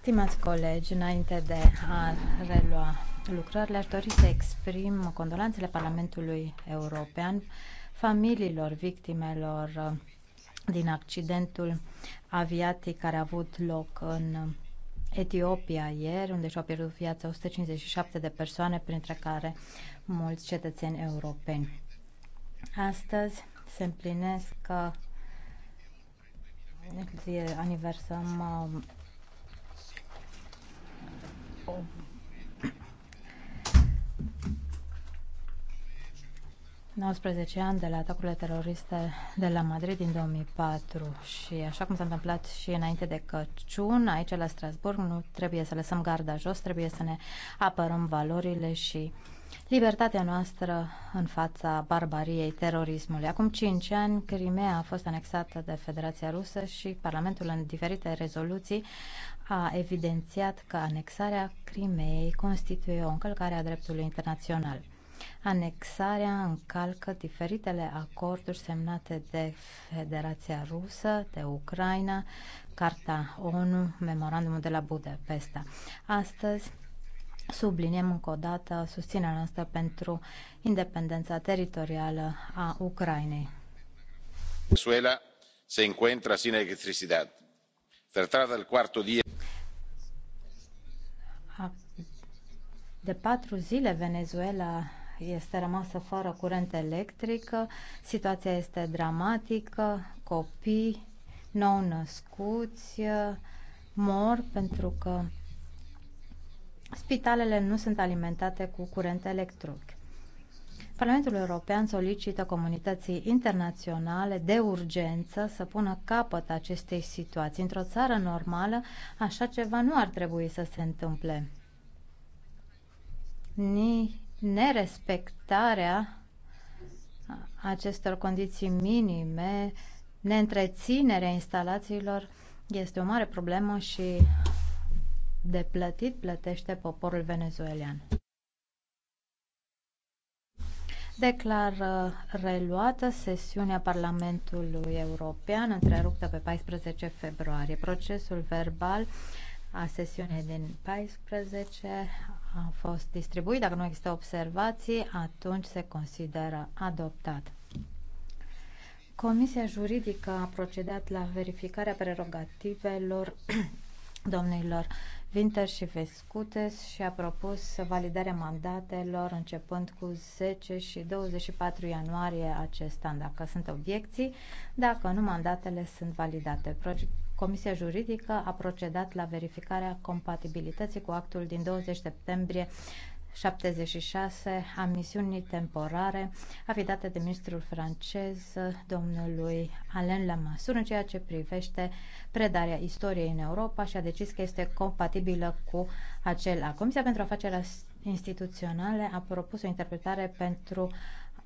Stimați colegi, înainte de a relua lucrările, aș dori să exprim condolanțele Parlamentului European familiilor victimelor din accidentul aviatic care a avut loc în Etiopia ieri, unde și-au pierdut viața 157 de persoane, printre care mulți cetățeni europeni. Astăzi se împlinesc aniversăm um, o 19 ani de la atacurile teroriste de la Madrid din 2004 și așa cum s-a întâmplat și înainte de Căciun, aici la Strasburg, nu trebuie să lăsăm garda jos, trebuie să ne apărăm valorile și libertatea noastră în fața barbariei terorismului. Acum cinci ani, Crimea a fost anexată de Federația Rusă și Parlamentul în diferite rezoluții a evidențiat că anexarea Crimeei constituie o încălcare a dreptului internațional. Anexarea încalcă diferitele acorduri semnate de Federația Rusă, de Ucraina, Carta ONU, Memorandumul de la Budapesta. Astăzi, subliniem încă o dată susținerea noastră pentru independența teritorială a Ucrainei. Venezuela se encuentra sin electricidad. Tratada el cuarto día. De patru zile Venezuela este rămasă fără curent electric, situația este dramatică, copii nou născuți mor pentru că Spitalele nu sunt alimentate cu curent electric. Parlamentul European solicită comunității internaționale de urgență să pună capăt acestei situații. Într-o țară normală, așa ceva nu ar trebui să se întâmple. Ni nerespectarea acestor condiții minime, neîntreținerea instalațiilor este o mare problemă și de plătit plătește poporul venezuelian. Declară uh, reluată sesiunea Parlamentului European întreruptă pe 14 februarie. Procesul verbal a sesiunii din 14 a fost distribuit. Dacă nu există observații, atunci se consideră adoptat. Comisia juridică a procedat la verificarea prerogativelor domnilor Winter și Vescutes și a propus validarea mandatelor începând cu 10 și 24 ianuarie acest an, dacă sunt obiecții, dacă nu, mandatele sunt validate. Comisia Juridică a procedat la verificarea compatibilității cu actul din 20 septembrie 76 a misiunii temporare afidate de ministrul francez domnului Alain Lamassoure în ceea ce privește predarea istoriei în Europa și a decis că este compatibilă cu acela. Comisia pentru Afaceri Instituționale a propus o interpretare pentru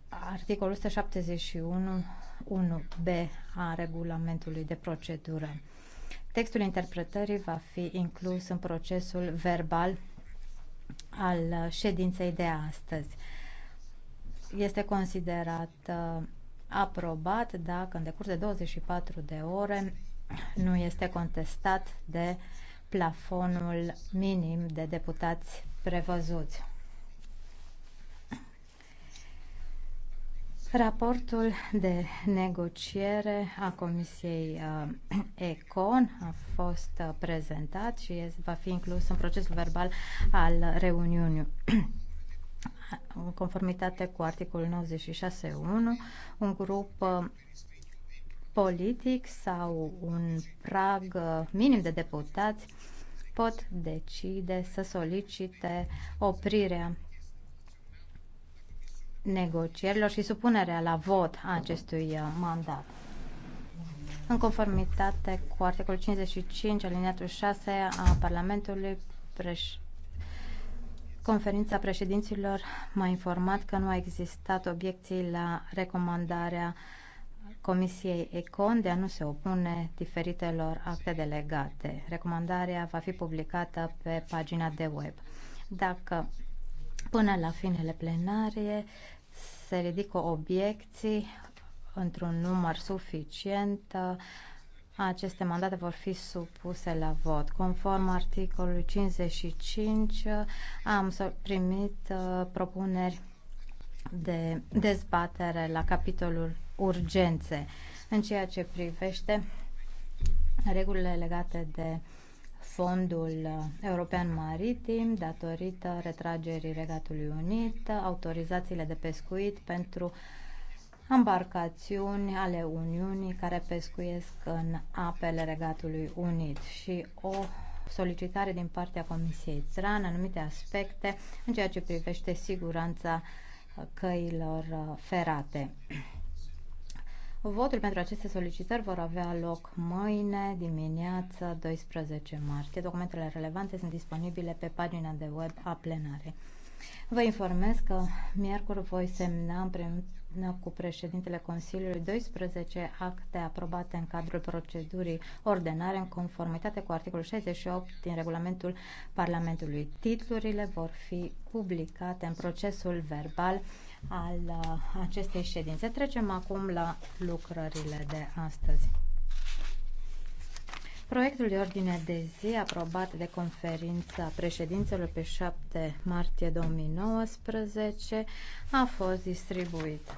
articolul 1711 1b a regulamentului de procedură. Textul interpretării va fi inclus în procesul verbal al uh, ședinței de astăzi. Este considerat uh, aprobat dacă în decurs de 24 de ore nu este contestat de plafonul minim de deputați prevăzuți. Raportul de negociere a Comisiei uh, ECON a fost uh, prezentat și va fi inclus în procesul verbal al reuniunii. În conformitate cu articolul 96.1, un grup uh, politic sau un prag minim de deputați pot decide să solicite oprirea negocierilor și supunerea la vot a acestui uh, mandat. În conformitate cu articolul 55, alineatul 6 a Parlamentului, preș... conferința președinților m-a informat că nu a existat obiecții la recomandarea Comisiei ECON de a nu se opune diferitelor acte delegate. Recomandarea va fi publicată pe pagina de web. Dacă până la finele plenarie se ridică obiecții într-un număr suficient, aceste mandate vor fi supuse la vot. Conform articolului 55, am primit uh, propuneri de dezbatere la capitolul urgențe în ceea ce privește regulile legate de Fondul European Maritim datorită retragerii Regatului Unit, autorizațiile de pescuit pentru embarcațiuni ale Uniunii care pescuiesc în apele Regatului Unit și o solicitare din partea Comisiei TRAN anumite aspecte în ceea ce privește siguranța căilor ferate. Votul pentru aceste solicitări vor avea loc mâine dimineață 12 martie. Documentele relevante sunt disponibile pe pagina de web a plenarei. Vă informez că miercuri voi semna împreună cu președintele Consiliului 12 acte aprobate în cadrul procedurii ordinare în conformitate cu articolul 68 din regulamentul Parlamentului. Titlurile vor fi publicate în procesul verbal al uh, acestei ședințe. Trecem acum la lucrările de astăzi. Proiectul de ordine de zi aprobat de conferința președințelor pe 7 martie 2019 a fost distribuit.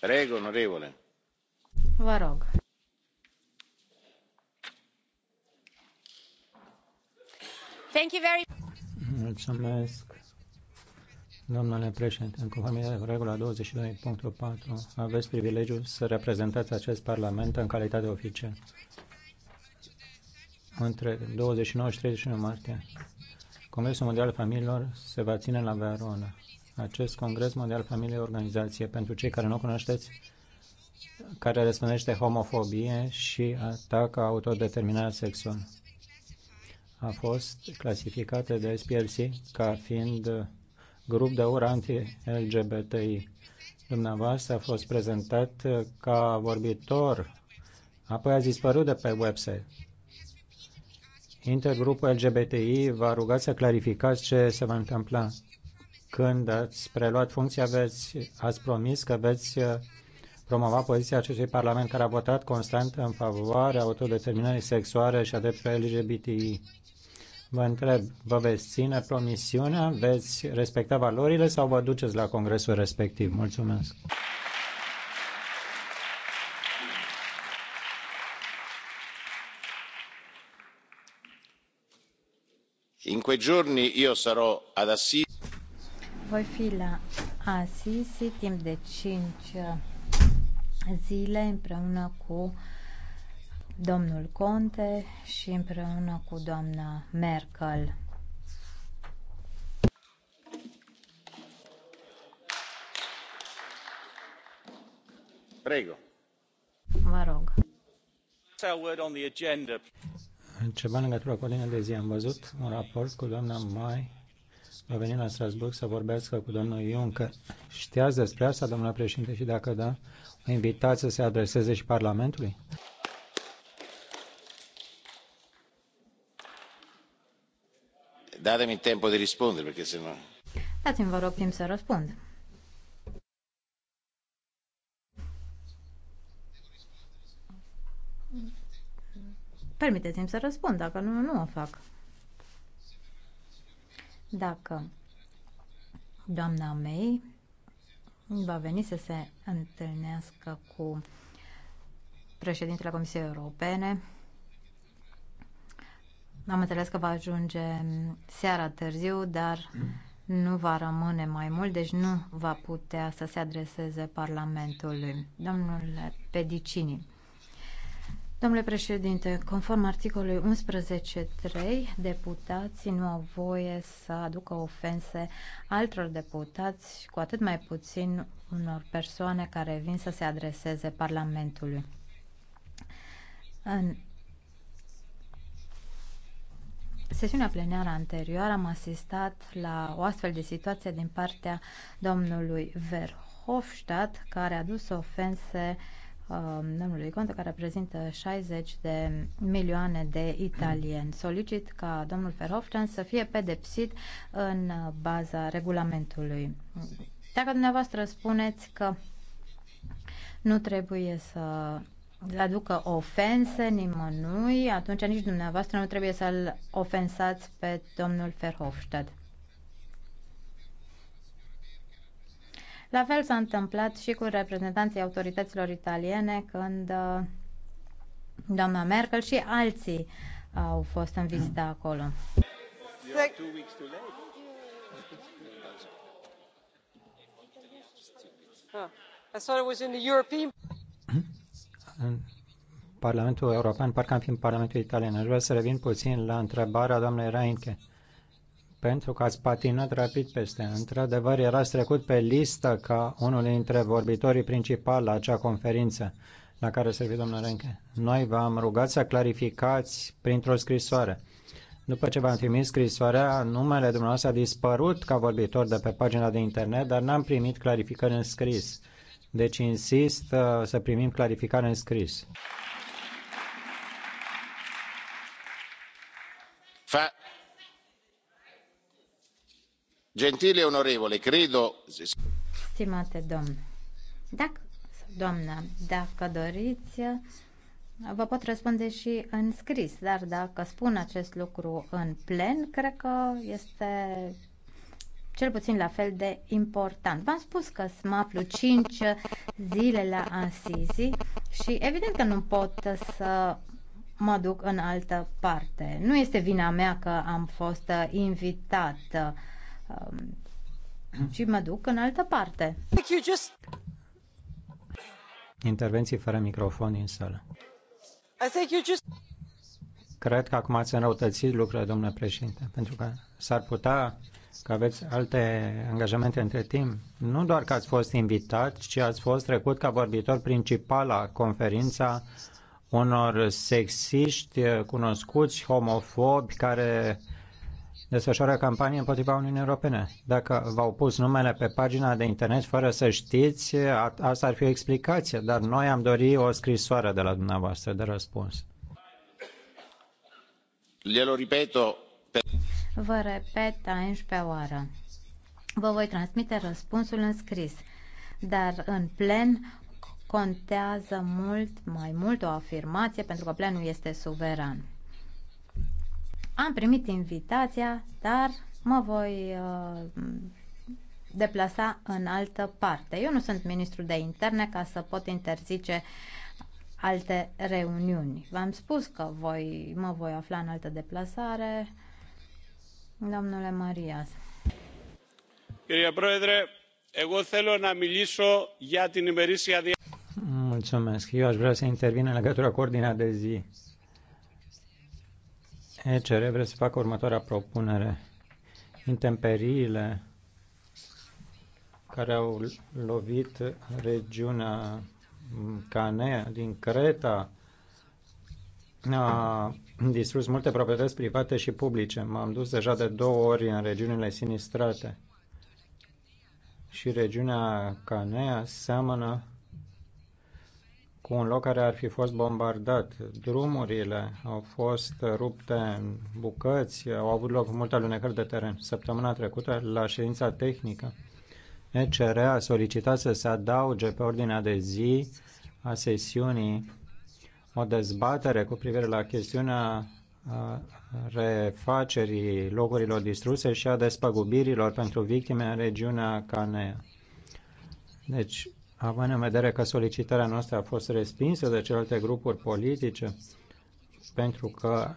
Prego, onorevole. Vă rog. Thank you very Mulțumesc, domnule președinte. În conformitate cu regula 22.4, aveți privilegiul să reprezentați acest parlament în calitate oficială între 29 și 31 martie. Congresul Mondial Familiilor se va ține la Verona. Acest Congres Mondial Familie organizație pentru cei care nu o cunoașteți, care răspândește homofobie și atacă autodeterminarea sexuală a fost clasificată de SPLC ca fiind grup de ură anti-LGBTI. Dumneavoastră a fost prezentat ca vorbitor, apoi a dispărut de pe website. Intergrupul LGBTI va a rugat să clarificați ce se va întâmpla. Când ați preluat funcția, veți, ați promis că veți uh, promova poziția acestui Parlament care a votat constant în favoarea autodeterminării sexuale și a drepturilor LGBTI. Vă întreb, vă veți ține promisiunea, veți respecta valorile sau vă duceți la congresul respectiv? Mulțumesc! In quei giorni io sarò ad Assisi. Voi fi la Assisi timp de 5 zile împreună cu domnul Conte și împreună cu doamna Merkel. Prego. Vă rog. Ceva în legătură cu ordinea de zi. Am văzut un raport cu doamna Mai. Va veni la Strasburg să vorbească cu domnul Juncker. Știați despre asta, domnule președinte, și dacă da, o invitați să se adreseze și Parlamentului? datemi tempo di rispondere perché sennò. Dați-mi, vă rog, timp să răspund. Permiteți-mi să răspund, dacă nu, nu o fac. Dacă doamna mei va veni să se întâlnească cu președintele Comisiei Europene, am înțeles că va ajunge seara târziu, dar nu va rămâne mai mult, deci nu va putea să se adreseze Parlamentului. Domnule Pedicini. Domnule președinte, conform articolului 11.3, deputații nu au voie să aducă ofense altor deputați, cu atât mai puțin unor persoane care vin să se adreseze Parlamentului sesiunea plenară anterioară am asistat la o astfel de situație din partea domnului Verhofstadt, care a dus ofense um, domnului Conte, care reprezintă 60 de milioane de italieni. Solicit ca domnul Verhofstadt să fie pedepsit în baza regulamentului. Dacă dumneavoastră spuneți că nu trebuie să aducă ofense nimănui, atunci nici dumneavoastră nu trebuie să-l ofensați pe domnul Verhofstadt. La fel s-a întâmplat și cu reprezentanții autorităților italiene când uh, doamna Merkel și alții uh, au fost în vizită acolo. Ah, I thought it was in the European în Parlamentul European, parcă am fi în Parlamentul Italian. Aș vrea să revin puțin la întrebarea doamnei Reinke, pentru că ați patinat rapid peste. Într-adevăr, erați trecut pe listă ca unul dintre vorbitorii principali la acea conferință la care servi doamna Renke. Noi v-am rugat să clarificați printr-o scrisoare. După ce v-am trimis scrisoarea, numele dumneavoastră a dispărut ca vorbitor de pe pagina de internet, dar n-am primit clarificări în scris. Deci insist uh, să primim clarificare în scris. Fa... Gentile onorevole, credo... Stimate domn, dacă, doamnă, dacă doriți, Vă pot răspunde și în scris, dar dacă spun acest lucru în plen, cred că este cel puțin la fel de important. V-am spus că mă aflu 5 zile la Assisi și evident că nu pot să mă duc în altă parte. Nu este vina mea că am fost invitat și um, mă duc în altă parte. Intervenții fără microfon în sală. Cred că acum ați înrăutățit lucrurile, domnule președinte, pentru că s-ar putea că aveți alte angajamente între timp. Nu doar că ați fost invitat, ci ați fost trecut ca vorbitor principal la conferința unor sexiști eh, cunoscuți, homofobi, care desfășoară campanie împotriva Uniunii Europene. Dacă v-au pus numele pe pagina de internet fără să știți, asta ar fi o explicație, dar noi am dorit o scrisoare de la dumneavoastră de răspuns. Glielo ripeto, vă repet a 11 oară. Vă voi transmite răspunsul în scris, dar în plen contează mult mai mult o afirmație pentru că plenul este suveran. Am primit invitația, dar mă voi uh, deplasa în altă parte. Eu nu sunt ministru de interne ca să pot interzice alte reuniuni. V-am spus că voi, mă voi afla în altă deplasare. Eu aș vrea să intervin în legătură cu ordinea de zi. ECR vrea să facă următoarea propunere. Intemperiile care au lovit regiunea Canea din Creta a distrus multe proprietăți private și publice. M-am dus deja de două ori în regiunile sinistrate. Și regiunea Canea seamănă cu un loc care ar fi fost bombardat. Drumurile au fost rupte în bucăți, au avut loc multe alunecări de teren. Săptămâna trecută, la ședința tehnică, ECR a solicitat să se adauge pe ordinea de zi a sesiunii o dezbatere cu privire la chestiunea refacerii locurilor distruse și a despăgubirilor pentru victime în regiunea Canea. Deci, având în vedere că solicitarea noastră a fost respinsă de celelalte grupuri politice, pentru că,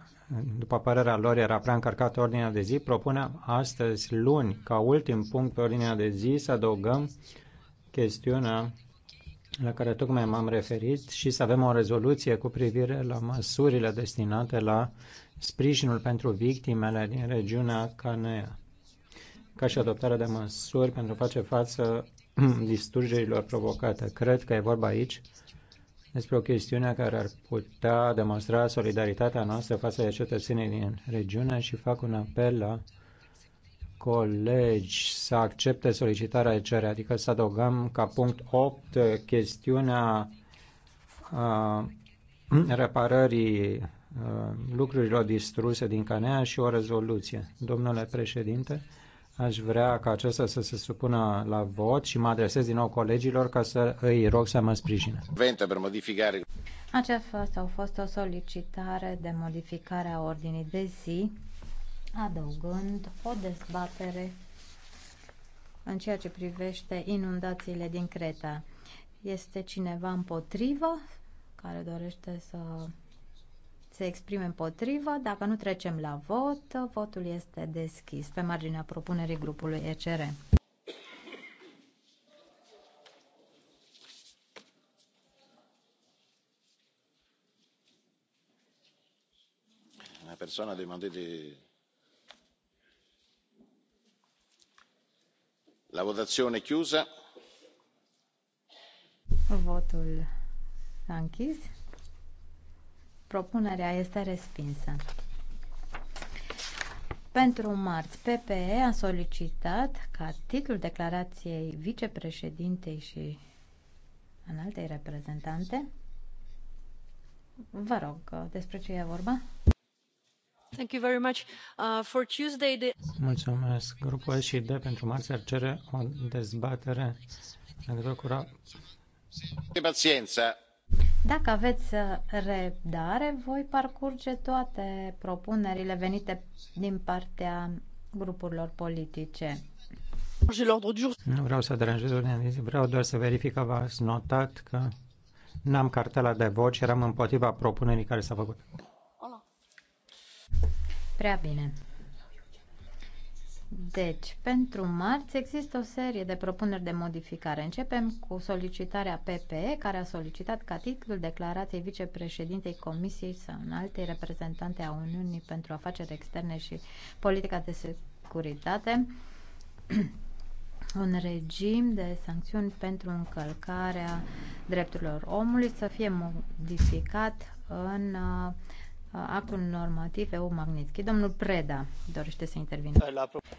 după părerea lor, era prea încărcată ordinea de zi, propunem astăzi, luni, ca ultim punct pe ordinea de zi, să adăugăm chestiunea la care tocmai m-am referit și să avem o rezoluție cu privire la măsurile destinate la sprijinul pentru victimele din regiunea Canea, ca și adoptarea de măsuri pentru a face față disturgerilor provocate. Cred că e vorba aici despre o chestiune care ar putea demonstra solidaritatea noastră față de cetățenii din regiune și fac un apel la colegi să accepte solicitarea cerere, adică să adăugăm ca punct 8 chestiunea uh, reparării uh, lucrurilor distruse din Canea și o rezoluție. Domnule președinte, aș vrea ca acesta să se supună la vot și mă adresez din nou colegilor ca să îi rog să mă sprijine. Vente per modificare. Aceasta a fost o solicitare de modificare a ordinii de zi adăugând o dezbatere în ceea ce privește inundațiile din Creta. Este cineva împotrivă care dorește să se exprime împotrivă. Dacă nu trecem la vot, votul este deschis pe marginea propunerii grupului ECR. Una persoană a demandat de la votazione è chiusa votul s a închis propunerea este respinsă pentru marți, PPE a solicitat ca titlul declarației vicepreședintei și înaltei reprezentante. Vă rog, despre ce e vorba? Uh, Mulțumesc. Grupul SID pentru marți cere o dezbatere Dacă aveți uh, răbdare, voi parcurge toate propunerile venite din partea grupurilor politice. Nu vreau să deranjez ordinea de zi, vreau doar să verific că v-ați notat că n-am cartela de vot și eram împotriva propunerii care s-a făcut. Prea bine. Deci, pentru marți există o serie de propuneri de modificare. Începem cu solicitarea PPE, care a solicitat ca titlul declarației vicepreședintei Comisiei sau în alte reprezentante a Uniunii pentru afaceri externe și politica de securitate un regim de sancțiuni pentru încălcarea drepturilor omului să fie modificat în uh, Uh, actul normativ EU Magnitsky. Domnul Preda dorește să intervină.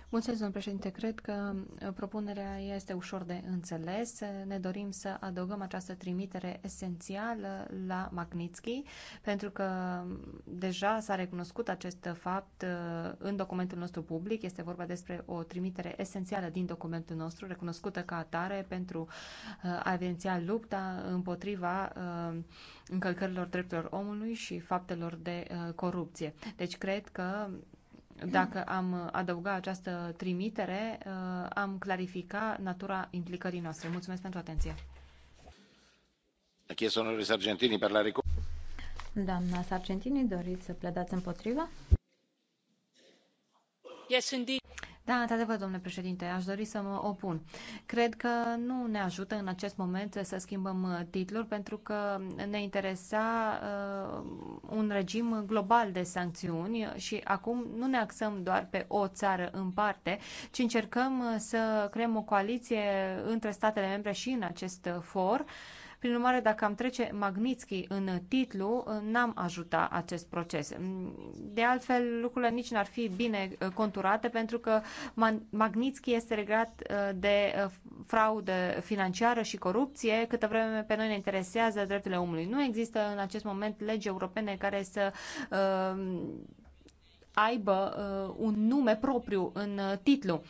Mulțumesc, domnul președinte. Cred că uh, propunerea este ușor de înțeles. Ne dorim să adăugăm această trimitere esențială la Magnitsky, pentru că um, deja s-a recunoscut acest fapt uh, în documentul nostru public. Este vorba despre o trimitere esențială din documentul nostru, recunoscută ca atare pentru a evidenția lupta împotriva uh, încălcărilor drepturilor omului și faptelor de uh, corupție. Deci cred că dacă am adăugat această trimitere, uh, am clarifica natura implicării noastre. Mulțumesc pentru atenție. Doamna Sargentini, doriți să pledați împotriva? Yes, indeed. Da, într-adevăr, domnule președinte, aș dori să mă opun. Cred că nu ne ajută în acest moment să schimbăm uh, titlul pentru că ne interesa uh, un regim global de sancțiuni și acum nu ne axăm doar pe o țară în parte, ci încercăm uh, să creăm o coaliție între statele membre și în acest uh, for uh, prin urmare, dacă am trece Magnitsky în titlu, n-am ajuta acest proces. De altfel, lucrurile nici n-ar fi bine uh, conturate pentru că Magnitsky este regat uh, de uh, fraudă financiară și corupție, câtă vreme pe noi ne interesează drepturile omului. Nu există în acest moment legi europene care să aibă un nume propriu în titlu.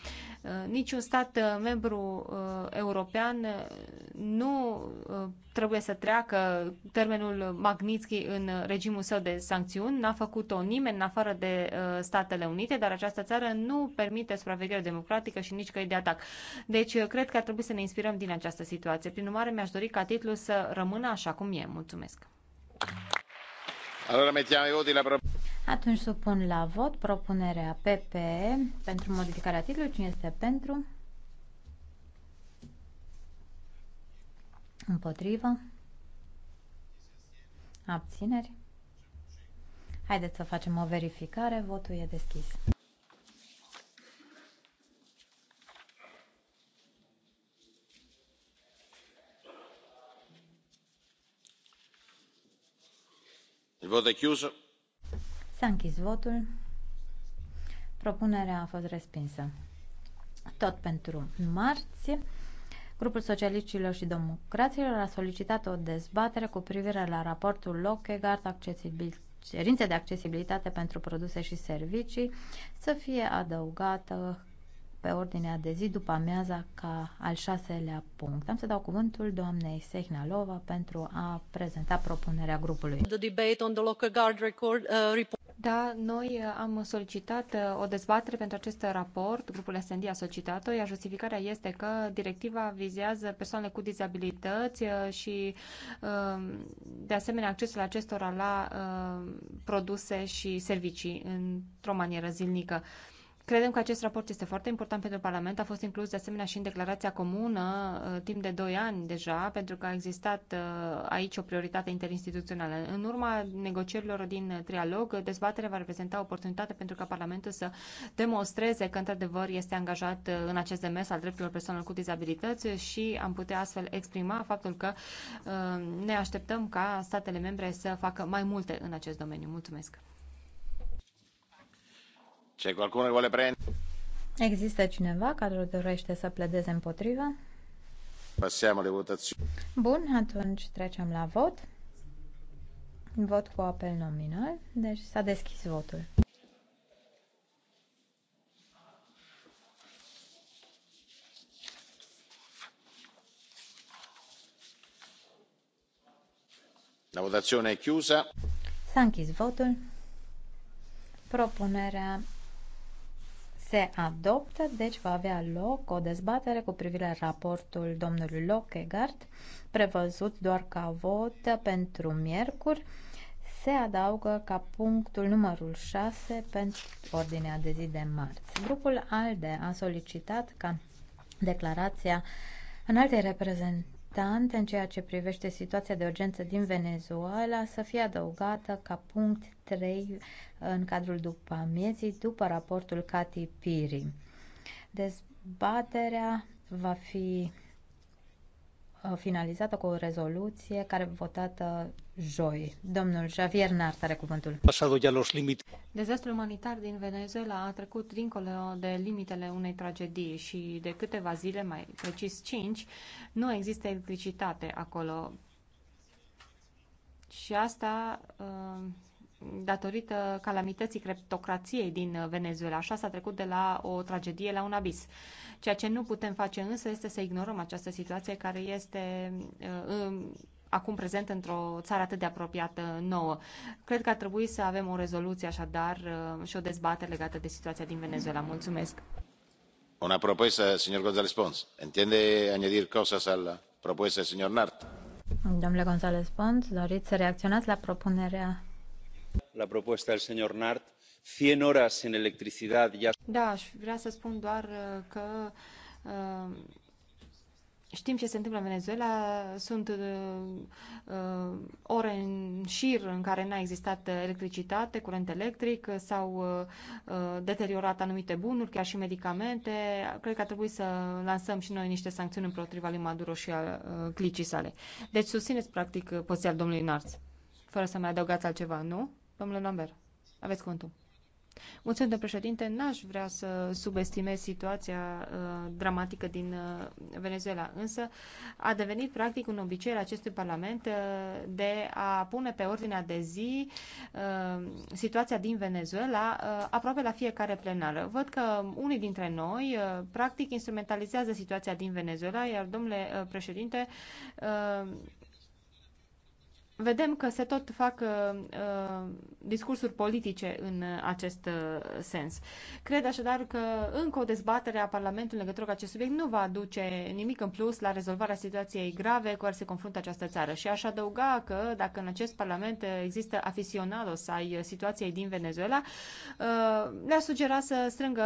Uh, niciun stat uh, membru uh, european nu trebuie să treacă termenul Magnitsky în regimul său de sancțiuni. N-a făcut-o nimeni în afară de Statele Unite, dar această țară nu permite supraveghere democratică și nici căi de atac. Deci, cred că ar trebui să ne inspirăm din această situație. Prin urmare, mi-aș dori ca titlul să rămână așa cum e. Mulțumesc! Allora mettiamo voti la atunci supun la vot propunerea PPE pentru modificarea titlului. Cine este pentru? Împotrivă? Abțineri? Haideți să facem o verificare. Votul e deschis. Il voto è chiuso. S-a închis votul. Propunerea a fost respinsă. Tot pentru marți, Grupul Socialiștilor și Democraților a solicitat o dezbatere cu privire la raportul Lockegaard accesibil cerințe de accesibilitate pentru produse și servicii să fie adăugată pe ordinea de zi după amiaza ca al șaselea punct. Am să dau cuvântul doamnei Sehnalova pentru a prezenta propunerea grupului. The debate on the guard record, uh, report. Da, noi uh, am solicitat uh, o dezbatere pentru acest raport, grupul SND a solicitat-o, iar justificarea este că directiva vizează persoanele cu dizabilități uh, și, de asemenea, accesul acestora la produse și servicii într-o manieră zilnică. Credem că acest raport este foarte important pentru Parlament, a fost inclus de asemenea și în declarația comună uh, timp de 2 ani deja, pentru că a existat uh, aici o prioritate interinstituțională. În urma negocierilor din trialog, dezbaterea va reprezenta o oportunitate pentru ca Parlamentul să demonstreze că într-adevăr este angajat uh, în acest demers al drepturilor persoanelor cu dizabilități și am putea astfel exprima faptul că ne așteptăm ca statele membre să facă mai multe în acest domeniu. Mulțumesc! Există cineva care dorește să pledeze împotrivă? Passiamo alle votazioni. Bun, atunci trecem la vot. Vot cu apel nominal, deci s-a deschis votul. La votazione è chiusa. S-a închis votul. Propunerea se adoptă, deci va avea loc o dezbatere cu privire la raportul domnului Lockegaard, prevăzut doar ca vot pentru miercuri. Se adaugă ca punctul numărul 6 pentru ordinea de zi de marți. Grupul ALDE a solicitat ca declarația în alte reprezentări constant în ceea ce privește situația de urgență din Venezuela să fie adăugată ca punct 3 în cadrul după amiezii, după raportul Cati Piri. Dezbaterea va fi finalizată cu o rezoluție care votată joi. Domnul Javier Nart are cuvântul. Dezastrul umanitar din Venezuela a trecut dincolo de limitele unei tragedii și de câteva zile, mai precis 5, nu există electricitate acolo. Și asta uh, datorită calamității creptocrației din Venezuela. Așa s-a trecut de la o tragedie la un abis. Ceea ce nu putem face însă este să ignorăm această situație care este uh, um, acum prezent într-o țară atât de apropiată nouă. Cred că ar trebui să avem o rezoluție așadar uh, și o dezbatere legată de situația din Venezuela. Mulțumesc. Una propuesta, señor González Pons. ¿Entiende añadir cosas a la propuesta del señor Nart? Domnule González Pons, doriți să reacționați la propunerea la Da, aș vrea să spun doar uh, că uh, știm ce se întâmplă în Venezuela. Sunt uh, uh, ore în șir în care n-a existat electricitate, curent electric, s-au uh, uh deteriorat anumite bunuri, chiar și medicamente. Cred că ar trebui să lansăm și noi niște sancțiuni împotriva lui Maduro și a uh, clicii sale. Deci susțineți practic poziția domnului Narț, fără să mai adăugați altceva, nu? Domnule Lambert, aveți cuvântul. Mulțumesc, domnule președinte. N-aș vrea să subestimez situația uh, dramatică din uh, Venezuela, însă a devenit practic un obicei al acestui Parlament uh, de a pune pe ordinea de zi uh, situația din Venezuela uh, aproape la fiecare plenară. Văd că unii dintre noi uh, practic instrumentalizează situația din Venezuela, iar domnule uh, președinte, uh, vedem că se tot fac uh, uh discursuri politice în uh, acest uh, sens. Cred așadar că încă o dezbatere a Parlamentului în legătură cu acest subiect nu va aduce nimic în plus la rezolvarea situației grave cu care se confruntă această țară. Și aș adăuga că dacă în acest Parlament există aficionados ai situației din Venezuela, uh, le a sugera să strângă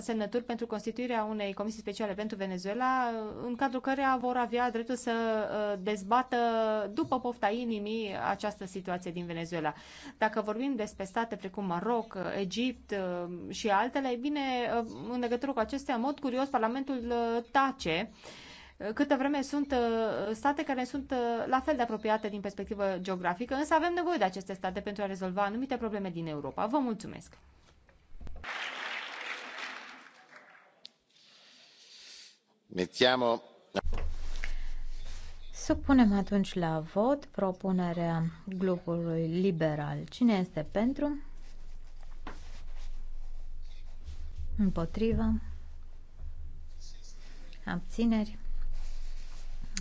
semnături pentru constituirea unei comisii speciale pentru Venezuela, uh, în cadrul căreia vor avea dreptul să dezbată după pofta inimii preveni această situație din Venezuela. Dacă vorbim despre state precum Maroc, Egipt uh, și altele, e bine, uh, în legătură cu acestea, în mod curios, Parlamentul uh, tace câtă vreme sunt state care sunt la fel de apropiate din perspectivă geografică, însă avem nevoie de aceste state pentru a rezolva anumite probleme din Europa. Vă mulțumesc! Mettiamo Supunem atunci la vot propunerea grupului liberal. Cine este pentru? Împotrivă? Abțineri?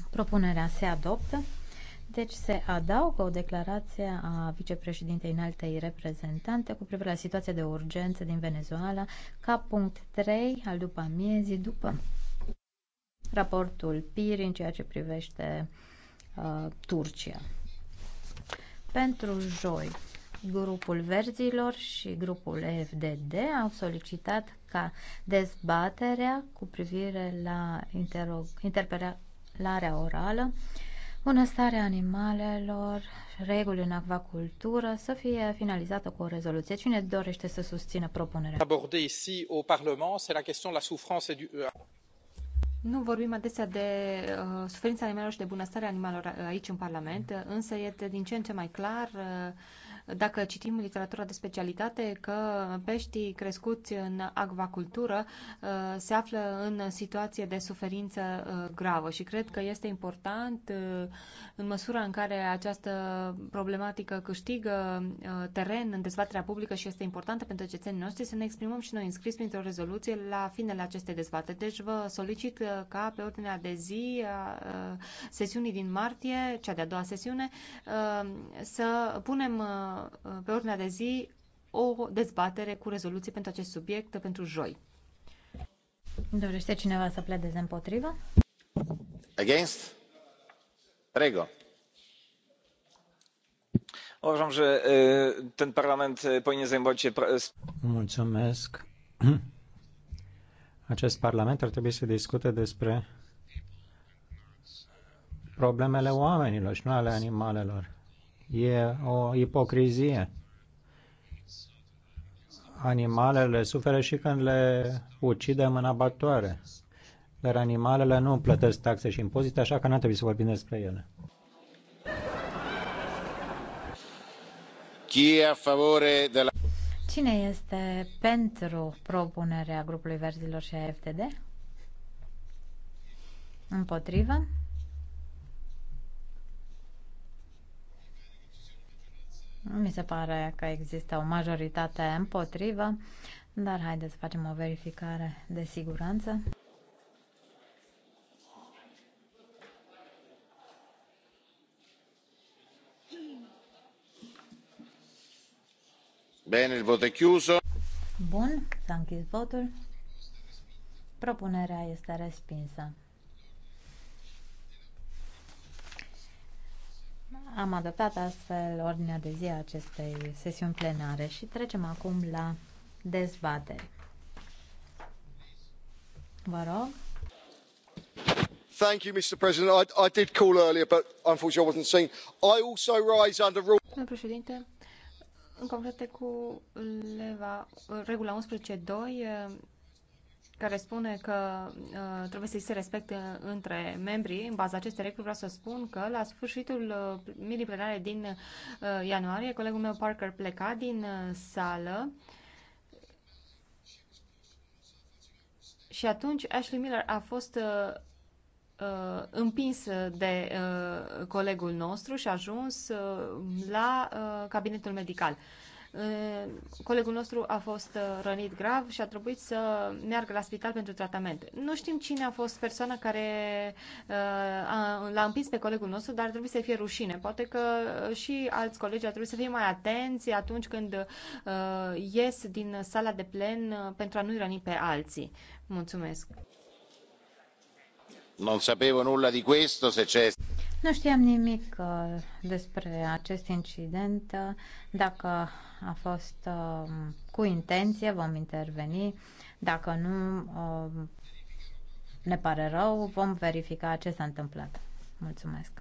Propunerea se adoptă. Deci se adaugă o declarație a vicepreședintei înaltei reprezentante cu privire la situația de urgență din Venezuela ca punct 3 al după amiezii după raportul PIR în ceea ce privește uh, Turcia. Pentru joi, grupul Verzilor și grupul FDD au solicitat ca dezbaterea cu privire la interpelarea orală Bunăstarea animalelor, reguli în acvacultură să fie finalizată cu o rezoluție. Cine dorește să susțină propunerea? Abordée ici au Parlement, c'est la question de la souffrance et du nu vorbim adesea de uh, suferința animalelor și de bunăstarea animalelor uh, aici în Parlament, uh, însă este din ce în ce mai clar uh, dacă citim literatura de specialitate, că peștii crescuți în acvacultură uh, se află în situație de suferință uh, gravă și cred că este important uh, în măsura în care această problematică câștigă teren în dezbaterea publică și este importantă pentru cetățenii noștri să ne exprimăm și noi înscris printr-o rezoluție la finele acestei dezbateri. Deci vă solicit ca pe ordinea de zi a sesiunii din martie, cea de-a doua sesiune, să punem Uh, pe ordinea de zi o dezbatere cu rezoluții pentru acest subiect pentru joi. Dorește cineva să pledeze împotrivă? Against? Prego. Uważam, że ten parlament powinien zajmować się... Mulțumesc. Acest parlament ar trebui să discute despre problemele oamenilor și nu ale animalelor. E o ipocrizie. Animalele suferă și când le ucidem în abatoare. Dar animalele nu plătesc taxe și impozite, așa că n trebuie să vorbim despre ele. Cine este pentru propunerea grupului Verzilor și a FTD? Împotrivă? Mi se pare că există o majoritate împotrivă, dar haideți să facem o verificare de siguranță. Bine, il voto chiuso. Bun, s-a închis votul. Propunerea este respinsă. Am adoptat astfel ordinea de zi a acestei sesiuni plenare și trecem acum la dezbatere. Vă rog. Thank you, Mr. President. I, I did call earlier, but unfortunately I wasn't seen. I also rise under rule. Domnul președinte, în conformitate cu leva, regula 11.2, care spune că uh, trebuie să se respecte între membrii. În baza acestei reguli vreau să spun că la sfârșitul uh, mini plenare din uh, ianuarie, colegul meu Parker pleca din uh, sală și atunci Ashley Miller a fost uh, uh, împins de uh, colegul nostru și a ajuns uh, la uh, cabinetul medical. Uh, Eh, colegul nostru a fost eh, rănit grav și a trebuit să meargă la spital pentru tratament. Nu știm cine a fost persoana care eh, l-a împins pe colegul nostru, dar trebuie să fie rușine. Poate că și alți colegi ar trebui să fie mai atenți atunci când ies din sala de plen pentru a nu-i răni pe alții. Mulțumesc! Non sapevo nulla di questo, se c'è... Nu știam nimic despre acest incident. Dacă a fost uh, cu intenție, vom interveni. Dacă nu, uh, ne pare rău, vom verifica ce s-a întâmplat. Mulțumesc!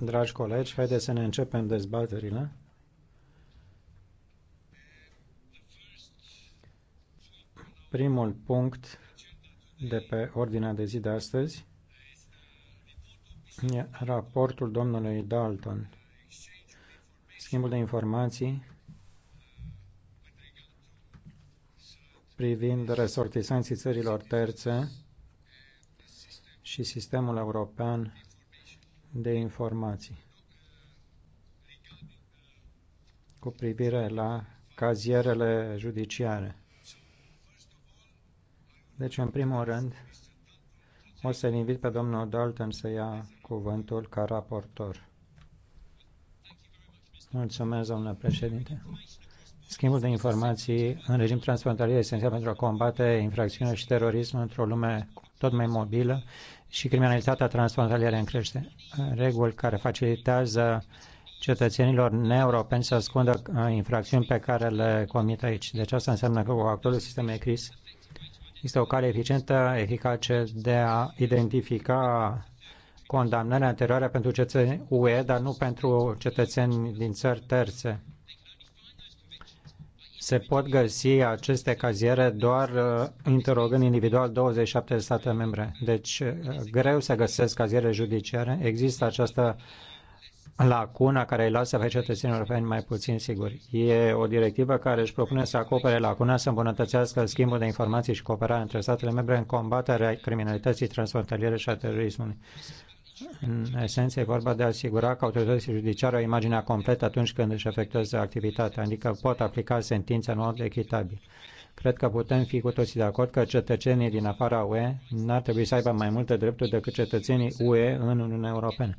Dragi colegi, haideți să ne începem dezbaterile. Primul punct de pe ordinea de zi de astăzi e raportul domnului Dalton. Schimbul de informații privind resortisanții țărilor terțe și sistemul european de informații cu privire la cazierele judiciare. Deci, în primul rând, o să-l invit pe domnul Dalton să ia cuvântul ca raportor. Mulțumesc, domnule președinte. Schimbul de informații în regim transfrontalier este esențial pentru a combate infracțiunea și terorismul într-o lume tot mai mobilă și criminalitatea transfrontalieră în crește. Reguli care facilitează cetățenilor neeuropeni să ascundă uh, infracțiuni pe care le comit aici. Deci asta înseamnă că cu actualul sistem ECRIS este o cale eficientă, eficace de a identifica condamnarea anterioare pentru cetățeni UE, dar nu pentru cetățeni din țări terțe. Se pot găsi aceste caziere doar uh, interogând individual 27 de state membre. Deci uh, greu se găsesc caziere judiciare. Există această lacuna care îi lasă pe cetățenii europeni mai puțin siguri. E o directivă care își propune să acopere lacuna, să îmbunătățească schimbul de informații și cooperare între statele membre în combaterea criminalității transfrontaliere și a terorismului. În esență, e vorba de a asigura că autoritățile judiciare au imaginea completă atunci când își efectuează activitatea, adică pot aplica sentința în mod echitabil. Cred că putem fi cu toții de acord că cetățenii din afara UE n-ar trebui să aibă mai multe drepturi decât cetățenii UE în Uniunea Europeană.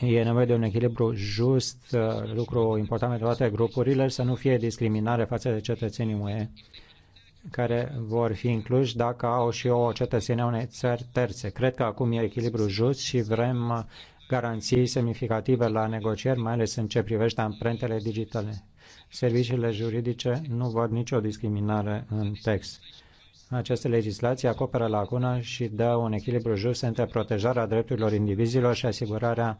E nevoie de un echilibru just, uh, lucru important pentru toate grupurile, să nu fie discriminare față de cetățenii UE care vor fi incluși dacă au și o cetățenie unei țări terțe. Cred că acum e echilibru just și vrem garanții semnificative la negocieri, mai ales în ce privește amprentele digitale. Serviciile juridice nu văd nicio discriminare în text. Această legislație acoperă lacuna și dă un echilibru just între protejarea drepturilor indivizilor și asigurarea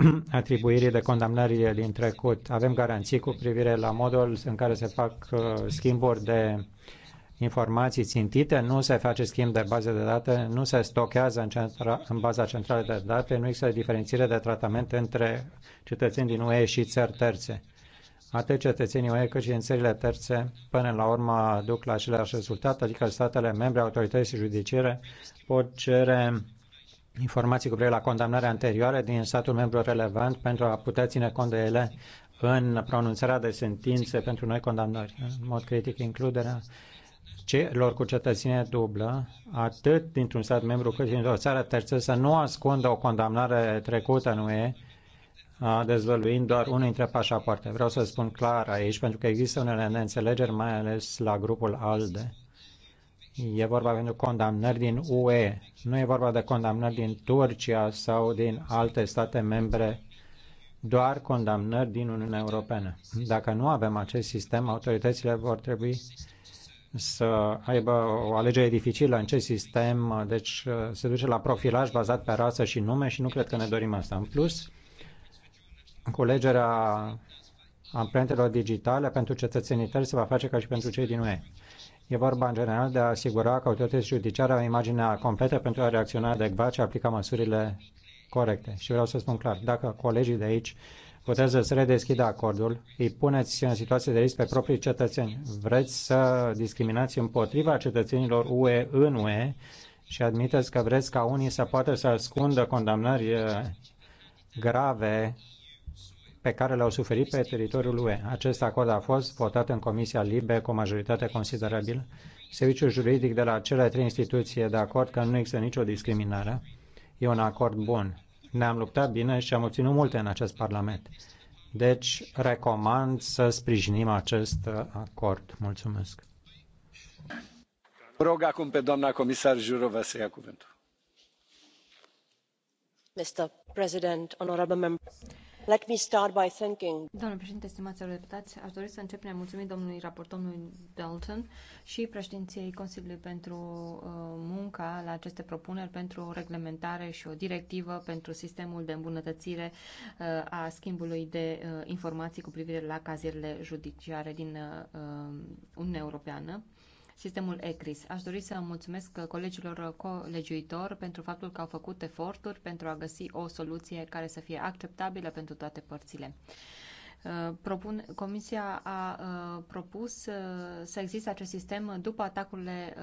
atribuirii de condamnări din trecut. Avem garanții cu privire la modul în care se fac uh, schimburi de informații țintite, nu se face schimb de baze de date, nu se stochează în, centra, în baza centrală de date, nu există diferențiere de tratament între cetățeni din UE și țări terțe. Atât cetățenii UE cât și în țările terțe, până la urmă, duc la același rezultat, adică statele membre, autorități judiciare pot cere informații cu privire la condamnare anterioară din statul membru relevant pentru a putea ține cont de ele în pronunțarea de sentințe pentru noi condamnări. În mod critic, includerea celor cu cetățenie dublă, atât dintr-un stat membru cât și dintr-o țară terță, să nu ascundă o condamnare trecută în UE, dezvăluind doar unul dintre pașapoarte. Vreau să spun clar aici, pentru că există unele neînțelegeri, mai ales la grupul ALDE E vorba pentru condamnări din UE, nu e vorba de condamnări din Turcia sau din alte state membre, doar condamnări din Uniunea Europeană. Dacă nu avem acest sistem, autoritățile vor trebui să aibă o alegere dificilă în ce sistem, deci uh, se duce la profilaj bazat pe rasă și nume și nu cred că ne dorim asta. În plus, culegerea amprentelor digitale pentru cetățenii tăi se va face ca și pentru cei din UE. E vorba, în general, de a asigura că autoritățile judiciare au imaginea completă pentru a reacționa adecvat și a aplica măsurile corecte. Și vreau să spun clar, dacă colegii de aici puteți să redeschidă acordul, îi puneți în situație de risc pe proprii cetățeni. Vreți să discriminați împotriva cetățenilor UE în UE și admiteți că vreți ca unii să poată să ascundă condamnări eh, grave pe care le-au suferit pe teritoriul UE. Acest acord a fost votat în Comisia Libe cu o majoritate considerabilă. Serviciul juridic de la cele trei instituții e de acord că nu există nicio discriminare. E un acord bun. Ne-am luptat bine și am obținut multe în acest Parlament. Deci, recomand să sprijinim acest acord. Mulțumesc. Rog acum pe doamna comisar Jurova să ia cuvântul. Mr. President, honorable members doamnă președintă Domnule președinte, stimați deputați, aș dori să încep prin a mulțumi domnului raportor, domnului Dalton și președinției Consiliului pentru uh, munca la aceste propuneri pentru o reglementare și o directivă pentru sistemul de îmbunătățire uh, a schimbului de uh, informații cu privire la cazierele judiciare din Uniunea Europeană sistemul ECRIS. Aș dori să mulțumesc colegilor colegiuitor pentru faptul că au făcut eforturi pentru a găsi o soluție care să fie acceptabilă pentru toate părțile. Uh, propun, Comisia a uh, propus uh, să existe acest sistem după atacurile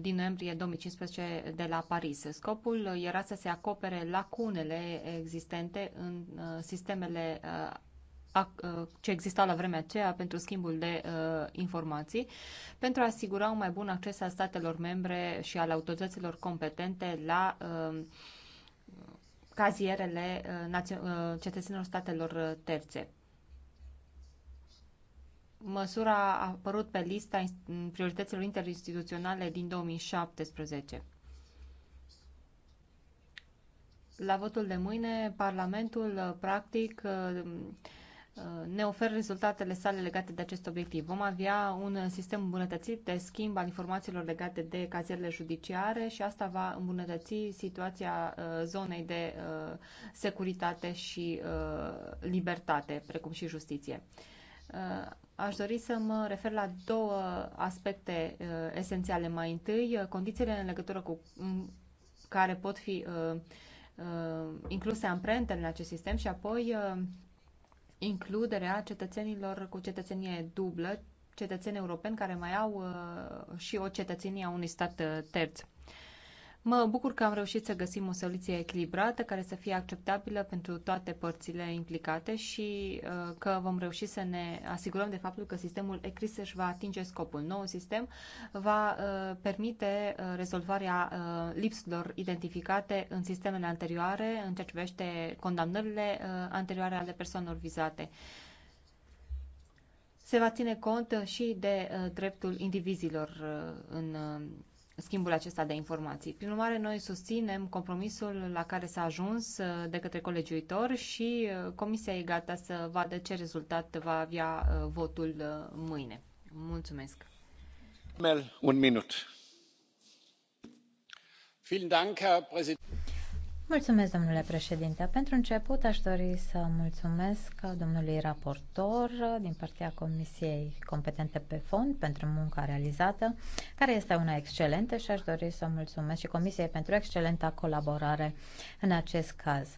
din noiembrie 2015 de la Paris. Scopul era să se acopere lacunele existente în sistemele Uh, ce exista la vremea aceea pentru schimbul de uh, informații, pentru a asigura un mai bun acces al statelor membre și al autorităților competente la uh, cazierele uh, uh cetățenilor statelor uh, terțe. Măsura a apărut pe lista priorităților interinstituționale din 2017. La votul de mâine, Parlamentul, practic, uh, Uh, ne oferă rezultatele sale legate de acest obiectiv. Vom avea un sistem îmbunătățit de schimb al informațiilor legate de cazierele judiciare și asta va îmbunătăți situația uh, zonei de uh, securitate și libertate, precum și justiție. Aș dori să mă refer la două aspecte esențiale. Mai întâi, condițiile în legătură cu mm, care pot fi incluse amprentele în acest sistem și apoi includerea cetățenilor cu cetățenie dublă, cetățeni europeni care mai au uh, și o cetățenie a unui stat uh, terț. Mă bucur că am reușit să găsim o soluție echilibrată care să fie acceptabilă pentru toate părțile implicate și uh, că vom reuși să ne asigurăm de faptul că sistemul ECRIS își va atinge scopul. Noul sistem va uh, permite uh, rezolvarea lipsurilor identificate în sistemele anterioare în ceea ce privește condamnările anterioare ale persoanelor vizate se va ține cont și de dreptul indivizilor în schimbul acesta de informații. Prin urmare, noi susținem compromisul la care s-a ajuns uh, de către colegiuitor și uh, comisia e gata să vadă ce rezultat va avea uh, votul mâine. Mulțumesc. Mel, un minut. Vielen Dank, Herr Präsident. Mulțumesc, domnule președinte. Pentru început, aș dori să mulțumesc domnului raportor din partea Comisiei competente pe fond pentru munca realizată, care este una excelentă și aș dori să mulțumesc și Comisiei pentru excelenta colaborare în acest caz.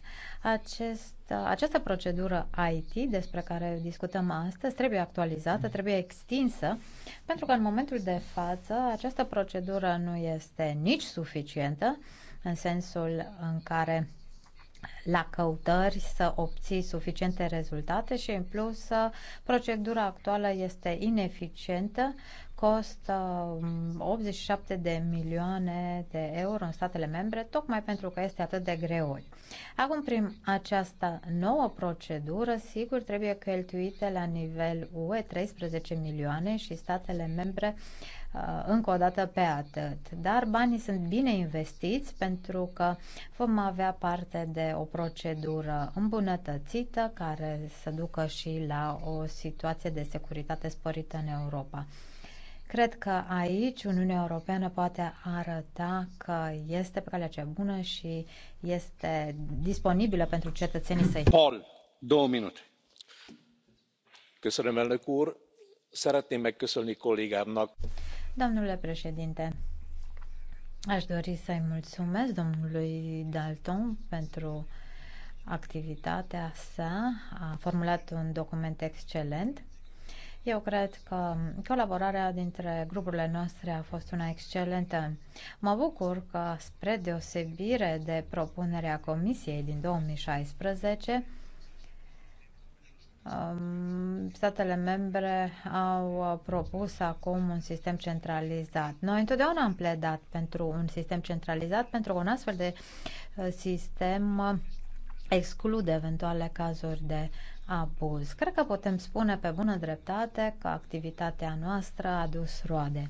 Acest, această procedură IT despre care discutăm astăzi trebuie actualizată, trebuie extinsă, pentru că în momentul de față această procedură nu este nici suficientă, în sensul în care la căutări să obții suficiente rezultate și în plus procedura actuală este ineficientă costă 87 um, de milioane de euro în statele membre, tocmai pentru că este atât de greoi. Acum, prin această nouă procedură, sigur, trebuie cheltuite la nivel UE 13 milioane și statele membre uh, încă o dată pe atât. Dar banii sunt bine investiți pentru că vom avea parte de o procedură îmbunătățită care să ducă și la o situație de securitate sporită în Europa. Cred că aici Uniunea Europeană poate arăta că este pe calea cea bună și este disponibilă pentru cetățenii săi. Paul, două minute. Köszönöm, elnök úr. Szeretném megköszönni kollégámnak. Domnule președinte, aș dori să-i mulțumesc domnului Dalton pentru activitatea sa. A formulat un document excelent eu cred că colaborarea dintre grupurile noastre a fost una excelentă. Mă bucur că, spre deosebire de propunerea Comisiei din 2016, um, statele membre au propus acum un sistem centralizat. Noi întotdeauna am pledat pentru un sistem centralizat, pentru că un astfel de uh, sistem uh, exclude eventuale cazuri de abuz. Cred că putem spune pe bună dreptate că activitatea noastră a dus roade.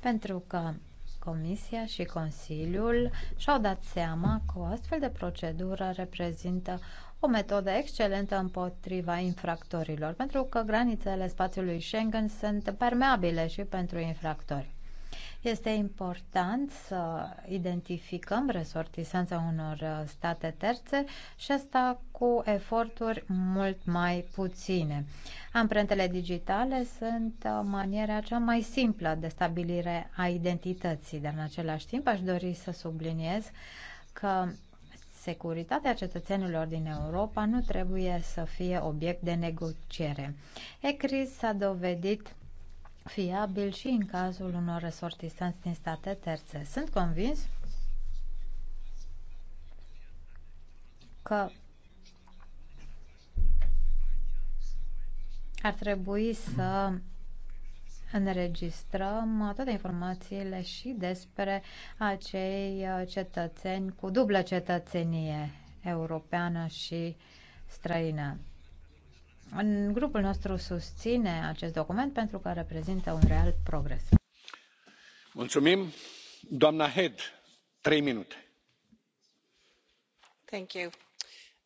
Pentru că Comisia și Consiliul și-au dat seama că o astfel de procedură reprezintă o metodă excelentă împotriva infractorilor, pentru că granițele spațiului Schengen sunt permeabile și pentru infractori. Este important să identificăm resortisența unor uh, state terțe și asta cu eforturi mult mai puține. Amprentele digitale sunt uh, maniera cea mai simplă de stabilire a identității, dar în același timp aș dori să subliniez că securitatea cetățenilor din Europa nu trebuie să fie obiect de negociere. ECRIS s-a dovedit fiabil și în cazul unor resortistanți din state terțe. Sunt convins că ar trebui să înregistrăm toate informațiile și despre acei cetățeni cu dublă cetățenie europeană și străină. În grupul nostru susține acest document pentru că reprezintă un real progres. Mulțumim. Doamna Head, trei minute. Thank you.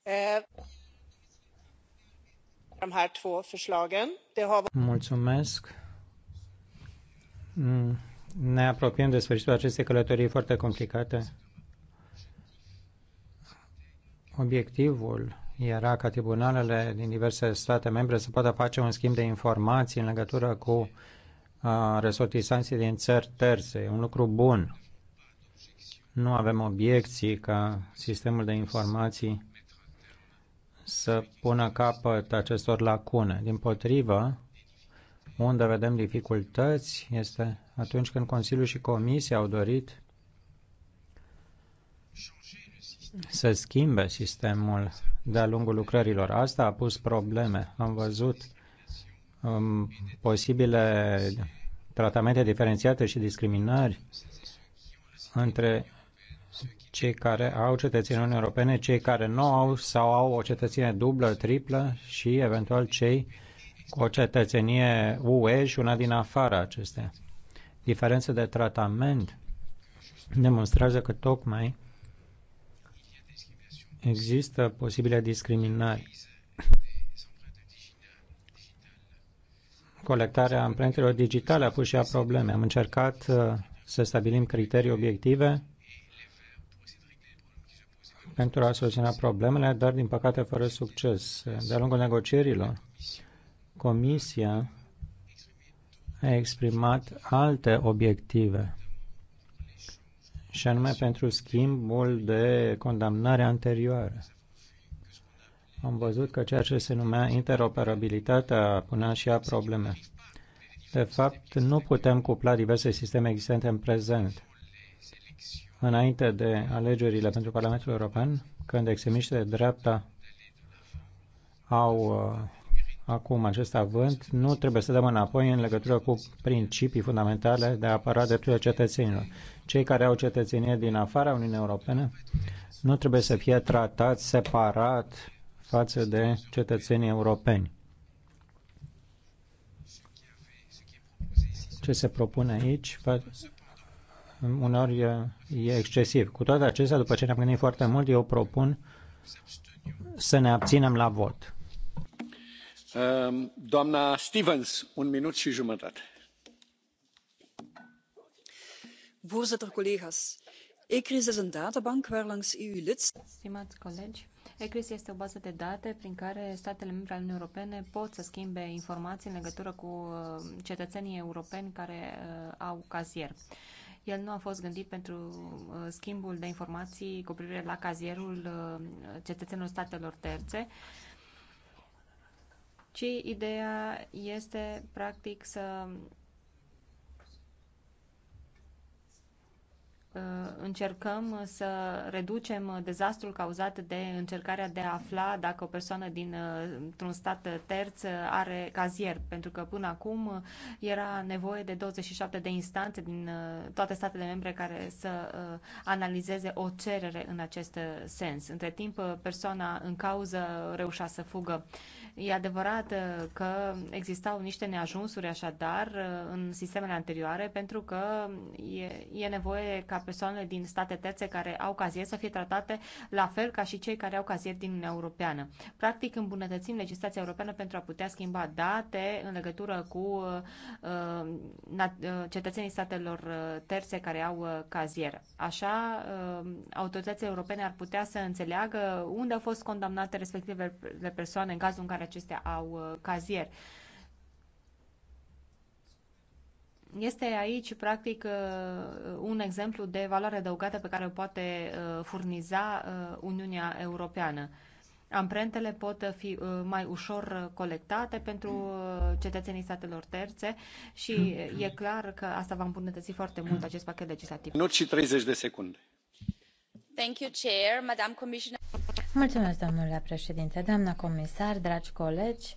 Eh, Mulțumesc. Mm, ne apropiem de sfârșitul acestei călătorii foarte complicate. Obiectivul era ca tribunalele din diverse state membre să poată face un schimb de informații în legătură cu uh, resortisanții din țări terțe. E un lucru bun. Nu avem obiecții ca sistemul de informații să pună capăt acestor lacune. Din potrivă, unde vedem dificultăți este atunci când Consiliul și Comisia au dorit să schimbe sistemul de-a lungul lucrărilor. Asta a pus probleme. Am văzut um, posibile tratamente diferențiate și discriminări între cei care au cetățenie europene, cei care nu au sau au o cetățenie dublă, triplă și eventual cei cu o cetățenie UE și una din afara acestea. Diferență de tratament demonstrează că tocmai există posibile discriminări. Colectarea amprentelor digitale a pus și a probleme. Am încercat uh, să stabilim criterii obiective pentru a soluționa problemele, dar din păcate fără succes. De-a lungul negocierilor, Comisia a exprimat alte obiective și anume pentru schimbul de condamnare anterioară. Am văzut că ceea ce se numea interoperabilitatea punea și a probleme. De fapt, nu putem cupla diverse sisteme existente în prezent. Înainte de alegerile pentru Parlamentul European, când extremiștii de dreapta au uh, acum acest avânt, nu trebuie să dăm înapoi în legătură cu principii fundamentale de apărare apăra drepturile cetățenilor. Cei care au cetățenie din afara Uniunii Europene nu trebuie să fie tratați separat față de cetățenii europeni. Ce se propune aici uneori e, e excesiv. Cu toate acestea, după ce ne-am gândit foarte mult, eu propun să ne abținem la vot. Ehm, doamna un minut și jumătate. voorzitter collega's ecris is een databank waarlangs eu lidstaten. stimați colegi ecris este o bază de date prin care statele membre ale uniunii europene pot să schimbe informații în legătură cu uh, cetățenii europeni care uh, au cazier. El nu a fost gândit pentru uh, schimbul de informații cu privire la cazierul cetățenilor statelor terțe, ci ideea este, practic, să uh, încercăm să reducem dezastrul cauzat de încercarea de a afla dacă o persoană dintr-un uh, stat terț are cazier, pentru că până acum era nevoie de 27 de instanțe din uh, toate statele membre care să analizeze o cerere în acest sens. Între timp, persoana în cauză reușea să fugă. E adevărat uh, că existau niște neajunsuri așadar uh, în sistemele anterioare pentru că e, e nevoie ca persoanele din state terțe care au cazier să fie tratate la fel ca și cei care au cazier din Uniunea Europeană. Practic îmbunătățim legislația europeană pentru a putea schimba date în legătură cu uh, uh cetățenii statelor terțe care au cazier. Așa, uh, autoritățile europene ar putea să înțeleagă unde au fost condamnate respectivele persoane în cazul în care acestea au uh, cazier. Este aici, practic, uh, un exemplu de valoare adăugată pe care o poate uh, furniza Uniunea Europeană. Amprentele pot fi mai ușor colectate pentru cetățenii statelor terțe și e clar că asta va îmbunătăți foarte mult acest pachet legislativ. Minut și 30 de secunde. Thank you, Chair, Madam Commissioner. Mulțumesc, domnule președinte, doamna comisar, dragi colegi.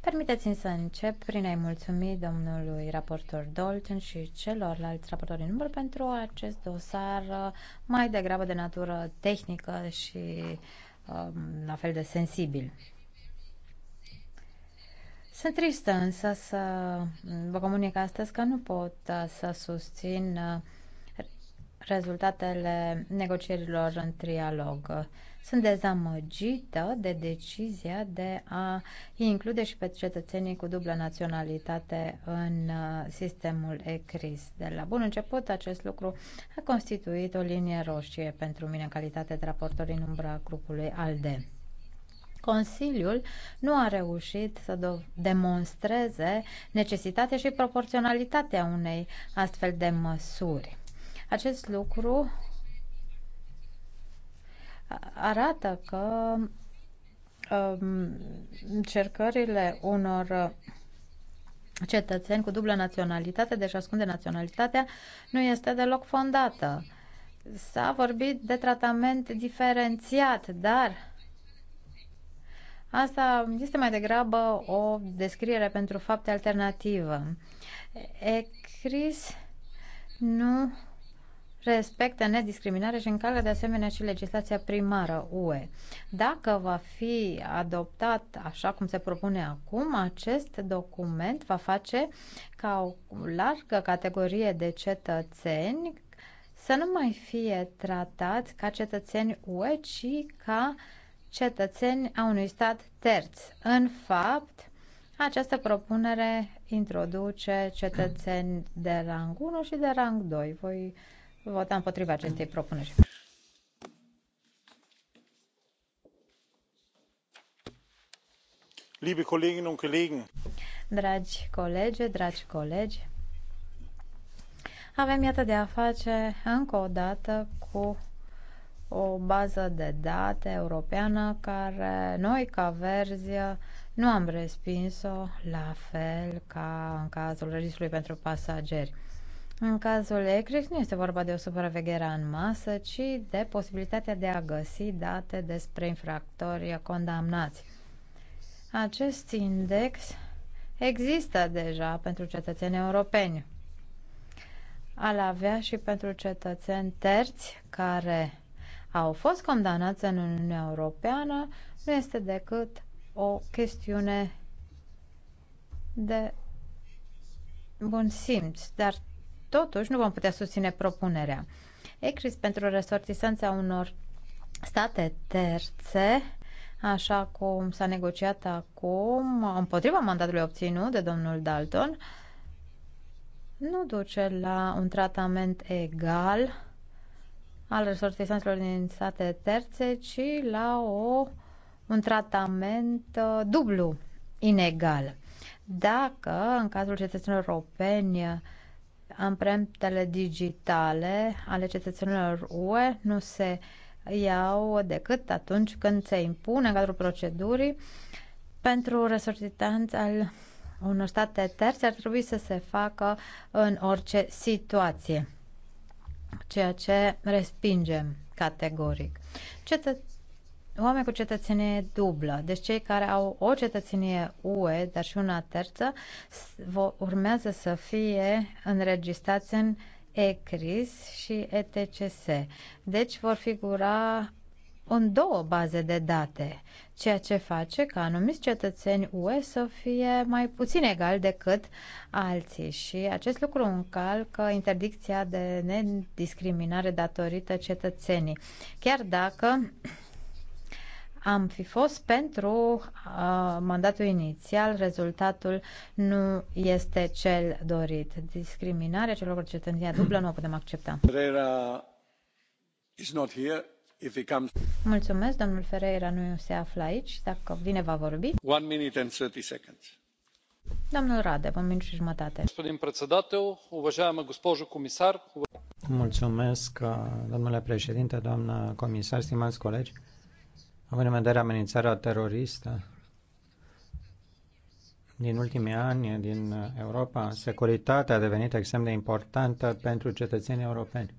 Permiteți-mi să încep prin a-i mulțumi domnului raportor Dolcen și celorlalți raportori în număr pentru acest dosar uh, mai degrabă de natură tehnică și um, la fel de sensibil. Sunt tristă însă să vă comunic astăzi că nu pot uh, să susțin uh, rezultatele negocierilor în trialog. Sunt dezamăgită de decizia de a include și pe cetățenii cu dublă naționalitate în uh, sistemul ECRIS. De la bun început, acest lucru a constituit o linie roșie pentru mine în calitate de raportor în umbra grupului ALDE. Consiliul nu a reușit să demonstreze necesitatea și proporționalitatea unei astfel de măsuri. Acest lucru arată că um, încercările unor cetățeni cu dublă naționalitate, deci ascunde naționalitatea, nu este deloc fondată. S-a vorbit de tratament diferențiat, dar asta este mai degrabă o descriere pentru fapte alternativă. ECRIS nu respectă nediscriminare și încalcă de asemenea și legislația primară UE. Dacă va fi adoptat așa cum se propune acum, acest document va face ca o largă categorie de cetățeni să nu mai fie tratați ca cetățeni UE, ci ca cetățeni a unui stat terț. În fapt, această propunere introduce cetățeni de rang 1 și de rang 2. Voi vota împotriva acestei propuneri. Liebe Kolleginnen und Kollegen. Dragi colegi, dragi colegi, avem iată de a face încă o dată cu o bază de date europeană care noi ca verzi nu am respins-o la fel ca în cazul registrului pentru pasageri. În cazul ecris nu este vorba de o supraveghere în masă, ci de posibilitatea de a găsi date despre infractori condamnați. Acest index există deja pentru cetățenii europeni. Al avea și pentru cetățeni terți care au fost condamnați în Uniunea Europeană nu este decât o chestiune de bun simț, dar Totuși, nu vom putea susține propunerea. ECRIS pentru resortisanța unor state terțe, așa cum s-a negociat acum, împotriva mandatului obținut de domnul Dalton, nu duce la un tratament egal al resortisanților din state terțe, ci la o, un tratament uh, dublu, inegal. Dacă, în cazul cetățenilor europeni, amprentele digitale ale cetățenilor ue nu se iau decât atunci când se impune în cadrul procedurii pentru resortitanți al unor state terțe ar trebui să se facă în orice situație, ceea ce respingem categoric. Cetă- oameni cu cetățenie dublă, deci cei care au o cetățenie UE, dar și una terță, urmează să fie înregistrați în ECRIS și ETCS. Deci vor figura în două baze de date, ceea ce face ca anumiți cetățeni UE să fie mai puțin egali decât alții și acest lucru încalcă interdicția de nediscriminare datorită cetățenii, chiar dacă am fi fost pentru uh, mandatul inițial, rezultatul nu este cel dorit. Discriminarea celor cu cetățenia dublă nu o putem accepta. Comes... Mulțumesc, domnul Ferreira nu se află aici. Dacă vine, va vorbi. One minute and 30 seconds. Domnul Rade, vă minut și jumătate. Mulțumesc, uh, domnule președinte, doamnă comisar, stimați colegi. Având în vedere amenințarea teroristă din ultimii ani din Europa, securitatea a devenit extrem de importantă pentru cetățenii europeni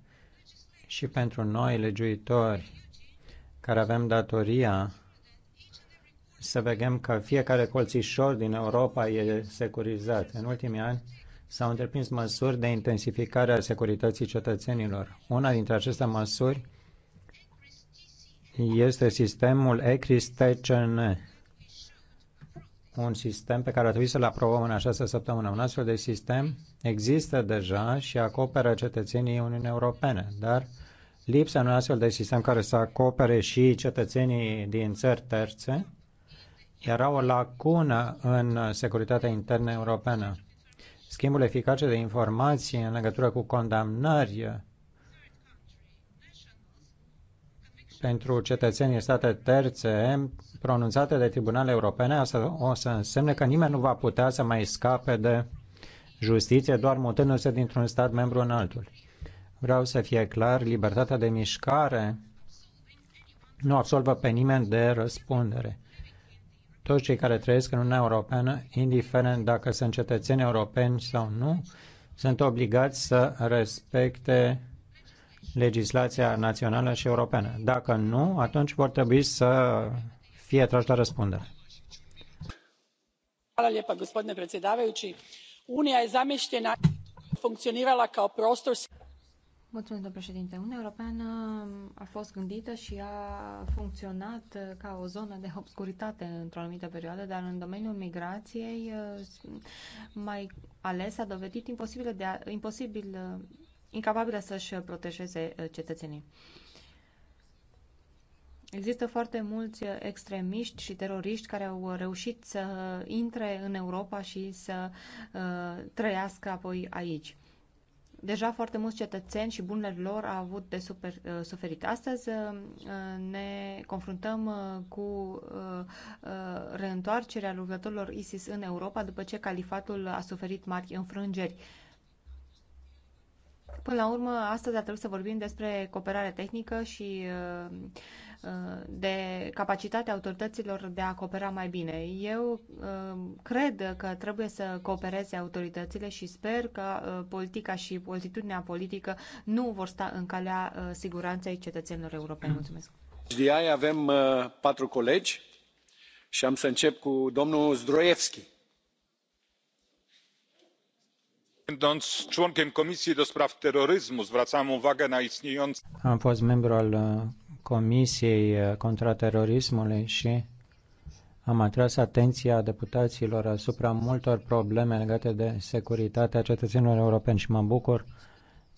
și pentru noi, legiuitori, care avem datoria să vedem că fiecare colțișor din Europa e securizat. În ultimii ani s-au întreprins măsuri de intensificare a securității cetățenilor. Una dintre aceste măsuri este sistemul ECRIS-TCN, un sistem pe care ar trebui să-l aprobăm în această săptămână. Un astfel de sistem există deja și acoperă cetățenii Uniunii Europene, dar lipsa unui astfel de sistem care să acopere și cetățenii din țări terțe era o lacună în securitatea internă europeană. Schimbul eficace de informații în legătură cu condamnări pentru cetățenii state terțe pronunțate de tribunale europene, asta o să însemne că nimeni nu va putea să mai scape de justiție doar mutându-se dintr-un stat membru în altul. Vreau să fie clar, libertatea de mișcare nu absolvă pe nimeni de răspundere. Toți cei care trăiesc în Uniunea Europeană, indiferent dacă sunt cetățeni europeni sau nu, sunt obligați să respecte legislația națională și europeană. Dacă nu, atunci vor trebui să fie trași la răspundere. gospodine predsjedavajući unija je zamišljena ca o prostor Mulțumesc, domnule președinte. Uniunea Europeană a fost gândită și a funcționat ca o zonă de obscuritate într-o anumită perioadă, dar în domeniul migrației eh, mai ales a dovedit imposibil de a, imposibil eh, incapabilă să-și protejeze uh, cetățenii. Există foarte mulți uh, extremiști și teroriști care au uh, reușit să intre în Europa și să trăiască apoi aici. Deja foarte mulți cetățeni și bunurile lor au avut de super, uh, suferit. Astăzi uh, ne confruntăm uh, cu uh, uh, reîntoarcerea lucrătorilor ISIS în Europa după ce califatul a suferit mari înfrângeri. Uh, Până la urmă, astăzi a trebuit să vorbim despre cooperare tehnică și uh, uh, de capacitatea autorităților de a coopera mai bine. Eu uh, cred că trebuie să coopereze autoritățile și sper că politica și altitudinea politică nu vor sta în calea siguranței cetățenilor europeni. Mulțumesc! De aia avem patru colegi și am să încep cu domnul Zdroievski będąc członkiem komisji do spraw terroryzmu uwagę na istniejące. am fost membru al comisiei contra terorismului și am atras atenția deputaților asupra multor probleme legate de securitatea cetățenilor europeni și mă bucur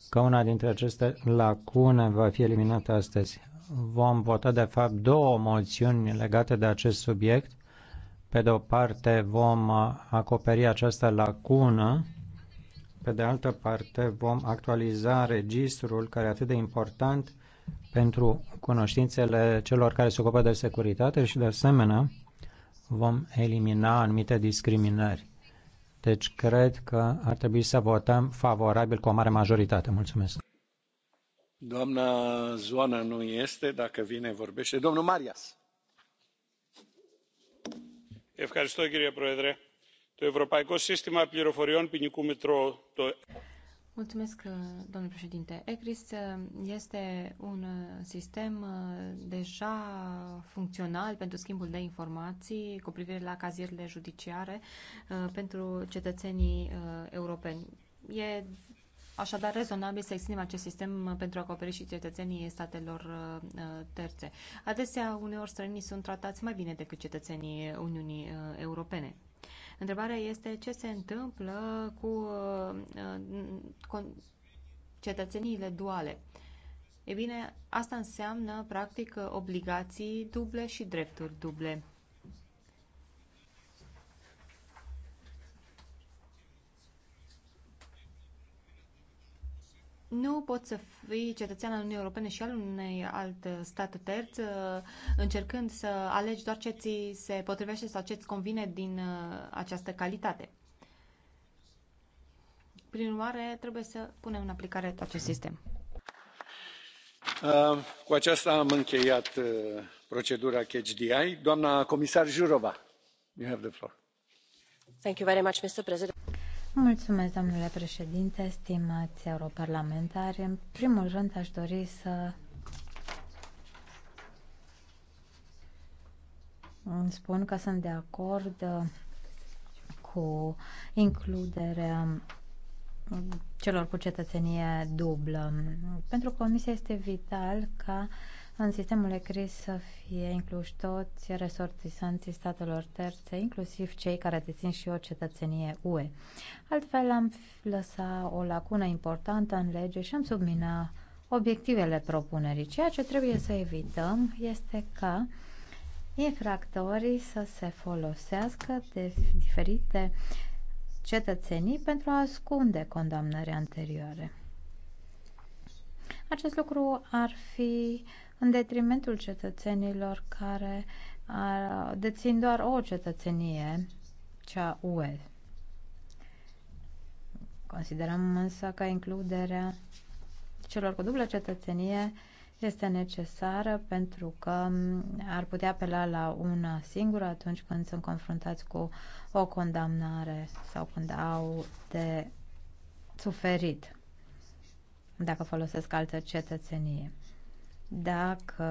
că una dintre aceste lacune va fi eliminată astăzi. Vom vota, de fapt, două moțiuni legate de acest subiect. Pe de o parte, vom acoperi această lacună pe de altă parte, vom actualiza registrul care e atât de important pentru cunoștințele celor care se ocupă de securitate și, de asemenea, vom elimina anumite discriminări. Deci, cred că ar trebui să votăm favorabil cu o mare majoritate. Mulțumesc. Doamna Zoana nu este, dacă vine vorbește. Domnul Marias. Mulțumesc, domnule președinte Uh, domnule președinte. ECRIS uh, este un uh, sistem deja funcțional pentru schimbul de informații cu privire la cazierele judiciare pentru cetățenii europeni. E Așadar, rezonabil să extindem acest sistem pentru a acoperi și cetățenii statelor terțe. Adesea, uneori străinii sunt tratați mai bine decât cetățenii Uniunii Europene. Întrebarea este ce se întâmplă cu uh, uh, cetățeniile duale. E bine, asta înseamnă, practic, obligații duble și drepturi duble. nu poți să fii cetățean al Uniunii Europene și al unei alt stat terț, uh, încercând să alegi doar ce ți se potrivește sau ce ți convine din uh, această calitate. Prin urmare, trebuie să punem în aplicare acest sistem. Uh, cu aceasta am încheiat procedura catch Doamna comisar Jurova, you have the floor. Thank you very much, Mr. President. Mulțumesc, domnule președinte, stimați europarlamentari. În primul rând, aș dori să spun că sunt de acord cu includerea celor cu cetățenie dublă. Pentru Comisie este vital ca uh, în sistemul ECRIS să fie incluși toți resortisanții statelor terțe, inclusiv cei care dețin și o cetățenie UE. Altfel am lăsa o lacună importantă în lege și am submina obiectivele propunerii. Ceea ce trebuie să evităm este ca infractorii să se folosească de diferite cetățenii pentru a ascunde condamnări anterioare. Acest lucru ar fi uh, în detrimentul cetățenilor care dețin doar o cetățenie, cea UE. Considerăm însă că includerea celor cu dublă cetățenie este necesară pentru că ar putea apela la una singură atunci când sunt confruntați cu o condamnare sau când au de suferit dacă folosesc altă cetățenie dacă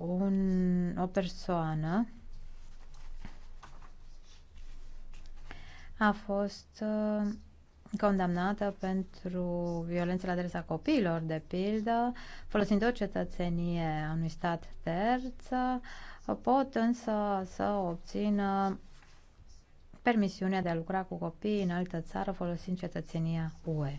un, o persoană a fost uh, condamnată pentru violență la adresa copiilor, de pildă, folosind o cetățenie a unui stat terț, uh, pot însă să obțină permisiunea de a lucra cu copii în altă țară folosind cetățenia UE.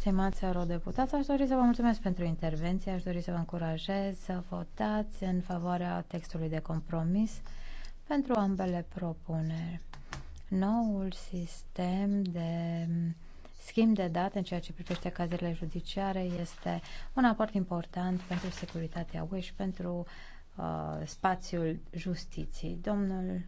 Stimați eurodeputați, aș dori să vă mulțumesc pentru intervenție, aș dori să vă încurajez să votați în favoarea textului de compromis pentru ambele propuneri. Noul sistem de schimb de date în ceea ce privește cazurile judiciare este un aport important pentru securitatea UE și pentru uh, spațiul justiției. Domnul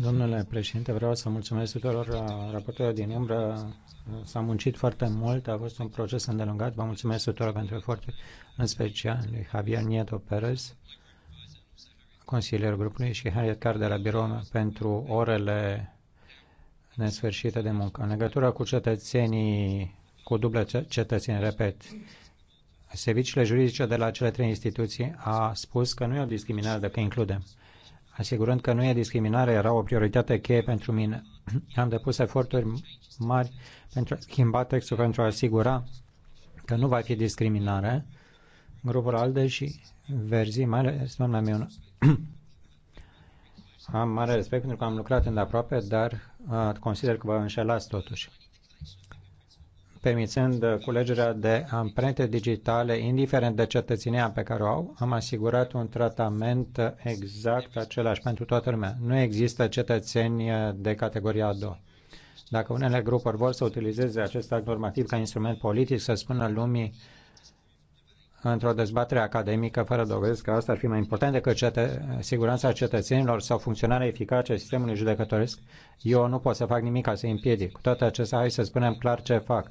domnule președinte vreau să mulțumesc tuturor uh, raportorilor din umbră uh, s a muncit foarte mult a fost un proces îndelungat vă mulțumesc tuturor pentru eforturi în special lui javier nieto perez consilierul grupului și harriet carr de la birou pentru orele nesfârșite de muncă. în legătură cu cetățenii cu dublă cetățenie, repet, serviciile juridice de la cele trei instituții a spus că nu e o discriminare dacă includem. Asigurând că nu e discriminare era o prioritate cheie pentru mine. Am depus eforturi mari pentru a schimba textul pentru a asigura că nu va fi discriminare. Grupul ALDE și Verzi, mai ales doamna Miona. Am mare respect pentru că am lucrat îndeaproape, dar uh, consider că vă înșelați totuși permițând uh, culegerea de amprente digitale, indiferent de cetățenia pe care o au, am asigurat un tratament uh, exact același pentru toată lumea. Nu există cetățeni uh, de categoria a doua. Dacă unele grupuri vor să utilizeze acest act normativ ca instrument politic, să spună lumii într-o dezbatere academică fără dovezi că asta ar fi mai important decât cete- siguranța cetățenilor sau funcționarea eficace a sistemului judecătoresc, eu nu pot să fac nimic ca să i împiedic. Cu toate acestea, hai să spunem clar ce fac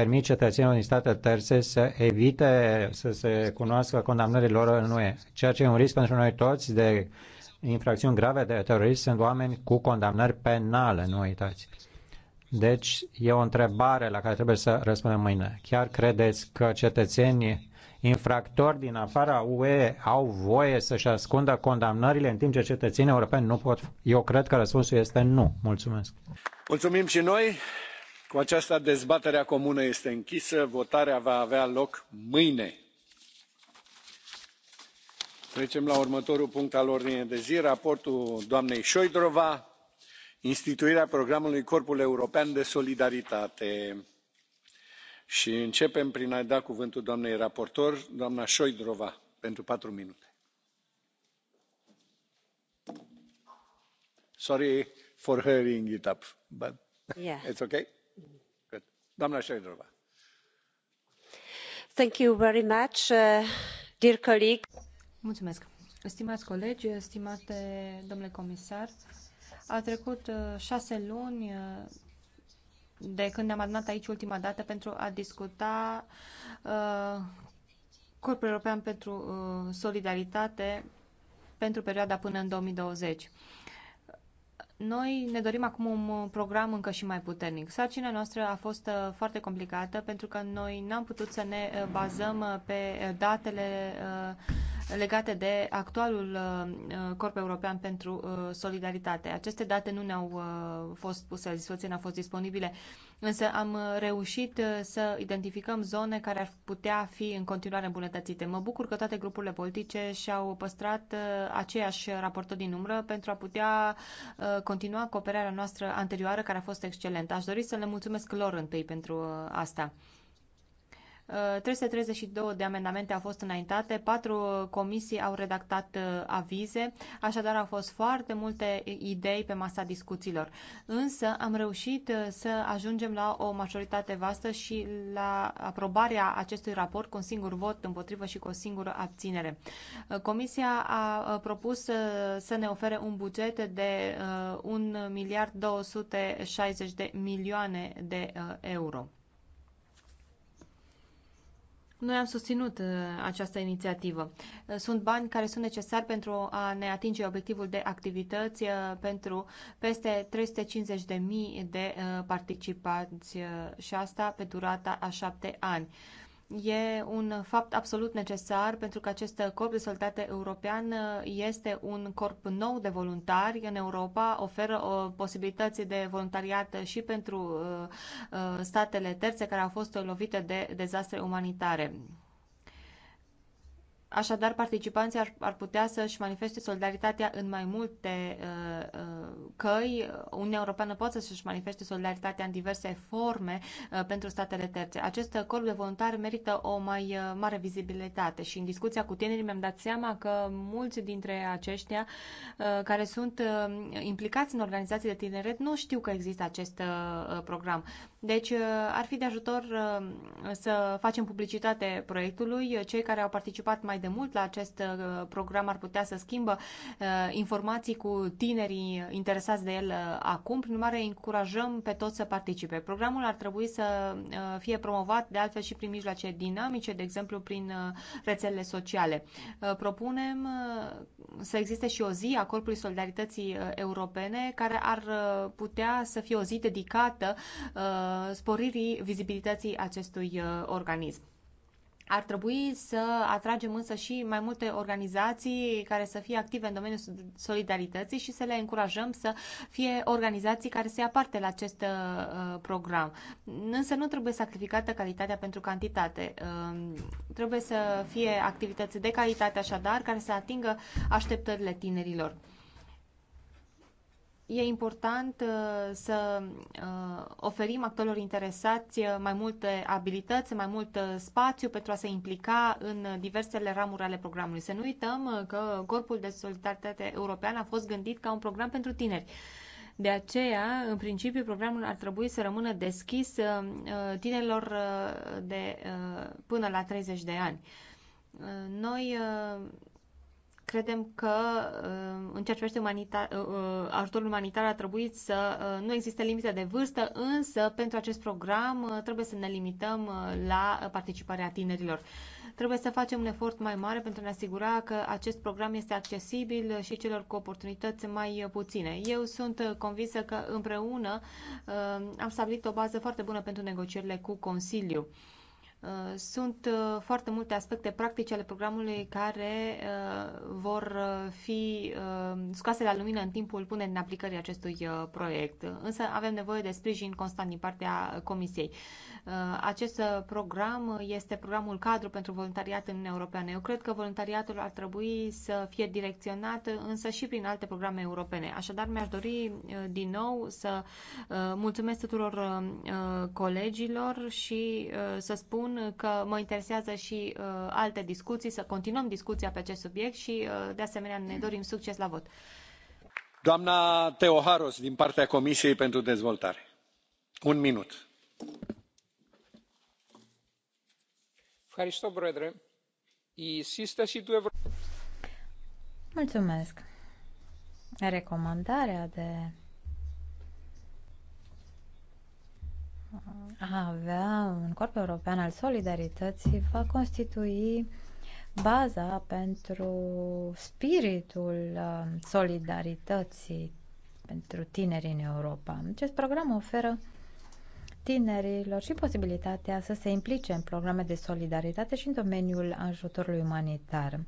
permit cetățenilor din state terțe să evite să se cunoască condamnările lor în UE. Ceea ce e un risc pentru noi toți de infracțiuni grave de terorism sunt oameni cu condamnări penale, nu uitați. Deci e o întrebare la care trebuie să răspundem mâine. Chiar credeți că cetățenii infractori din afara UE au voie să-și ascundă condamnările în timp ce cetățenii europeni nu pot? Eu cred că răspunsul este nu. Mulțumesc. Mulțumim și noi cu aceasta dezbaterea comună este închisă votarea va avea loc mâine. trecem la următorul punct al ordinii de zi raportul doamnei šojdrov instituirea programului corpul european de solidaritate și începem prin a i da cuvântul doamnei raportor doamna šojdrov pentru patru minute. sorry for hurrying it up but yeah. it's okay doamnă președintă uh, stimați colegi stimate domnule comisar au trecut uh, șase luni uh, de când ne am adunat aici ultima dată pentru a discuta corpul european pentru solidaritate pentru perioada până în două mii douăzeci noi ne dorim acum un program încă și mai puternic. Sarcina noastră a fost uh, foarte complicată pentru că noi n-am putut să ne uh, bazăm uh, pe datele uh, legate de actualul uh, uh, Corp European pentru uh, Solidaritate. Aceste date nu ne-au fost puse la dispoziție, n-au fost disponibile, însă am reușit să identificăm zone care ar putea fi în continuare îmbunătățite. Mă bucur că toate grupurile politice și-au păstrat aceeași raportă din umbră pentru a putea continua cooperarea noastră anterioară, care a fost excelentă. Aș dori să le mulțumesc lor întâi pentru asta. 332 uh, de amendamente au fost înaintate, patru comisii au redactat uh, avize, așadar au fost foarte multe idei pe masa discuțiilor. Însă am reușit uh, să ajungem la o majoritate vastă și la aprobarea acestui raport cu un singur vot împotrivă și cu o singură abținere. Comisia a propus să ne ofere un buget de 1 miliard 260 de milioane de euro. Noi am susținut uh, această inițiativă. Uh, sunt bani care sunt necesari pentru a ne atinge obiectivul de activități uh, pentru peste 350.000 de participanți și asta pe durata a șapte ani e un fapt absolut necesar pentru că acest corp de soldate european este un corp nou de voluntari în Europa, oferă o uh, posibilități de voluntariat și pentru uh, uh, statele terțe care au fost lovite de dezastre umanitare. Așadar, participanții ar, ar putea să-și manifeste solidaritatea în mai multe uh, uh, căi. Uniunea Europeană poate să-și manifeste solidaritatea în diverse forme uh, pentru statele terțe. Acest corp de voluntari merită o mai uh, mare vizibilitate și în discuția cu tinerii mi-am dat seama că mulți dintre aceștia uh, care sunt uh, implicați în organizații de tineret nu știu că există acest uh, program. Uh, deci uh, ar fi de ajutor uh, să facem publicitate proiectului. Uh, cei care au participat mai de mult la acest program ar putea să schimbă informații cu tinerii interesați de el acum. Prin urmare, încurajăm pe toți să participe. Programul ar trebui să fie promovat de altfel și prin mijloace dinamice, de exemplu prin rețelele sociale. Propunem să existe și o zi a Corpului Solidarității Europene care ar putea să fie o zi dedicată sporirii vizibilității acestui uh, organism. Ar trebui să atragem însă și mai multe organizații care să fie active în domeniul solidarității și să le încurajăm să fie organizații care să ia parte la acest uh, uh, program. Însă nu trebuie sacrificată calitatea pentru cantitate. Um, trebuie să fie activități de calitate așadar care să atingă așteptările tinerilor e important uh, să uh, oferim actorilor interesați uh, mai multe abilități, mai mult spațiu pentru a se implica în diversele ramuri ale programului. Să nu uităm că Corpul de Solidaritate European a fost gândit ca un program pentru tineri. De aceea, în principiu, programul ar trebui să rămână deschis tinerilor de până la 30 de ani. Noi Credem că uh, în ceea ce privește umanitar, uh, uh, ajutorul umanitar a trebuit să nu existe limite de vârstă, însă pentru acest program trebuie să ne limităm la participarea tinerilor. Trebuie să facem un efort mai mare pentru a ne asigura că acest program este accesibil și celor cu oportunități mai puține. Eu sunt convinsă că împreună am stabilit o bază foarte bună pentru negocierile cu Consiliul. Uh, sunt uh, foarte multe aspecte practice ale programului care uh, vor fi scoase la lumină în timpul punerii în aplicării acestui proiect. Însă avem nevoie de sprijin constant din partea Comisiei. Uh, acest uh, program este programul cadru pentru voluntariat în Uniunea Europeană. Eu cred că voluntariatul ar trebui să fie direcționat însă și prin alte programe europene. Așadar, mi-aș dori uh, din nou să mulțumesc tuturor colegilor și să spun că mă interesează și alte discuții, să continuăm discuția pe acest subiect și de asemenea ne dorim succes la vot. Doamna Teoharos, din partea Comisiei pentru Dezvoltare. Un minut Mulțumesc. Recomandarea de a avea un corp european al solidarității va constitui baza pentru spiritul uh, solidarității pentru tineri în Europa. Acest program oferă tinerilor și posibilitatea să se implice în programe de solidaritate și în domeniul ajutorului umanitar.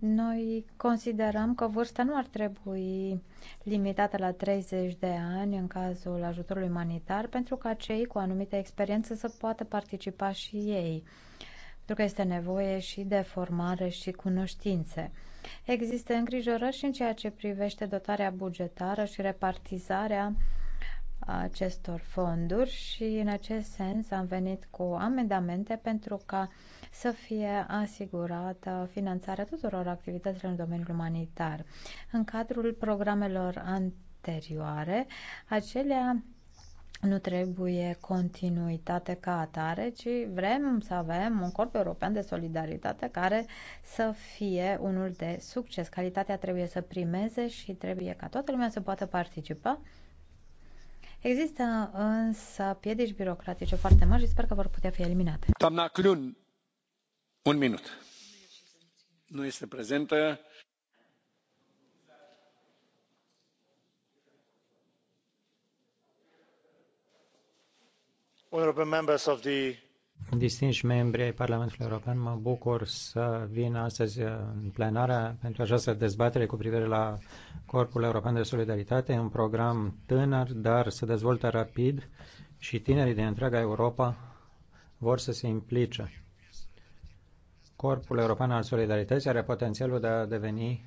Noi considerăm că vârsta nu ar trebui limitată la 30 de ani în cazul ajutorului umanitar pentru ca cei cu anumită experiență să poată participa și ei pentru că este nevoie și de formare și cunoștințe. Există îngrijorări și în ceea ce privește dotarea bugetară și repartizarea uh, acestor fonduri și în acest sens am venit cu amendamente pentru ca să fie asigurată finanțarea tuturor activităților în domeniul umanitar. În cadrul programelor anterioare, acelea nu trebuie continuitate ca atare, ci vrem să avem un corp european de solidaritate care să fie unul de succes. Calitatea trebuie să primeze și trebuie ca toată lumea să poată participa Există însă piedici birocratice foarte mari și sper că vor putea fi eliminate. Doamna Clun, un minut. Nu este prezentă. honourable members of the Distinși membri ai Parlamentului European, mă bucur să vin astăzi în plenarea pentru această dezbatere cu privire la Corpul European de Solidaritate, un program tânăr, dar se dezvoltă rapid și tinerii din întreaga Europa vor să se implice. Corpul European al Solidarității are potențialul de a deveni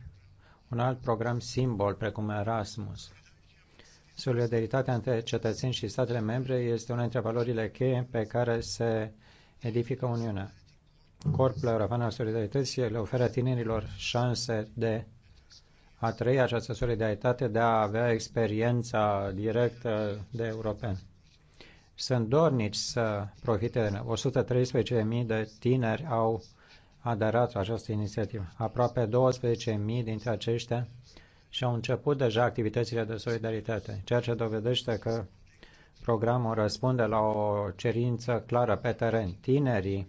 un alt program simbol, precum Erasmus. Solidaritatea între cetățeni și statele membre este una dintre valorile cheie pe care se edifică Uniunea. Corpul European al Solidarității le oferă tinerilor șanse de a trăi această solidaritate, de a avea experiența directă de european. Sunt dornici să profite de 113.000 de tineri au aderat la această inițiativă. Aproape 12.000 dintre aceștia și au început deja activitățile de solidaritate, ceea ce dovedește că programul răspunde la o cerință clară pe teren. Tinerii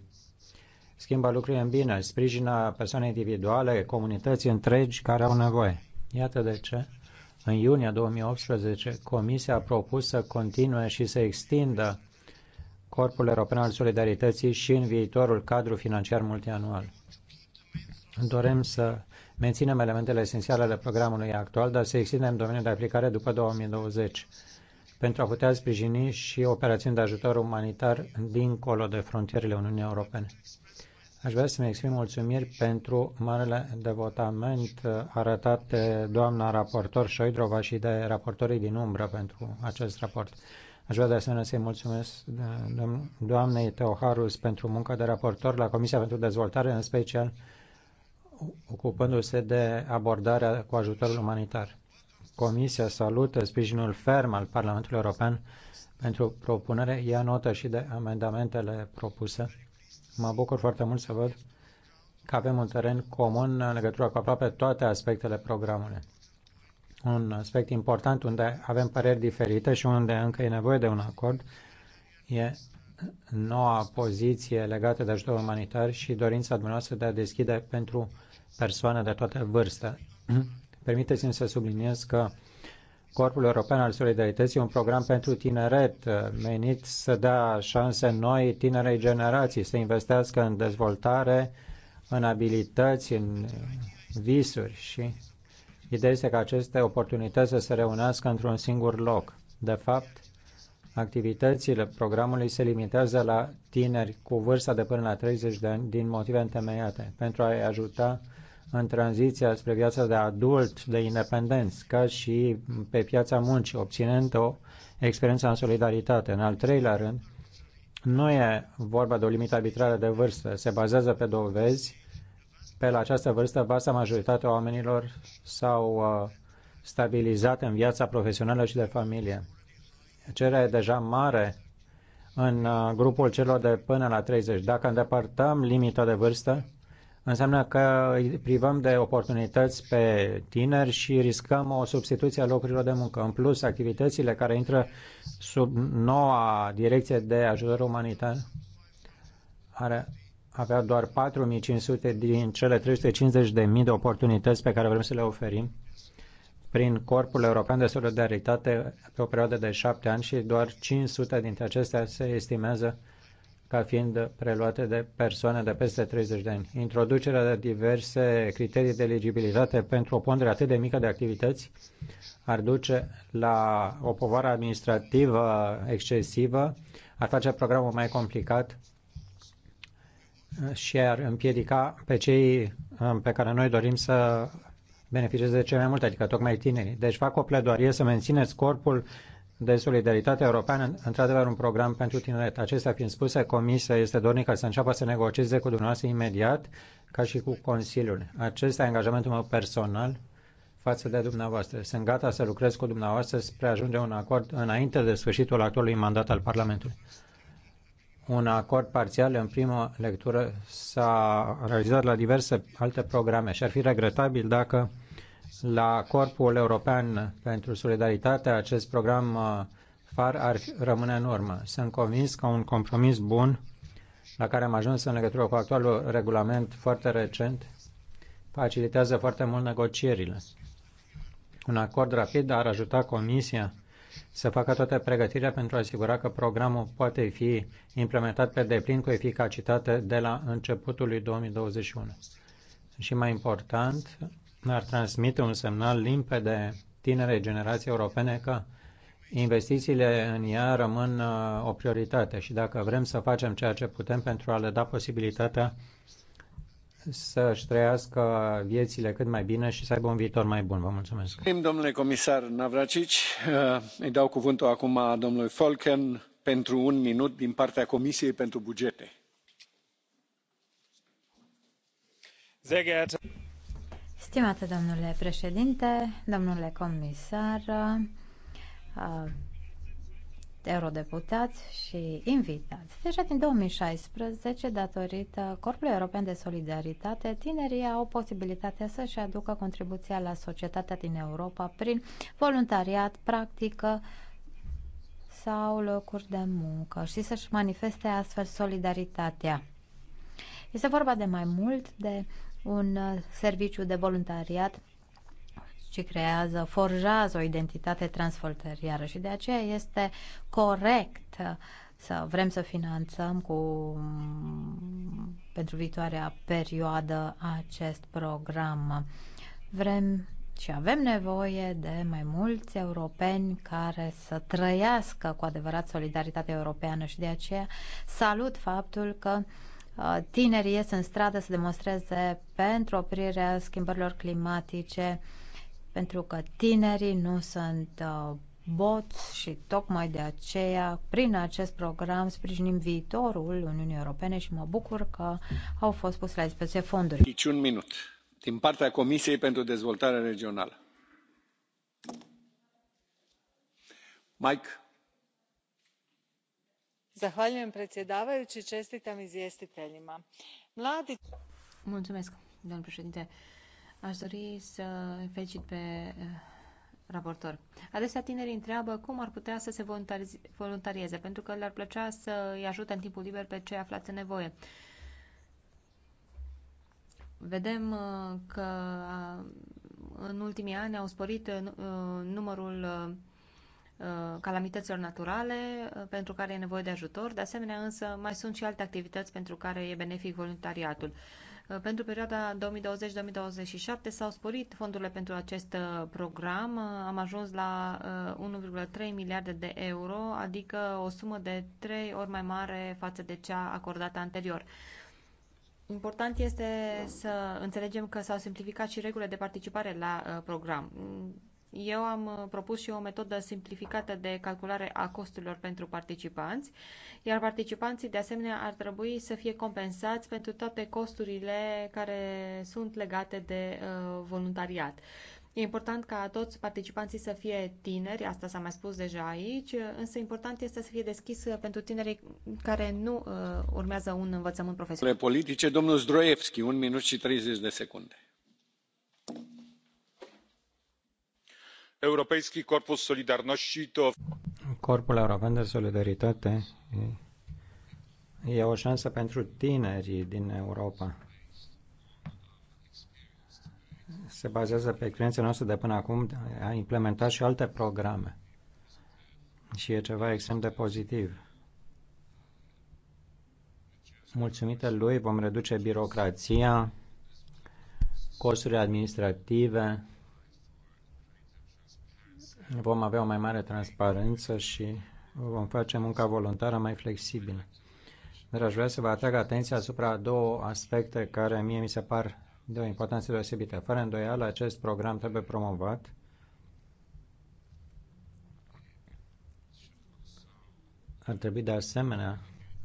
schimbă lucrurile în bine, sprijină persoane individuale, comunități întregi care au nevoie. Iată de ce. În iunie 2018, Comisia a propus să continue și să extindă Corpul European al Solidarității și în viitorul cadru financiar multianual. Dorem să menținem elementele esențiale ale programului actual, dar să extindem domeniul de aplicare după 2020 pentru a putea sprijini și operațiuni de ajutor umanitar dincolo de frontierele Uniunii Europene. Aș vrea să-mi exprim mulțumiri pentru marele devotament arătat de doamna raportor Șoidrova și de raportorii din umbră pentru acest raport. Aș vrea de asemenea să-i mulțumesc doamnei Teoharus pentru munca de raportor la Comisia pentru Dezvoltare, în special ocupându-se de abordarea cu ajutorul umanitar. Comisia salută sprijinul ferm al Parlamentului European pentru propunere, ia notă și de amendamentele propuse. Mă bucur foarte mult să văd că avem un teren comun în legătură cu aproape toate aspectele programului. Un aspect important unde avem păreri diferite și unde încă e nevoie de un acord e noua poziție legată de ajutor umanitar și dorința dumneavoastră de a deschide pentru persoane de toate vârste. Permiteți-mi să subliniez că Corpul European al Solidarității e un program pentru tineret uh, menit să dea șanse noi tinerei generații să investească în dezvoltare, în abilități, în uh, visuri și ideea este că aceste oportunități să se reunească într-un singur loc. De fapt, activitățile programului se limitează la tineri cu vârsta de până la 30 de ani din motive întemeiate pentru a-i ajuta în tranziția spre viața de adult, de independenți, ca și pe piața muncii, obținând o experiență în solidaritate. În al treilea rând, nu e vorba de o limită arbitrară de vârstă, se bazează pe dovezi. Pe la această vârstă, vasta majoritatea oamenilor s-au uh, stabilizat în viața profesională și de familie. Cererea e deja mare în uh, grupul celor de până la 30. Dacă îndepărtăm limita de vârstă, Înseamnă că îi privăm de oportunități pe tineri și riscăm o substituție a locurilor de muncă. În plus, activitățile care intră sub noua direcție de ajutor umanitar are avea doar 4500 din cele 350.000 de oportunități pe care vrem să le oferim prin Corpul European de Solidaritate pe o perioadă de șapte ani și doar 500 dintre acestea se estimează ca fiind preluate de persoane de peste 30 de ani. Introducerea de diverse criterii de eligibilitate pentru o pondere atât de mică de activități ar duce la o povară administrativă excesivă, ar face programul mai complicat și ar împiedica pe cei um, pe care noi dorim să beneficieze de cel mai mult, adică tocmai tinerii. Deci fac o pledoarie să mențineți corpul de solidaritate europeană, într-adevăr un program pentru tineret. Acestea fiind spuse, Comisia este dornică să înceapă să negocieze cu dumneavoastră imediat, ca și cu Consiliul. Acesta e angajamentul meu personal față de dumneavoastră. Sunt gata să lucrez cu dumneavoastră spre a ajunge un acord înainte de sfârșitul actualului mandat al Parlamentului. Un acord parțial în primă lectură s-a realizat la diverse alte programe și ar fi regretabil dacă la Corpul European pentru Solidaritate, acest program uh, FAR ar rămâne în urmă. Sunt convins că un compromis bun la care am ajuns în legătură cu actualul regulament foarte recent facilitează foarte mult negocierile. Un acord rapid ar ajuta Comisia să facă toate pregătirile pentru a asigura că programul poate fi implementat pe deplin cu eficacitate de la începutul lui 2021. Și mai important, ar transmite un semnal limpede tinerei generații europene că investițiile în ea rămân uh, o prioritate și dacă vrem să facem ceea ce putem pentru a le da posibilitatea să-și trăiască viețile cât mai bine și să aibă un viitor mai bun. Vă mulțumesc. Domnule comisar Navracici, uh, îi dau cuvântul acum domnului Falken pentru un minut din partea Comisiei pentru Bugete. Stimate domnule președinte, domnule comisar, eurodeputați și invitați. Deja din 2016, datorită Corpului European de Solidaritate, tinerii au posibilitatea să-și aducă contribuția la societatea din Europa prin voluntariat, practică sau locuri de muncă și să-și manifeste astfel solidaritatea. Este vorba de mai mult de un uh, serviciu de voluntariat și creează, forjează o identitate transfrontalieră și de aceea este corect uh, să vrem să finanțăm cu pentru viitoarea perioadă acest program. Vrem și avem nevoie de mai mulți europeni care să trăiască cu adevărat solidaritatea europeană și de aceea salut faptul că uh, Uh, tinerii ies în stradă să demonstreze pentru oprirea schimbărilor climatice, pentru că tinerii nu sunt uh, boți și tocmai de aceea, prin acest program, sprijinim viitorul Uniunii Europene și mă bucur că au fost puse la dispoziție fonduri. Nici un minut din partea Comisiei pentru Dezvoltare Regională. Mike gospodine predsjedavajući čestitam izvjestiteljima. mulțumesc domnule președinte aș dori să îi felicit pe eh, raportor. Adesea tinerii întreabă cum ar putea să se voluntarieze, pentru că le-ar plăcea să îi ajute în timpul liber pe cei aflați în nevoie. Vedem eh, că ah, în ultimii ani au sporit eh, numărul Uh, calamităților naturale uh, pentru care e nevoie de ajutor. De asemenea, însă, mai sunt și alte activități pentru care e benefic voluntariatul. Uh, pentru perioada 2020-2027 s-au sporit fondurile pentru acest program. Am ajuns la 1,3 miliarde de euro, adică o sumă de 3 ori mai mare față de cea acordată anterior. Important este să înțelegem că s-au simplificat și regulile de participare la program. Eu am uh, propus și o metodă simplificată de calculare a costurilor pentru participanți, iar participanții de asemenea ar trebui să fie compensați pentru toate costurile care sunt legate de uh, voluntariat. E important ca toți participanții să fie tineri, asta s-a mai spus deja aici, însă important este să fie deschis uh, pentru tinerii care nu uh, urmează un învățământ profesional. Politice, domnul Zdroievski, un minut și 30 de secunde Europejski Corpus Solidarności to... Corpul European de Solidaritate e o șansă pentru tinerii din Europa. Se bazează pe experiența noastră de până acum, a implementat și alte programe. Și e ceva extrem de pozitiv. Mulțumită lui vom reduce birocrația, costurile administrative, vom avea o mai mare transparență și vom face munca voluntară mai flexibilă. Dar aș vrea să vă atrag atenția asupra două aspecte care mie mi se par de o importanță deosebită. Fără îndoială, acest program trebuie promovat ar trebui de asemenea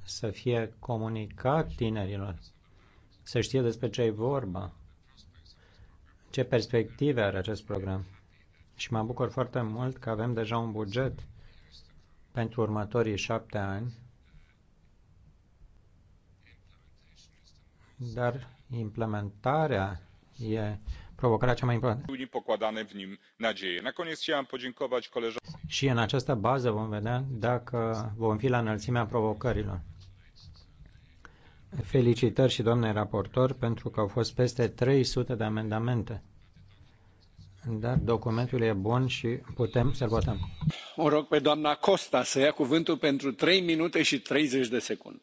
să fie comunicat tinerilor, să știe despre ce e vorba, ce perspective are acest program și mă bucur foarte mult că avem deja un buget pentru următorii șapte ani, dar implementarea e provocarea cea mai importantă. Și în această bază vom vedea dacă vom fi la înălțimea provocărilor. Felicitări și domnule raportor pentru că au fost peste 300 de amendamente. Dar documentul e bun și putem să-l votăm. O rog pe doamna Costa să ia cuvântul pentru 3 minute și 30 de secunde.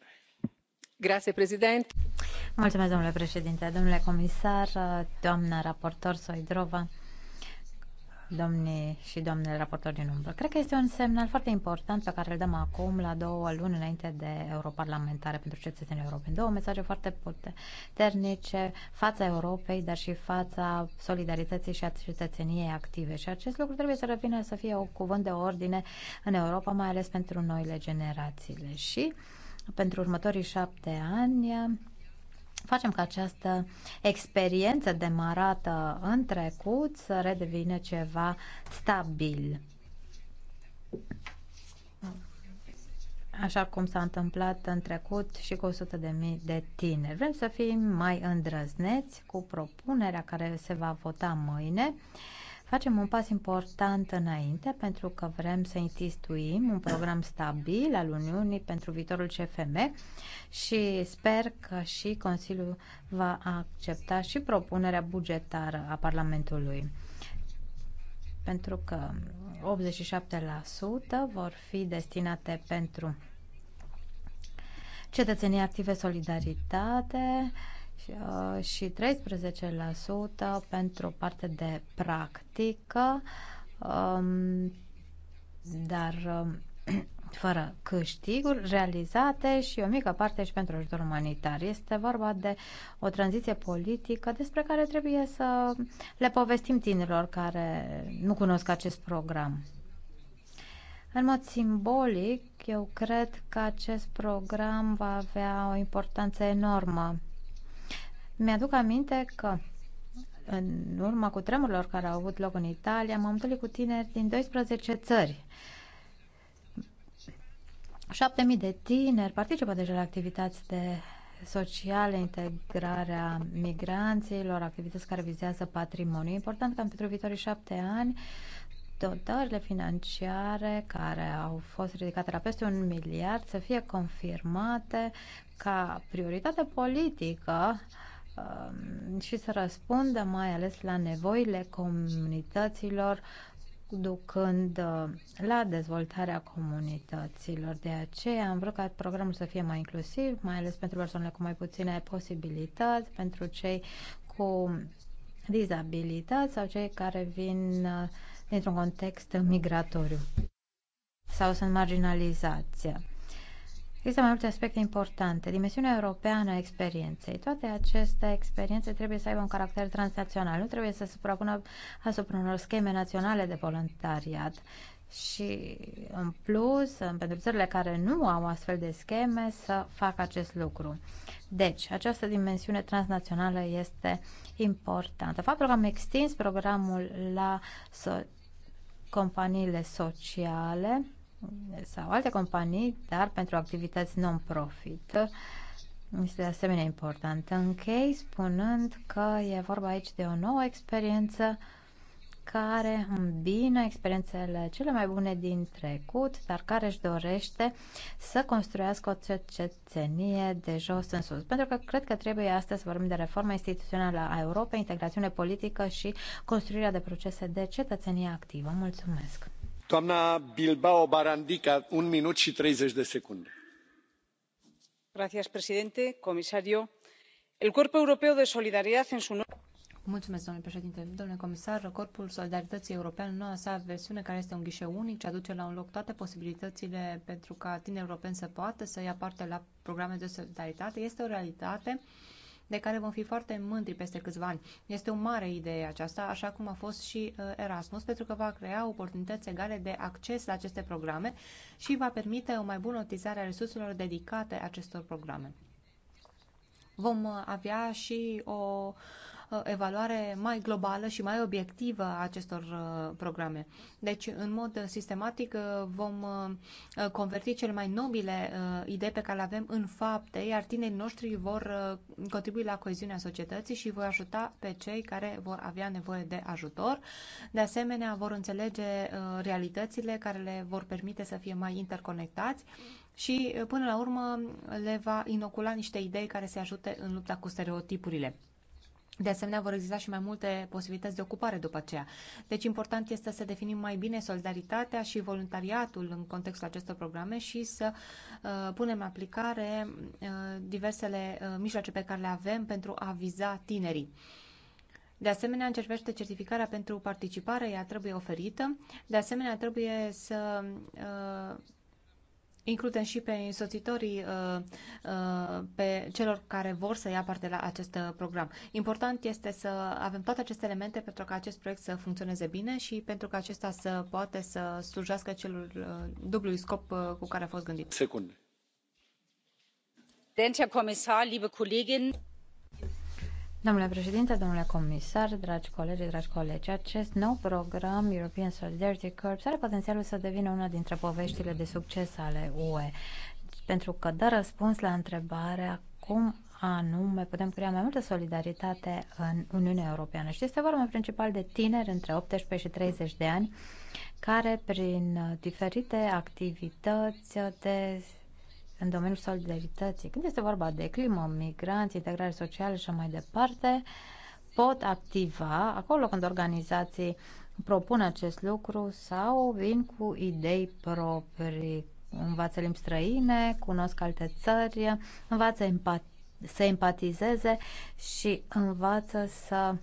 Grazie, președinte. Mulțumesc, domnule președinte, domnule comisar, doamna raportor Soidrova domnii și domnule raportori din umbră. Cred că este un semnal foarte important pe care îl dăm acum, la două luni înainte de europarlamentare pentru cetățenii europeni. Două mesaje foarte puternice fața Europei, dar și fața solidarității și a cetățeniei active. Și acest lucru trebuie să revină să fie o cuvânt de ordine în Europa, mai ales pentru noile generațiile. Și pentru următorii șapte ani, facem ca această experiență demarată în trecut să redevină ceva stabil. Așa cum s-a întâmplat în trecut și cu 100 de mii de tineri. Vrem să fim mai îndrăzneți cu propunerea care se va vota mâine. Uh, Facem un pas important înainte pentru că vrem să instituim un program stabil al Uniunii pentru viitorul CFM și sper că și Consiliul va accepta și propunerea bugetară a Parlamentului pentru că 87% vor fi destinate pentru cetățenii active solidaritate, și 13% uh, pentru parte de practică, um, dar um, fără câștiguri realizate și o mică parte și pentru ajutor umanitar. Este vorba de o tranziție politică despre care trebuie să le povestim tinerilor care nu cunosc acest program. În mod simbolic, eu cred că acest program va avea o importanță enormă mi-aduc aminte că în urma cu tremurilor care au avut loc în Italia, m-am întâlnit cu tineri din 12 țări. 7.000 de tineri participă deja la activități de sociale, integrarea migranților, activități care vizează patrimoniu. Important că pentru viitorii șapte ani dotările financiare care au fost ridicate la peste un miliard să fie confirmate ca prioritate politică uh, Um, și să răspundă mai ales la nevoile comunităților ducând uh, la dezvoltarea comunităților. De aceea am vrut ca programul să fie mai inclusiv, mai ales pentru persoanele cu mai puține posibilități, pentru cei cu dizabilități sau cei care vin uh, dintr-un context migratoriu sau sunt marginalizați. Există mai multe aspecte importante. Dimensiunea europeană a experienței. Toate aceste experiențe trebuie să aibă un caracter transnațional. Nu trebuie să se suprapună asupra unor scheme naționale de voluntariat. Și, în plus, pentru țările care nu au astfel de scheme, să facă acest lucru. Deci, această dimensiune transnațională este importantă. Faptul că am extins programul la so- companiile sociale sau alte companii, dar pentru activități non-profit. Este de asemenea important. Închei spunând că e vorba aici de o nouă experiență care îmbină experiențele cele mai bune din trecut, dar care își dorește să construiască o cetățenie de jos în sus. Pentru că cred că trebuie astăzi să vorbim de reforma instituțională a Europei, integrațiune politică și construirea de procese de cetățenie activă. Mulțumesc! doamna bilbao barandica un minut și treizeci de secunde. comisario el cuerpo europeo de solidaridad en su Mulțumesc, domnule președinte. Domnule comisar, Corpul Solidarității European, noua sa versiune, care este un ghișeu unic, ce aduce la un loc toate posibilitățile pentru ca tineri europeni să poată să ia parte la programe de solidaritate, este o realitate de care vom fi foarte mândri peste câțiva ani. Este o mare idee aceasta, așa cum a fost și uh, Erasmus, pentru că va crea oportunități egale de acces la aceste programe și va permite o mai bună utilizare a resurselor dedicate acestor programe. Vom uh, avea și o Uh, evaluare mai globală și mai obiectivă a acestor uh, programe. Deci, în mod sistematic, uh, vom converti cele mai nobile idei pe care le avem în fapte, iar tinerii noștri vor contribui la coeziunea societății și vor ajuta pe cei care vor avea nevoie de ajutor. De asemenea, vor înțelege realitățile care le vor permite să fie mai interconectați și, până la urmă, le va inocula niște idei care se ajute în lupta cu stereotipurile. De asemenea, vor exista și mai multe posibilități de ocupare după aceea. Deci, important este să definim mai bine solidaritatea și voluntariatul în contextul acestor programe și să uh, punem în aplicare uh, diversele uh, mijloace pe care le avem pentru a viza tinerii. De asemenea, încercește certificarea pentru participare, ea trebuie oferită. De asemenea, trebuie să uh, includem și pe însoțitorii uh, uh, pe celor care vor să ia parte la acest uh, program. Important este să avem toate aceste elemente pentru ca acest proiect să funcționeze bine și pentru ca acesta să poate să slujească celul dublui scop cu care a fost gândit. Secunde. Comisar, liebe Kolleginnen Domnule președinte, domnule comisar, dragi colegi, dragi colegi, acest nou program European Solidarity Corps are potențialul să devină una dintre poveștile de succes ale UE, pentru că dă răspuns la întrebarea cum anume putem crea mai multă solidaritate în Uniunea Europeană. Și este vorba principal de tineri între 18 și 30 de ani care prin diferite activități de în domeniul solidarității, când este vorba de climă, migranți, integrare socială și mai departe, pot activa acolo când organizații propun acest lucru sau vin cu idei proprii, învață limbi străine, cunosc alte țări, învață empat- să empatizeze și învață să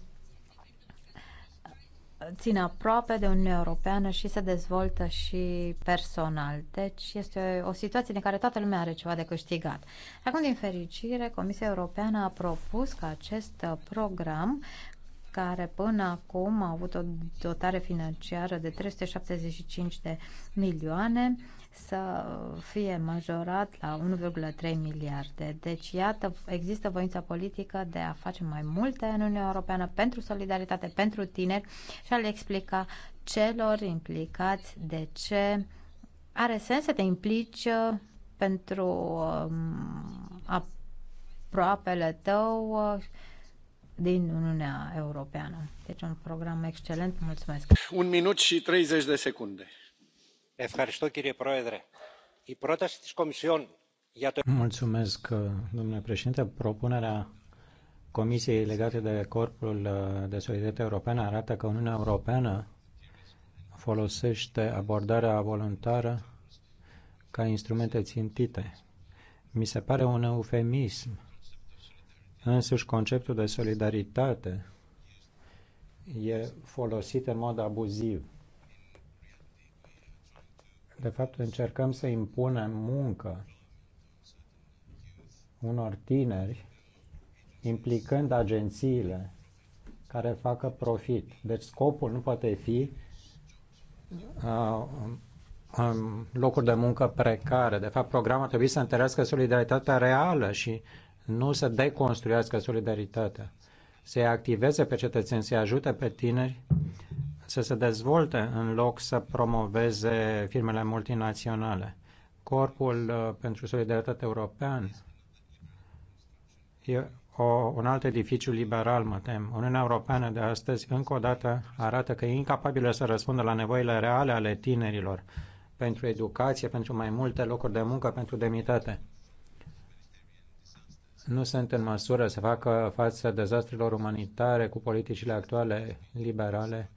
ține aproape de Uniunea Europeană și se dezvoltă și personal. Deci este o situație din care toată lumea are ceva de câștigat. Acum, din fericire, Comisia Europeană a propus ca acest program care până acum a avut o dotare financiară de 375 de milioane, să fie majorat la 1,3 miliarde. Deci, iată, există voința politică de a face mai multe în Uniunea Europeană pentru solidaritate, pentru tineri și a le explica celor implicați de ce are sens să te implici uh, pentru um, aproapele tău uh, din Uniunea Europeană. Deci un program excelent. Mulțumesc. Un minut și 30 de secunde. Uh, domnule președinte. Propunerea Comisiei legată de Corpul uh, de Solidaritate Europeană arată că Uniunea Europeană folosește abordarea voluntară ca instrumente țintite. Mi se pare un eufemism. Însuși conceptul de solidaritate e folosit în mod abuziv de fapt, încercăm să impunem muncă unor tineri, implicând agențiile care facă profit. Deci scopul nu poate fi uh, um, locuri de muncă precare. De fapt, programul trebuie să întărească solidaritatea reală și nu să deconstruiască solidaritatea. Să-i activeze pe cetățeni, să-i ajute pe tineri să se dezvolte în loc să promoveze firmele multinaționale. Corpul uh, pentru Solidaritate European e o, un alt edificiu liberal, mă tem. Uniunea Europeană de astăzi încă o dată arată că e incapabilă să răspundă la nevoile reale ale tinerilor pentru educație, pentru mai multe locuri de muncă, pentru demnitate. Nu sunt în măsură să facă față dezastrelor umanitare cu politicile actuale liberale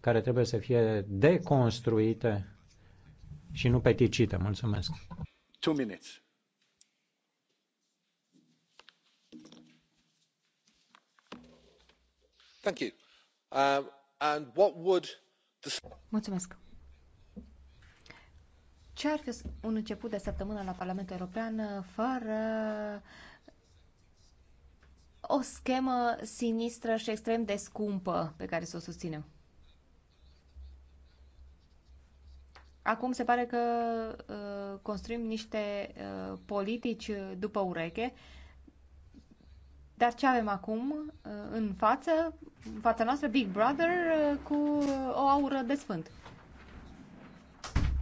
care trebuie să fie deconstruite și nu peticite. Mulțumesc. Two minutes. Thank you. Uh, and what would the... Mulțumesc. Ce ar fi un început de săptămână la Parlamentul European uh, fără o schemă sinistră și extrem de scumpă pe care să o susținem? Acum se pare că uh, construim niște uh, politici după ureche, dar ce avem acum uh, în față, în fața noastră, Big Brother uh, cu o aură de sfânt.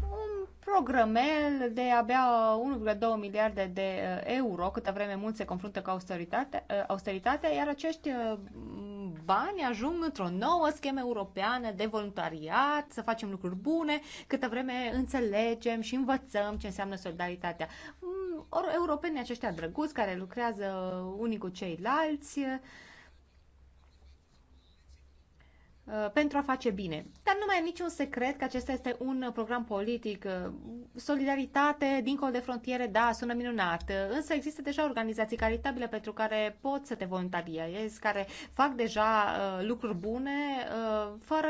Un programel de abia 1,2 miliarde de uh, euro, câtă vreme mulți se confruntă cu austeritate, uh, austeritate, iar acești uh, bani ajung într-o nouă schemă europeană de voluntariat, să facem lucruri bune, câtă vreme înțelegem și învățăm ce înseamnă solidaritatea. Mm, Ori europenii aceștia drăguți care lucrează unii cu ceilalți, uh, Uh, pentru a face bine. Dar nu mai e niciun secret că acesta este un program politic. Uh, solidaritate dincolo de frontiere, da, sună minunat, uh, însă există deja organizații caritabile pentru care pot să te voluntariezi, care fac deja uh, lucruri bune uh, fără,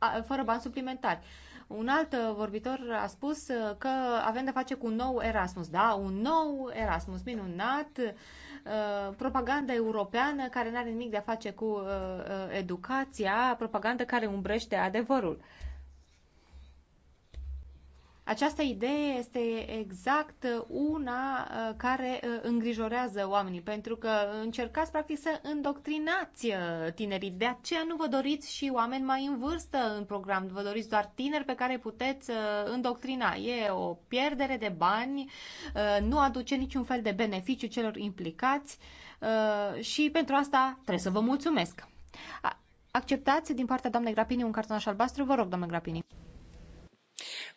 uh, fără bani suplimentari. Un alt vorbitor a spus că avem de face cu un nou Erasmus. Da, un nou Erasmus minunat. Uh, Uh, propaganda europeană care nu are nimic de a face cu uh, uh educația, propaganda care umbrește adevărul. Uh, această idee este exact una uh, care uh, îngrijorează oamenii, pentru că încercați practic să îndoctrinați uh, tinerii. De aceea nu vă doriți și oameni mai în vârstă în program, vă doriți doar tineri pe care puteți îndoctrina. E o pierdere de bani, nu aduce niciun fel de beneficiu celor implicați și pentru asta trebuie să vă mulțumesc. Acceptați din partea doamnei Grapini un cartonaș albastru? Vă rog, doamne Grapini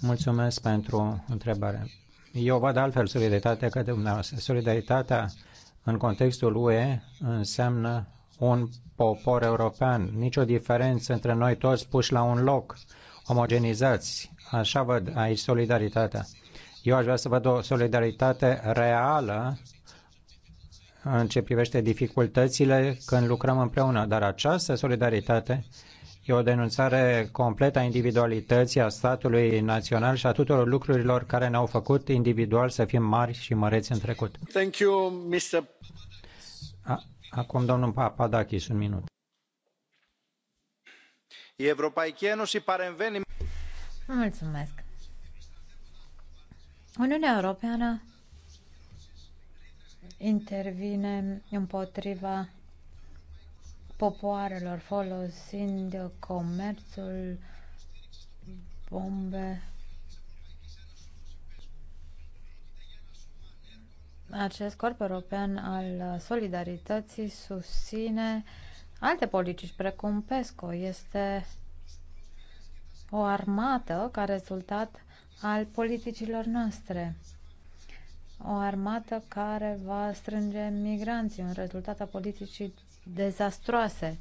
Mulțumesc pentru întrebare. Eu văd altfel solidaritatea ca dumneavoastră. Solidaritatea în contextul UE înseamnă un popor european, nicio diferență între noi toți puși la un loc, omogenizați. Așa văd aici solidaritatea. Eu aș vrea să văd o solidaritate reală în ce privește dificultățile când lucrăm împreună, dar această solidaritate E o denunțare completă a individualității, a statului național și a tuturor lucrurilor care ne-au făcut individual să fim mari și măreți în trecut. Thank you, Mr. A, acum domnul Papadakis, un minut. Mulțumesc. Uniunea Europeană intervine împotriva popoarelor folosind comerțul, bombe. Acest corp european al solidarității susține alte politici, precum PESCO. Este o armată ca rezultat al politicilor noastre. O armată care va strânge migranții, un rezultat a politicii dezastroase.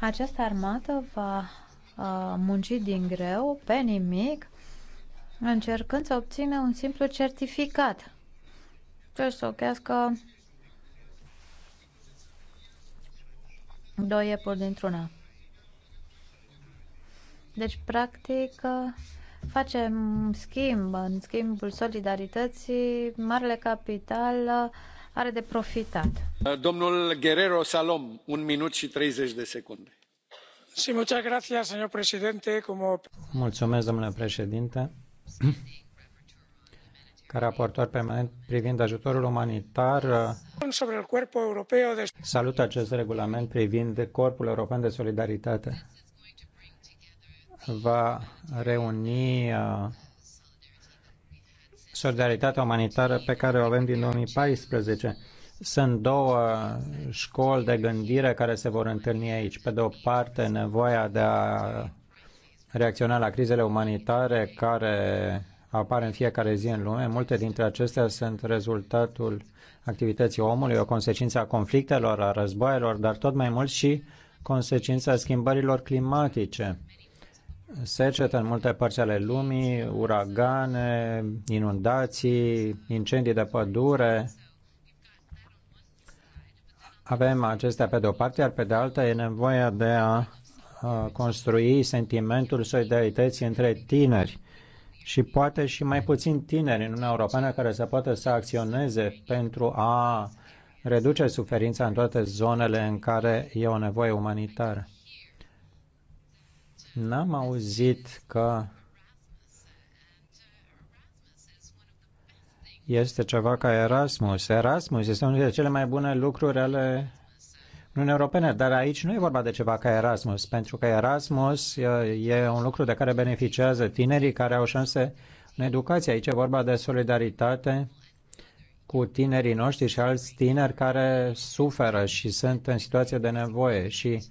Această armată va uh, munci din greu, pe nimic, încercând să obțină un simplu certificat. Deci să ochească doi iepuri dintr-una. Deci, practic, facem schimb, în schimbul solidarității, marele capital are de profitat. Uh, domnul Guerrero Salom, un minut și de secunde. Mulțumesc, domnule președinte. Ca raportor permanent privind ajutorul umanitar, uh, salut acest regulament privind Corpul European de Solidaritate. Va reuni uh, solidaritatea umanitară pe care o avem din 2014. Sunt două școli de gândire care se vor întâlni aici. Pe de o parte, nevoia de a reacționa la crizele umanitare care apar în fiecare zi în lume. Multe dintre acestea sunt rezultatul activității omului, o consecință a conflictelor, a războaielor, dar tot mai mult și consecința schimbărilor climatice secetă în multe părți ale lumii, uragane, inundații, incendii de pădure. Avem acestea pe de o parte, iar pe de alta e nevoia de a construi sentimentul solidarității între tineri și poate și mai puțin tineri în Uniunea Europeană care să poată să acționeze pentru a reduce suferința în toate zonele în care e o nevoie umanitară. N-am auzit că este ceva ca Erasmus. Erasmus este unul dintre cele mai bune lucruri ale Uniunii Europene, dar aici nu e vorba de ceva ca Erasmus, pentru că Erasmus e un lucru de care beneficiază tinerii care au șanse în educație. Aici e vorba de solidaritate cu tinerii noștri și alți tineri care suferă și sunt în situație de nevoie și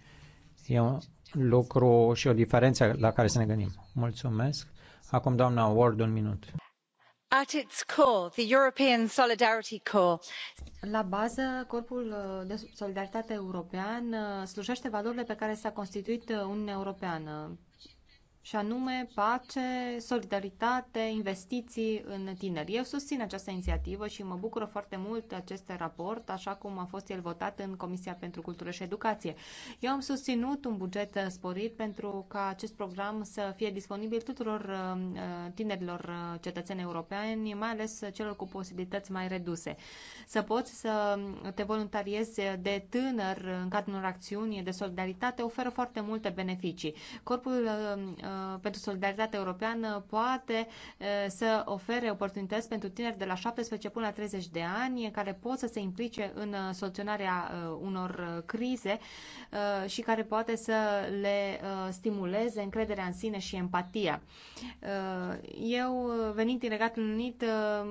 e un lucru și o diferență la care să ne gândim. Mulțumesc. Acum, doamna Ward, un minut. At its core, the European Solidarity Corps. La bază, Corpul de Solidaritate European uh, slujește valorile pe care s-a constituit uh, Uniunea Europeană și anume pace, solidaritate, investiții în tineri. Eu susțin această inițiativă și mă bucură foarte mult acest raport, așa cum a fost el votat în Comisia pentru Cultură și Educație. Eu am susținut un buget sporit pentru ca acest program să fie disponibil tuturor uh, tinerilor uh, cetățeni europeni, mai ales celor cu posibilități mai reduse. Să poți să te voluntariezi de tânăr în cadrul unor acțiuni de solidaritate oferă foarte multe beneficii. Corpul uh, Uh, pentru Solidaritate Europeană poate uh, să ofere oportunități pentru tineri de la 17 până la 30 de ani care pot să se implice în uh, soluționarea unor crize și care poate să le stimuleze încrederea în sine și empatia. Eu, venind din Regatul Unit,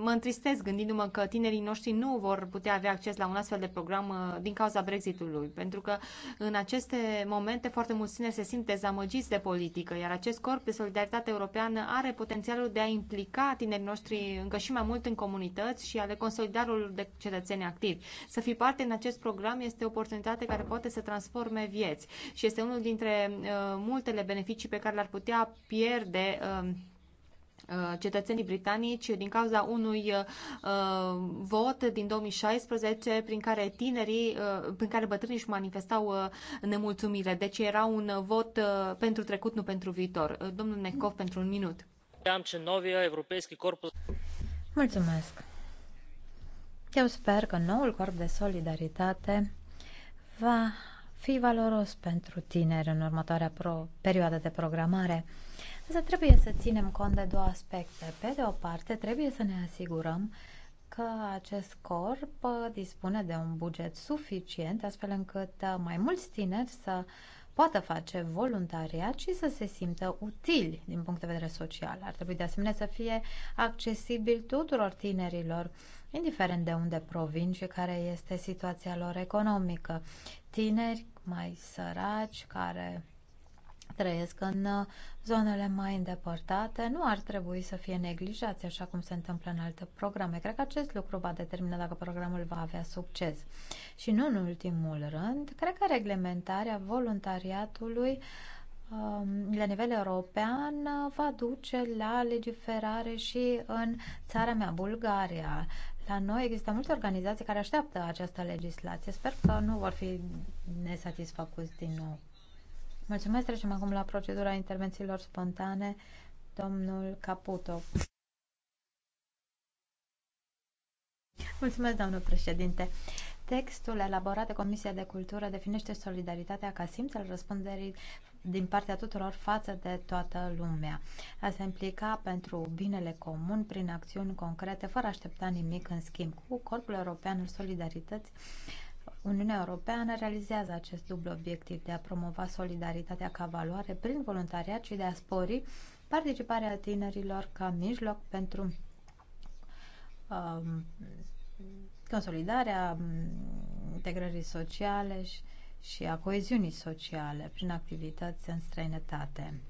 mă întristez gândindu-mă că tinerii noștri nu vor putea avea acces la un astfel de program din cauza Brexitului, pentru că în aceste momente foarte mulți tineri se simt dezamăgiți de politică, iar acest acest corp de solidaritate europeană are potențialul de a implica tinerii noștri încă și mai mult în comunități și a le consolida rolul de cetățeni activi. Să fii parte în acest program este o oportunitate care poate să transforme vieți și este unul dintre uh, multele beneficii pe care le-ar putea pierde uh, Uh, cetățenii britanici din cauza unui uh, vot din 2016 prin care tinerii, uh, prin care bătrânii își manifestau uh, nemulțumire. Deci era un vot uh, pentru trecut, nu pentru viitor. Uh, domnul Necov, pentru un minut. Am ce corpus. Mulțumesc. Eu sper că noul corp de solidaritate va fi valoros pentru tineri în următoarea pro- perioadă de programare. Însă trebuie să ținem cont de două aspecte. Pe de o parte, trebuie să ne asigurăm că acest corp uh, dispune de un buget suficient, astfel încât uh, mai mulți tineri să poată face voluntariat și să se simtă utili din punct de vedere social. Ar trebui de asemenea să fie accesibil tuturor tinerilor, indiferent de unde provin și care este situația lor economică. Tineri mai săraci care trăiesc în uh, zonele mai îndepărtate nu ar trebui să fie neglijați, așa cum se întâmplă în alte programe. Cred că acest lucru va determina dacă programul va avea succes. Și nu în ultimul rând, cred că reglementarea voluntariatului um, la nivel european uh, va duce la legiferare și în țara mea, Bulgaria. La noi există multe organizații care așteaptă această legislație. Sper că nu vor fi nesatisfăcuți din nou. Mulțumesc. Trecem acum la procedura intervențiilor spontane. Domnul Caputo. Mulțumesc, domnul președinte. Textul elaborat de Comisia de Cultură definește solidaritatea ca simț al răspunderii din partea tuturor față de toată lumea. A se implica pentru binele comun prin acțiuni concrete, fără a aștepta nimic în schimb. Cu Corpul European al Solidarității Uniunea Europeană realizează acest dublu obiectiv de a promova solidaritatea ca valoare prin voluntariat și de a spori participarea tinerilor ca mijloc pentru um, consolidarea um, integrării sociale și, și a coeziunii sociale prin activități în străinătate.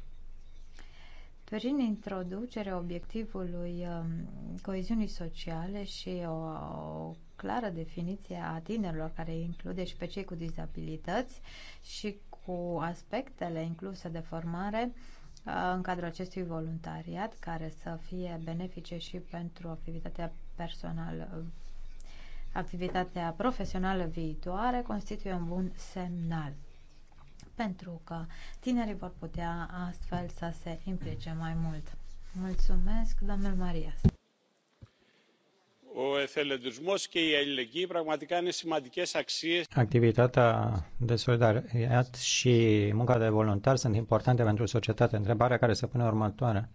Prin introducerea obiectivului um, coeziunii sociale și o, o clară definiție a tinerilor, care include și pe cei cu dizabilități și cu aspectele incluse de formare uh, în cadrul acestui voluntariat, care să fie benefice și pentru activitatea personală activitatea profesională viitoare constituie un bun semnal pentru că tinerii vor putea astfel să se implice mai mult. Mulțumesc, domnul Marias. Activitatea de solidaritate și munca de voluntar sunt importante pentru societate. Întrebarea care se pune următoare.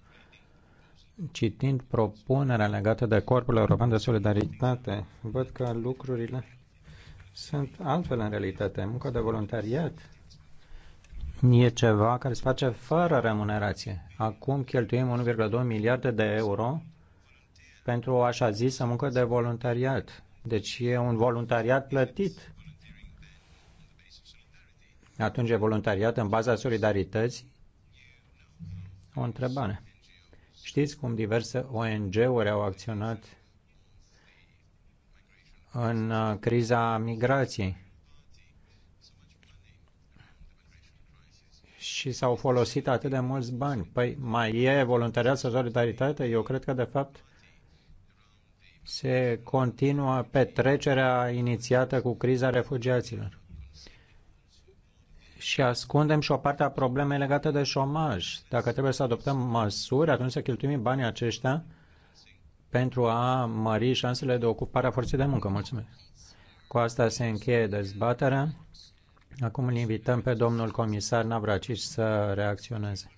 Citind propunerea legată de Corpul European de Solidaritate, văd că lucrurile sunt altfel în realitate. Munca de voluntariat e ceva care se face fără remunerație. Acum cheltuim 1,2 miliarde de euro pentru o așa zisă muncă de voluntariat. Deci e un voluntariat plătit. Atunci e voluntariat în baza solidarității? O întrebare. Știți cum diverse ONG-uri au acționat în uh, criza migrației? și s-au folosit atât de mulți bani. Păi mai e voluntariat sau solidaritate? Eu cred că, de fapt, se continuă petrecerea inițiată cu criza refugiaților. Și ascundem și o parte a problemei legate de șomaj. Dacă trebuie să adoptăm măsuri, atunci să cheltuim banii aceștia pentru a mări șansele de ocupare a forței de muncă. Mulțumesc! Cu asta se încheie dezbaterea. Acum îl invităm pe domnul comisar Navracis să reacționeze.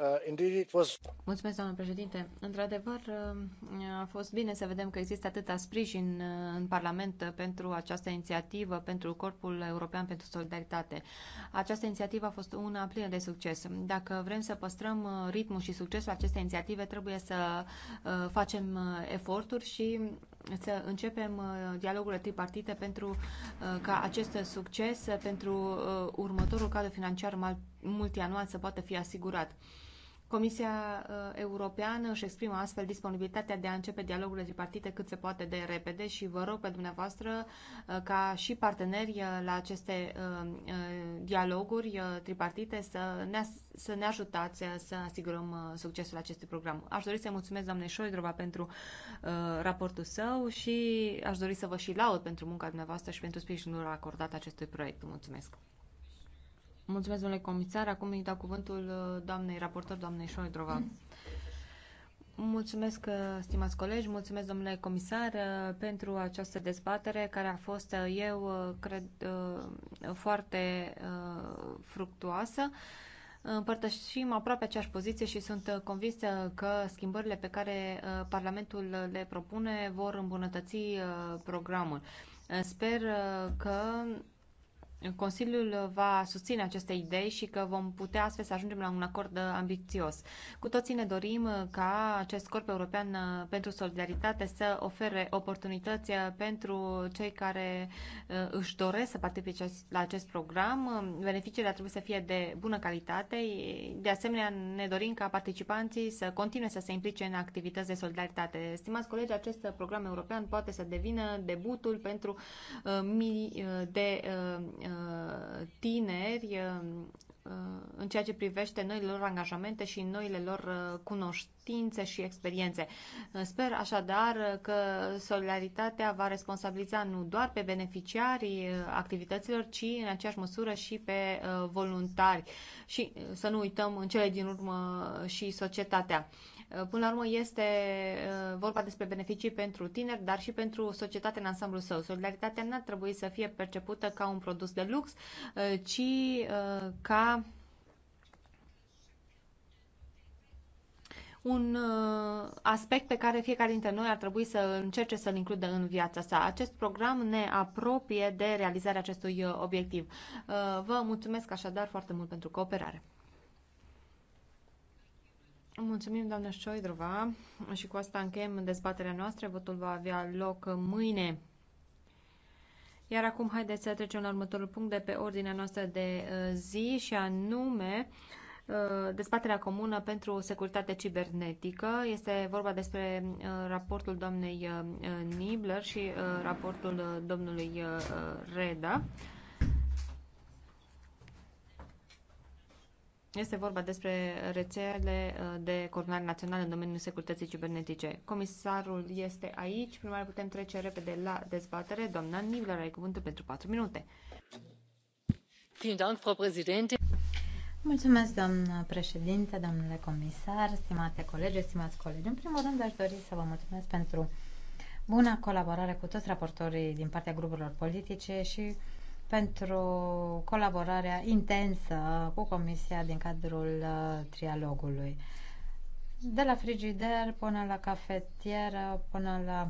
Uh, Mulțumesc, președinte. Într-adevăr, uh, a fost bine să vedem că există atâta sprijin uh, în Parlament pentru această inițiativă, pentru Corpul European pentru Solidaritate. Această inițiativă a fost una plină de succes. Dacă vrem să păstrăm ritmul și succesul acestei inițiative, trebuie să facem eforturi și să începem dialogurile tripartite pentru ca acest succes pentru următorul cadru financiar multianual să poată fi asigurat. Comisia uh, Europeană își exprimă astfel disponibilitatea de a începe dialogurile tripartite cât se poate de repede și vă rog pe dumneavoastră uh, ca și parteneri uh, la aceste dialoguri tripartite să ne, să ne ajutați să asigurăm succesul acestui program. Aș dori să mulțumesc doamnei Șoidrova pentru raportul său și aș dori să vă și laud pentru munca dumneavoastră și pentru sprijinul acordat acestui proiect. Mulțumesc! Mulțumesc, domnule comisar. Acum îi dau cuvântul uh, doamnei raportor, doamnei Șoidrova. Mulțumesc, uh, stimați colegi, mulțumesc, domnule comisar, uh, pentru această dezbatere care a fost, eu cred, foarte fructuoasă. Împărtășim aproape aceeași poziție și sunt convinsă că schimbările pe care Parlamentul le propune vor îmbunătăți programul. Sper că Consiliul va susține aceste idei și că vom putea astfel să ajungem la un acord ambițios. Cu toții ne dorim uh, ca acest corp european uh, pentru solidaritate să ofere oportunități uh, pentru cei care își doresc să participe la acest program. Beneficiile trebuie să fie de bună calitate. De asemenea, ne dorim ca participanții să continue să se implice în activități de solidaritate. Stimați colegi, acest program european poate să devină debutul pentru mii de Uh, tineri uh, uh, în ceea ce privește noile lor angajamente și noile lor cunoștințe și experiențe. Sper așadar că solidaritatea va responsabiliza nu doar pe beneficiarii activităților, ci în aceeași măsură și pe voluntari și să nu uităm în cele din urmă și societatea. Uh, până la urmă este uh, vorba despre beneficii pentru tineri, dar și pentru societatea în ansamblul său. Solidaritatea nu ar trebui să fie percepută ca un produs de lux, uh, ci ca un aspect pe care fiecare dintre noi ar trebui să încerce să-l includă în viața sa. Acest program ne apropie de realizarea acestui obiectiv. Vă mulțumesc așadar foarte mult pentru cooperare. Mulțumim, doamnă Șoidrova. Și cu asta încheiem dezbaterea noastră. Votul va avea loc mâine. Iar acum haideți să trecem la următorul punct de pe ordinea noastră de uh, zi și anume uh, dezbaterea comună pentru securitate cibernetică. Este vorba despre uh, raportul doamnei Nibler și raportul domnului Reda. Este vorba despre rețele uh, de coordonare națională în domeniul securității cibernetice. Comisarul este aici, prima putem trece repede la dezbatere. Doamna Nibler, ai cuvântul pentru 4 minute. Mulțumesc, doamnă președinte, domnule comisar, stimate colegi, stimați colegi. În primul rând, aș dori să vă mulțumesc pentru buna colaborare cu toți raportorii din partea grupurilor politice și pentru colaborarea intensă cu Comisia din cadrul uh, trialogului. De la frigider până la cafetieră, până la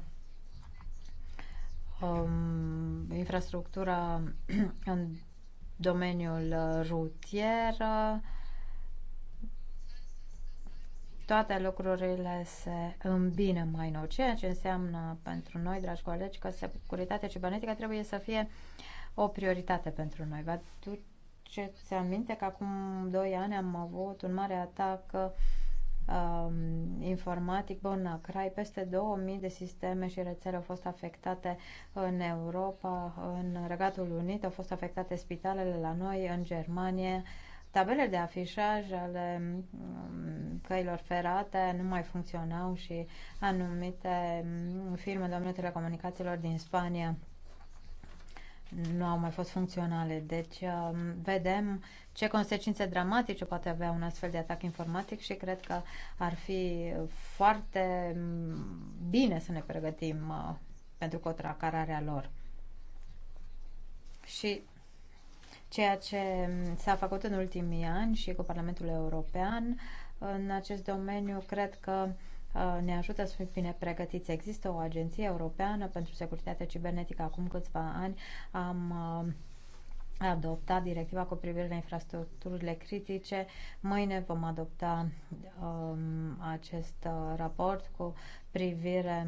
um, infrastructura în domeniul uh, rutier, toate lucrurile se îmbină mai nou, ceea ce înseamnă pentru noi, dragi colegi, că securitatea cibernetică trebuie să fie uh, o prioritate pentru noi. Vă aduceți aminte că acum 2 ani am avut un mare atac um, informatic, Bonacrai, peste 2000 de sisteme și rețele au fost afectate în Europa, în Regatul Unit, au fost afectate spitalele la noi, în Germania, tabele de afișaj ale um, căilor ferate nu mai funcționau și anumite um, firme de telecomunicațiilor din Spania nu au mai fost funcționale. Deci uh, vedem ce consecințe dramatice poate avea un astfel de atac informatic și cred că ar fi foarte mm, bine să ne pregătim uh, pentru contracararea lor. Și ceea ce mm, s-a făcut în ultimii ani și cu Parlamentul European în acest domeniu, cred că Uh, ne ajută să fim bine pregătiți. Există o agenție europeană pentru securitatea cibernetică. Acum câțiva ani am uh, adopta directiva cu privire la infrastructurile critice. Mâine vom adopta um, acest uh, raport cu privire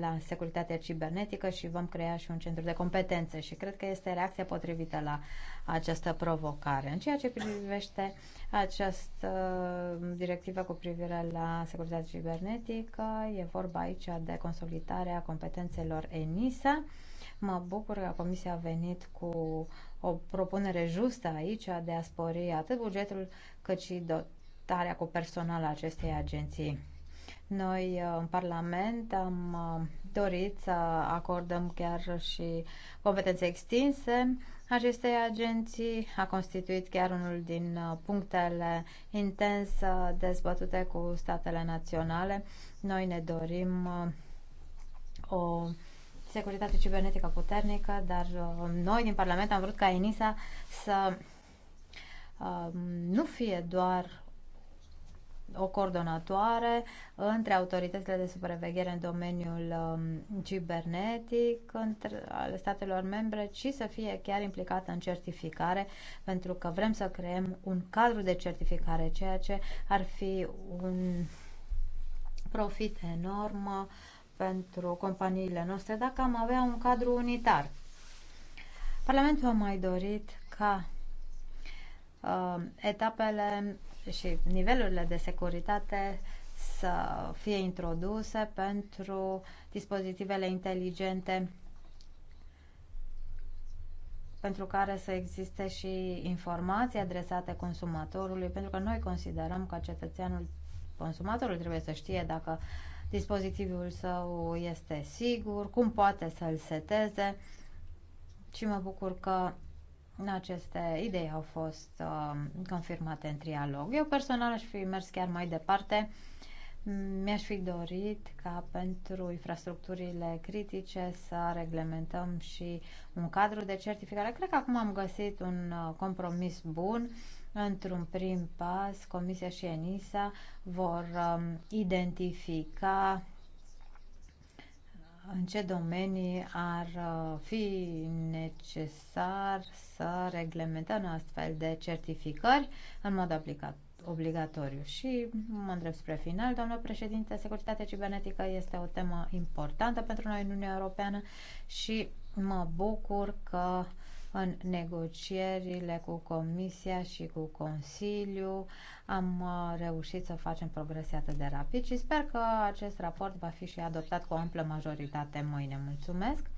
la securitatea cibernetică și vom crea și un centru de competențe și cred că este reacția potrivită la această provocare. În ceea ce privește această uh, directivă cu privire la securitatea cibernetică, e vorba aici de consolidarea competențelor ENISA. Mă bucur că Comisia a venit cu o propunere justă aici de a spori atât bugetul cât și dotarea cu personal a acestei agenții. Noi uh, în Parlament am uh, dorit să acordăm chiar și competențe extinse acestei agenții. A constituit chiar unul din uh, punctele intens dezbătute cu statele naționale. Noi ne dorim o securitate cibernetică puternică, dar noi din Parlament am vrut ca ENISA să nu fie doar o coordonatoare între autoritățile de supraveghere în domeniul um, cibernetic între, ale statelor membre și să fie chiar implicată în certificare, pentru că vrem să creăm un cadru de certificare, ceea ce ar fi un profit enorm uh, pentru companiile noastre dacă am avea un cadru unitar. Parlamentul a mai dorit ca uh, etapele și nivelurile de securitate să fie introduse pentru dispozitivele inteligente pentru care să existe și informații adresate consumatorului, pentru că noi considerăm că cetățeanul, consumatorul trebuie să știe dacă dispozitivul său este sigur, cum poate să-l seteze și mă bucur că aceste idei au fost uh, confirmate în trialog. Eu personal aș fi mers chiar mai departe. Mm, mi-aș fi dorit ca pentru infrastructurile critice să reglementăm și un cadru de certificare. Cred că acum am găsit un uh, compromis bun. Într-un prim pas, Comisia și ENISA vor um, identifica în ce domenii ar uh, fi necesar să reglementăm astfel de certificări în mod aplicat, obligatoriu. Și mă întreb spre final, doamnă președinte, securitatea cibernetică este o temă importantă pentru noi în Uniunea Europeană și mă bucur că în negocierile cu Comisia și cu Consiliu am uh, reușit să facem progrese atât de rapid și sper că acest raport va fi și adoptat cu o amplă majoritate mâine. Mulțumesc!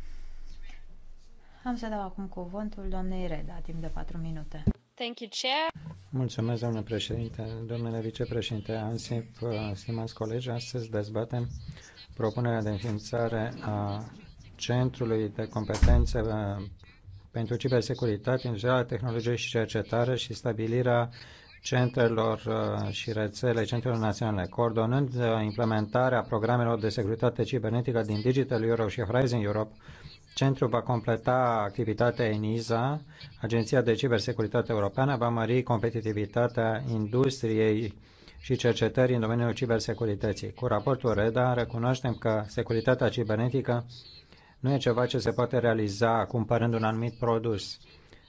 Am să dau acum cuvântul doamnei Reda, timp de 4 minute. Thank you, Chair. Mulțumesc, doamnă președinte, domnule vicepreședinte ANSIP, uh, stimați colegi, astăzi dezbatem propunerea de înființare a Centrului de Competențe uh, pentru cibersecuritate, integrarea tehnologie și cercetare și stabilirea centrelor uh, și rețele centrelor naționale, coordonând uh, implementarea programelor de securitate cibernetică din Digital Europe și Horizon Europe, Centrul va completa activitatea ENISA, Agenția de Cibersecuritate Europeană, va mări competitivitatea industriei și cercetării în domeniul cibersecurității. Cu raportul REDA recunoaștem că securitatea cibernetică nu e ceva ce se poate realiza cumpărând un anumit produs.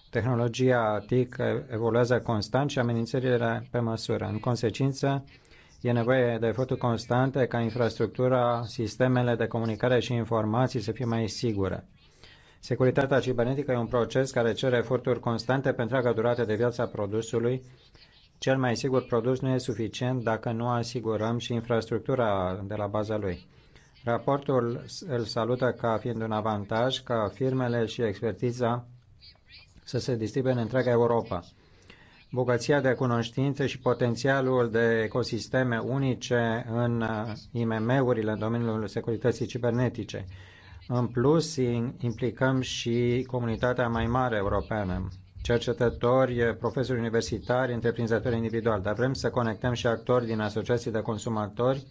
Tehnologia TIC evoluează constant și amenințările pe măsură. În consecință, e nevoie de eforturi constante ca infrastructura, sistemele de comunicare și informații să fie mai sigure. Securitatea cibernetică e un proces care cere eforturi constante pentru întreaga durată de viața produsului. Cel mai sigur produs nu e suficient dacă nu asigurăm și infrastructura de la baza lui. Raportul îl salută ca fiind un avantaj ca firmele și expertiza să se distribuie în întreaga Europa. Bogăția de cunoștințe și potențialul de ecosisteme unice în IMM-urile în domeniul securității cibernetice. În plus, implicăm și comunitatea mai mare europeană, cercetători, profesori universitari, întreprinzători individuali, dar vrem să conectăm și actori din asociații de consumatori,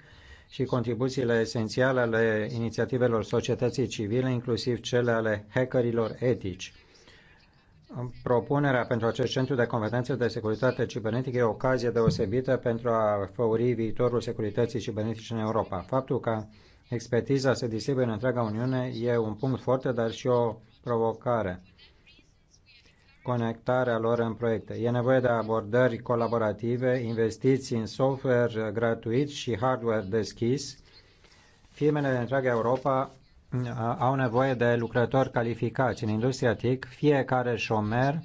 și contribuțiile esențiale ale inițiativelor societății civile, inclusiv cele ale hackerilor etici. Propunerea pentru acest centru de competențe de securitate cibernetică e o ocazie deosebită pentru a făuri viitorul securității cibernetice în Europa. Faptul că expertiza se distribuie în întreaga Uniune e un punct foarte, dar și o provocare conectarea lor în proiecte. E nevoie de abordări colaborative, investiții în software gratuit și hardware deschis. Firmele din întreaga Europa au nevoie de lucrători calificați. În industria TIC, fiecare șomer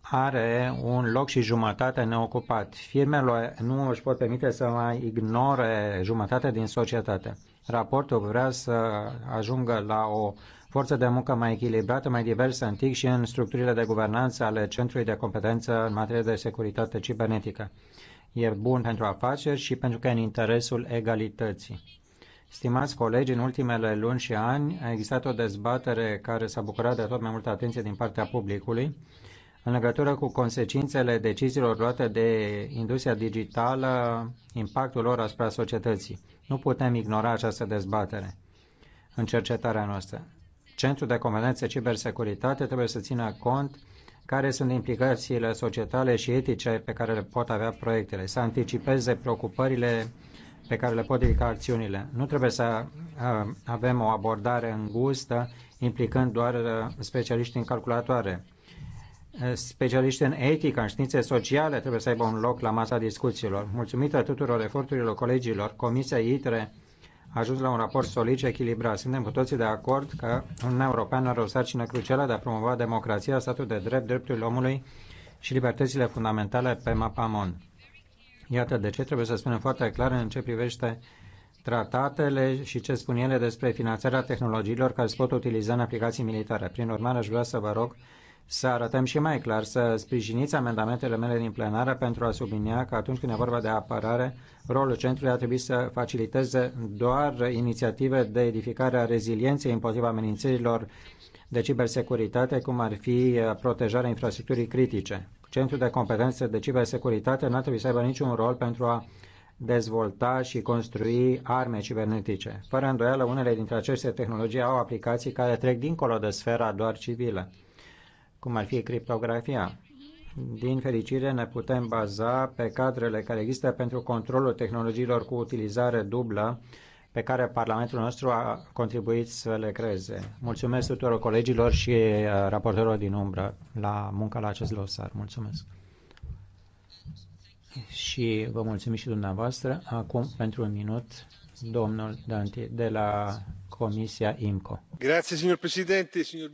are un loc și jumătate neocupat. Firmele nu își pot permite să mai ignore jumătate din societate. Raportul vrea să ajungă la o forță de muncă mai echilibrată, mai diversă antic și în structurile de guvernanță ale Centrului de Competență în materie de securitate cibernetică. E bun pentru afaceri și pentru că e în interesul egalității. Stimați colegi, în ultimele luni și ani a existat o dezbatere care s-a bucurat de tot mai multă atenție din partea publicului în legătură cu consecințele deciziilor luate de industria digitală, impactul lor asupra societății. Nu putem ignora această dezbatere în cercetarea noastră. Centrul de Competențe Cibersecuritate trebuie să țină cont care sunt implicațiile societale și etice pe care le pot avea proiectele, să anticipeze preocupările pe care le pot ridica acțiunile. Nu trebuie să avem o abordare îngustă implicând doar specialiști în calculatoare. Specialiști în etică, în științe sociale trebuie să aibă un loc la masa discuțiilor. Mulțumită tuturor eforturilor colegilor, Comisia ITRE a ajuns la un raport solid și echilibrat. Suntem cu toții de acord că Uniunea Europeană are o sarcină crucială de a promova democrația, statul de drept, drepturile omului și libertățile fundamentale pe mapamon. Iată de ce trebuie să spunem foarte clar în ce privește tratatele și ce spun ele despre finanțarea tehnologiilor care se pot utiliza în aplicații militare. Prin urmare, aș vrea să vă rog să arătăm și mai clar, să sprijiniți amendamentele mele din plenară pentru a sublinia că atunci când e vorba de apărare, rolul centrului ar trebui să faciliteze doar inițiative de edificare a rezilienței împotriva amenințărilor de cibersecuritate, cum ar fi uh, protejarea infrastructurii critice. Centrul de competențe de cibersecuritate nu ar trebui să aibă niciun rol pentru a dezvolta și construi arme cibernetice. Fără îndoială, unele dintre aceste tehnologii au aplicații care trec dincolo de sfera doar civilă cum ar fi criptografia. Din fericire, ne putem baza pe cadrele care există pentru controlul tehnologiilor cu utilizare dublă pe care Parlamentul nostru a contribuit să le creeze. Mulțumesc tuturor colegilor și uh, raportorilor din umbră la munca la acest dosar. Mulțumesc! Și vă mulțumim și dumneavoastră. Acum, pentru un minut, domnul Dante de la Comisia IMCO. Grazie, signor Presidente, signor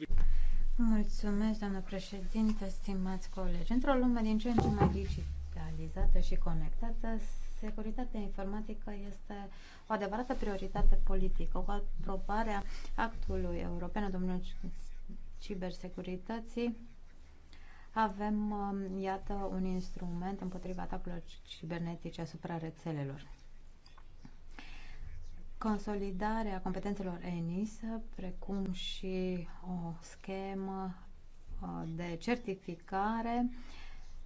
Mulțumesc, doamnă președinte, stimați colegi. Într-o lume din ce în ce mai digitalizată și conectată, securitatea informatică este o adevărată prioritate politică. Cu aprobarea actului european domnul cibersecurității, avem, um, iată, un instrument împotriva atacurilor cibernetice asupra rețelelor. Consolidarea competențelor ENIS, precum și o schemă uh, de certificare,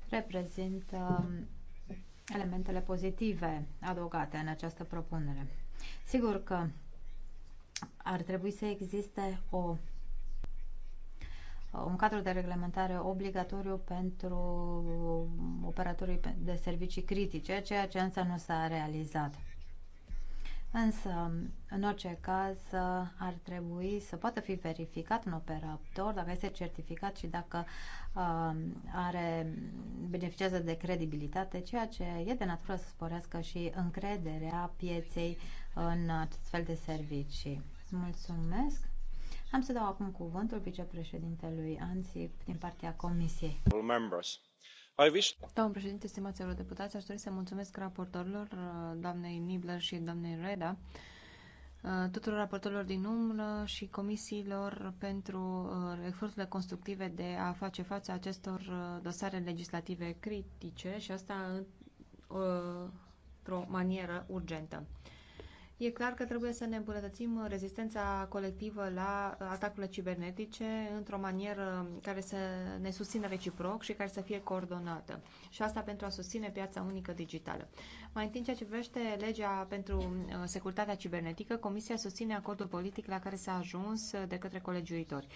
reprezintă um, elementele pozitive adăugate în această propunere. Sigur că ar trebui să existe o, un cadru de reglementare obligatoriu pentru operatorii de servicii critice, ceea ce însă nu s-a realizat. Însă, în orice caz, ar trebui să poată fi verificat un operator dacă este certificat și dacă uh, are, beneficiază de credibilitate, ceea ce e de natură să sporească și încrederea pieței în acest fel de servicii. Mulțumesc! Am să dau acum cuvântul vicepreședintelui anzi din partea Comisiei. Domnul președinte, stimați eurodeputați, aș dori să mulțumesc raportorilor, uh, doamnei Nibler și doamnei Reda, uh, tuturor raportorilor din umbră și comisiilor pentru uh, eforturile constructive de a face față acestor dosare legislative critice și asta într-o manieră urgentă. E clar că trebuie să ne îmbunătățim rezistența colectivă la atacurile cibernetice într-o manieră care să ne susțină reciproc și care să fie coordonată. Și asta pentru a susține piața unică digitală. Mai întâi, ceea ce privește legea pentru uh, securitatea cibernetică, Comisia susține acordul politic la care s-a ajuns de către colegiuitori.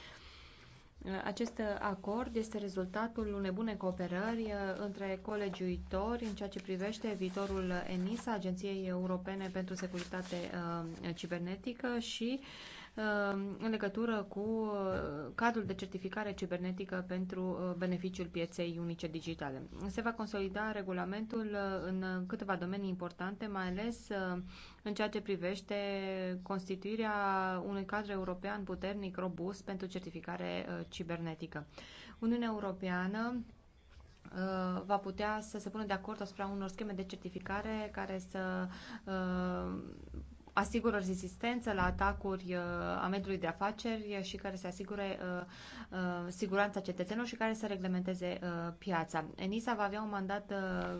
Acest acord este rezultatul unei bune cooperări uh, între colegiuitori în ceea ce privește viitorul ENISA, Agenției Europene pentru Securitate uh, Cibernetică și uh, Uh, în legătură cu uh, cadrul de certificare cibernetică pentru uh, beneficiul pieței unice digitale. Se va consolida regulamentul în câteva domenii importante, mai ales în ceea ce privește constituirea unui cadru european puternic, robust pentru certificare cibernetică. Uniunea Europeană va putea să se pună de acord asupra unor scheme de certificare care să asigură rezistență la atacuri uh, a mediului de afaceri și care să asigure uh, uh, siguranța cetățenilor și care să reglementeze piața. ENISA va avea un mandat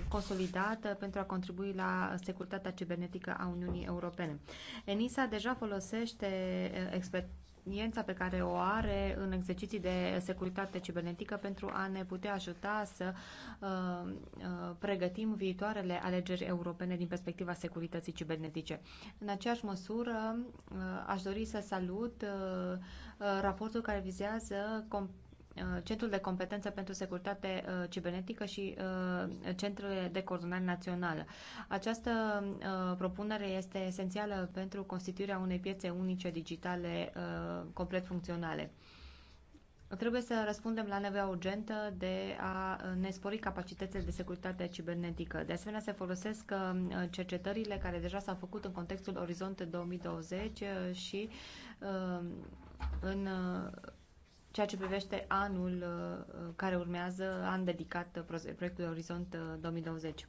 consolidat pentru a contribui la securitatea cibernetică a Uniunii Europene. ENISA deja folosește expertiză experiența pe care o are în exerciții de securitate cibernetică pentru a ne putea ajuta să uh, uh, pregătim viitoarele alegeri europene din perspectiva securității cibernetice. În aceeași măsură, uh, aș dori să salut uh, uh raportul care vizează comp- Uh, Centrul de Competență pentru Securitate uh, Cibernetică și uh, Centrul de Coordonare Națională. Această propunere este esențială pentru constituirea unei piețe unice digitale complet funcționale. Trebuie să răspundem la nevoia urgentă de a ne spori capacitățile de securitate cibernetică. De asemenea, se folosesc cercetările care deja s-au făcut în contextul Orizont 2020 și în ceea ce privește anul uh, care urmează, an dedicat uh, proiectului Orizont 2020. Uh,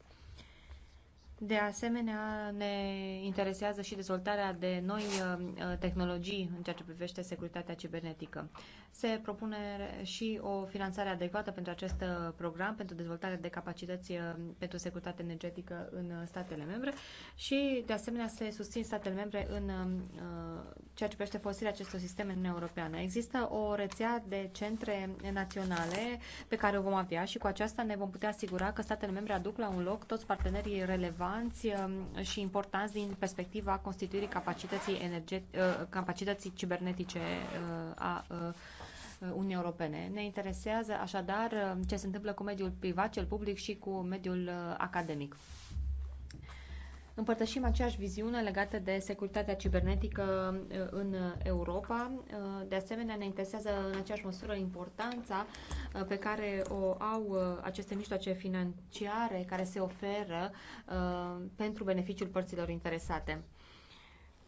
de asemenea, ne interesează și dezvoltarea de noi uh, tehnologii în ceea ce privește securitatea cibernetică. Se propune și o finanțare adecvată pentru acest uh, program, pentru dezvoltarea de capacități uh, pentru securitate energetică în statele membre și, de asemenea, se susțin statele membre în ceea ce privește folosirea acestor sisteme în Europeană. Există o rețea de centre naționale pe care o vom avea și cu aceasta ne vom putea asigura că statele membre aduc la un loc toți partenerii relevanți relevanți um, și importanți din perspectiva constituirii capacității, energet- uh, capacității cibernetice uh, a uh, Uniunii Europene. Ne interesează așadar um, ce se întâmplă cu mediul privat, cel public și cu mediul academic. Împărtășim aceeași viziune legată de securitatea cibernetică uh, în uh, Europa. Uh, de asemenea, ne interesează în aceeași măsură importanța pe care o au aceste mijloace financiare care se oferă pentru beneficiul părților interesate.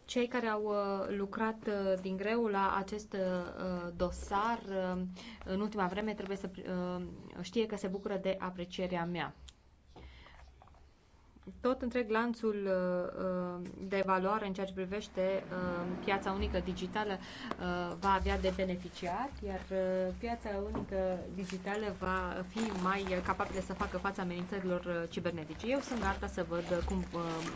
Cei care au lucrat din greu la acest dosar în ultima vreme trebuie să știe că se bucură de aprecierea mea tot întreg lanțul uh, uh, de valoare în ceea ce privește uh, piața unică digitală va avea de beneficiat, iar piața unică digitală va fi mai capabilă să facă fața amenințărilor cibernetice. Eu sunt gata să văd cum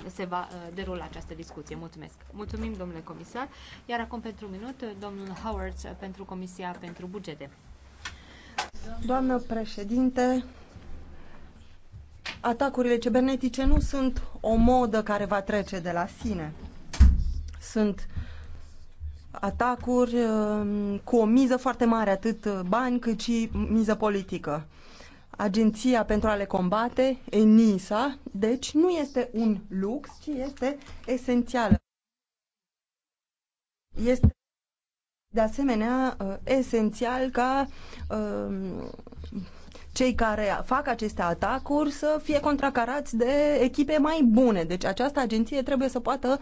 se va derula această discuție. Mulțumesc! Mulțumim, domnule comisar! Iar acum, pentru un minut, domnul Howard pentru Comisia pentru Bugete. Doamnă președinte, atacurile cibernetice nu sunt o modă care va trece de la sine. Sunt atacuri um, cu o miză foarte mare, atât uh, bani cât și miză politică. Agenția pentru a le combate, ENISA, deci nu este un lux, ci este esențială. Este de asemenea uh, esențial ca um, cei care fac aceste atacuri să fie contracarați de echipe mai bune. Deci această agenție trebuie să poată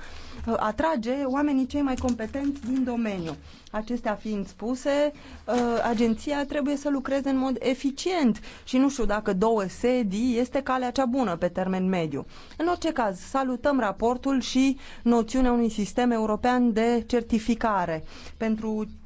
uh, atrage oamenii cei mai competenți din domeniu. Acestea fiind spuse, uh, agenția trebuie să lucreze în mod eficient și nu știu dacă două sedii este calea cea bună pe termen mediu. În orice caz, salutăm raportul și noțiunea unui sistem european de certificare pentru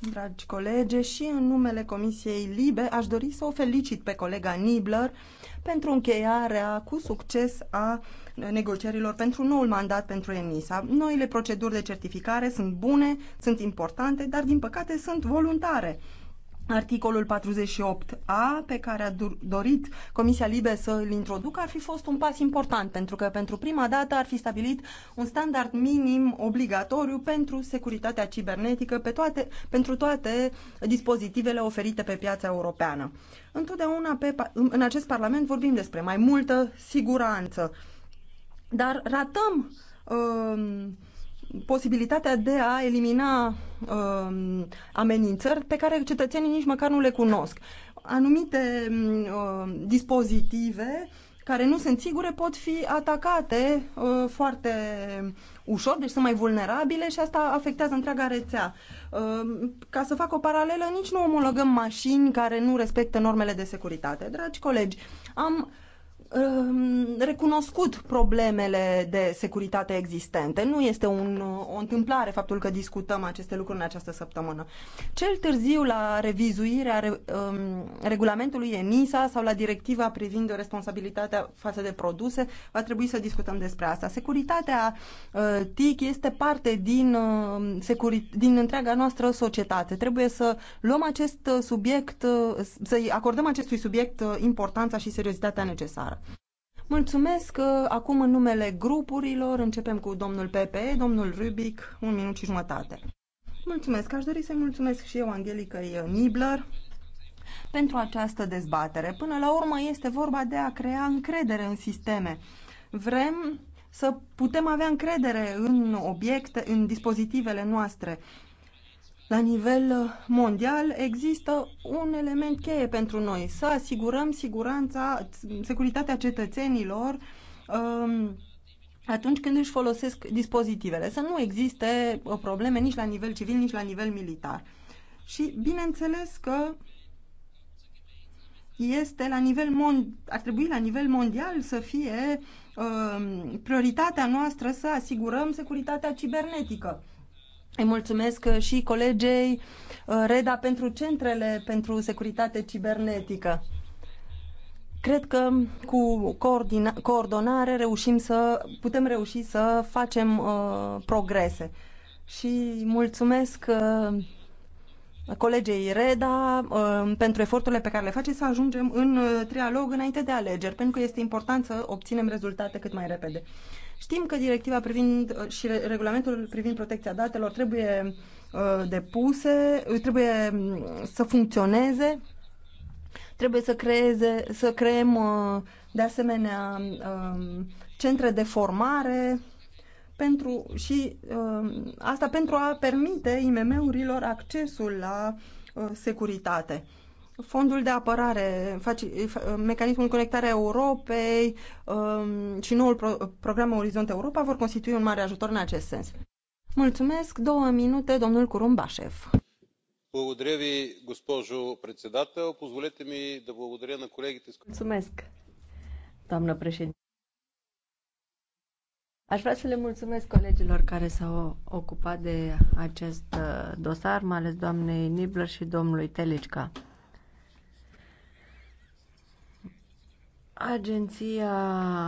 dragi colege, și în numele Comisiei Libe aș dori să o felicit pe colega Nibler pentru încheiarea cu succes a negocierilor pentru noul mandat pentru ENISA. Noile proceduri de certificare sunt bune, sunt importante, dar din păcate sunt voluntare Articolul 48a, pe care a dorit Comisia Libe să îl introducă, ar fi fost un pas important, pentru că pentru prima dată ar fi stabilit un standard minim obligatoriu pentru securitatea cibernetică pe toate, pentru toate dispozitivele oferite pe piața europeană. Întotdeauna pe, în acest Parlament vorbim despre mai multă siguranță, dar ratăm. Uh, posibilitatea de a elimina uh, amenințări pe care cetățenii nici măcar nu le cunosc. Anumite uh, dispozitive care nu sunt sigure pot fi atacate uh, foarte ușor, deci sunt mai vulnerabile și asta afectează întreaga rețea. Uh, ca să fac o paralelă, nici nu omologăm mașini care nu respectă normele de securitate. Dragi colegi, am uh, Um, recunoscut problemele de securitate existente. Nu este un, o întâmplare faptul că discutăm aceste lucruri în această săptămână. Cel târziu la revizuirea re, um, regulamentului ENISA sau la directiva privind responsabilitatea față de produse, va trebui să discutăm despre asta. Securitatea uh, TIC este parte din, uh, securi, din întreaga noastră societate. Trebuie să luăm acest uh, subiect, uh, să-i acordăm acestui subiect uh, importanța și seriozitatea necesară. Mulțumesc. Uh, acum, în numele grupurilor, începem cu domnul Pepe, domnul Rubic, un minut și jumătate. Mulțumesc. Aș dori să-i mulțumesc și eu, Angelica Nibler, pentru această dezbatere. Până la urmă, este vorba de a crea încredere în sisteme. Vrem să putem avea încredere în obiecte, în dispozitivele noastre. La nivel uh, mondial există un element cheie pentru noi, să asigurăm siguranța, securitatea cetățenilor um, atunci când își folosesc dispozitivele, să nu existe uh, probleme nici la nivel civil, nici la nivel militar. Și bineînțeles că este la nivel ar trebui la nivel mondial să fie um, prioritatea noastră să asigurăm securitatea cibernetică. Îi mulțumesc uh, și colegei uh, Reda pentru centrele pentru securitate cibernetică. Cred că cu coordonare reușim să putem reuși să facem uh, progrese. Și mulțumesc uh, colegei Reda uh, pentru eforturile pe care le face să ajungem în uh, trialog înainte de alegeri, pentru că este important să obținem rezultate cât mai repede. Știm că directiva privind uh, și regulamentul privind protecția datelor trebuie uh, depuse, uh, trebuie mm, să funcționeze, trebuie să creeze, să creăm de asemenea um, centre de formare pentru și um, asta pentru a permite IMM-urilor accesul la securitate fondul de apărare, mecanismul conectarea Europei um, și noul pro program Orizont Europa vor constitui un mare ajutor în acest sens. Mulțumesc. Două minute, domnul Curumbașev. Благодаря госпожо председател. Позволете ми да благодаря на колегите. Mulțumesc, doamnă președinte. Aș vrea să le mulțumesc colegilor care s-au ocupat de acest uh, dosar, mai ales doamnei Nibler și domnului Telicca. Agenția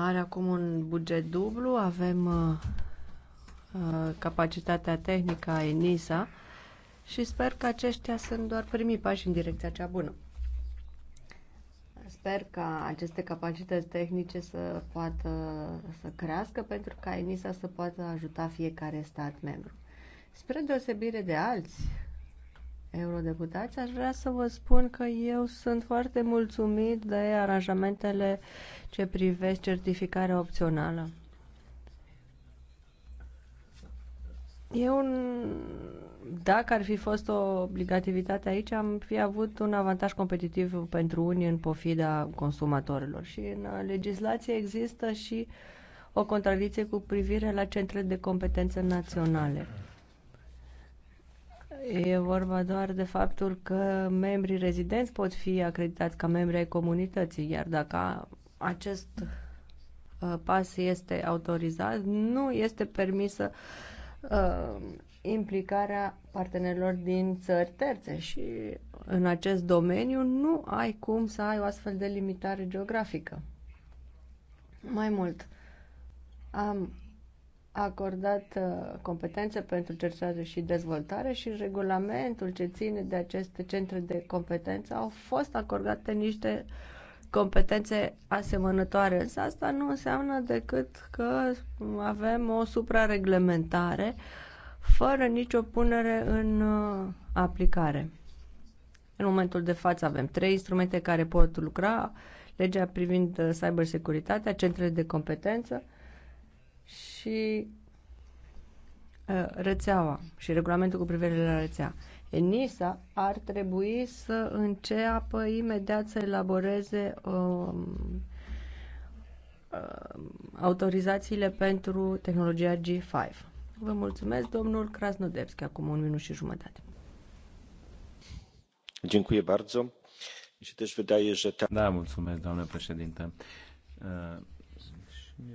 are acum un buget dublu, avem uh, uh, capacitatea tehnică a ENISA și sper că aceștia sunt doar primii pași în direcția cea bună. Sper ca aceste capacități tehnice să poată să crească pentru ca ENISA să poată ajuta fiecare stat membru. Spre deosebire de alți eurodeputați, aș vrea să vă spun că eu sunt foarte mulțumit de aranjamentele ce privesc certificarea opțională. Eu, dacă ar fi fost o obligativitate aici, am fi avut un avantaj competitiv pentru unii în pofida consumatorilor. Și în legislație există și o contradicție cu privire la centrele de competențe naționale. E vorba doar de faptul că membrii rezidenți pot fi acreditați ca membri ai comunității, iar dacă acest uh, pas este autorizat, nu este permisă uh, implicarea partenerilor din țări terțe și în acest domeniu nu ai cum să ai o astfel de limitare geografică. Mai mult, am a acordat uh, competențe pentru cercetare și dezvoltare și în regulamentul ce ține de aceste centre de competență au fost acordate niște competențe asemănătoare. Însă asta nu înseamnă decât că avem o suprareglementare fără nicio punere în uh, aplicare. În momentul de față avem trei instrumente care pot lucra, legea privind uh, cybersecuritatea, centrele de competență, și uh, rețeaua și regulamentul cu privire la rețea. ENISA ar trebui să înceapă imediat să elaboreze uh, autorizațiile pentru tehnologia G5. Vă mulțumesc, domnul Krasnodebski, acum un minut și jumătate. Dziękuję bardzo. Mi się też wydaje, że ta... Da, mulțumesc, doamnă președinte. Uh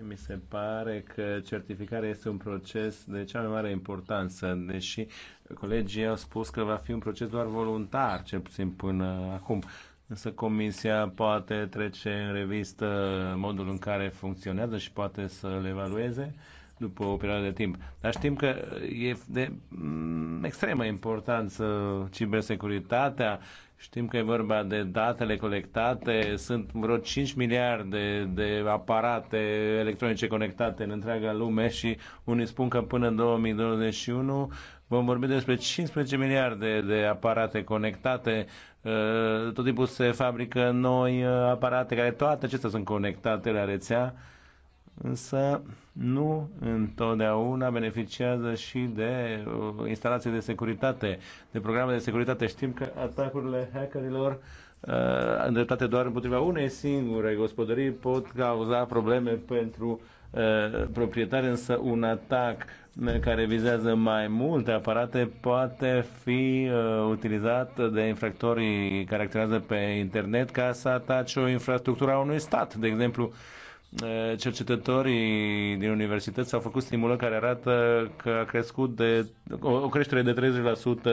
mi se pare că certificarea este un proces de cea mai mare importanță, deși colegii au spus că va fi un proces doar voluntar, cel puțin până acum. Însă comisia poate trece în revistă modul în care funcționează și poate să le evalueze după o perioadă de timp. Dar știm că e de mm, extremă importanță cibersecuritatea, Știm că e vorba de datele colectate, sunt vreo 5 miliarde de aparate electronice conectate în întreaga lume și unii spun că până în 2021 vom vorbi despre 15 miliarde de aparate conectate. Uh, tot timpul se fabrică noi uh, aparate care toate acestea sunt conectate la rețea însă nu întotdeauna beneficiază și de uh, instalații de securitate, de programe de securitate. Știm că atacurile hackerilor uh, îndreptate doar împotriva unei singure gospodării pot cauza probleme pentru uh, proprietari, însă un atac care vizează mai multe aparate poate fi uh, utilizat de infractorii care acționează pe internet ca să atace o infrastructură a unui stat. De exemplu, cercetătorii din universități au făcut stimulări care arată că a crescut de, o creștere de 30%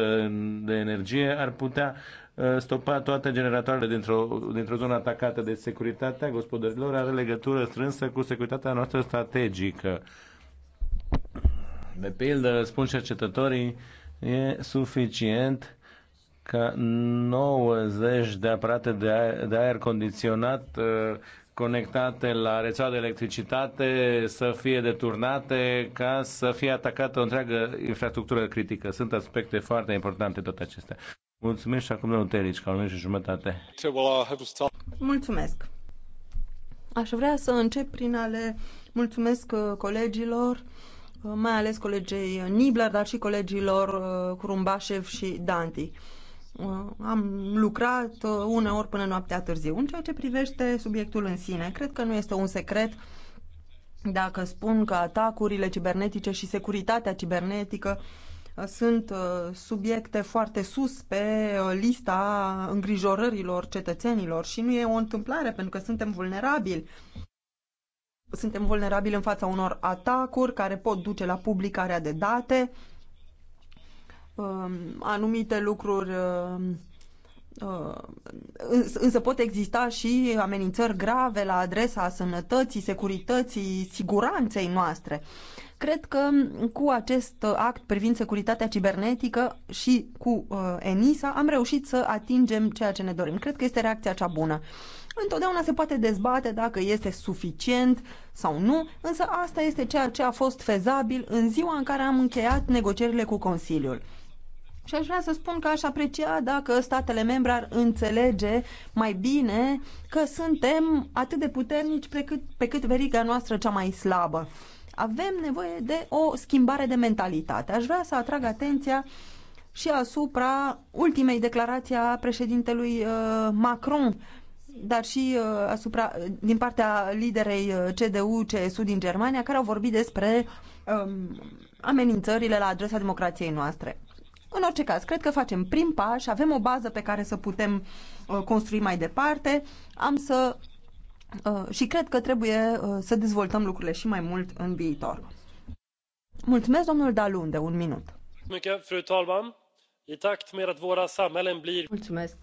de energie ar putea stopa toate generatoarele dintr-o, dintr-o zonă atacată de securitatea gospodărilor are legătură strânsă cu securitatea noastră strategică. De pildă, spun cercetătorii, e suficient ca 90 de aparate de aer, de aer condiționat uh, conectate la rețeaua de electricitate să fie deturnate ca să fie atacată o întreagă infrastructură critică. Sunt aspecte foarte importante toate acestea. Mulțumesc și acum domnul Terici, ca un și jumătate. Mulțumesc. Aș vrea să încep prin a le mulțumesc uh, colegilor, uh, mai ales colegei Nibler, dar și colegilor Curumbașev uh, și Danti. Uh, am lucrat uh, uneori până noaptea târziu. În ceea ce privește subiectul în sine, cred că nu este un secret dacă spun că atacurile cibernetice și securitatea cibernetică uh, sunt subiecte foarte sus pe lista îngrijorărilor cetățenilor și nu e o întâmplare pentru că suntem vulnerabili. Suntem vulnerabili în fața unor atacuri care pot duce la publicarea de date, Um, anumite lucruri um, uh, însă pot exista și amenințări grave la adresa sănătății, securității, siguranței noastre. Cred că cu acest act privind securitatea cibernetică și cu uh, ENISA am reușit să atingem ceea ce ne dorim. Cred că este reacția cea bună. Întotdeauna se poate dezbate dacă este suficient sau nu, însă asta este ceea ce a fost fezabil în ziua în care am încheiat negocierile cu Consiliul. Și aș vrea să spun că aș aprecia dacă statele membre ar înțelege mai bine că suntem atât de puternici pe cât, pe cât veriga noastră cea mai slabă. Avem nevoie de o schimbare de mentalitate. Aș vrea să atrag atenția și asupra ultimei declarații a președintelui uh, Macron, dar și uh, asupra, din partea liderei uh, CDU-CSU din Germania, care au vorbit despre um, amenințările la adresa democrației noastre în orice caz, cred că facem prim pas, avem o bază pe care să putem uh, construi mai departe. Am să uh, și cred că trebuie uh, să dezvoltăm lucrurile și mai mult în viitor. Mulțumesc, domnul Dalun, de un minut. Mulțumesc,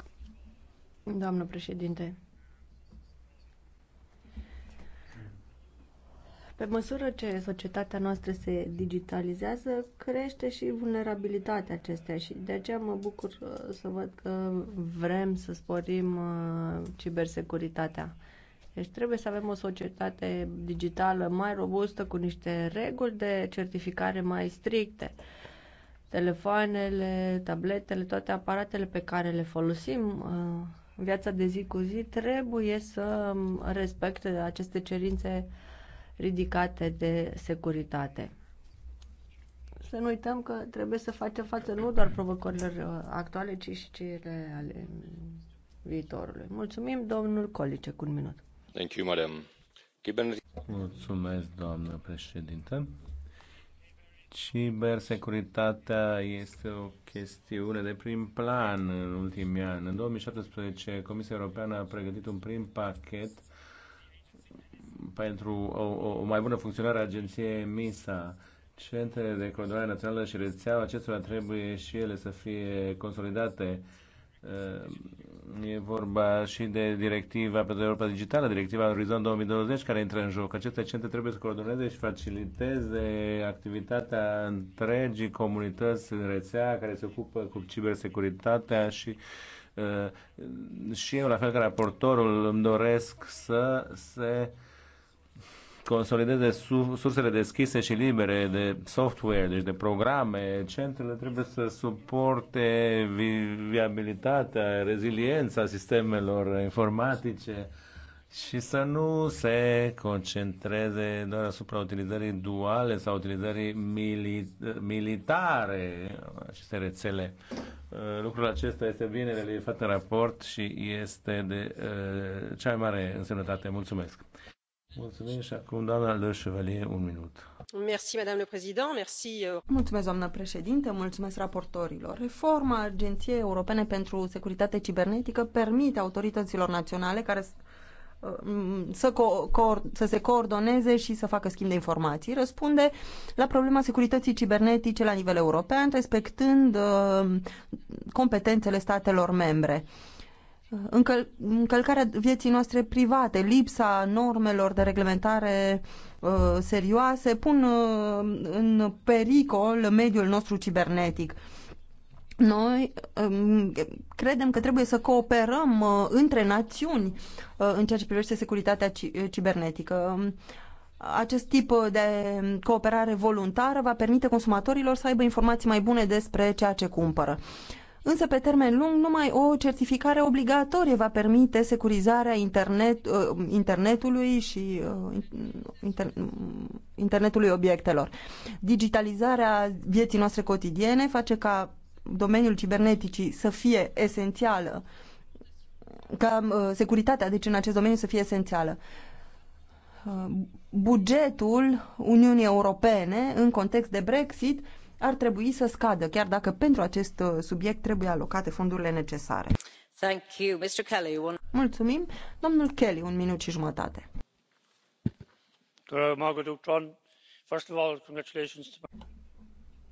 domnul președinte. Pe măsură ce societatea noastră se digitalizează, crește și vulnerabilitatea acestea și de aceea mă bucur uh, să văd că vrem să sporim uh, cibersecuritatea. Deci trebuie să avem o societate digitală mai robustă, cu niște reguli de certificare mai stricte. Telefoanele, tabletele, toate aparatele pe care le folosim uh, în viața de zi cu zi trebuie să um, respecte aceste cerințe ridicate de securitate. Să nu uităm că trebuie să facem față nu doar provocărilor uh, actuale, ci și cele ale viitorului. Mulțumim, domnul Colice, cu un minut. Thank you, madam. Mulțumesc, doamnă președintă. Cibersecuritatea este o chestiune de prim plan în ultimii ani. În 2017, Comisia Europeană a pregătit un prim pachet pentru o, o mai bună funcționare a agenției MISA. Centrele de coordonare națională și rețeaua acestora trebuie și ele să fie consolidate. Uh, e vorba și de directiva pentru Europa Digitală, directiva Orizont 2020 care intră în joc. Aceste centre trebuie să coordoneze și faciliteze activitatea întregii comunități în rețea care se ocupă cu cibersecuritatea și uh, și eu, la fel ca raportorul, îmi doresc să se uh, consolideze sursele deschise și libere de software, deci de programe. Centrele trebuie să suporte viabilitatea, reziliența sistemelor informatice și să nu se concentreze doar asupra utilizării duale sau utilizării mili- militare aceste rețele. Uh, lucrul acesta este bine relevat în raport și este de uh, cea mai mare însemnătate. Mulțumesc! acum Le un minut. Euh. Mulțumesc, doamnă președinte, mulțumesc raportorilor. Reforma Agenției Europene pentru Securitate Cibernetică permite autorităților naționale care uh, să, co- co- să se coordoneze și să facă schimb de informații. Răspunde la problema securității cibernetice la nivel european, respectând uh, competențele statelor membre. Uh, încăl- încălcarea vieții noastre private, lipsa normelor de reglementare uh, serioase pun uh, în pericol mediul nostru cibernetic. Noi um, credem că trebuie să cooperăm uh, între națiuni uh, în ceea ce privește securitatea ci uh, cibernetică. Acest tip uh, de cooperare voluntară va permite consumatorilor să aibă informații mai bune despre ceea ce cumpără. Uh, Însă, pe termen lung, numai o certificare obligatorie va permite securizarea internet, uh, internetului și uh, inter, mm, internetului obiectelor. Digitalizarea vieții noastre cotidiene face ca domeniul ciberneticii să fie esențială, ca uh, securitatea, deci, în acest domeniu să fie esențială bugetul Uniunii Europene în context de Brexit ar trebui să scadă, chiar dacă pentru acest uh, subiect trebuie alocate fondurile necesare. Thank you. Mr. Kelly, one... Mulțumim. Domnul Kelly, un minut și jumătate.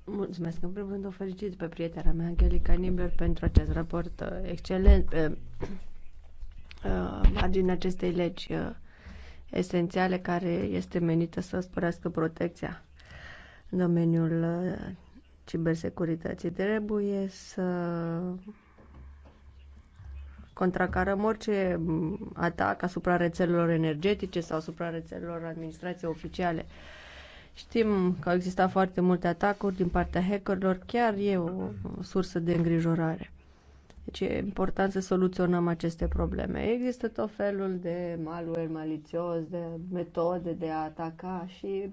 Mulțumesc. În primul rând o felicit pe prietena mea, Angelica Nibler, pentru acest raport uh, excelent pe uh, marginea acestei legi esențiale care este menită să sporească protecția domeniul uh, cibersecurității. Trebuie să contracarăm orice mm, atac asupra rețelelor energetice sau asupra rețelelor administrației oficiale. Știm că au existat foarte multe atacuri din partea hackerilor, chiar e o sursă de îngrijorare. Deci e important să soluționăm aceste probleme. Există tot felul de malware malițios, de metode de a ataca și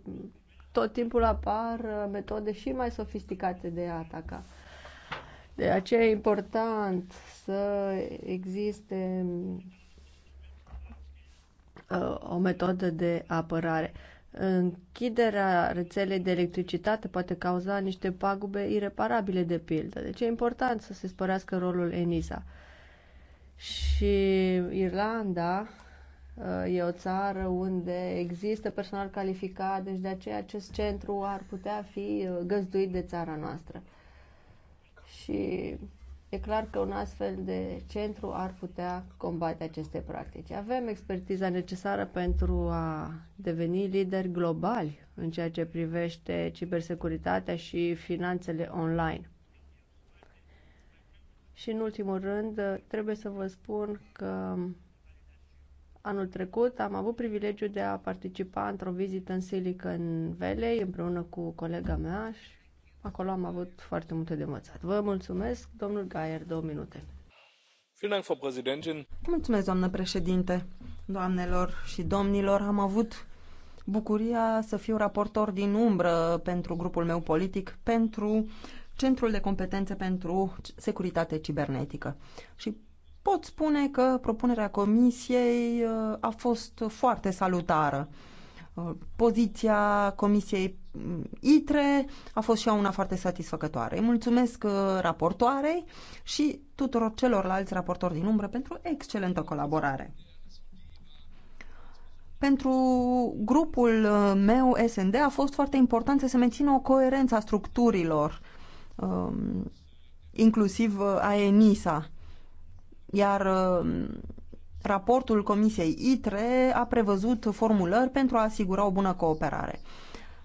tot timpul apar uh, metode și mai sofisticate de a ataca. De aceea e important să existe uh, o metodă de apărare. Închiderea rețelei de electricitate poate cauza niște pagube ireparabile de pildă. Deci e important să se spărească rolul ENISA. Și Irlanda Uh, e o țară unde există personal calificat, deci de aceea acest centru ar putea fi uh, găzduit de țara noastră. Și e clar că un astfel de centru ar putea combate aceste practici. Avem expertiza necesară pentru a deveni lideri globali în ceea ce privește cibersecuritatea și finanțele online. Și în ultimul rând, uh, trebuie să vă spun că Anul trecut am avut privilegiul de a participa într-o vizită în Silicon Valley împreună cu colega mea și acolo am avut foarte multe de învățat. Vă mulțumesc, domnul Gaier, două minute. Mulțumesc, doamnă președinte, doamnelor și domnilor. Am avut bucuria să fiu raportor din umbră pentru grupul meu politic, pentru Centrul de Competențe pentru Securitate Cibernetică. Și pot spune că propunerea Comisiei uh, a fost foarte salutară. Uh, poziția Comisiei mm, ITRE a fost și una foarte satisfăcătoare. Îi mulțumesc uh, raportoarei și tuturor celorlalți raportori din umbră pentru excelentă colaborare. Pentru grupul meu SND a fost foarte important să se mențină o coerență a structurilor, um, inclusiv a ENISA iar um, raportul Comisiei ITRE a prevăzut formulări pentru a asigura o bună cooperare.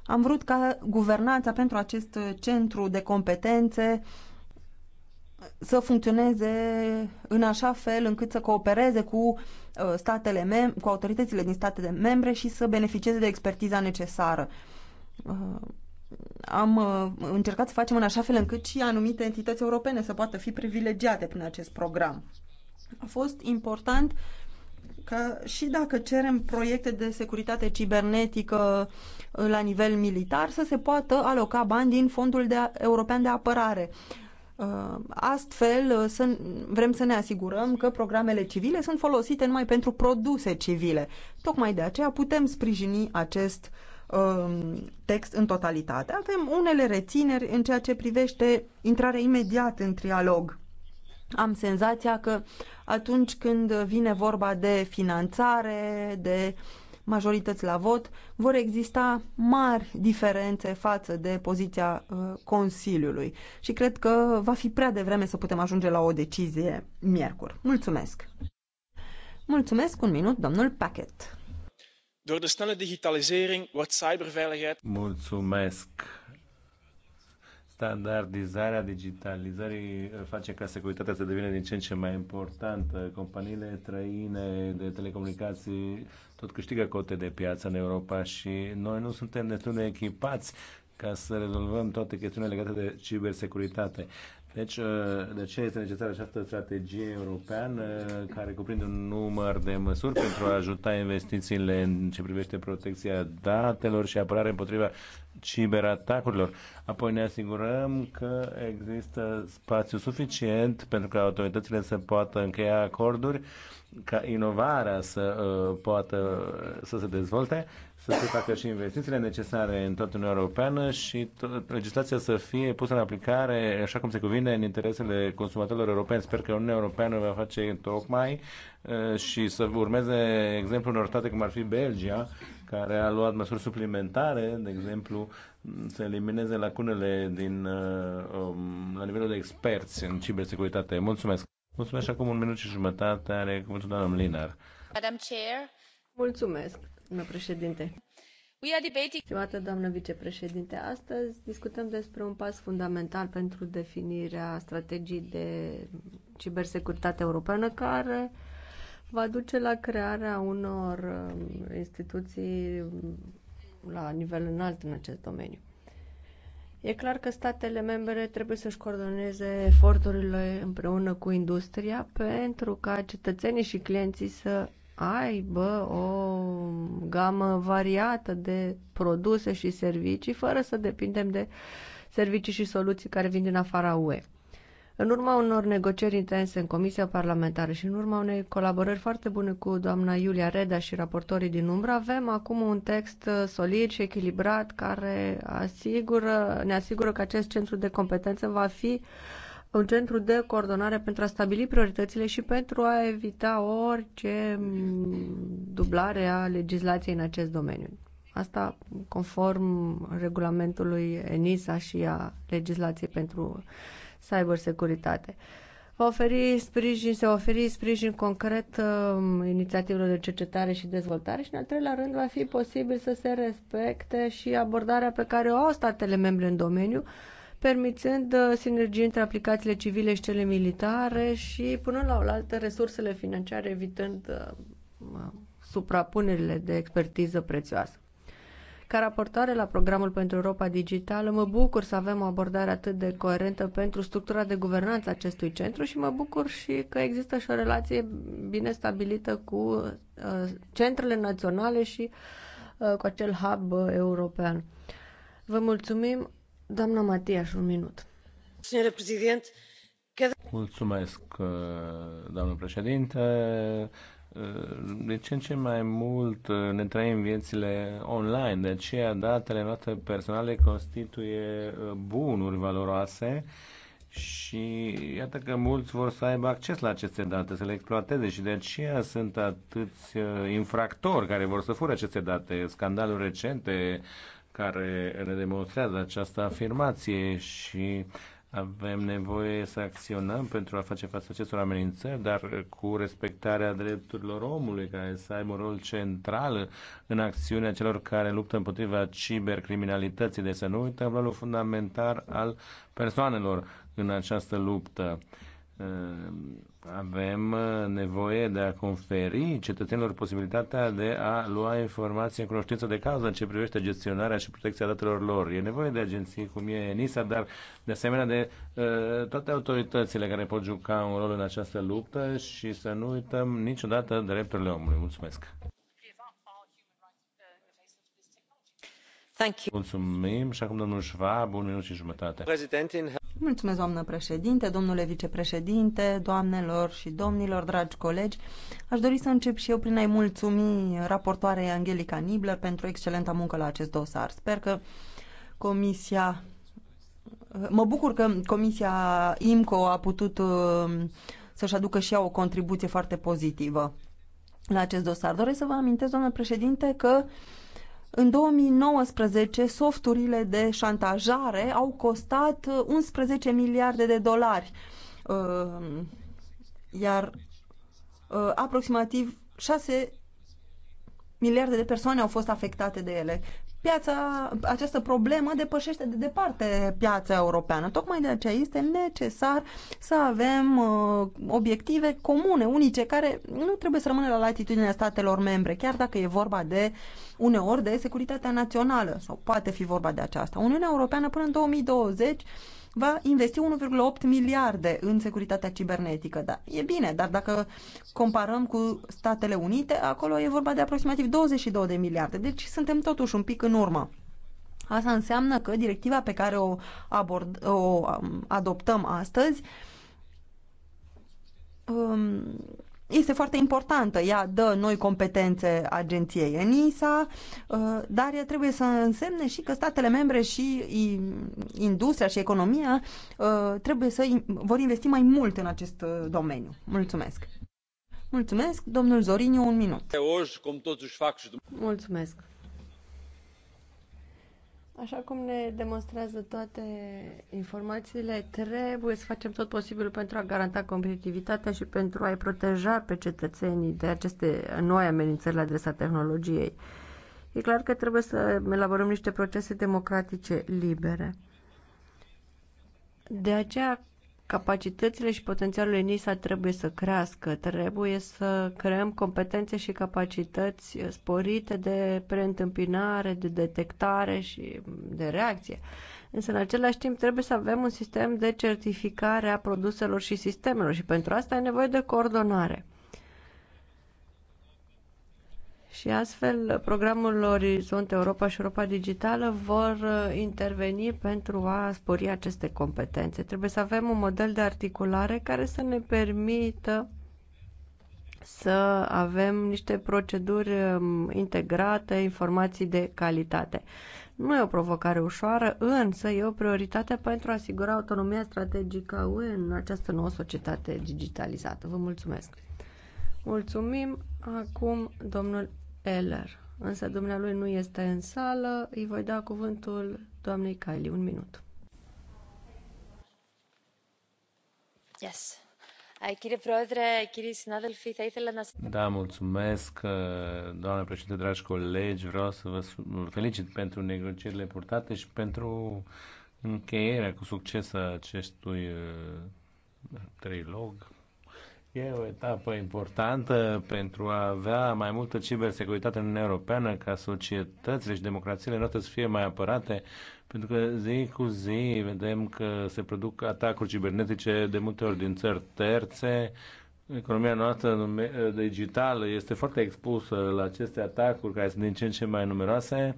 Am vrut ca guvernanța pentru acest centru de competențe să funcționeze în așa fel încât să coopereze cu uh, statele mem- cu autoritățile din statele membre și să beneficieze de expertiza necesară. Uh, am uh, încercat să facem în așa fel încât și anumite entități europene să poată fi privilegiate prin acest program. A fost important că și dacă cerem proiecte de securitate cibernetică uh, la nivel militar, să se poată aloca bani din Fondul de, European de Apărare. Uh, astfel, uh, să, vrem să ne asigurăm că programele civile sunt folosite numai pentru produse civile. Tocmai de aceea putem sprijini acest um, text în totalitate. Avem unele rețineri în ceea ce privește intrarea imediat în trialog am senzația că atunci când vine vorba de finanțare, de majorități la vot, vor exista mari diferențe față de poziția uh, Consiliului. Și cred că va fi prea devreme să putem ajunge la o decizie miercuri. Mulțumesc! Mulțumesc un minut, domnul Packet. Door de snelle digitalisering wordt cyberveiligheid. Mulțumesc standardizarea digitalizării face ca securitatea să devină din ce în ce mai importantă. Companiile trăine de telecomunicații tot câștigă cote de piață în Europa și noi nu suntem destul de echipați ca să rezolvăm toate chestiunile legate de cibersecuritate. Deci, uh, de ce este necesară această strategie europeană care cuprinde un număr de măsuri pentru a ajuta investițiile în ce privește protecția datelor și apărare împotriva ciberatacurilor? Apoi ne asigurăm că există spațiu suficient pentru ca autoritățile să poată încheia acorduri uh, ca inovarea să uh, poată să se dezvolte, să se facă și investițiile necesare în toată Uniunea Europeană și legislația să fie pusă în aplicare așa cum se cuvine în interesele consumatorilor europeni. Sper că Uniunea Europeană va face tocmai uh, și să urmeze exemplul unor state cum ar fi Belgia, care a luat măsuri suplimentare, de exemplu, să elimineze lacunele din, uh, um, la nivelul de experți în cibersecuritate. Mulțumesc! Mulțumesc acum un minut și jumătate are cuvântul doamna Linar. Madam Chair. Mulțumesc, domnule președinte. We are debating... Stimată doamnă vicepreședinte, astăzi discutăm despre un pas fundamental pentru definirea strategiei de cibersecuritate europeană care va duce la crearea unor um, instituții la nivel înalt în acest domeniu. E clar că statele membre trebuie să-și coordoneze eforturile împreună cu industria pentru ca cetățenii și clienții să aibă o gamă variată de produse și servicii fără să depindem de servicii și soluții care vin din afara UE. În urma unor negocieri intense în Comisia Parlamentară și în urma unei colaborări foarte bune cu doamna Iulia Reda și raportorii din umbră, avem acum un text uh, solid și echilibrat care asigură, ne asigură că acest centru de competență va fi un centru de coordonare pentru a stabili prioritățile și pentru a evita orice mm, dublare a legislației în acest domeniu. Asta conform regulamentului ENISA și a legislației pentru uh, cybersecuritate. Va oferi sprijin, se va oferi sprijin concret um, inițiativelor de cercetare și dezvoltare și, în al treilea rând, va fi posibil să se respecte și abordarea pe care o au statele membre în domeniu, permițând uh, sinergii între aplicațiile civile și cele militare și, până la oaltă, resursele financiare, evitând uh, suprapunerile de expertiză prețioasă. Ca raportoare la programul pentru Europa Digitală, mă bucur să avem o abordare atât de coerentă pentru structura de guvernanță a acestui centru și mă bucur și că există și o relație bine stabilită cu uh, centrele naționale și uh, cu acel hub uh, european. Vă mulțumim, doamna Matias, un minut. Domnule președinte, Mulțumesc, uh, doamnă președinte de ce în ce mai mult uh, ne trăim viețile online, de aceea datele noastre personale constituie uh, bunuri valoroase și iată că mulți vor să aibă acces la aceste date, să le exploateze și de aceea sunt atâți uh, infractori care vor să fură aceste date. Scandaluri recente care ne demonstrează această afirmație și avem nevoie să acționăm pentru a face față acestor amenințări, dar cu respectarea drepturilor omului, care să aibă un rol central în acțiunea celor care luptă împotriva cibercriminalității. de deci să nu uităm rolul fundamental al persoanelor în această luptă avem uh, nevoie de a conferi cetățenilor posibilitatea de a lua informații în cunoștință de cauză în ce privește gestionarea și protecția datelor lor. E nevoie de agenții cum e NISA, dar de asemenea de uh, toate autoritățile care pot juca un rol în această luptă și să nu uităm niciodată drepturile omului. Mulțumesc! Mulțumim și acum domnul Schwab, un minut și jumătate. Mulțumesc, doamnă președinte, domnule vicepreședinte, doamnelor și domnilor, dragi colegi. Aș dori să încep și eu prin a-i mulțumi raportoarei Angelica Nibler pentru excelenta muncă la acest dosar. Sper că comisia... Mă bucur că comisia IMCO a putut uh, să-și aducă și ea o contribuție foarte pozitivă la acest dosar. Doresc să vă amintesc, doamnă președinte, că uh, în 2019, softurile de șantajare au costat 11 uh, miliarde de dolari, uh, iar uh, aproximativ 6 miliarde de persoane au fost afectate de ele piața, această problemă depășește de departe piața europeană. Tocmai de aceea este necesar să avem uh, obiective comune, unice, care nu trebuie să rămână la latitudinea statelor membre, chiar dacă e vorba de uneori de securitatea națională sau poate fi vorba de aceasta. Uniunea Europeană până în 2020 va investi 1,8 miliarde în securitatea cibernetică. Da, e bine, dar dacă comparăm cu Statele Unite, acolo e vorba de aproximativ 22 de miliarde, deci suntem totuși un pic în urmă. Asta înseamnă că directiva pe care o, abord, o um, adoptăm astăzi um, este foarte importantă. Ea dă noi competențe agenției ENISA, uh, dar ea trebuie să însemne și că statele membre și industria și economia uh, trebuie să vor investi mai mult în acest uh, domeniu. Mulțumesc! Mulțumesc, domnul Zoriniu, un minut. Mulțumesc. Așa cum ne demonstrează toate informațiile, trebuie să facem tot posibilul pentru a garanta competitivitatea și pentru a-i proteja pe cetățenii de aceste noi amenințări la adresa tehnologiei. E clar că trebuie să elaborăm niște procese democratice libere. De aceea Capacitățile și potențialul ENISA trebuie să crească, trebuie să creăm competențe și capacități sporite de preîntâmpinare, de detectare și de reacție. Însă, în același timp, trebuie să avem un sistem de certificare a produselor și sistemelor și pentru asta e nevoie de coordonare. Și astfel, programul Orizont Europa și Europa Digitală vor uh, interveni pentru a spori aceste competențe. Trebuie să avem un model de articulare care să ne permită să avem niște proceduri um, integrate, informații de calitate. Nu e o provocare ușoară, însă e o prioritate pentru a asigura autonomia strategică a UE în această nouă societate digitalizată. Vă mulțumesc! Mulțumim acum domnul Eller, însă dumnealui nu este în sală. Îi voi da cuvântul doamnei Kylie. Un minut. Yes. Da, mulțumesc, uh, doamnă președinte, dragi colegi. Vreau să vă felicit pentru negocierile purtate și pentru încheierea cu succes a acestui uh, trilog E o etapă importantă pentru a avea mai multă cibersecuritate în Uniunea Europeană, ca societățile și democrațiile noastre să fie mai apărate, pentru că zi cu zi vedem că se produc atacuri cibernetice de multe ori din țări terțe. Economia noastră digitală este foarte expusă la aceste atacuri care sunt din ce în ce mai numeroase,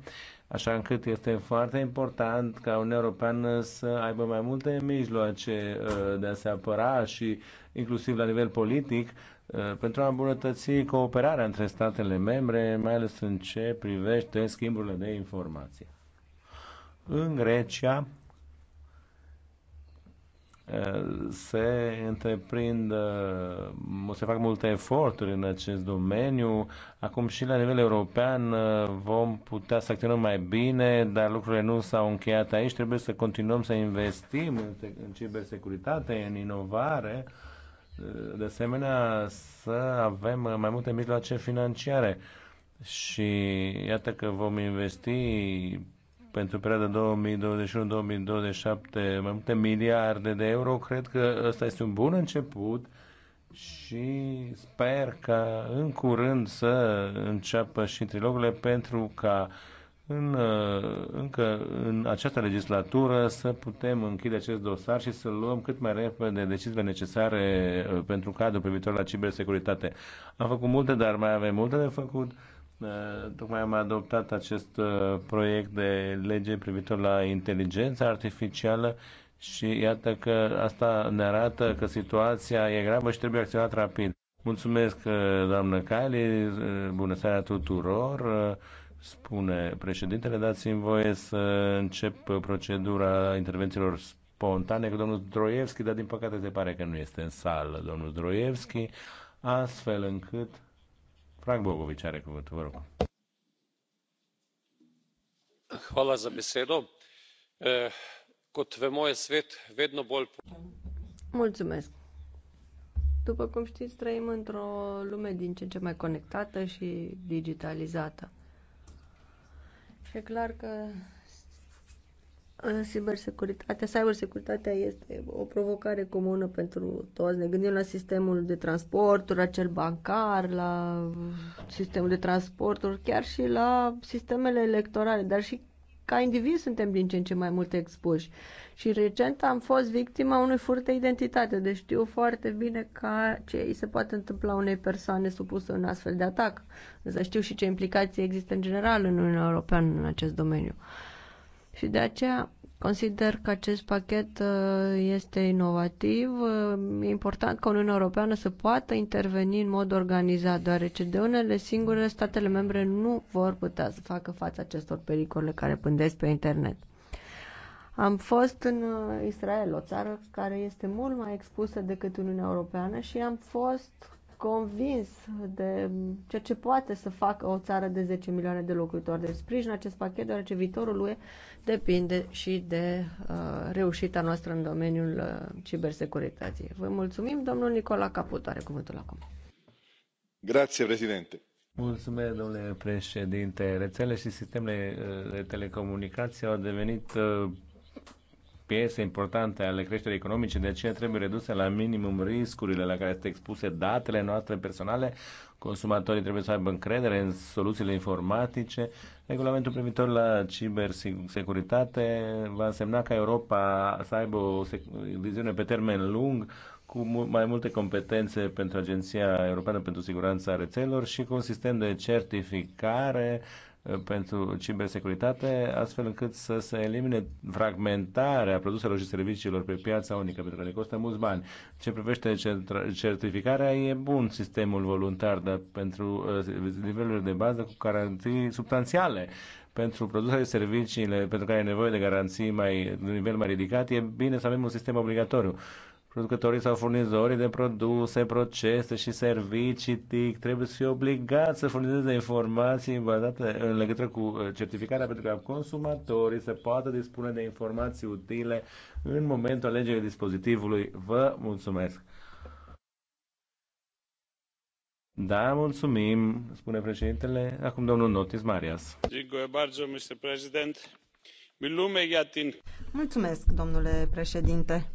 așa încât este foarte important ca Uniunea Europeană să aibă mai multe mijloace uh, de a se apăra și inclusiv la nivel politic, uh, pentru a îmbunătăți cooperarea între statele membre, mai ales în ce privește schimburile de informații. În Grecia uh, se întreprind, uh, se fac multe eforturi în acest domeniu. Acum și la nivel european vom putea să acționăm mai bine, dar lucrurile nu s-au încheiat aici. Trebuie să continuăm să investim în cibersecuritate, în inovare, de asemenea să avem mai multe mijloace financiare și iată că vom investi pentru perioada 2021-2027 mai multe miliarde de euro. Cred că ăsta este un bun început și sper că în curând să înceapă și trilogurile pentru ca uh, în, uh, încă în această legislatură să putem închide acest dosar și să luăm cât mai repede deciziile necesare uh, pentru cadrul privitor la cibersecuritate. Am făcut multe, dar mai avem multe de făcut. Uh, tocmai am adoptat acest proiect de lege privitor la inteligența artificială și iată că asta ne arată că situația e gravă și trebuie acționat rapid. Mulțumesc, doamnă Cali, bună seara tuturor! spune președintele. Dați-mi voie să încep procedura intervențiilor spontane cu domnul Zdroievski, dar din păcate se pare că nu este în sală domnul Zdroievski, astfel încât Frank Bogovici are cuvântul, vă rog. Hvala za besedo. Eh, kot vemo, je svet vedno bolj... Mulțumesc. După cum știți, trăim într-o lume din ce în ce mai conectată și digitalizată. E clar că Cibersecuritatea, cybersecuritatea este o provocare comună pentru toți. Ne gândim la sistemul de transporturi, la cel bancar, la sistemul de transporturi, chiar și la sistemele electorale, dar și ca indivizi suntem din ce în ce mai mult expuși. Și recent am fost victima unui furt de identitate, deci știu foarte bine ca ce îi se poate întâmpla unei persoane supuse un astfel de atac. Însă știu și ce implicații există în general în Uniunea Europeană în acest domeniu. Și de aceea Consider că acest pachet uh, este inovativ. Uh, e important ca Uniunea Europeană să poată interveni în mod organizat, deoarece de unele singure statele membre nu vor putea să facă față acestor pericole care pândesc pe internet. Am fost în uh, Israel, o țară care este mult mai expusă decât Uniunea Europeană și am fost convins de ceea ce poate să facă o țară de 10 milioane de locuitori. de deci sprijin acest pachet, deoarece viitorul lui depinde și de uh, reușita noastră în domeniul uh, cibersecurității. Vă mulțumim, domnul Nicola Caput, are cuvântul acum. Grazie, președinte. Mulțumesc, domnule președinte. Rețele și sistemele uh, de telecomunicații au devenit uh, piese importante ale creșterii economice, de aceea trebuie reduse la minimum riscurile la care sunt expuse datele noastre personale. Consumatorii trebuie să aibă încredere în soluțiile informatice. Regulamentul privitor la cibersecuritate va însemna ca Europa să aibă o viziune pe termen lung cu mai multe competențe pentru Agenția Europeană pentru Siguranța Rețelor și cu un sistem de certificare Uh, pentru cibersecuritate, astfel încât să se elimine fragmentarea produselor și serviciilor pe piața unică, pentru că ne costă mulți bani. Ce privește certificarea, e bun sistemul voluntar, dar pentru uh, nivelurile de bază cu garanții substanțiale pentru produsele și serviciile pentru care e nevoie de garanții mai, de nivel mai ridicat, e bine să avem un sistem obligatoriu producătorii sau furnizorii de produse, procese și servicii TIC trebuie să fie obligați să furnizeze informații bazate în legătură cu uh, certificarea pentru ca consumatorii să poată dispune de informații utile în momentul alegerii dispozitivului. Vă mulțumesc! Da, mulțumim, spune președintele. Acum domnul Notis Marias. Mulțumesc, domnule președinte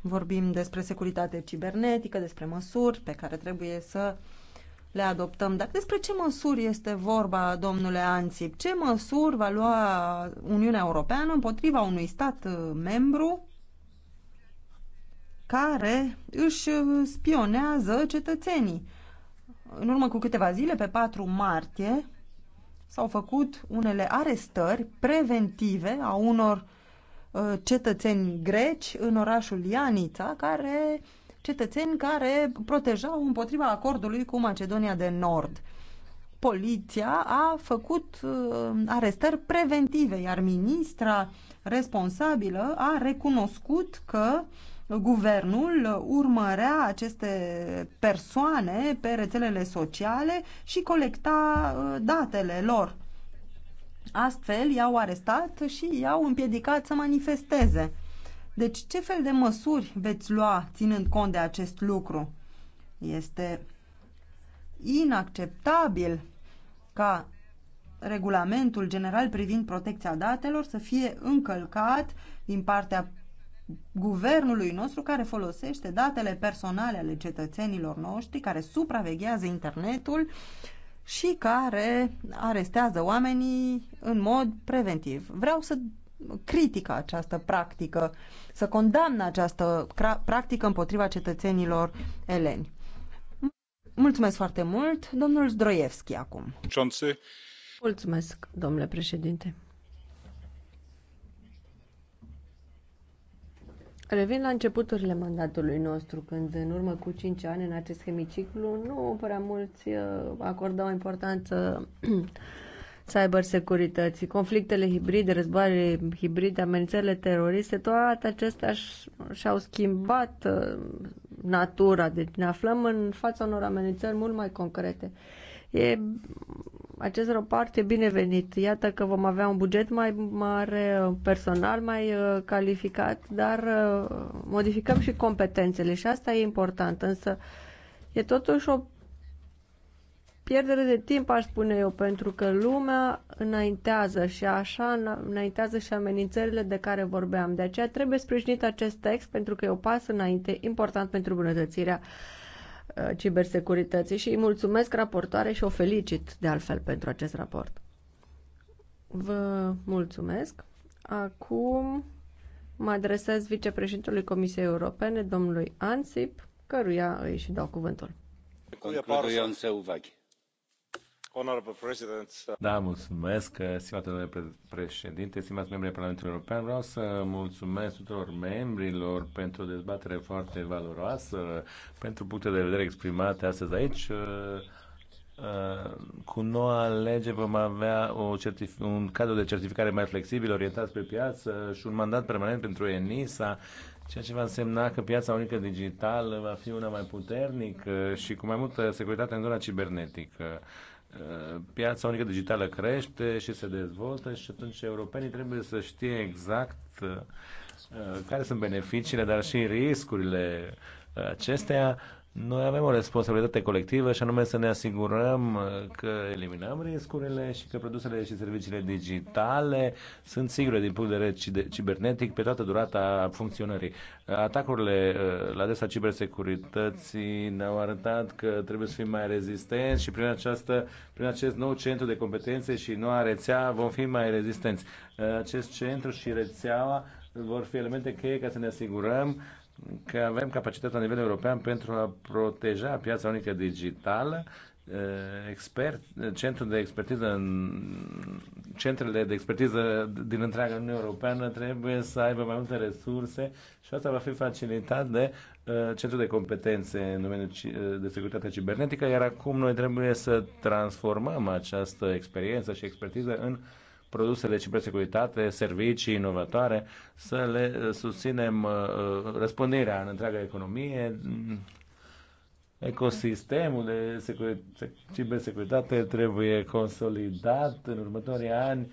Vorbim despre securitate cibernetică, despre măsuri pe care trebuie să le adoptăm. Dar despre ce măsuri este vorba, domnule Anțip? Ce măsuri va lua Uniunea Europeană împotriva unui stat uh, membru care își spionează cetățenii? În urmă cu câteva zile, pe 4 martie, s-au făcut unele arestări preventive a unor Uh, cetățeni greci în orașul Ianița, care, cetățeni care protejau împotriva acordului cu Macedonia de Nord. Poliția a făcut uh, arestări preventive, iar ministra responsabilă a recunoscut că guvernul urmărea aceste persoane pe rețelele sociale și colecta uh, datele lor. Astfel, i-au arestat și i-au împiedicat să manifesteze. Deci, ce fel de măsuri veți lua ținând cont de acest lucru? Este inacceptabil ca regulamentul general privind protecția datelor să fie încălcat din partea guvernului nostru care folosește datele personale ale cetățenilor noștri, care supraveghează internetul și care arestează oamenii în mod preventiv. Vreau să critică această practică, să condamnă această practică împotriva cetățenilor eleni. Mulțumesc foarte mult, domnul Zdroievski acum. Mulțumesc, domnule președinte. Revin la începuturile mandatului nostru, când în urmă cu 5 ani în acest hemiciclu nu prea mulți uh, acordau importanță cybersecurității, conflictele hibride, războaiele hibride, amenințările teroriste, toate acestea și-au schimbat uh, natura, deci ne aflăm în fața unor amenințări mult mai concrete. E acest raport e binevenit. Iată că vom avea un buget mai mare, personal mai uh, calificat, dar uh, modificăm și competențele și asta e important. Însă e totuși o pierdere de timp, aș spune eu, pentru că lumea înaintează și așa înaintează și amenințările de care vorbeam. De aceea trebuie sprijinit acest text pentru că e o pas înainte important pentru bunătățirea Uh, cibersecurității și îi mulțumesc raportoare și o felicit de altfel pentru acest raport. Vă mulțumesc. Acum mă adresez vicepreședintelui Comisiei Europene, domnului Ansip, căruia îi și dau cuvântul. Uh, da, mulțumesc, stimate domnule președinte, stimați membri ai Parlamentului European. Vreau să mulțumesc tuturor membrilor pentru o dezbatere foarte valoroasă, pentru puncte de vedere exprimate astăzi aici. Uh, uh, cu noua lege vom avea o un cadru de certificare mai flexibil, orientat spre piață și un mandat permanent pentru ENISA, ceea ce va însemna că piața unică digitală va fi una mai puternică și cu mai multă securitate în zona cibernetică piața unică digitală crește și se dezvoltă și atunci europenii trebuie să știe exact uh, care sunt beneficiile, dar și riscurile acestea noi avem o responsabilitate colectivă și anume să ne asigurăm uh, că eliminăm riscurile și că produsele și serviciile digitale sunt sigure din punct de vedere cibernetic pe toată durata funcționării. Atacurile uh, la adresa cibersecurității ne-au arătat că trebuie să fim mai rezistenți și prin, această, prin acest nou centru de competențe și noua rețea vom fi mai rezistenți. Uh, acest centru și rețeaua vor fi elemente cheie ca să ne asigurăm că avem capacitatea la nivel european pentru a proteja piața unică digitală eh, expert, centrul de expertiză în, centrele de expertiză din întreaga Uniune Europeană trebuie să aibă mai multe resurse și asta va fi facilitat de eh, centrul de competențe în domeniul eh, de securitate cibernetică, iar acum noi trebuie să transformăm această experiență și expertiză în uh, produsele cibersecuritate, servicii inovatoare, să le eh, susținem eh, eh, răspândirea în întreaga economie. Mm, ecosistemul de cibersecuritate trebuie consolidat în următorii ani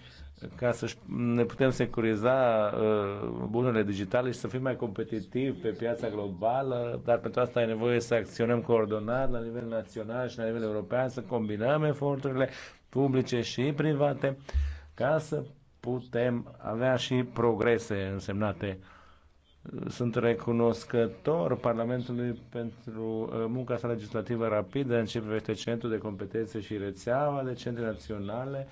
ca să ne putem securiza bunurile digitale și să fim mai competitivi pe piața globală, dar pentru asta e nevoie să acționăm coordonat la nivel național și la nivel european, să combinăm eforturile publice și private ca să putem avea și progrese însemnate. Sunt recunoscător Parlamentului pentru uh, munca sa legislativă rapidă în ce privește Centrul de Competențe și Rețeaua de Centre Naționale,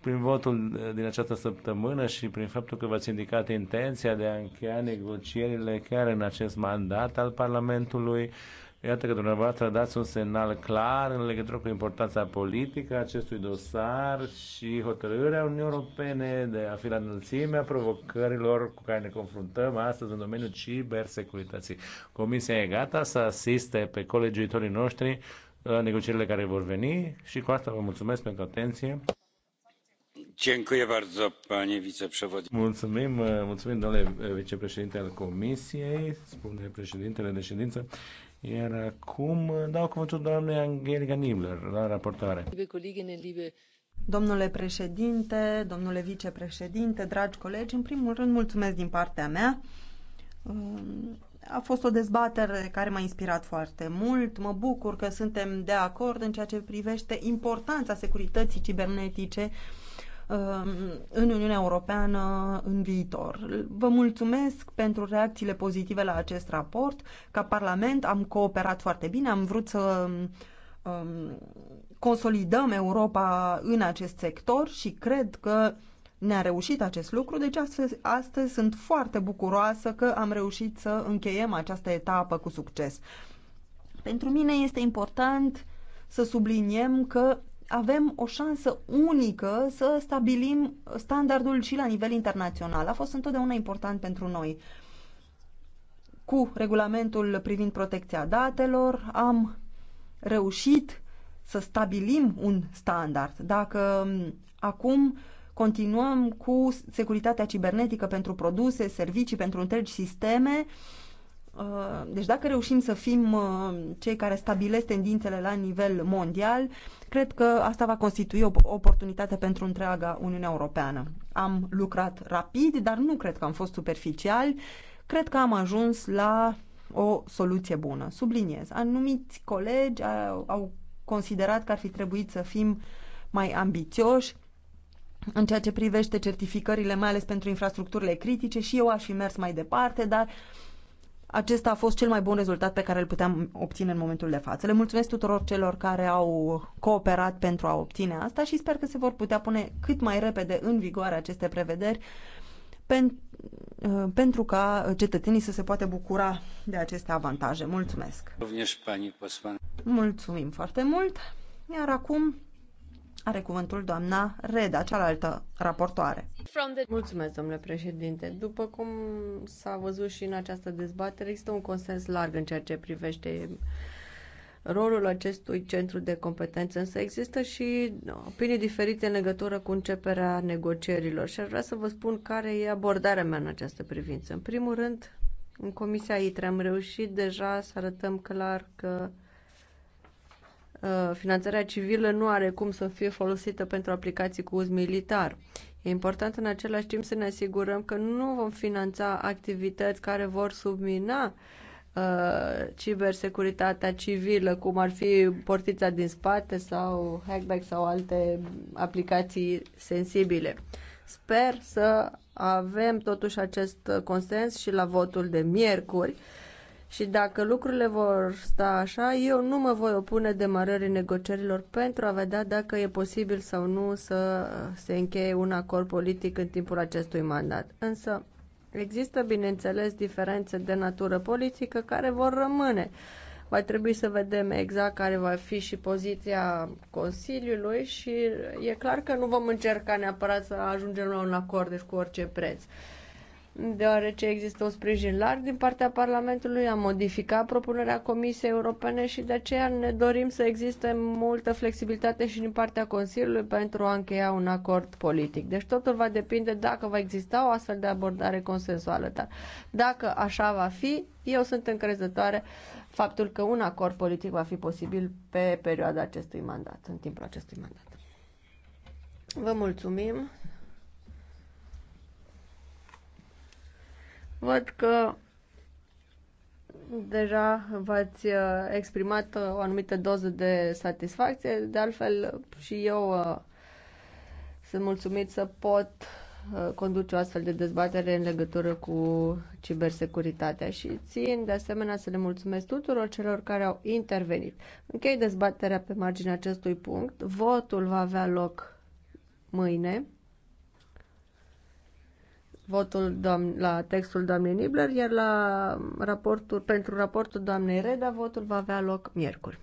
prin votul uh, din această săptămână și prin faptul că v-ați indicat intenția de a încheia negocierile chiar în acest mandat al Parlamentului Iată că dumneavoastră dați un semnal clar în legătură cu importanța politică a acestui dosar și hotărârea Uniunii Europene de a fi la înălțimea provocărilor cu care ne confruntăm astăzi în domeniul cibersecurității. Comisia e gata să asiste pe colegiuitorii noștri la negocierile care vor veni și cu asta vă mulțumesc pentru atenție. Mulțumim, mulțumim, domnule vicepreședinte al Comisiei, spune președintele de ședință. Iar acum dau cuvântul doamnei Angelica Nibler, la raportare. Domnule președinte, domnule vicepreședinte, dragi colegi, în primul rând mulțumesc din partea mea. A fost o dezbatere care m-a inspirat foarte mult. Mă bucur că suntem de acord în ceea ce privește importanța securității cibernetice Um, în Uniunea Europeană în viitor. Vă mulțumesc pentru reacțiile pozitive la acest raport. Ca Parlament am cooperat foarte bine, am vrut să um, consolidăm Europa în acest sector și cred că ne-a reușit acest lucru, deci astăzi, astăzi sunt foarte bucuroasă că am reușit să încheiem această etapă cu succes. Pentru mine este important să subliniem că avem o șansă unică să stabilim standardul și la nivel internațional. A fost întotdeauna important pentru noi. Cu regulamentul privind protecția datelor am reușit să stabilim un standard. Dacă acum continuăm cu securitatea cibernetică pentru produse, servicii, pentru întregi sisteme, uh, Uh, deci dacă reușim să fim uh, cei care stabilesc tendințele la nivel mondial, cred că asta va constitui o oportunitate pentru întreaga Uniune Europeană. Am lucrat rapid, dar nu cred că am fost superficial. Cred că am ajuns la o soluție bună. Subliniez. Anumiți colegi au considerat că ar fi trebuit să fim mai ambițioși în ceea ce privește certificările, mai ales pentru infrastructurile critice și eu aș fi mers mai departe, dar uh, acesta a fost cel mai bun rezultat pe care îl puteam obține în momentul de față. Le mulțumesc tuturor celor care au cooperat pentru a obține asta și sper că se vor putea pune cât mai repede în vigoare aceste prevederi pen, uh, pentru ca cetățenii să se poată bucura de aceste avantaje. Mulțumesc! Mulțumim foarte mult! Iar acum are cuvântul doamna Reda, cealaltă raportoare. Mulțumesc, domnule președinte. După cum s-a văzut și în această dezbatere, există un consens larg în ceea ce privește rolul acestui centru de competență, însă există și opinii diferite în legătură cu începerea negocierilor și aș vrea să vă spun care e abordarea mea în această privință. În primul rând, în Comisia ITRE am reușit deja să arătăm clar că Uh, finanțarea civilă nu are cum să fie folosită pentru aplicații cu uz militar. E important în același timp să ne asigurăm că nu vom finanța activități care vor submina uh, cibersecuritatea civilă, cum ar fi portița din spate sau hackback sau alte aplicații sensibile. Sper să avem totuși acest consens și la votul de miercuri și dacă lucrurile vor sta așa, eu nu mă voi opune demarării negocierilor pentru a vedea dacă e posibil sau nu să se încheie un acord politic în timpul acestui mandat. Însă există, bineînțeles, diferențe de natură politică care vor rămâne. Va trebui să vedem exact care va fi și poziția Consiliului și e clar că nu vom încerca neapărat să ajungem la un acord, deci cu orice preț deoarece există o sprijin larg din partea Parlamentului, am modificat propunerea Comisiei Europene și de aceea ne dorim să existe multă flexibilitate și din partea Consiliului pentru a încheia un acord politic. Deci totul va depinde dacă va exista o astfel de abordare consensuală, dar dacă așa va fi, eu sunt încrezătoare faptul că un acord politic va fi posibil pe perioada acestui mandat, în timpul acestui mandat. Vă mulțumim, Văd că deja v-ați uh, exprimat uh, o anumită doză de satisfacție, de altfel și eu uh, sunt mulțumit să pot conduce o astfel de dezbatere în legătură cu cibersecuritatea și țin de asemenea să le mulțumesc tuturor celor care au intervenit. Închei dezbaterea pe marginea acestui punct. Votul va avea loc mâine votul doamn- la textul doamnei Nibler, iar la raportul, pentru raportul doamnei Reda votul va avea loc miercuri.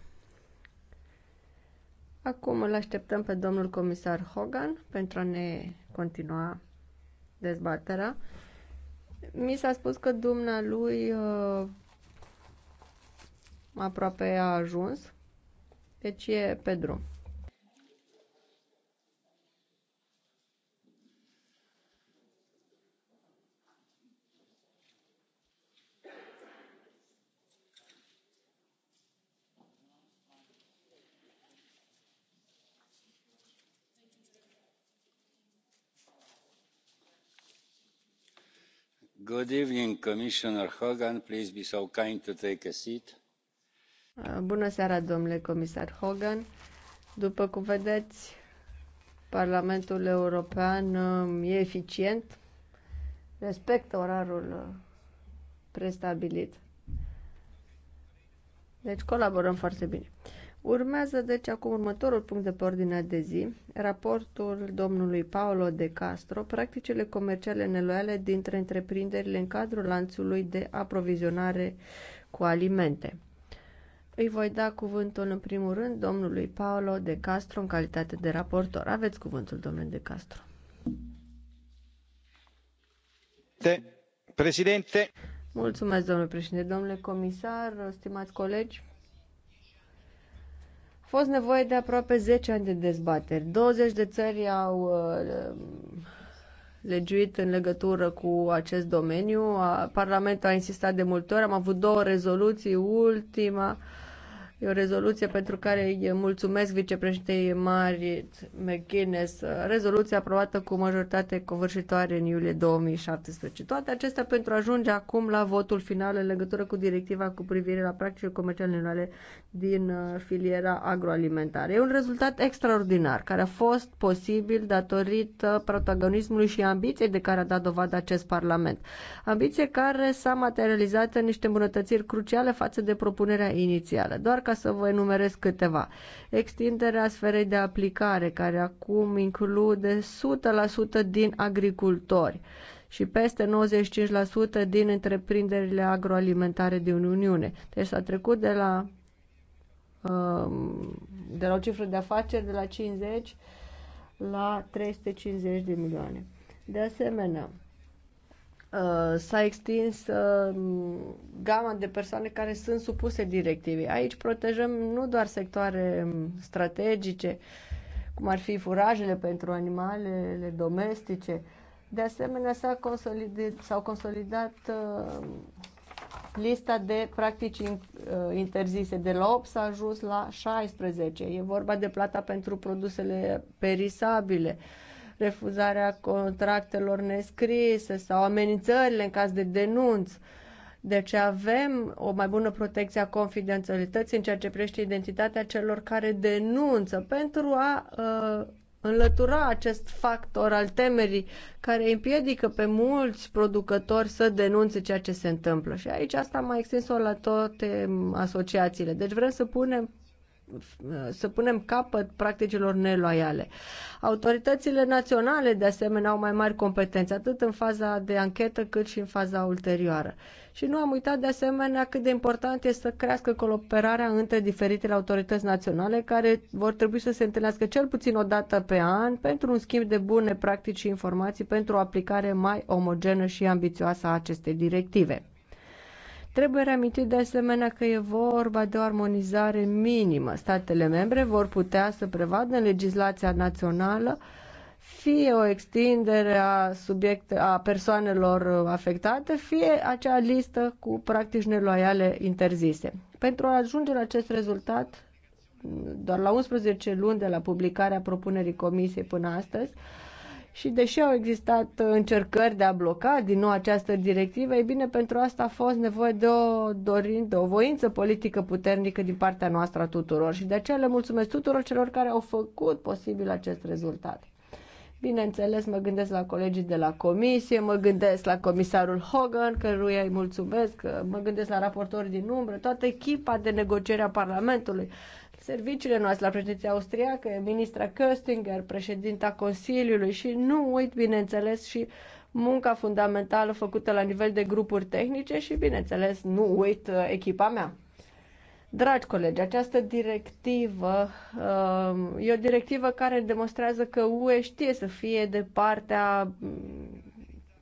Acum îl așteptăm pe domnul comisar Hogan pentru a ne continua dezbaterea. Mi s-a spus că dumnealui uh, aproape a ajuns, deci e pe drum. Bună seara, domnule comisar Hogan. După cum vedeți, Parlamentul European uh, e eficient, respectă orarul uh, prestabilit. Deci colaborăm foarte bine. Urmează deci acum următorul punct de pe ordinea de zi, raportul domnului Paolo De Castro, practicile comerciale neloiale dintre întreprinderile în cadrul lanțului de aprovizionare cu alimente. Îi voi da cuvântul în primul rând domnului Paolo De Castro în calitate de raportor. Aveți cuvântul, domnule De Castro. președinte. Mulțumesc, domnule președinte, domnule comisar, stimați colegi fost nevoie de aproape 10 ani de dezbateri. 20 de țări au uh, legiuit în legătură cu acest domeniu. Parlamentul a insistat de multe ori, am avut două rezoluții, ultima E o rezoluție pentru care îi mulțumesc vicepreședintei Marit McGuinness, rezoluție aprobată cu majoritate covârșitoare în iulie 2017. Toate acestea pentru a ajunge acum la votul final în legătură cu directiva cu privire la practicile comerciale anuale din uh, filiera agroalimentară. E un rezultat extraordinar care a fost posibil datorită protagonismului și ambiției de care a dat dovadă acest Parlament. Ambiție care s-a materializat în niște îmbunătățiri cruciale față de propunerea inițială. Doar ca ca să vă enumerez câteva. Extinderea sferei de aplicare, care acum include 100% din agricultori și peste 95% din întreprinderile agroalimentare din Uniune. Deci s-a trecut de la, um, de la o cifră de afaceri de la 50 la 350 de milioane. De asemenea, Uh, s-a extins uh, gama de persoane care sunt supuse directivei. Aici protejăm nu doar sectoare um, strategice, cum ar fi furajele pentru animalele domestice, de asemenea s-a consolidat, s-au consolidat uh, lista de practici interzise. De la 8 s-a ajuns la 16. E vorba de plata pentru produsele perisabile, uh, refuzarea contractelor nescrise sau amenințările în caz de denunț. Deci avem o mai bună protecție a confidențialității în ceea ce privește identitatea celor care denunță pentru a uh, înlătura acest factor al temerii care împiedică pe mulți producători să denunțe ceea ce se întâmplă. Și aici asta mai extins-o la toate asociațiile. Deci vrem să punem să punem capăt practicilor neloiale. Autoritățile naționale, de asemenea, au mai mari competențe, atât în faza de anchetă, cât și în faza ulterioară. Și nu am uitat, de asemenea, cât de important este să crească cooperarea între diferitele autorități naționale, care vor trebui să se întâlnească cel puțin o dată pe an pentru un schimb de bune practici și informații pentru o aplicare mai omogenă și ambițioasă a acestei directive. Trebuie reamintit de asemenea că e vorba de o armonizare minimă. Statele membre vor putea să prevadă în legislația națională fie o extindere a, subiect, a persoanelor afectate, fie acea listă cu practici neloiale interzise. Pentru a ajunge la acest rezultat, doar la 11 luni de la publicarea propunerii comisiei până astăzi, și deși au existat încercări de a bloca din nou această directivă, e bine, pentru asta a fost nevoie de o dorință, o voință politică puternică din partea noastră a tuturor și de aceea le mulțumesc tuturor celor care au făcut posibil acest rezultat. Bineînțeles, mă gândesc la colegii de la comisie, mă gândesc la comisarul Hogan, căruia îi mulțumesc, mă gândesc la raportori din umbră, toată echipa de negociere a Parlamentului, serviciile noastre la președinția austriacă, ministra Köstinger, președinta Consiliului și nu uit, bineînțeles, și munca fundamentală făcută la nivel de grupuri tehnice și, bineînțeles, nu uit echipa mea. Dragi colegi, această directivă um, e o directivă care demonstrează că UE știe să fie de partea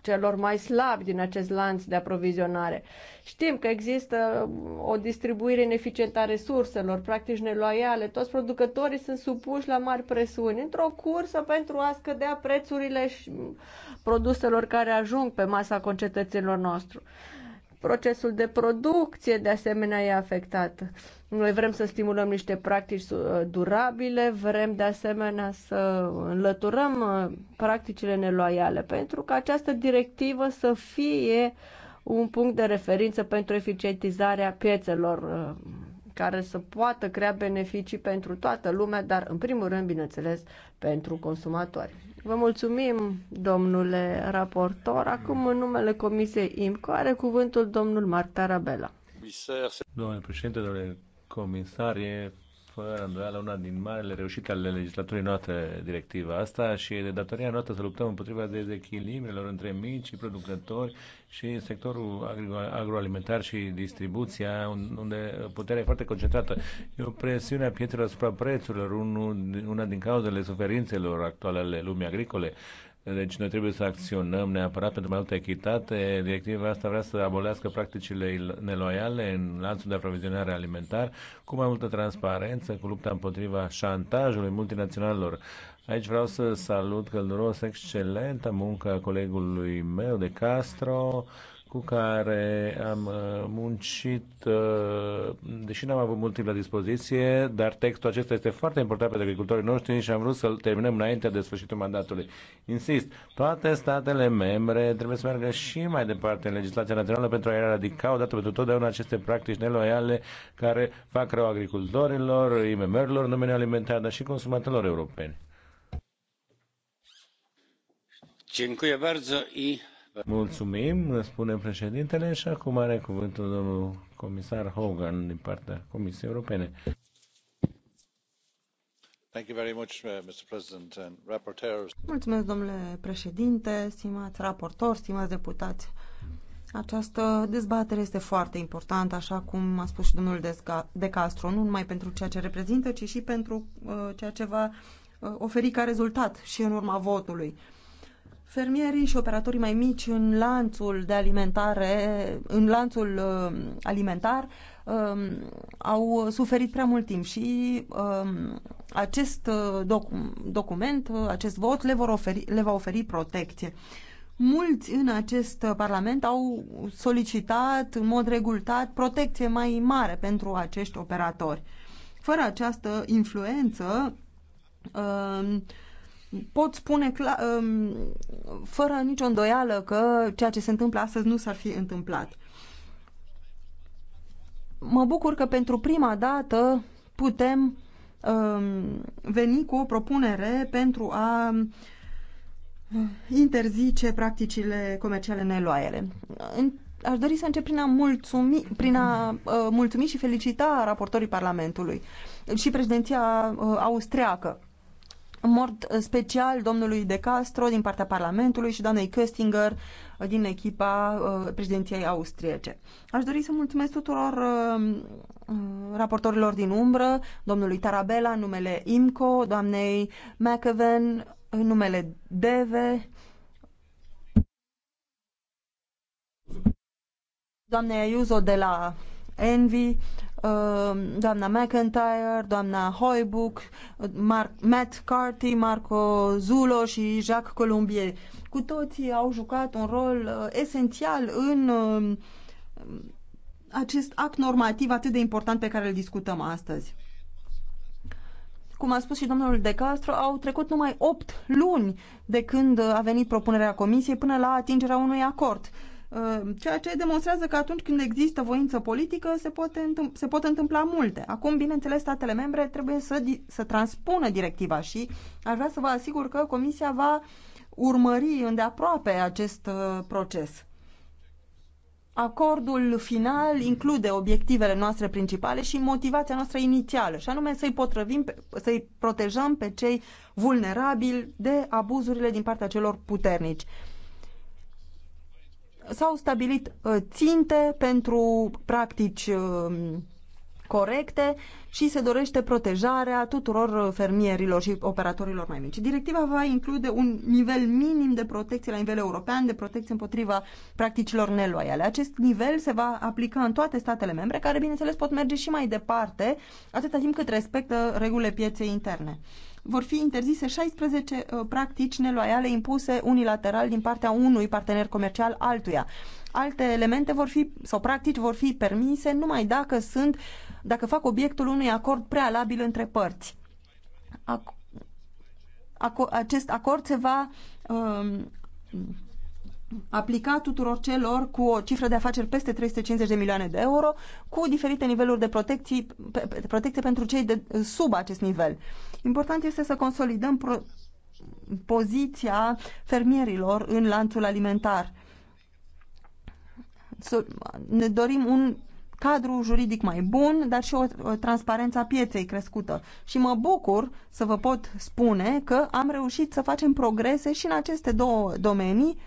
celor mai slabi din acest lanț de aprovizionare. Știm că există o distribuire ineficientă a resurselor, practici neloiale, toți producătorii sunt supuși la mari presiuni într-o cursă pentru a scădea prețurile și produselor care ajung pe masa concetățenilor nostru. Procesul de producție, de asemenea, e afectat. Noi vrem să stimulăm niște practici uh, durabile, vrem de asemenea să înlăturăm uh, practicile neloiale, pentru că această directivă să fie un punct de referință pentru eficientizarea piețelor uh, care să poată crea beneficii pentru toată lumea, dar în primul rând, bineînțeles, pentru consumatori. Vă mulțumim, domnule raportor. Acum, în numele Comisiei IMCO, are cuvântul domnul Marc Tarabella. Domnule președinte, domnule comisar, e fără îndoială una din marele reușite ale legislaturii noastre directiva asta și e de datoria noastră să luptăm împotriva dezechilibrelor între mici și producători și sectorul agro- agroalimentar și distribuția, unde puterea e foarte concentrată. E o presiune a pietrelor asupra prețurilor, unul, una din cauzele suferințelor actuale ale lumii agricole. Deci noi trebuie să acționăm neapărat pentru mai multă echitate. Directiva asta vrea să abolească practicile neloiale în lanțul de aprovizionare alimentar cu mai multă transparență, cu lupta împotriva șantajului multinaționalelor. Aici vreau să salut călduros excelenta munca colegului meu de Castro, cu care am uh, muncit, uh, deși n-am avut mult timp la dispoziție, dar textul acesta este foarte important pentru agricultorii noștri și am vrut să-l terminăm înainte de sfârșitul mandatului. Insist, toate statele membre trebuie să meargă și mai departe în legislația națională pentru a eradica odată pentru totdeauna aceste practici neloiale care fac rău agricultorilor, IMM-urilor, numele alimentar, dar și consumatorilor europeni. Dziękuję bardzo i Mulțumim, spune președintele și acum are cuvântul domnul comisar Hogan din partea Comisiei Europene. Uh, Mulțumesc, domnule președinte, stimați raportori, stimați deputați. Această dezbatere este foarte importantă, așa cum a spus și domnul De Castro, nu numai pentru ceea ce reprezintă, ci și pentru uh, ceea ce va uh, oferi ca rezultat și în urma votului. Uh, Fermierii și operatorii mai mici în lanțul de alimentare, în lanțul uh, alimentar, um, au suferit prea mult timp și um, acest uh, doc document, uh, acest vot, le, vor oferi, le va oferi protecție. Mulți în acest Parlament au solicitat în mod regulat protecție mai mare pentru acești operatori. Fără această influență, uh, pot spune clar, um, fără nicio îndoială că ceea ce se întâmplă astăzi nu s-ar fi întâmplat. Mă bucur că pentru prima dată putem um, veni cu o propunere pentru a um, interzice practicile comerciale neloiale. Aș dori să încep prin a mulțumi, prin a, uh, mulțumi și felicita raportorii Parlamentului și președinția uh, austriacă în mod special domnului De Castro din partea Parlamentului și doamnei Köstinger din echipa uh, președinției austriece. Aș dori să mulțumesc tuturor uh, uh, raportorilor din umbră, domnului Tarabella în numele IMCO, doamnei McEwen în numele DEVE, doamnei Ayuso de la Envi, Uh, doamna McIntyre, doamna Hoybuck, Mark, Matt Carty, Marco Zulo și Jacques Colombier. Cu toții au jucat un rol uh, esențial în uh, acest act normativ atât de important pe care îl discutăm astăzi. Cum a spus și domnul De Castro, au trecut numai 8 luni de când a venit propunerea Comisiei până la atingerea unui acord Uh, ceea ce demonstrează că atunci când există voință politică se, poate se pot întâmpla multe. Acum, bineînțeles, statele membre trebuie să, să transpună directiva și aș vrea să vă asigur că Comisia va urmări îndeaproape acest uh, proces. Acordul final include obiectivele noastre principale și motivația noastră inițială, și anume să-i, potrăvim, să-i protejăm pe cei vulnerabili de abuzurile din partea celor puternici s-au stabilit uh, ținte pentru practici uh, corecte și se dorește protejarea tuturor uh, fermierilor și operatorilor mai mici. Directiva va include un nivel minim de protecție la nivel european, de protecție împotriva practicilor neloiale. Acest nivel se va aplica în toate statele membre, care, bineînțeles, pot merge și mai departe, atâta timp cât respectă regulile pieței interne vor fi interzise 16 uh, practici neloiale impuse unilateral din partea unui partener comercial altuia. Alte elemente vor fi, sau practici vor fi permise numai dacă sunt, dacă fac obiectul unui acord prealabil între părți. Ac- acest acord se va um, aplica tuturor celor cu o cifră de afaceri peste 350 de milioane de euro, cu diferite niveluri de protecție, protecție pentru cei de, sub acest nivel. Important este să consolidăm pro, poziția fermierilor în lanțul alimentar. ne dorim un cadru juridic mai bun, dar și o transparență a pieței crescută. Și mă bucur să vă pot spune că am reușit să facem progrese și în aceste două domenii,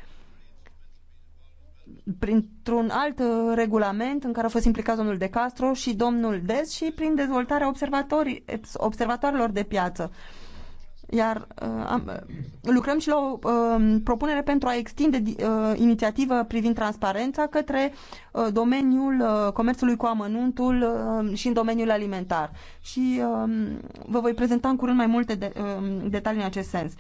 printr-un alt uh, regulament în care au fost implicați domnul De Castro și domnul Des și prin dezvoltarea observatorilor de piață. Iar uh, am, lucrăm și la o uh, propunere pentru a extinde uh, inițiativă privind transparența către uh, domeniul uh, comerțului cu amănuntul uh, și în domeniul alimentar. Și uh, vă voi prezenta în curând mai multe de, uh, detalii în acest sens.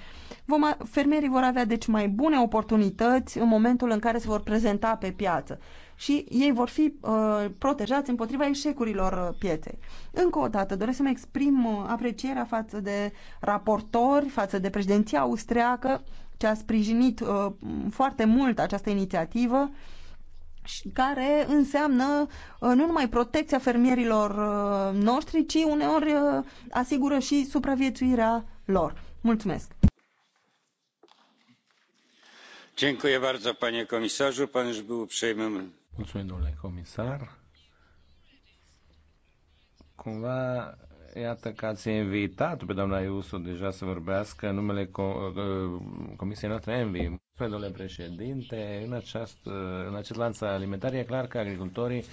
Vom, fermierii vor avea deci mai bune oportunități în momentul în care se vor prezenta pe piață. Uh, și ei vor fi uh, protejați împotriva eșecurilor uh, pieței. Încă o dată doresc să-mi exprim uh, aprecierea față de raportori, față de președinția austriacă, ce a sprijinit uh, foarte mult această inițiativă și care înseamnă uh, nu numai protecția fermierilor noștri, ci uneori asigură și supraviețuirea lor. Mulțumesc! Dziękuję bardzo, panie komisarzu. Pan już był uprzejmym Mulțumim, domnule comisar. Cumva, iată că ați invitat pe doamna Iusu deja să vorbească în numele uh, Comisiei noastre ENVI. Domnule președinte, în, aceast, uh, în acest lanț alimentar e clar că agricultorii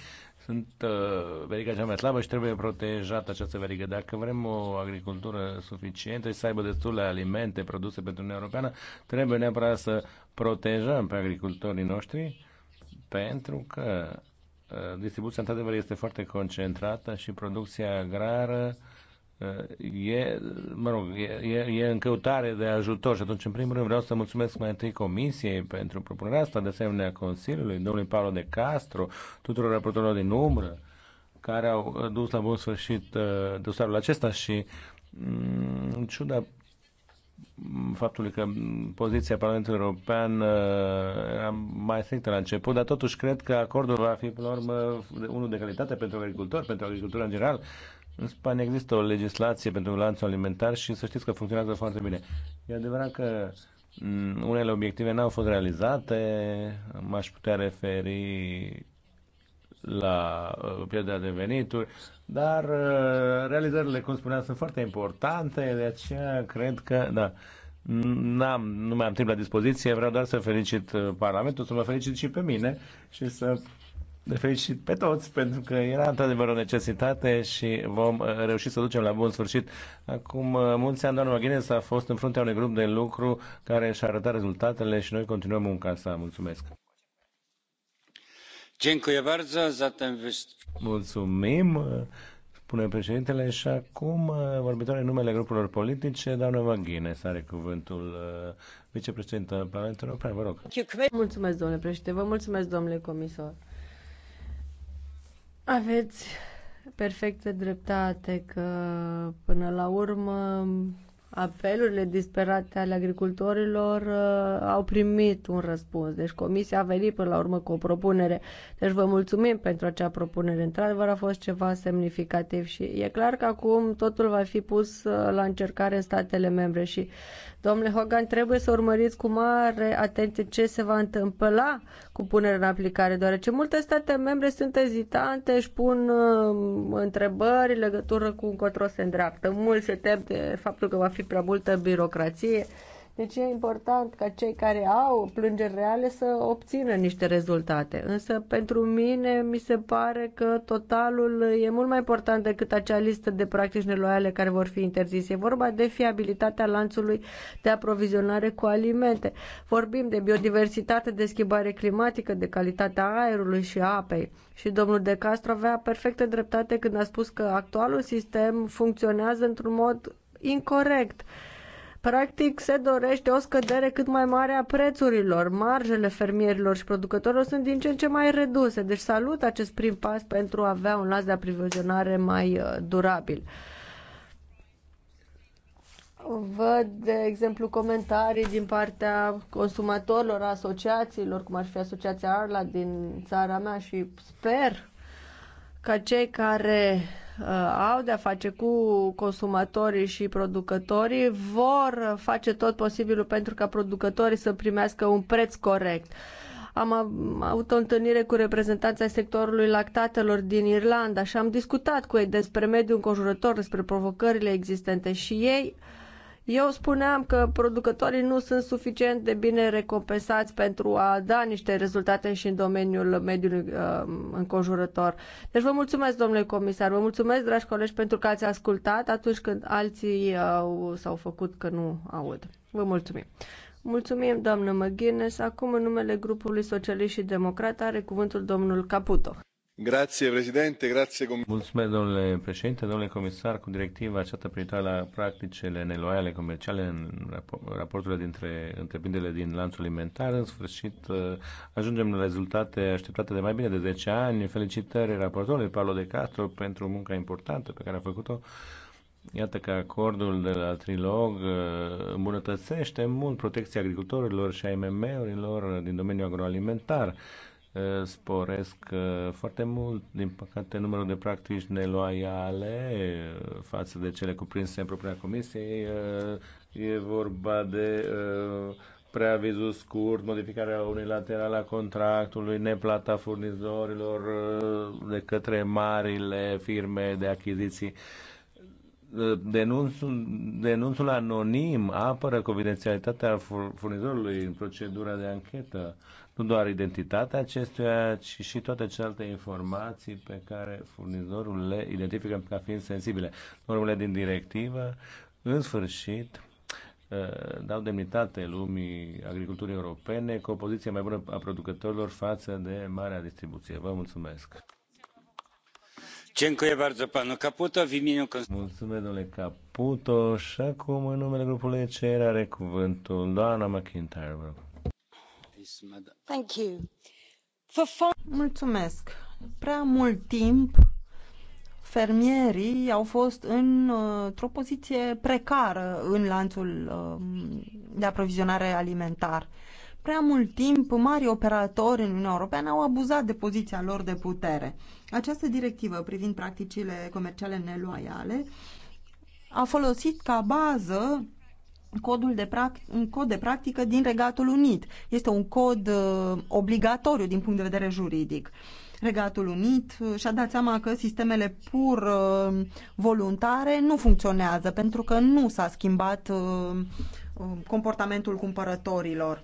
sunt uh, veriga cea mai slabă și trebuie protejată această verigă. Dacă vrem o agricultură suficientă și să aibă destule alimente produse pentru Uniunea Europeană, trebuie neapărat să protejăm pe agricultorii noștri pentru că uh, distribuția într-adevăr este foarte concentrată și producția agrară uh, e, mă rog, e, e în căutare de ajutor și atunci, în primul rând, vreau să mulțumesc mai întâi Comisiei pentru propunerea asta, de asemenea Consiliului, domnului Paolo de Castro, tuturor raportorilor din umbră, care au dus la bun sfârșit uh, dosarul acesta și mm, în ciuda faptului că poziția Parlamentului European uh, era mai strictă la început, dar totuși cred că acordul va fi, până la urmă, unul de calitate pentru agricultori, pentru agricultura în general. În Spania există o legislație pentru lanțul alimentar și să știți că funcționează foarte bine. E adevărat că mm, unele obiective n-au fost realizate, m-aș putea referi la uh, pierderea de venituri, dar uh, realizările, cum spuneam, sunt foarte importante, de aceea cred că, da, N-am, nu mai am timp la dispoziție, vreau doar să felicit uh, Parlamentul, să mă felicit și pe mine și să de felicit pe toți, pentru că era într-adevăr o necesitate și vom reuși să ducem la bun sfârșit. Acum mulți ani, doamna Maghinez a fost în fruntea unui grup de lucru care și-a arătat rezultatele și noi continuăm munca asta. Mulțumesc! Mulțumim, spune președintele, și acum uh, vorbitoare în numele grupurilor politice, doamna Vanghines are cuvântul uh, vicepreședintă al Parlamentului European, vă rog. Mulțumesc, domnule președinte, vă mulțumesc, domnule comisar. Aveți perfectă dreptate că până la urmă apelurile disperate ale agricultorilor uh, au primit un răspuns. Deci comisia a venit până la urmă cu o propunere. Deci vă mulțumim pentru acea propunere. Într-adevăr a fost ceva semnificativ și e clar că acum totul va fi pus uh, la încercare în statele membre și Domnule Hogan, trebuie să urmăriți cu mare atenție ce se va întâmpla cu punerea în aplicare, deoarece multe state membre sunt ezitante, își pun uh, întrebări în legătură cu încotro se îndreaptă. Mulți se tem de faptul că va fi prea multă birocrație deci e important ca cei care au plângeri reale să obțină niște rezultate. Însă pentru mine mi se pare că totalul e mult mai important decât acea listă de practici neloiale care vor fi interzise. E vorba de fiabilitatea lanțului de aprovizionare cu alimente. Vorbim de biodiversitate, de schimbare climatică, de calitatea aerului și apei. Și domnul De Castro avea perfectă dreptate când a spus că actualul sistem funcționează într-un mod incorrect. Practic se dorește o scădere cât mai mare a prețurilor. Marjele fermierilor și producătorilor sunt din ce în ce mai reduse. Deci salut acest prim pas pentru a avea un lanț de aprovizionare mai uh, durabil. Văd, de exemplu, comentarii din partea consumatorilor, asociațiilor, cum ar fi Asociația Arla din țara mea și sper ca cei care Uh, au de-a face cu consumatorii și producătorii vor face tot posibilul pentru ca producătorii să primească un preț corect. Am avut o întâlnire cu reprezentanța sectorului lactatelor din Irlanda și am discutat cu ei despre mediul înconjurător, despre provocările existente și ei uh, eu spuneam că producătorii nu sunt suficient de bine recompensați pentru a da niște rezultate și în domeniul mediului uh, înconjurător. Deci vă mulțumesc, domnule comisar, vă mulțumesc, dragi colegi, pentru că ați ascultat atunci când alții uh, s-au făcut că nu aud. Vă mulțumim. Mulțumim, doamnă McGuinness. Acum, în numele grupului Socialist și Democrat, are cuvântul domnul Caputo. Mulțumesc, domnule președinte, domnule comisar, cu directiva aceasta privitoare la practicile neloiale comerciale în raporturile dintre întreprinderile din lanțul alimentar. În sfârșit, uh, ajungem la rezultate așteptate de mai bine de 10 ani. Felicitări raportorului Paolo De Castro pentru munca importantă pe care a făcut-o. Iată că acordul de la Trilog uh, îmbunătățește mult protecția agricultorilor și a IMM-urilor din domeniul agroalimentar Eh, sporesc eh, foarte mult, din păcate, numărul de practici neloiale eh, față de cele cuprinse în propria comisie. E vorba de preavizul scurt, modificarea unilaterală a contractului, neplata furnizorilor de către marile firme de achiziții. Denunțul, denunțul anonim apără confidențialitatea furnizorului în procedura de anchetă. Uh, nu doar identitatea acestuia, ci și toate celelalte informații pe care furnizorul le identifică ca fiind sensibile. Normele din directivă, în sfârșit, uh, dau demnitate lumii agriculturii europene cu o poziție mai bună a producătorilor față de marea distribuție. Vă mulțumesc! Mulțumesc, domnule Caputo. Și acum, în numele grupului ECR, are cuvântul doamna McIntyre. Mulțumesc. Prea mult timp fermierii au fost în, într-o poziție precară în lanțul um, de aprovizionare alimentar. Prea mult timp, mari operatori în Uniunea Europeană au abuzat de poziția lor de putere. Această directivă privind practicile comerciale neloiale a folosit ca bază codul de un cod de practică din Regatul Unit. Este un cod uh, obligatoriu din punct de vedere juridic. Regatul Unit uh, și-a dat seama că sistemele pur uh, voluntare nu funcționează pentru că nu s-a schimbat uh, uh comportamentul cumpărătorilor.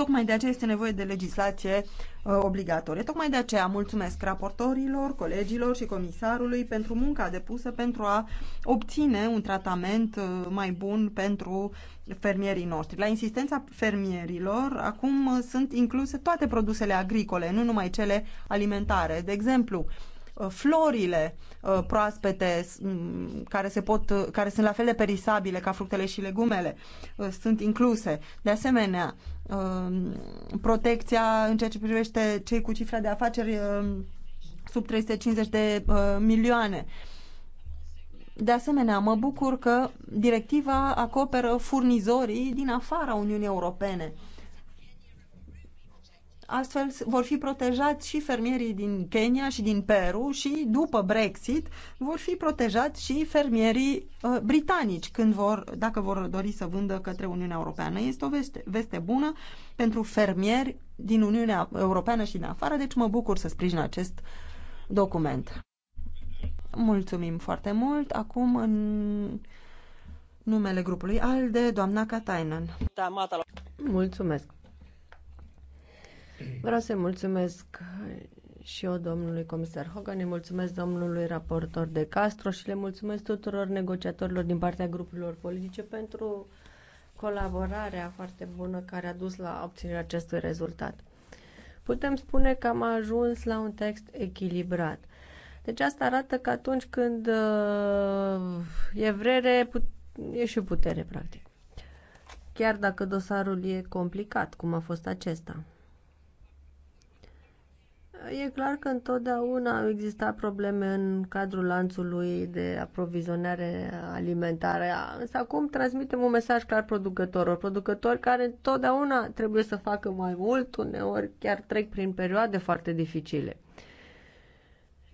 Tocmai de aceea este nevoie de legislație uh, obligatorie. Tocmai de aceea mulțumesc raportorilor, colegilor și comisarului pentru munca depusă pentru a obține un tratament uh, mai bun pentru fermierii noștri. La insistența fermierilor, acum uh, sunt incluse toate produsele agricole, nu numai cele alimentare. De exemplu, uh, florile uh, proaspete mm, care, se pot, uh, care sunt la fel de perisabile ca fructele și legumele sunt incluse. De asemenea, Um, protecția în ceea ce privește cei cu cifra de afaceri um, sub 350 de uh, milioane. De asemenea, mă bucur că directiva acoperă furnizorii din afara Uniunii Europene. Astfel vor fi protejați și fermierii din Kenya și din Peru și după Brexit vor fi protejați și fermierii uh, britanici când vor, dacă vor dori să vândă către Uniunea Europeană. Este o veste, veste bună pentru fermieri din Uniunea Europeană și din afară, deci mă bucur să sprijin acest document. Mulțumim foarte mult. Acum în numele grupului ALDE, doamna Katainen. Mulțumesc. Vreau să-i mulțumesc și eu domnului comisar Hogan, îi mulțumesc domnului raportor de Castro și le mulțumesc tuturor negociatorilor din partea grupurilor politice pentru colaborarea foarte bună care a dus la obținerea acestui rezultat. Putem spune că am ajuns la un text echilibrat. Deci asta arată că atunci când uh, e vrere, e și putere, practic. Chiar dacă dosarul e complicat, cum a fost acesta. E clar că întotdeauna au existat probleme în cadrul lanțului de aprovizionare alimentară, însă acum transmitem un mesaj clar producătorilor, producători care întotdeauna trebuie să facă mai mult, uneori chiar trec prin perioade foarte dificile.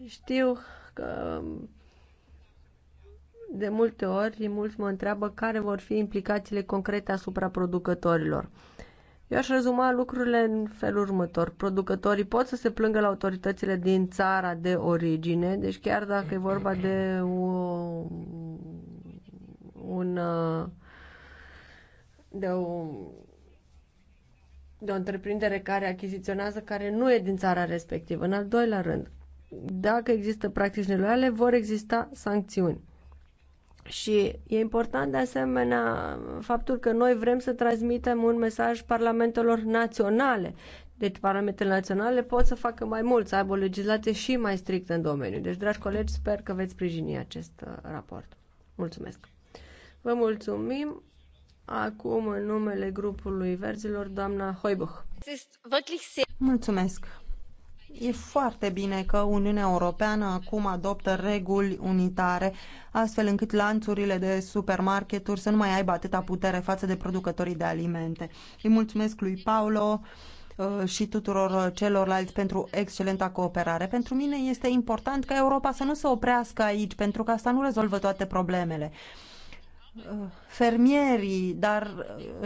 Știu că de multe ori mulți mă întreabă care vor fi implicațiile concrete asupra producătorilor. Uh, eu aș rezuma lucrurile în felul următor. Producătorii pot să se plângă la autoritățile din țara de origine, deci chiar dacă e vorba de o, un de o de o întreprindere care achiziționează, care nu e din țara respectivă. În al doilea rând, dacă există practici neloiale, vor exista sancțiuni. Și e important de asemenea faptul că noi vrem să transmitem un mesaj parlamentelor naționale. Deci parlamentele naționale pot să facă mai mult, să aibă o legislație și mai strictă în domeniu. Deci, dragi colegi, sper că veți sprijini acest uh, raport. Mulțumesc! Vă mulțumim! Acum, în numele grupului verzilor, doamna Hoibuch. Mulțumesc! E foarte bine că Uniunea Europeană acum adoptă reguli unitare, astfel încât lanțurile de supermarketuri să nu mai aibă atâta putere față de producătorii de alimente. Îi mulțumesc lui Paulo uh, și tuturor celorlalți pentru excelenta cooperare. Pentru mine este important ca Europa să nu se oprească aici, pentru că asta nu rezolvă toate problemele fermierii, dar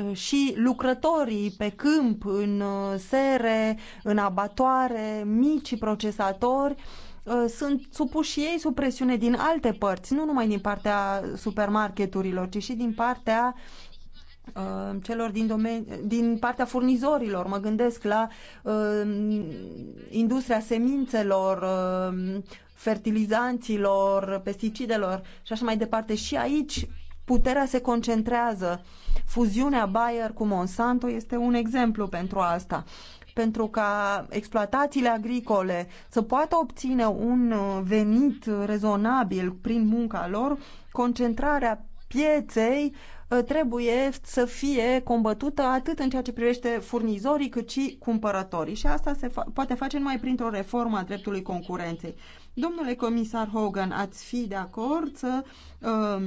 uh, și lucrătorii pe câmp, în uh, sere, în abatoare, mici procesatori, uh, sunt supuși și ei sub presiune din alte părți, nu numai din partea supermarketurilor, ci și din partea celor din, domeni- din partea furnizorilor. Mă gândesc la uh, industria semințelor, uh, fertilizanților, pesticidelor și așa mai departe. Și aici puterea se concentrează. Fuziunea Bayer cu Monsanto este un exemplu pentru asta. Pentru ca exploatațiile agricole să poată obține un uh, venit rezonabil prin munca lor, concentrarea pieței uh, trebuie să fie combătută atât în ceea ce privește furnizorii cât și cumpărătorii. Și asta se fa- poate face numai printr-o reformă a dreptului concurenței. Domnule comisar Hogan, ați fi de acord să Uh,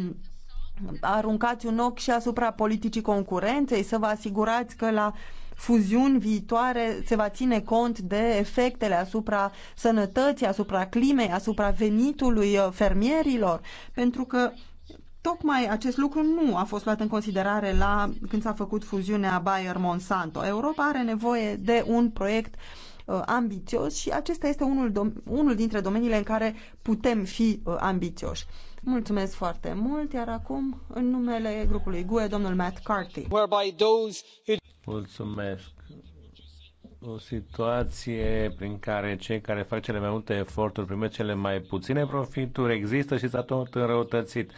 aruncați un ochi și asupra politicii concurenței, să vă asigurați că la fuziuni viitoare se va ține cont de efectele asupra sănătății, asupra climei, asupra venitului uh, fermierilor, pentru că tocmai acest lucru nu a fost luat în considerare la când s-a făcut fuziunea Bayer-Monsanto. Europa are nevoie de un proiect uh, ambițios și acesta este unul, unul dintre domeniile în care putem fi uh, ambițioși. Mulțumesc foarte mult, iar acum, în numele grupului GUE, domnul Matt Carty. Mulțumesc. O situație prin care cei care fac cele mai multe eforturi primesc cele mai puține profituri există și s-a tot înrăutățit.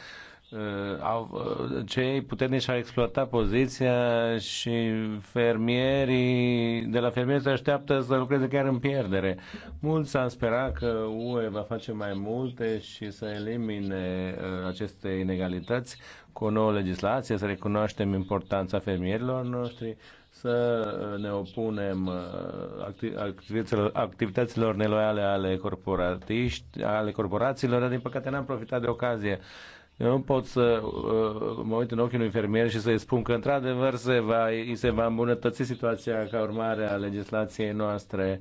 Uh, au, uh, cei puternici au exploatat poziția și fermierii, de la fermieri se așteaptă să lucreze chiar în pierdere. Mulți s-au sperat că UE va face mai multe și să elimine uh, aceste inegalități cu o nouă legislație, să recunoaștem importanța fermierilor noștri, să ne opunem activităților neloiale ale, corporatiști, ale corporațiilor, dar din păcate n-am profitat de ocazie eu nu pot să uh, mă uit în ochii unui fermier și să-i spun că într-adevăr se va, se va îmbunătăți situația ca urmare a legislației noastre.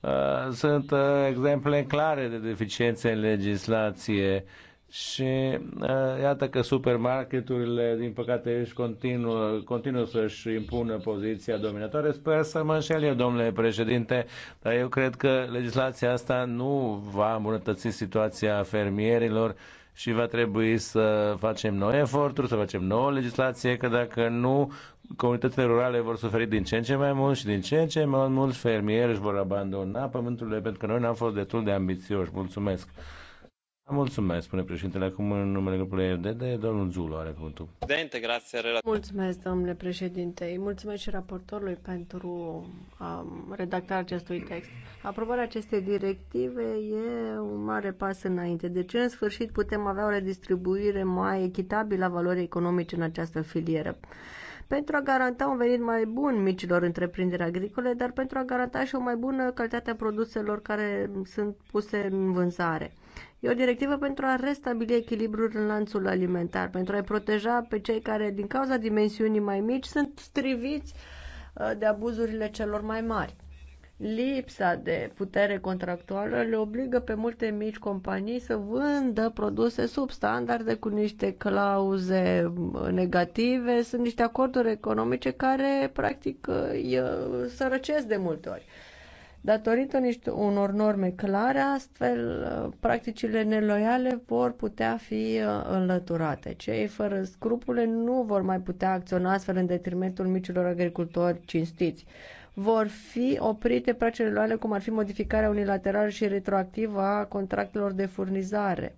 Uh, sunt uh, exemple clare de deficiențe în legislație și uh, iată că supermarketurile, din păcate, își continuă, continuă să-și impună poziția dominatoare. Sper să mă înșel eu, domnule președinte, dar eu cred că legislația asta nu va îmbunătăți situația fermierilor și va trebui să facem noi eforturi, să facem nouă legislație, că dacă nu, comunitățile rurale vor suferi din ce în ce mai mult și din ce în ce mai mulți fermieri își vor abandona pământurile pentru că noi n-am fost destul de ambițioși. Mulțumesc! Mulțumesc, spune președintele. Acum, în numele grupului FDD, domnul Zulu are cuvântul. Mulțumesc, domnule președinte. Mulțumesc și raportorului pentru um, redactarea acestui text. Aprobarea acestei directive e un mare pas înainte. Deci, în sfârșit, putem avea o redistribuire mai echitabilă a valorii economice în această filieră pentru a garanta un venit mai bun micilor întreprinderi agricole, dar pentru a garanta și o mai bună calitate a produselor care sunt puse în vânzare. E o directivă pentru a restabili echilibrul în lanțul alimentar, pentru a-i proteja pe cei care, din cauza dimensiunii mai mici, sunt striviți uh, de abuzurile celor mai mari. Lipsa de putere contractuală le obligă pe multe mici companii să vândă produse sub standarde cu niște clauze uh, negative. Sunt niște acorduri economice care, practic, îi uh, sărăcesc de multe ori. Datorită niște, unor norme clare, astfel uh, practicile neloiale vor putea fi uh, înlăturate. Cei fără scrupule nu vor mai putea acționa astfel în detrimentul micilor agricultori cinstiți. Vor fi oprite practicile neloiale, cum ar fi modificarea unilaterală și retroactivă a contractelor de furnizare,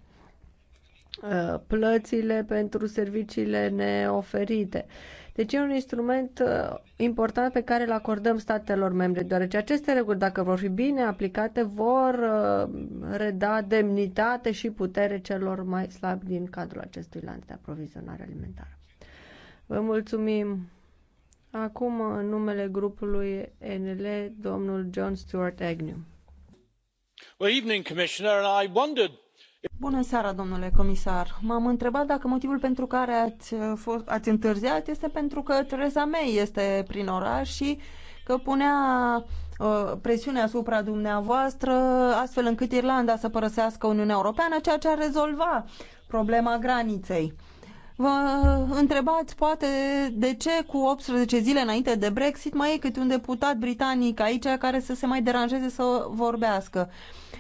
uh, plățile pentru serviciile neoferite deci e un instrument uh, important pe care îl acordăm statelor membre, deoarece aceste reguli, dacă vor fi bine aplicate, vor uh, reda demnitate și putere celor mai slabi din cadrul acestui lanț de aprovizionare alimentară. Vă mulțumim! Acum, în numele grupului NL, domnul John Stuart Agnew. Well, evening, Commissioner, and I wondered Bună seara, domnule comisar. M-am întrebat dacă motivul pentru care ați, uh, fost, ați întârziat este pentru că Teresa May este prin oraș și că punea uh, presiune asupra dumneavoastră astfel încât Irlanda să părăsească Uniunea Europeană, ceea ce ar rezolva problema graniței. Vă întrebați poate de ce cu 18 zile înainte de Brexit mai e câte un deputat britanic aici care să se mai deranjeze să vorbească.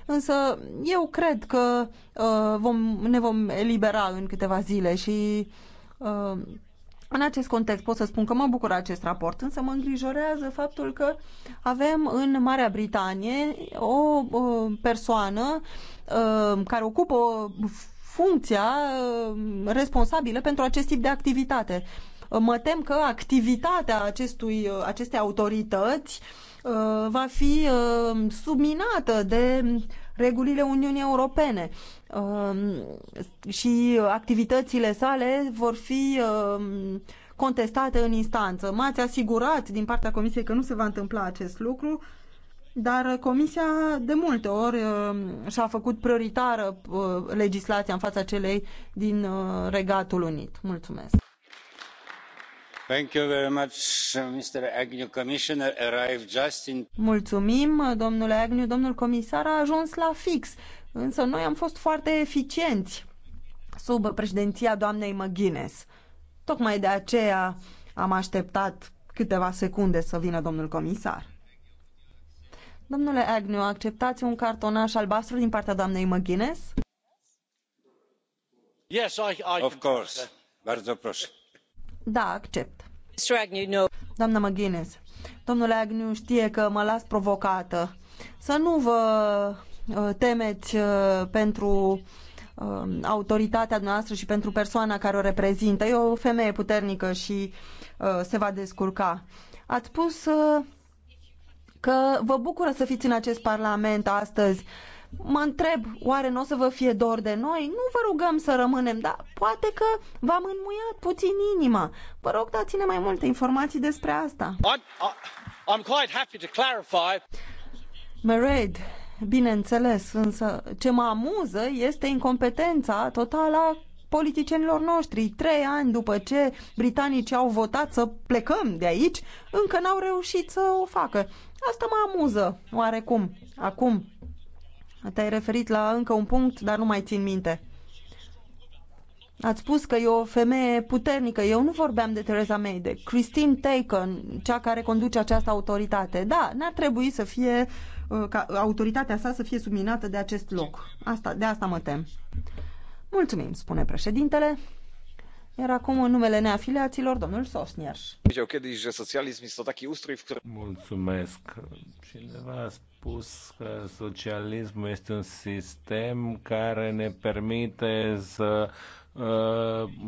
Însă eu cred că uh, vom, ne vom elibera în câteva zile și uh, în acest context pot să spun că mă bucur acest raport, însă mă îngrijorează faptul că avem în Marea Britanie o uh, persoană uh, care ocupă funcția uh, responsabilă pentru acest tip de activitate. Uh, mă tem că activitatea acestui, uh, acestei autorități va fi subminată de regulile Uniunii Europene și activitățile sale vor fi contestate în instanță. M-ați asigurat din partea Comisiei că nu se va întâmpla acest lucru dar uh, Comisia de multe ori uh, și-a făcut prioritară uh, legislația în fața celei din Regatul Unit. Mulțumesc. Thank you very much, Mr. Agnew. Commissioner arrived just in... Mulțumim, domnule Agnew. Domnul comisar a ajuns la fix, însă noi am fost foarte eficienți sub președinția doamnei McGuinness. Tocmai de aceea am așteptat câteva secunde să vină domnul comisar. Domnule Agnew, acceptați un cartonaș albastru din partea doamnei McGuinness? Yes, I, I of course. Bardzo proszę. Da, accept. Mr. Agnew, no. Doamna McGuinness, domnule Agnew știe că mă las provocată. Să nu vă uh, temeți uh, pentru uh, autoritatea noastră și pentru persoana care o reprezintă. E o femeie puternică și se va descurca. Ați spus că vă bucură să fiți în acest Parlament astăzi. Mă întreb, oare nu o să vă fie dor de noi? Nu vă rugăm să rămânem, dar poate că v-am înmuiat puțin inima. Vă rog, dați-ne mai multe informații despre asta. I'm, I'm quite happy to clarify. Mered, bineînțeles, însă ce mă amuză este incompetența totală a politicienilor noștri. Trei ani după ce britanicii au votat să plecăm de aici, încă n-au reușit să o facă. Asta mă amuză, oarecum. Acum, te-ai referit la încă un punct, dar nu mai țin minte. Ați spus că e o femeie puternică. Eu nu vorbeam de Theresa May, de Christine Taken, cea care conduce această autoritate. Da, n-ar trebui să fie uh, ca autoritatea sa să fie subminată de acest loc. Asta, de asta mă tem. Mulțumim, spune președintele. Iar acum, în numele neafiliaților, domnul Sosnierș. Mulțumesc. Cineva a spus că socialismul este un sistem care ne permite să uh,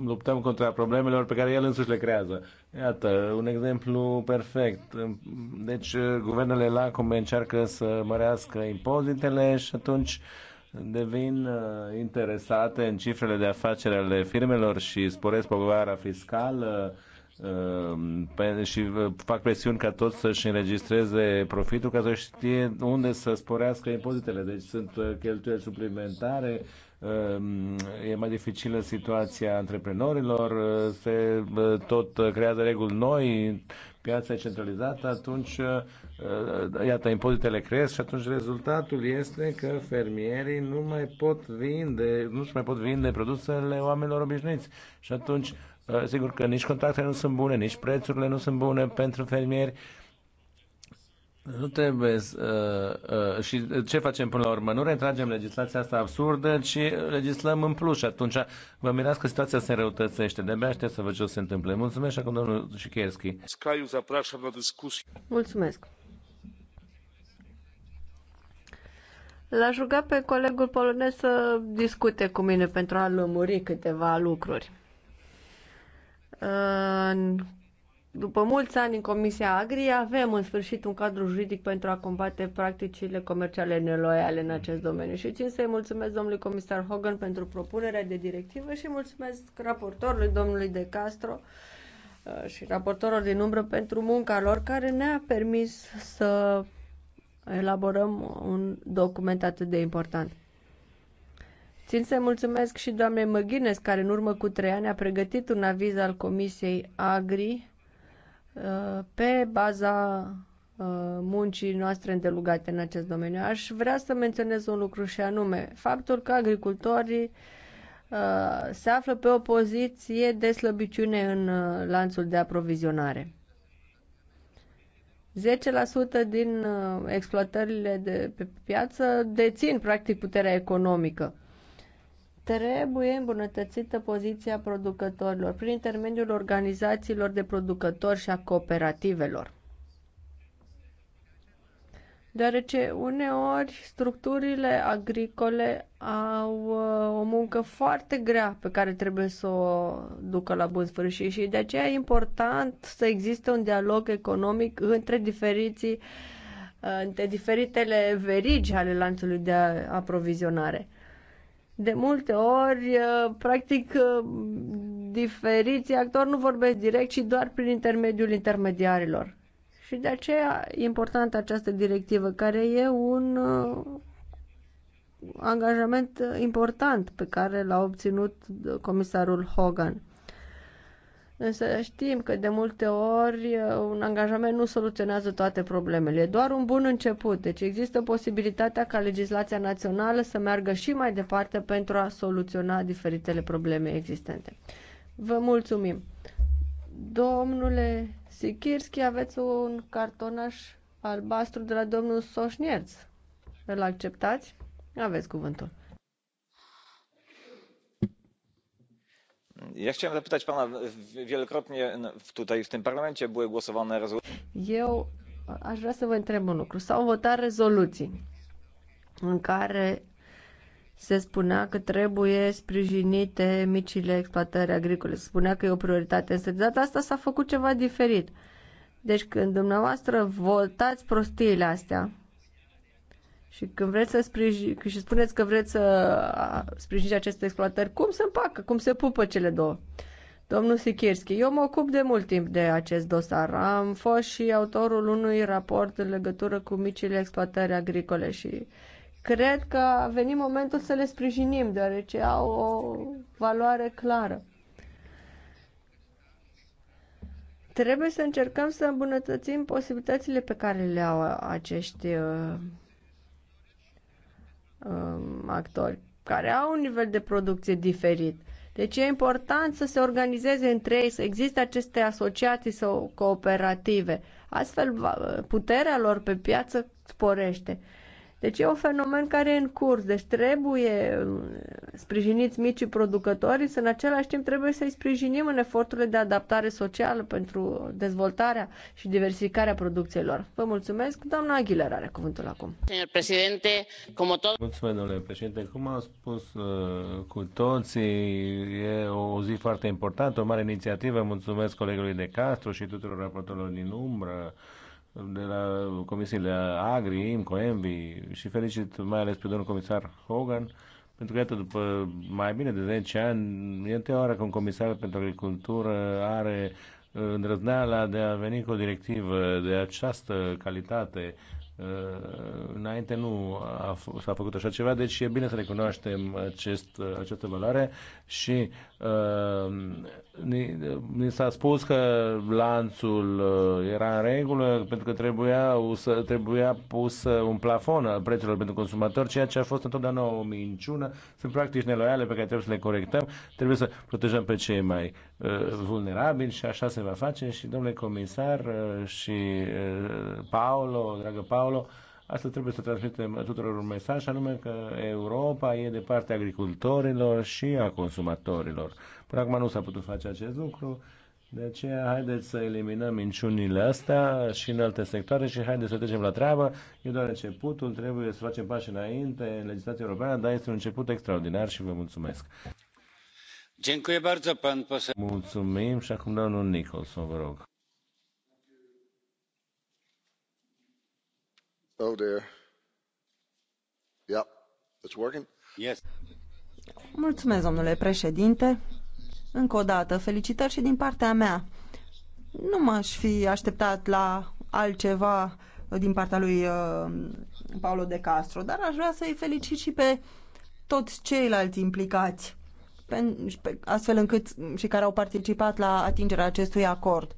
luptăm contra problemelor pe care el însuși le creează. Iată, un exemplu perfect. Deci, guvernele lacome încearcă să mărească impozitele și atunci uh, devin uh, interesate în cifrele de afaceri ale firmelor și sporesc povara fiscală uh, și uh, fac presiuni ca toți să-și înregistreze profitul ca să știe unde să sporească impozitele. Deci sunt cheltuieli suplimentare, e mai dificilă situația antreprenorilor, se tot creează reguli noi piața e centralizată, atunci, uh, uh, iată, impozitele cresc și atunci rezultatul este că fermierii nu mai pot vinde, nu mai pot vinde produsele oamenilor obișnuiți. Și atunci, uh, sigur că nici contactele nu sunt bune, nici prețurile nu sunt bune pentru fermieri nu trebuie să, uh, uh, și ce facem până la urmă? Nu retragem legislația asta absurdă, ci legislăm în plus și atunci vă mirați că situația se răutățește. De-abia aștept să văd ce o se întâmple. Mulțumesc și acum domnul Șichierski. Mulțumesc. L-aș ruga pe colegul polonez să discute cu mine pentru a lămuri câteva lucruri. Uh, după mulți ani în Comisia Agri, avem în sfârșit un cadru juridic pentru a combate practicile comerciale neloiale în acest domeniu. Și țin să-i mulțumesc domnului comisar Hogan pentru propunerea de directivă și mulțumesc raportorului domnului De Castro uh, și raportorilor din umbră pentru munca lor care ne-a permis să elaborăm un document atât de important. Țin să mulțumesc și doamnei Măghines, care în urmă cu trei ani a pregătit un aviz al Comisiei Agri Uh, pe baza uh, muncii noastre îndelugate în acest domeniu. Aș vrea să menționez un lucru și anume faptul că agricultorii uh, se află pe o poziție de slăbiciune în lanțul de aprovizionare. 10% din exploatările de pe piață dețin practic puterea economică trebuie îmbunătățită poziția producătorilor prin intermediul organizațiilor de producători și a cooperativelor. Deoarece uneori structurile agricole au uh, o muncă foarte grea pe care trebuie să o ducă la bun sfârșit și de aceea e important să existe un dialog economic între diferiții uh, între diferitele verigi ale lanțului de aprovizionare. De multe ori, uh, practic, uh, diferiți actori nu vorbesc direct, ci doar prin intermediul intermediarilor. Și de aceea e importantă această directivă, care e un uh, angajament important pe care l-a obținut comisarul Hogan. Însă știm că de multe ori uh, un angajament nu soluționează toate problemele, e doar un bun început. Deci există posibilitatea ca legislația națională să meargă și mai departe pentru a soluționa diferitele probleme existente. Vă mulțumim. Domnule Sikirski, aveți un cartonaș albastru de la domnul Soșnierț. Îl acceptați? Aveți cuvântul. ja chciałem zapytać pana wielokrotnie tutaj w tym parlamencie były głosowane rezolucje. eu aș vrea să vă întreb un lucru s au votat rezoluții în care se spunea că trebuie sprijinite micile exploatări agricole. Se spunea că e o prioritate, însă de data asta s-a făcut ceva diferit. Deci când dumneavoastră votați prostiile astea, și când vreți să sprijin, și spuneți că vreți să sprijiniți aceste exploatări, cum se împacă, cum se pupă cele două? Domnul Sikirski, eu mă ocup de mult timp de acest dosar. Am fost și autorul unui raport în legătură cu micile exploatări agricole și cred că a venit momentul să le sprijinim, deoarece au o valoare clară. Trebuie să încercăm să îmbunătățim posibilitățile pe care le au acești uh, uh, actori care au un nivel de producție diferit. Deci e important să se organizeze între ei, să existe aceste asociații sau cooperative. Astfel, puterea lor pe piață sporește. Deci e un fenomen care e în curs, deci trebuie uh, sprijiniți micii producători, să în același timp trebuie să-i sprijinim în eforturile de adaptare socială pentru dezvoltarea și diversificarea producțiilor. Vă mulțumesc. Doamna Aguilera are cuvântul acum. Mulțumesc, domnule președinte. Cum am spus uh, cu toții, e o zi foarte importantă, o mare inițiativă. Mulțumesc colegului de Castro și tuturor raportorilor din umbră de la comisiile Agri, IMCO, ENVI și felicit mai ales pe domnul comisar Hogan, pentru că, iată, după mai bine de 10 ani, e oară că un comisar pentru agricultură are îndrăzneala de a veni cu o directivă de această calitate. Uh, înainte nu s-a făcut așa ceva, deci e bine să recunoaștem acest, această valoare și Ehm, ni, ni s-a spus că lanțul uh, era în regulă pentru că trebuia, usă, trebuia pus uh, un plafon al prețurilor pentru consumatori, ceea ce a fost întotdeauna o minciună. Sunt practici neloiale pe care trebuie să le corectăm, trebuie să protejăm pe cei mai uh, vulnerabili și așa se va face. Și domnule comisar uh, și uh, Paolo, dragă Paolo, uh, Asta trebuie să transmitem tuturor un mesaj, anume că Europa e de partea agricultorilor și a consumatorilor. Până acum nu s-a putut face acest lucru, de aceea haideți să eliminăm minciunile astea și în alte sectoare și haideți să trecem la treabă. E doar începutul, trebuie să facem pași înainte în legislația europeană, dar este un început extraordinar și vă mulțumesc. Mulțumim și acum domnul Nicholson, vă rog. Oh, Mulțumesc, domnule președinte. Încă o dată, felicitări și din partea mea. Nu m-aș fi așteptat la altceva din partea lui uh, Paulo de Castro, dar aș vrea să-i felicit și pe toți ceilalți implicați, pe, astfel încât și care au participat la atingerea acestui acord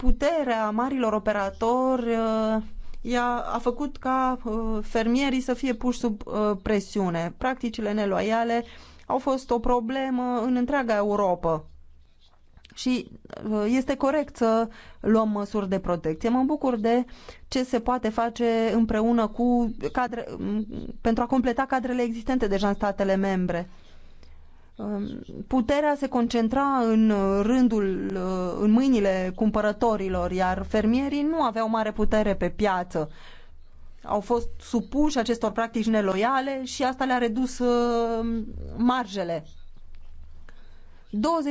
puterea marilor operatori uh, i-a, a făcut ca uh, fermierii să fie puși sub uh, presiune. Practicile neloiale au fost o problemă în întreaga Europa. Și este corect să luăm măsuri de protecție. Mă bucur de ce se poate face împreună cu cadre, pentru a completa cadrele existente deja în statele membre. Um, puterea se concentra în uh, rândul, uh, în mâinile cumpărătorilor, iar fermierii nu aveau mare putere pe piață. Au fost supuși acestor practici neloiale și asta le-a redus uh, marjele.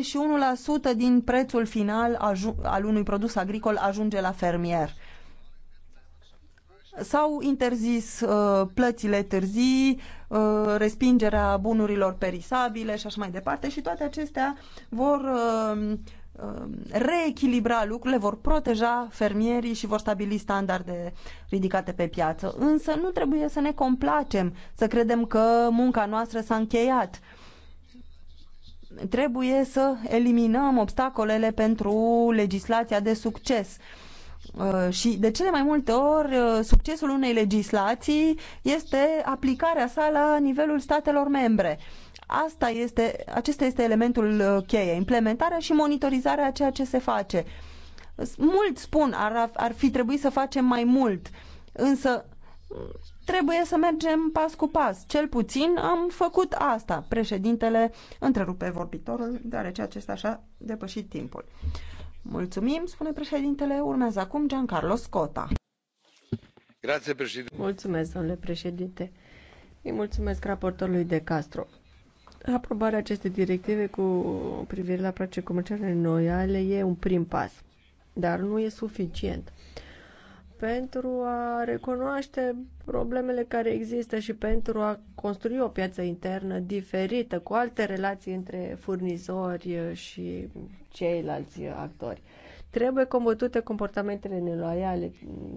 21% din prețul final al unui produs agricol ajunge la fermier. S-au interzis uh, plățile târzii, uh, respingerea bunurilor perisabile și așa mai departe și toate acestea vor uh, uh, reechilibra lucrurile, vor proteja fermierii și vor stabili standarde ridicate pe piață. Însă nu trebuie să ne complacem, să credem că munca noastră s-a încheiat. Trebuie să eliminăm obstacolele pentru legislația de succes Uh, și de cele mai multe ori uh, succesul unei legislații este aplicarea sa la nivelul statelor membre. Asta este, acesta este elementul uh, cheie, implementarea și monitorizarea a ceea ce se face. Mult spun ar, ar fi trebuit să facem mai mult, însă mm, trebuie să mergem pas cu pas. Cel puțin am făcut asta. Președintele întrerupe vorbitorul, deoarece acesta așa depășit timpul. Mulțumim, spune președintele. Urmează acum Giancarlo Scota. Grazie, președinte. Mulțumesc, domnule președinte. Îi mulțumesc raportorului de Castro. Aprobarea acestei directive cu privire la practice comerciale ale e un prim pas, dar nu e suficient. Uh, pentru a recunoaște problemele care există și pentru a construi o piață internă diferită, cu alte relații între furnizori și ceilalți actori. Trebuie combătute comportamentele neloiale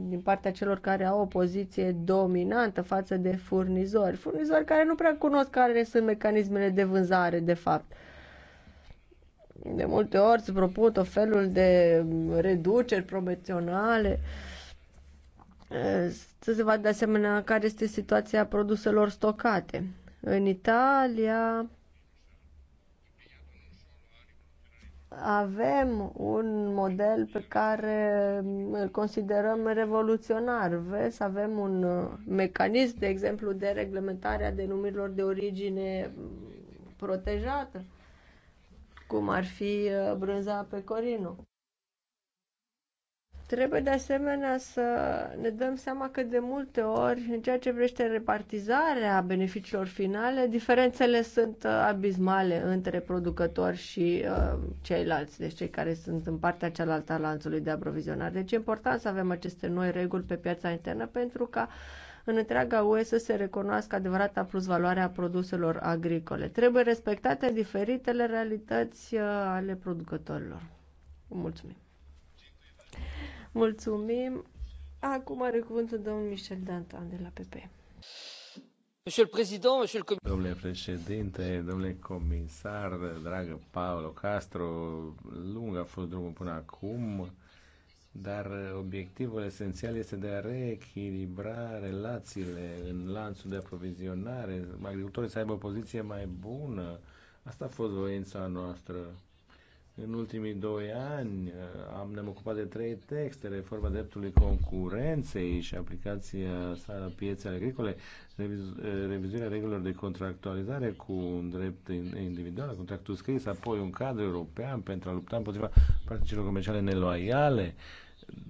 din partea celor care au o poziție dominantă față de furnizori, furnizori care nu prea cunosc care sunt mecanismele de vânzare, de fapt de multe ori se propun tot felul de reduceri promoționale să se vadă de asemenea care este situația produselor stocate. În Italia avem un model pe care îl considerăm revoluționar. Vezi, avem un mecanism, de exemplu, de reglementare a denumirilor de origine protejată, cum ar fi uh, brânza pecorino. Trebuie de asemenea să ne dăm seama că de multe ori, în ceea ce vrește repartizarea beneficiilor finale, diferențele sunt uh, abismale între producători și uh, ceilalți, deci cei care sunt în partea cealaltă a lanțului de aprovizionare. Deci e important să avem aceste noi reguli pe piața internă pentru ca în întreaga UE să se recunoască adevărata plusvaloare a produselor agricole. Trebuie respectate diferitele realități uh, ale producătorilor. Mulțumim! Mulțumim. Acum are cuvântul domnul Michel Dantan de la PP. Domnule președinte, domnule comisar, dragă Paolo Castro, lung a fost drumul până acum, dar obiectivul esențial este de a reechilibra relațiile în lanțul de aprovizionare, agricultorii să aibă o poziție mai bună. Asta a fost voința noastră în ultimii doi ani uh, am, ne-am ocupat de trei texte, reforma dreptului concurenței și aplicația sa piețele agricole, revizu, uh, revizuirea regulilor de contractualizare cu un drept individual, contractul scris, apoi un cadru european pentru a lupta împotriva practicilor comerciale neloiale.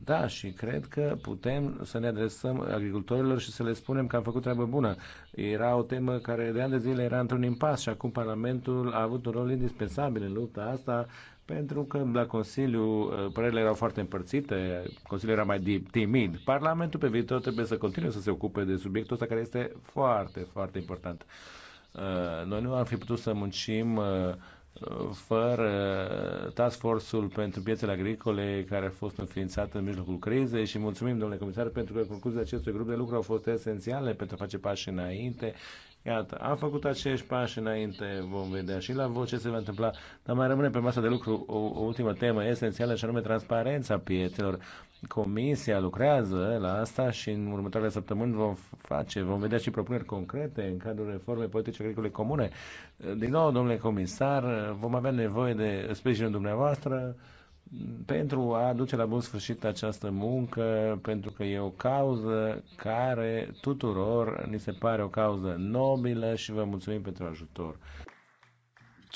Da, și cred că putem să ne adresăm agricultorilor și să le spunem că am făcut treabă bună. Era o temă care de ani de zile era într-un impas și acum Parlamentul a avut un rol indispensabil în lupta asta pentru că la Consiliu uh, părerile erau foarte împărțite, Consiliul era mai timid. Parlamentul pe viitor trebuie să continue să se ocupe de subiectul ăsta care este foarte, foarte important. Uh, noi nu am fi putut să muncim uh, fără task force-ul pentru piețele agricole care a fost înființat în mijlocul crizei și mulțumim, domnule comisar, pentru că concluziile acestui grup de lucru au fost esențiale pentru a face pași înainte Iată, am făcut acești pași înainte, vom vedea și la voi ce se va întâmpla, dar mai rămâne pe masă de lucru o, o ultimă temă esențială și anume transparența piețelor. Comisia lucrează la asta și în următoarele săptămâni vom face, vom vedea și propuneri concrete în cadrul reformei politice agricole comune. Din nou, domnule comisar, vom avea nevoie de sprijinul dumneavoastră pentru a duce la bun sfârșit această muncă, pentru că e o cauză care tuturor ni se pare o cauză nobilă și vă mulțumim pentru ajutor.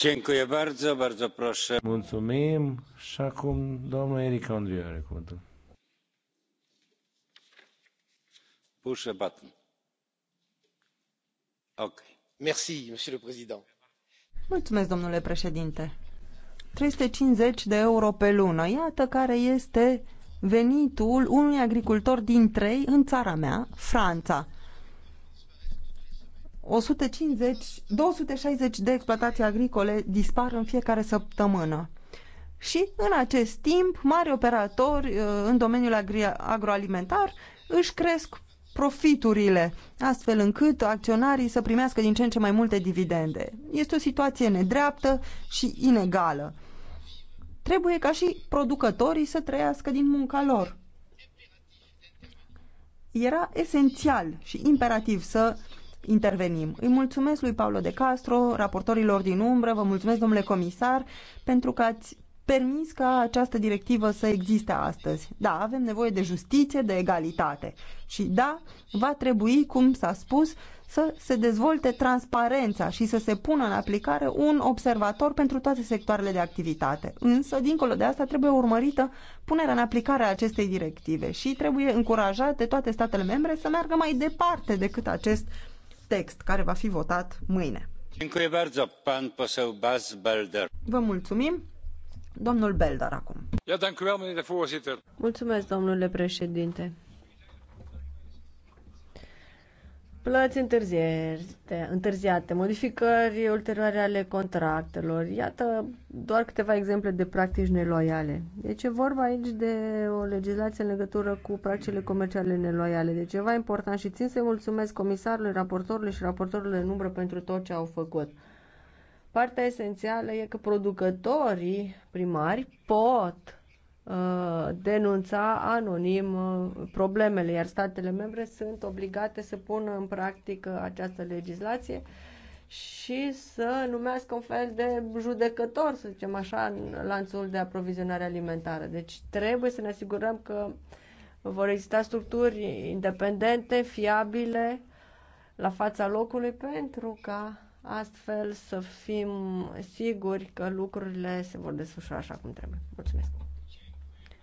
Dziękuję bardzo, bardzo proszę. Mulțumim și acum domnul Eric Andriu are cuvântul. Push a button. Ok. Merci, monsieur le président. Mulțumesc, domnule președinte 350 de euro pe lună. Iată care este venitul unui agricultor din trei în țara mea, Franța. 150, 260 de exploatații agricole dispar în fiecare săptămână. Și în acest timp, mari operatori uh, în domeniul agri- agroalimentar își cresc profiturile, astfel încât acționarii să primească din ce în ce mai multe dividende. Este o situație nedreaptă și inegală. Trebuie ca și producătorii să trăiască din munca lor. Era esențial și imperativ să intervenim. Îi mulțumesc lui Paulo de Castro, raportorilor din umbră, vă mulțumesc, domnule comisar, pentru că ați permis ca această directivă să existe astăzi. Da, avem nevoie de justiție, de egalitate. Și da, va trebui, cum s-a spus, să se dezvolte transparența și să se pună în aplicare un observator pentru toate sectoarele de activitate. Însă, dincolo de asta, trebuie urmărită punerea în aplicare a acestei directive și trebuie încurajate toate statele membre să meargă mai departe decât acest text care va fi votat mâine. Vă mulțumim. Domnul Beldar acum. Mulțumesc, domnule președinte. Plăți întârziate, întârziate, modificări ulterioare ale contractelor. Iată doar câteva exemple de practici neloiale. Deci e vorba aici de o legislație în legătură cu practicile comerciale neloiale. Deci ceva important și țin să-i mulțumesc comisarului, raportorului și raportorului în umbră pentru tot ce au făcut. Partea esențială e că producătorii primari pot uh, denunța anonim uh, problemele, iar statele membre sunt obligate să pună în practică această legislație și să numească un fel de judecător, să zicem așa, în lanțul de aprovizionare alimentară. Deci trebuie să ne asigurăm că vor exista structuri independente, fiabile, la fața locului pentru ca astfel să fim siguri că lucrurile se vor desfășura așa cum trebuie. Mulțumesc!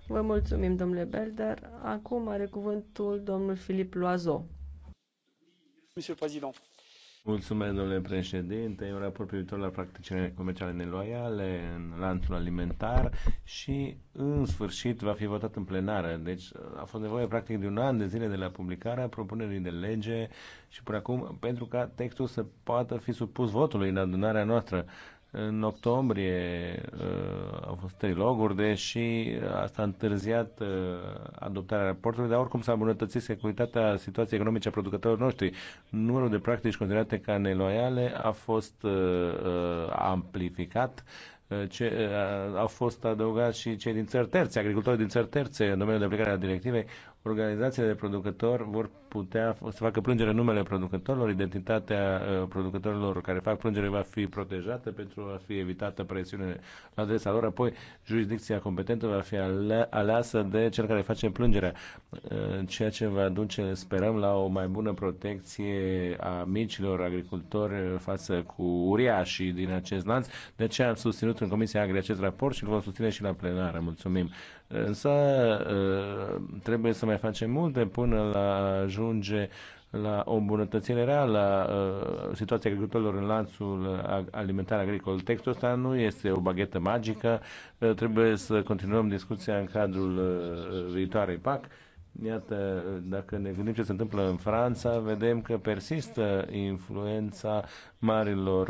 Vă mulțumim, domnule Belder. Acum are cuvântul domnul Filip Loazo. Monsieur le Président, Mulțumesc, domnule președinte. E un raport privitor la practicile comerciale neloiale în lanțul alimentar și, în sfârșit, va fi votat în plenară. Deci a fost nevoie, practic, de un an de zile de la publicarea propunerii de lege și, până acum, pentru ca textul să poată fi supus votului în adunarea noastră. În octombrie uh, au fost loguri, deși asta a întârziat uh, adoptarea raportului, dar oricum s-a îmbunătățit securitatea situației economice a producătorilor noștri. Numărul de practici considerate ca neloiale a fost uh, uh, amplificat uh, ce, a, uh, au fost adăugați și cei din țări terțe, agricultorii din țări terțe în domeniul de aplicare a directivei, organizațiile de producători vor putea să facă plângere în numele producătorilor, identitatea uh, producătorilor care fac plângere va fi protejată pentru a fi evitată presiune la adresa lor, apoi jurisdicția competentă va fi aleasă de cel care face plângerea, uh, ceea ce va duce, sperăm, la o mai bună protecție a micilor agricultori față cu uriașii din acest lanț. De ce am susținut în Comisia Agri acest raport și îl vom susține și la plenară. Mulțumim! Însă ă, trebuie să mai facem multe până la ajunge la o îmbunătățire reală a ă, situației agricultorilor în lanțul alimentar agricol. Textul ăsta nu este o baghetă magică, ă, trebuie să continuăm discuția în cadrul viitoarei PAC. Iată, dacă ne gândim ce se întâmplă în Franța, vedem că persistă influența marilor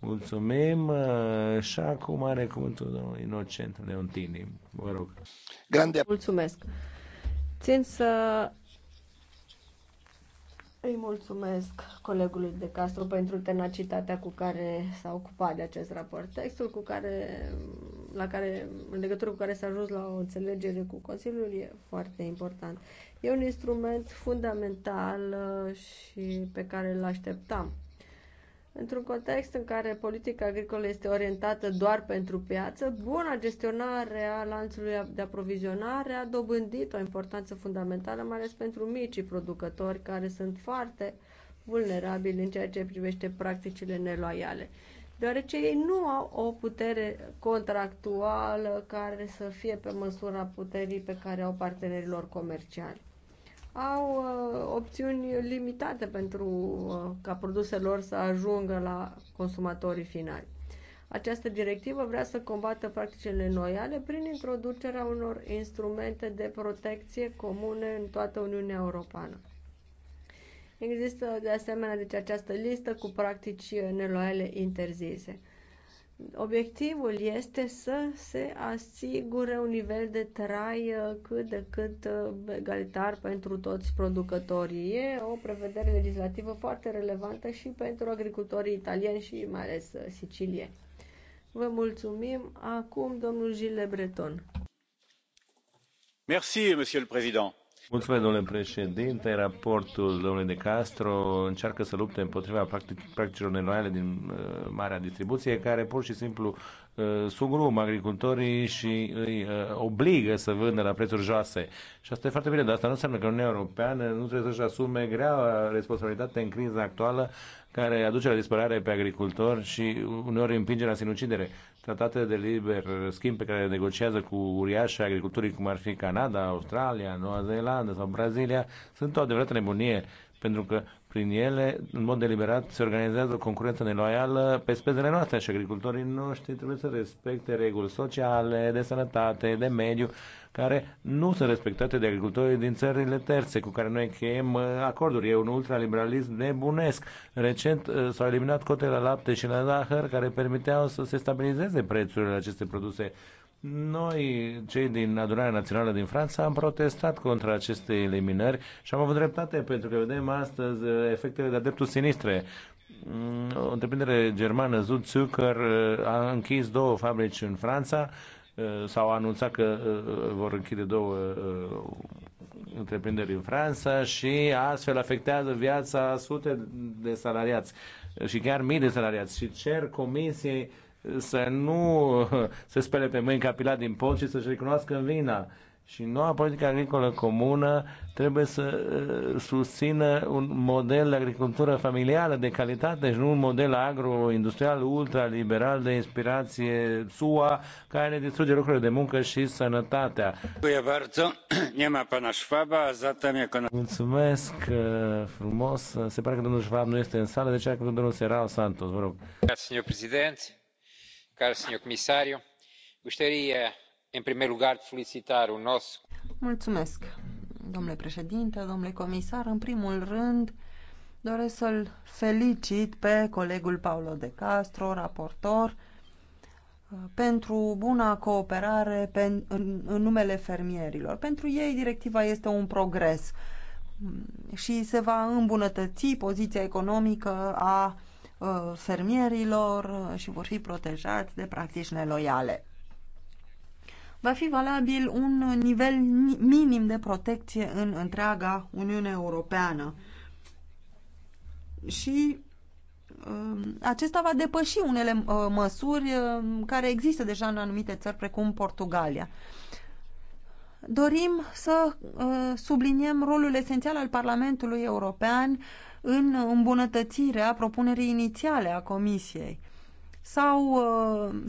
Mulțumim și acum are cuvântul domnul Inocent Leontini. Vă rog. Grande. Mulțumesc. Țin să îi mulțumesc colegului de Castro pentru tenacitatea cu care s-a ocupat de acest raport. Textul cu care, la care, în legătură cu care s-a ajuns la o înțelegere cu Consiliul e foarte important. E un instrument fundamental uh, și pe care îl așteptam Într-un context în care politica agricolă este orientată doar pentru piață, buna gestionare a lanțului de aprovizionare a dobândit o importanță fundamentală, mai ales pentru micii producători care sunt foarte vulnerabili în ceea ce privește practicile neloiale, deoarece ei nu au o putere contractuală care să fie pe măsura puterii pe care au partenerilor comerciali au uh, opțiuni limitate pentru uh, ca produsele lor să ajungă la consumatorii finali. Această directivă vrea să combată practicile noiale prin introducerea unor instrumente de protecție comune în toată Uniunea Europeană. Există de asemenea deci această listă cu practici neloiale interzise. Obiectivul este să se asigure un nivel de trai uh, cât de cât uh, egalitar pentru toți producătorii. E o prevedere legislativă foarte relevantă și pentru agricultorii italieni și mai ales uh, sicilieni. Vă mulțumim. Acum, domnul Gilles Breton. Merci, monsieur le président. Mulțumesc, domnule președinte. Raportul domnului De Castro încearcă să lupte împotriva practicilor neloiale din uh, marea distribuție, care pur și simplu Uh, sugrum agricultorii și îi uh, obligă să vândă la prețuri joase. Și asta e foarte bine, dar asta nu înseamnă că Uniunea Europeană nu trebuie să-și asume grea responsabilitate în criza actuală care aduce la disperare pe agricultori și uneori împinge la sinucidere. Tratatele de liber schimb pe care le negociază cu uriașe agricultorii, cum ar fi Canada, Australia, Noua Zeelandă sau Brazilia, sunt o adevărată nebunie pentru că prin ele, în mod deliberat, se organizează o concurență neloială pe spezele noastre și agricultorii noștri trebuie să respecte reguli sociale, de sănătate, de mediu, care nu sunt respectate de agricultorii din țările terțe cu care noi încheiem uh, acorduri. E un ultraliberalism nebunesc. Recent uh, s-au eliminat cotele la lapte și la zahăr care permiteau să se stabilizeze prețurile acestei produse noi, cei din Adunarea Națională din Franța, am protestat contra acestei eliminări și am avut dreptate, pentru că vedem astăzi efectele de-a dreptul sinistre. Mm, o întreprindere germană, Zud Zucker, uh, a închis două fabrici în Franța, uh, sau a anunțat că uh, vor închide două întreprinderi în Franța și astfel afectează viața sute de salariați și chiar mii de salariați și cer comisiei uh, să nu se spele pe mâini capilat din pot și să-și recunoască vina. Și noua politică agricolă comună trebuie să uh, susțină un model de agricultură familială de calitate și nu un model agro-industrial ultraliberal de inspirație SUA care ne distruge lucrurile de muncă și sănătatea. Mulțumesc uh, frumos. Se pare că domnul Schwab nu este în sală, deci că domnul Serau Santos, vă rog. Grazie, signor Presidente domnule comisar domnule președinte domnule comisar în primul rând doresc să l felicit pe colegul paolo de castro raportor pentru buna cooperare pe, în, în numele fermierilor. Pentru ei directiva este un progres și se va îmbunătăți poziția economică a Uh, fermierilor uh, și vor fi protejați de practici neloiale. Va fi valabil un nivel minim de protecție în întreaga Uniune Europeană. Și um, acesta va depăși unele uh, măsuri care există deja în anumite țări, precum Portugalia. Dorim să subliniem rolul esențial al Parlamentului European în îmbunătățirea propunerii inițiale a Comisiei. S-au, uh,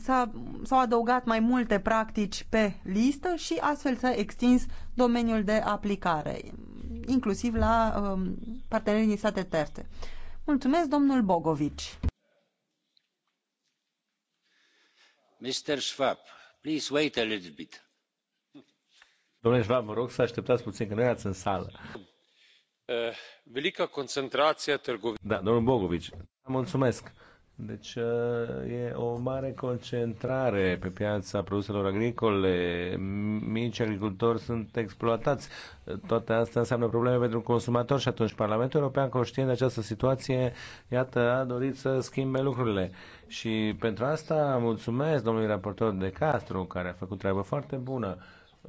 s-au adăugat mai multe practici pe listă și astfel s-a extins domeniul de aplicare, inclusiv la um, partenerii din state terțe. Mulțumesc, domnul Bogovici. Mr. Schwab, please wait a little bit. Domnule Schwab, vă mă rog să așteptați puțin, că nu erați în sală. Eh, Velică concentrație târgoviț. Da, domnul Bogovici, mulțumesc. Deci eh, e o mare concentrare pe piața produselor agricole, mici agricultori sunt exploatați. Toate astea înseamnă probleme pentru consumator și atunci Parlamentul European, conștient de această situație, iată, a dorit să schimbe lucrurile. Și pentru asta mulțumesc domnului raportor de Castro, care a făcut treabă foarte bună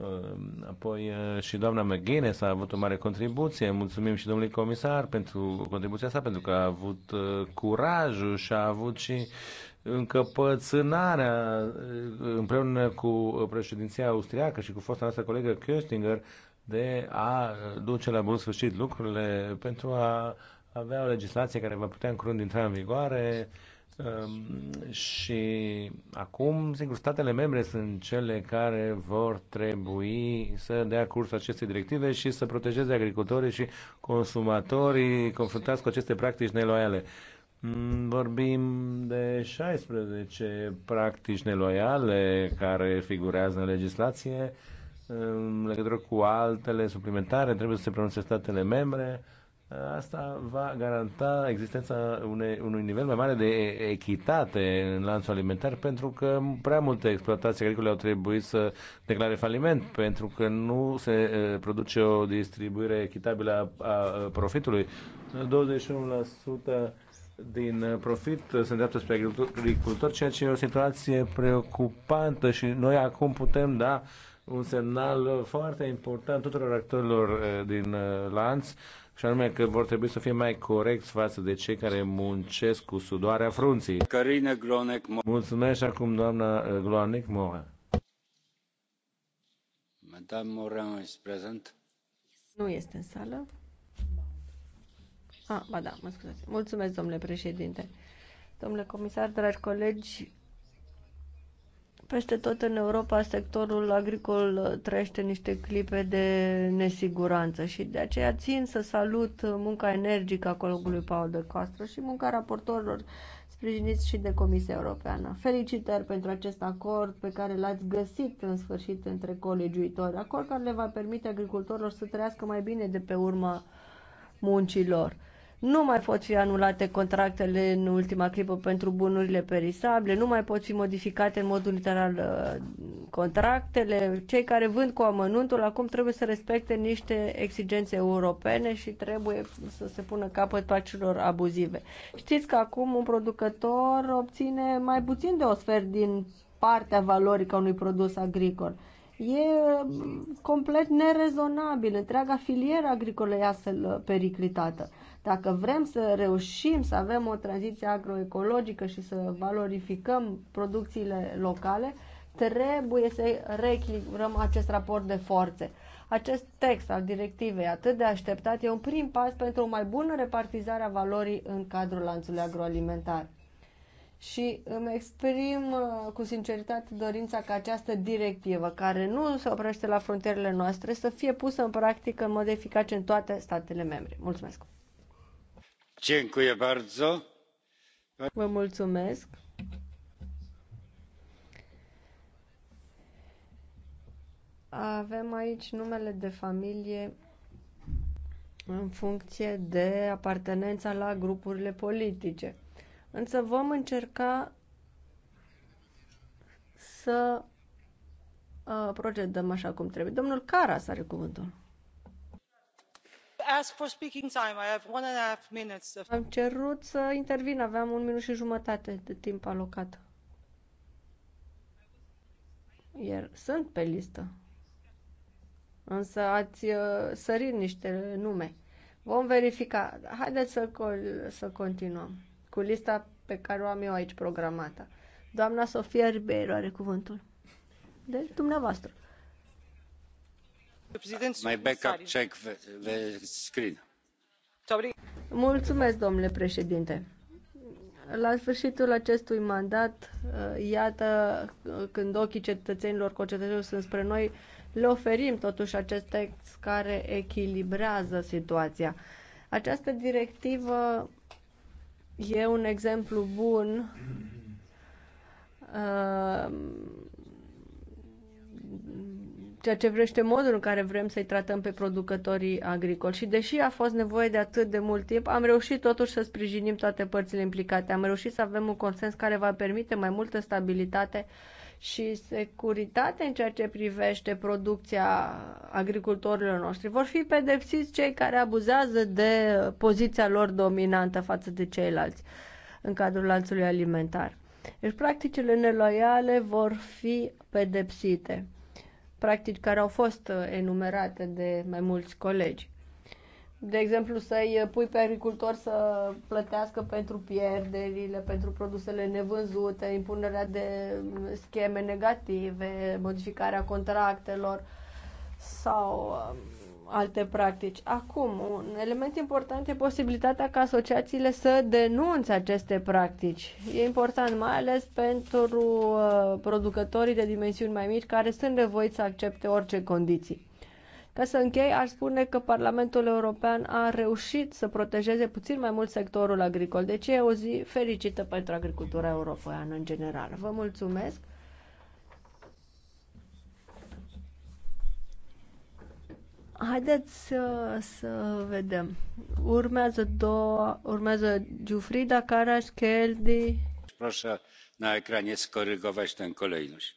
Uh, apoi uh, și doamna McGuinness a avut o mare contribuție. Mulțumim și domnului comisar pentru contribuția sa, pentru că a avut uh, curajul și a avut și încăpățânarea împreună cu președinția austriacă și cu fosta noastră colegă Köstinger de a duce la bun sfârșit lucrurile pentru a avea o legislație care va putea în curând intra în vigoare Ehm, și acum, sigur, statele membre sunt cele care vor trebui să dea curs acestei directive și să protejeze agricultorii și consumatorii confruntați cu aceste practici neloiale. Mm, vorbim de 16 practici neloiale care figurează în legislație. În legătură cu altele suplimentare, trebuie să se pronunțe statele membre. Asta va garanta existența unei, unui nivel mai mare de echitate în lanțul alimentar, pentru că prea multe exploatații agricole au trebuit să declare faliment, pentru că nu se produce o distribuire echitabilă a, a profitului. 21% din profit se îndreaptă spre agricultori, ceea ce e o situație preocupantă și noi acum putem da un semnal foarte important tuturor actorilor din lanț și anume că vor trebui să fie mai corecți față de cei care muncesc cu sudoarea frunții. Carine Glonec Mulțumesc acum doamna uh, Gloanec Mora. Madame Mora, este prezent? Nu este în sală. Ah, ba da, mă scuzați. Mulțumesc, domnule președinte. Domnule comisar, dragi colegi, peste tot în Europa, sectorul agricol uh, trăiește niște clipe de nesiguranță și de aceea țin să salut uh, munca energică a colegului Paul de Castro și munca raportorilor sprijiniți și de Comisia Europeană. Felicitări pentru acest acord pe care l-ați găsit în sfârșit între colegiuitori, acord care le va permite agricultorilor să trăiască mai bine de pe urma muncilor nu mai pot fi anulate contractele în ultima clipă pentru bunurile perisabile, nu mai pot fi modificate în modul literal uh, contractele. Cei care vând cu amănuntul acum trebuie să respecte niște exigențe europene și trebuie să se pună capăt pacilor abuzive. Știți că acum un producător obține mai puțin de o sfert din partea valorică a unui produs agricol. E mm, complet nerezonabil. Întreaga filieră agricolă e astfel uh, periclitată. Dacă vrem să reușim să avem o tranziție agroecologică și să valorificăm producțiile locale, trebuie să reechilibrăm acest raport de forțe. Acest text al directivei atât de așteptat e un prim pas pentru o mai bună repartizare a valorii în cadrul lanțului agroalimentar. Și îmi exprim uh, cu sinceritate dorința ca această directivă, care nu se oprește la frontierele noastre, să fie pusă în practică în mod eficace în toate statele membre. Mulțumesc! domnule mulțumesc. Avem aici numele de familie în funcție de apartenența la grupurile politice. Însă vom încerca să uh, procedăm așa cum trebuie. Domnul Caras are cuvântul am cerut să intervin, aveam un minut și jumătate de timp alocat. Iar sunt pe listă. Însă ați uh, sărit niște nume. Vom verifica. Haideți să, col- să continuăm cu lista pe care o am eu aici programată. Doamna Sofia Ribeiro are cuvântul. Deci, dumneavoastră. Uh, Mulțumesc, domnule președinte. La sfârșitul acestui mandat, uh, iată, uh, când ochii cetățenilor, concetățenilor sunt spre noi, le oferim totuși acest text care echilibrează situația. Această directivă e un exemplu bun uh, ceea ce vrește modul în care vrem să-i tratăm pe producătorii agricoli. Și deși a fost nevoie de atât de mult timp, am reușit totuși să sprijinim toate părțile implicate. Am reușit să avem un consens care va permite mai multă stabilitate și securitate în ceea ce privește producția agricultorilor noștri. Vor fi pedepsiți cei care abuzează de poziția lor dominantă față de ceilalți în cadrul lanțului alimentar. Deci practicile neloiale vor fi pedepsite practici care au fost uh, enumerate de mai mulți colegi. De exemplu, să-i uh, pui pe agricultor să plătească pentru pierderile, pentru produsele nevânzute, impunerea de mm, scheme negative, modificarea contractelor sau um, alte practici. Acum, un element important e posibilitatea ca asociațiile să denunțe aceste practici. E important mai ales pentru uh, producătorii de dimensiuni mai mici care sunt nevoiți să accepte orice condiții. Ca să închei, aș spune că Parlamentul European a reușit să protejeze puțin mai mult sectorul agricol. Deci e o zi fericită pentru agricultura europeană în general. Vă mulțumesc! Haideți să, să vedem. Urmează două, urmează Giufrida Caraș, keldi Proșa na ecranie skorygować în kolejność.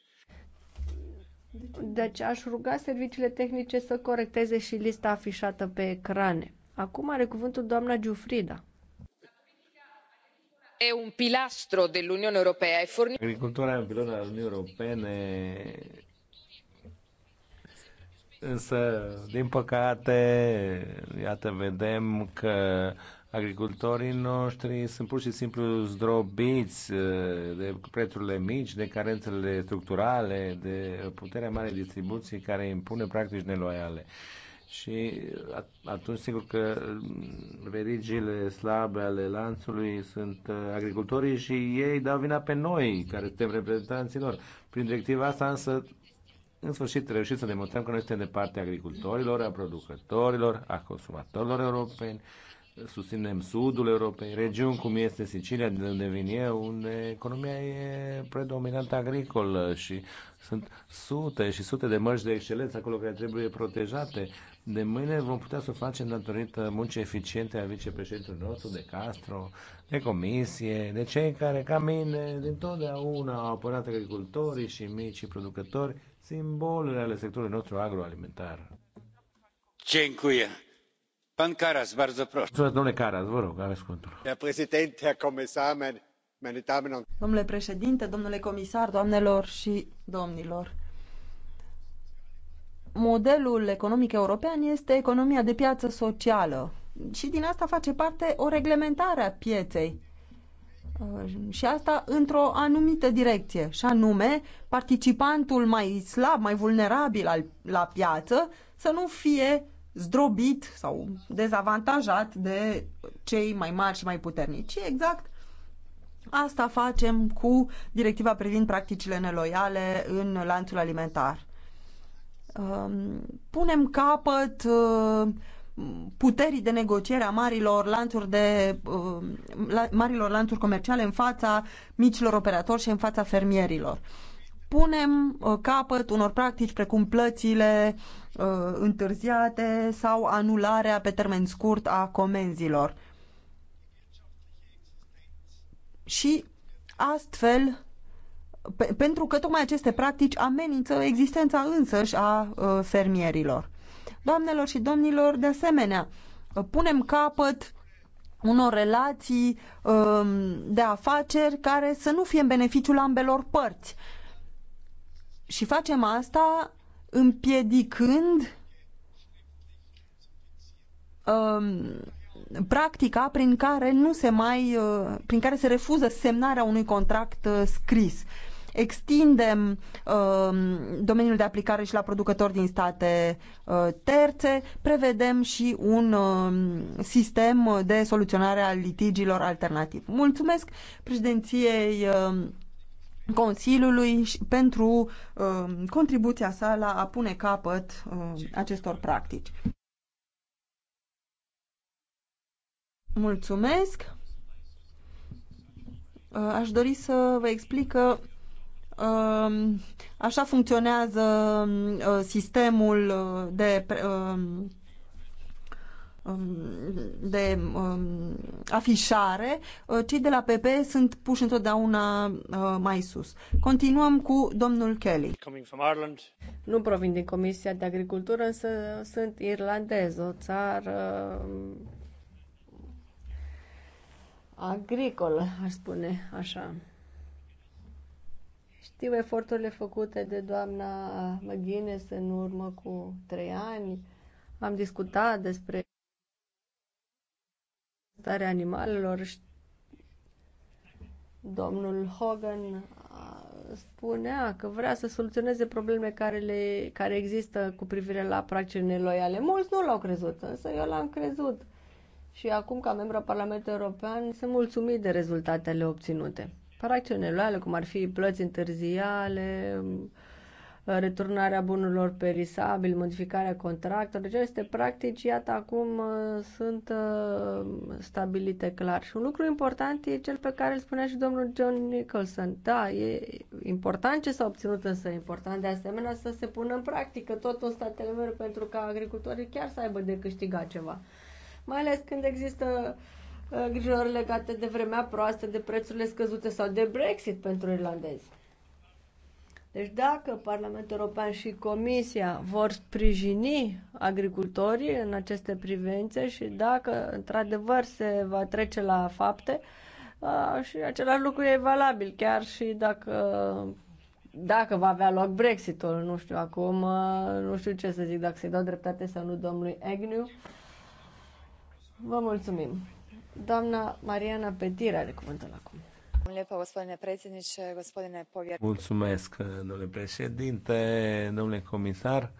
Deci aș ruga serviciile tehnice să corecteze și lista afișată pe ecrane. Acum are cuvântul doamna Giufrida. E un pilastro dell'Unione Europea. Agricultura e un pilon al Uniunii Europene Însă, din păcate, iată, vedem că agricultorii noștri sunt pur și simplu zdrobiți uh, de prețurile mici, de carențele structurale, de puterea mare distribuției care impune practici neloiale. Și atunci, sigur că verigile slabe ale lanțului sunt uh, agricultorii și ei dau vina pe noi, care suntem reprezentanții lor. Prin directiva asta, însă, în sfârșit reușit să demonstrăm că noi suntem de partea agricultorilor, a producătorilor, a consumatorilor europeni, susținem sudul Europei, regiuni cum este Sicilia, de unde vin eu, unde economia e predominant agricolă și sunt sute și sute de mărci de excelență acolo care trebuie protejate. De mâine vom putea să facem datorită muncii eficiente a vicepreședintelui nostru, de Castro, de comisie, de cei care, ca mine, totdeauna au apărat agricultorii și micii producători simbolurile ale sectorului nostru agroalimentar. Dziękuję. Pan Caras, bardzo proszę. Domnule Caras, vă rog, aveți cuvântul. Herr Präsident, Herr Kommissar, Domnule președinte, domnule comisar, doamnelor și domnilor, modelul economic european este economia de piață socială și din asta face parte o reglementare a pieței. Uh, și asta într-o anumită direcție, și anume participantul mai slab, mai vulnerabil al, la piață să nu fie zdrobit sau dezavantajat de cei mai mari și mai puternici. Exact asta facem cu directiva privind practicile neloiale în lanțul alimentar. Um, punem capăt uh, puterii de negociere a marilor lanțuri, de, uh, la, marilor lanțuri comerciale în fața micilor operatori și în fața fermierilor. Punem uh, capăt unor practici precum plățile uh, întârziate sau anularea pe termen scurt a comenzilor. Și astfel pentru că tocmai aceste practici amenință existența însăși a fermierilor. Doamnelor și domnilor, de asemenea, punem capăt unor relații um, de afaceri care să nu fie în beneficiul ambelor părți. Și facem asta împiedicând um, practica prin care nu se mai uh, prin care se refuză semnarea unui contract uh, scris extindem uh, domeniul de aplicare și la producători din state uh, terțe, prevedem și un uh, sistem de soluționare a litigiilor alternativ. Mulțumesc președinției uh, Consiliului pentru uh, contribuția sa la a pune capăt uh, acestor practici. Mulțumesc! Uh, aș dori să vă explic că Um, așa funcționează um, uh, sistemul uh, de um, de um, afișare, uh, cei de la PP sunt puși întotdeauna uh, mai sus. Continuăm cu domnul Kelly. Nu provin din Comisia de Agricultură, însă sunt irlandez, o țară agricolă, aș spune așa. Știu eforturile făcute de doamna McGuinness în urmă cu trei ani. Am discutat despre starea animalelor. Domnul Hogan spunea că vrea să soluționeze probleme care, le, care există cu privire la practici neloiale. Mulți nu l-au crezut, însă eu l-am crezut. Și acum, ca membru a Parlamentului European, sunt mulțumit de rezultatele obținute loială, cum ar fi plăți întârziale, mm, returnarea bunurilor perisabil, modificarea contractelor. Deci aceste practici, iată, acum uh, sunt uh, stabilite clar. Și un lucru important e cel pe care îl spunea și domnul John Nicholson. Da, e important ce s-a obținut, însă e important de asemenea să se pună în practică tot în statele mele pentru ca agricultorii chiar să aibă de câștigat ceva. Mai ales când există uh, îngrijorări uh, legate de vremea proastă, de prețurile scăzute sau de Brexit pentru irlandezi. Deci dacă Parlamentul European și Comisia vor sprijini agricultorii în aceste privințe și dacă într-adevăr se va trece la fapte, uh, și același lucru e valabil, chiar și dacă, dacă va avea loc Brexitul, nu știu acum, uh, nu știu ce să zic, dacă se i dau dreptate sau nu domnului Agnew. Vă mulțumim! Doamna Mariana Petir are cuvântul acum. Mulțumesc, domnule președinte, domnule comisar.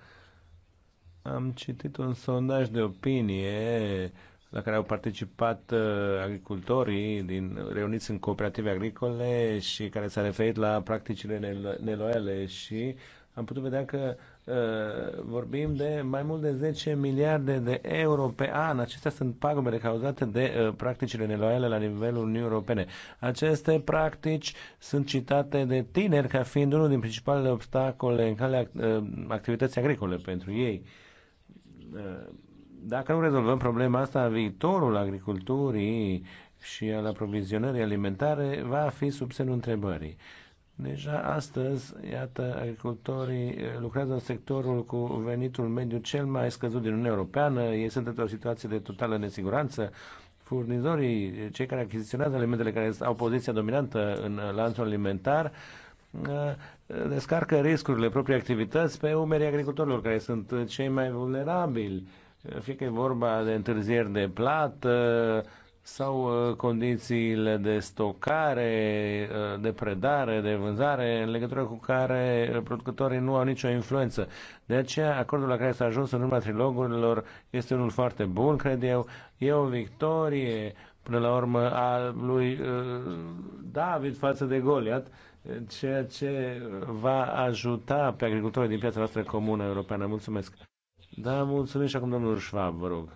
Am citit un sondaj de opinie la care au participat uh, agricultorii din, reuniți în cooperative agricole și care s-a referit la practicile neloiale și am putut vedea că Eh, vorbim de mai mult de 10 miliarde de euro pe an. Acestea sunt pagubele cauzate de eh, practicile neloiale la nivelul Uniunii Europene. Aceste practici sunt citate de tineri ca fiind unul din principalele obstacole în calea eh, activității agricole pentru ei. Dacă nu rezolvăm problema asta, viitorul agriculturii și al aprovizionării alimentare va fi sub semnul întrebării. Deja astăzi, iată, agricultorii eh, lucrează în sectorul cu venitul mediu cel mai scăzut din Uniunea Europeană, ei sunt într-o situație de totală nesiguranță, furnizorii, eh, cei care achiziționează alimentele care au poziția dominantă în eh, lanțul alimentar, descarcă riscurile proprii activități pe umerii agricultorilor care sunt cei mai vulnerabili, fie că e vorba de întârzieri de plată, sau uh, condițiile de stocare, uh, de predare, de vânzare, în legătură cu care producătorii nu au nicio influență. De aceea, acordul la care s-a ajuns în urma trilogurilor este unul foarte bun, cred eu. E o victorie, până la urmă, a lui uh, David față de Goliat, ceea ce va ajuta pe agricultorii din piața noastră comună europeană. Mulțumesc! Da, mulțumim și acum domnul Schwab, vă rog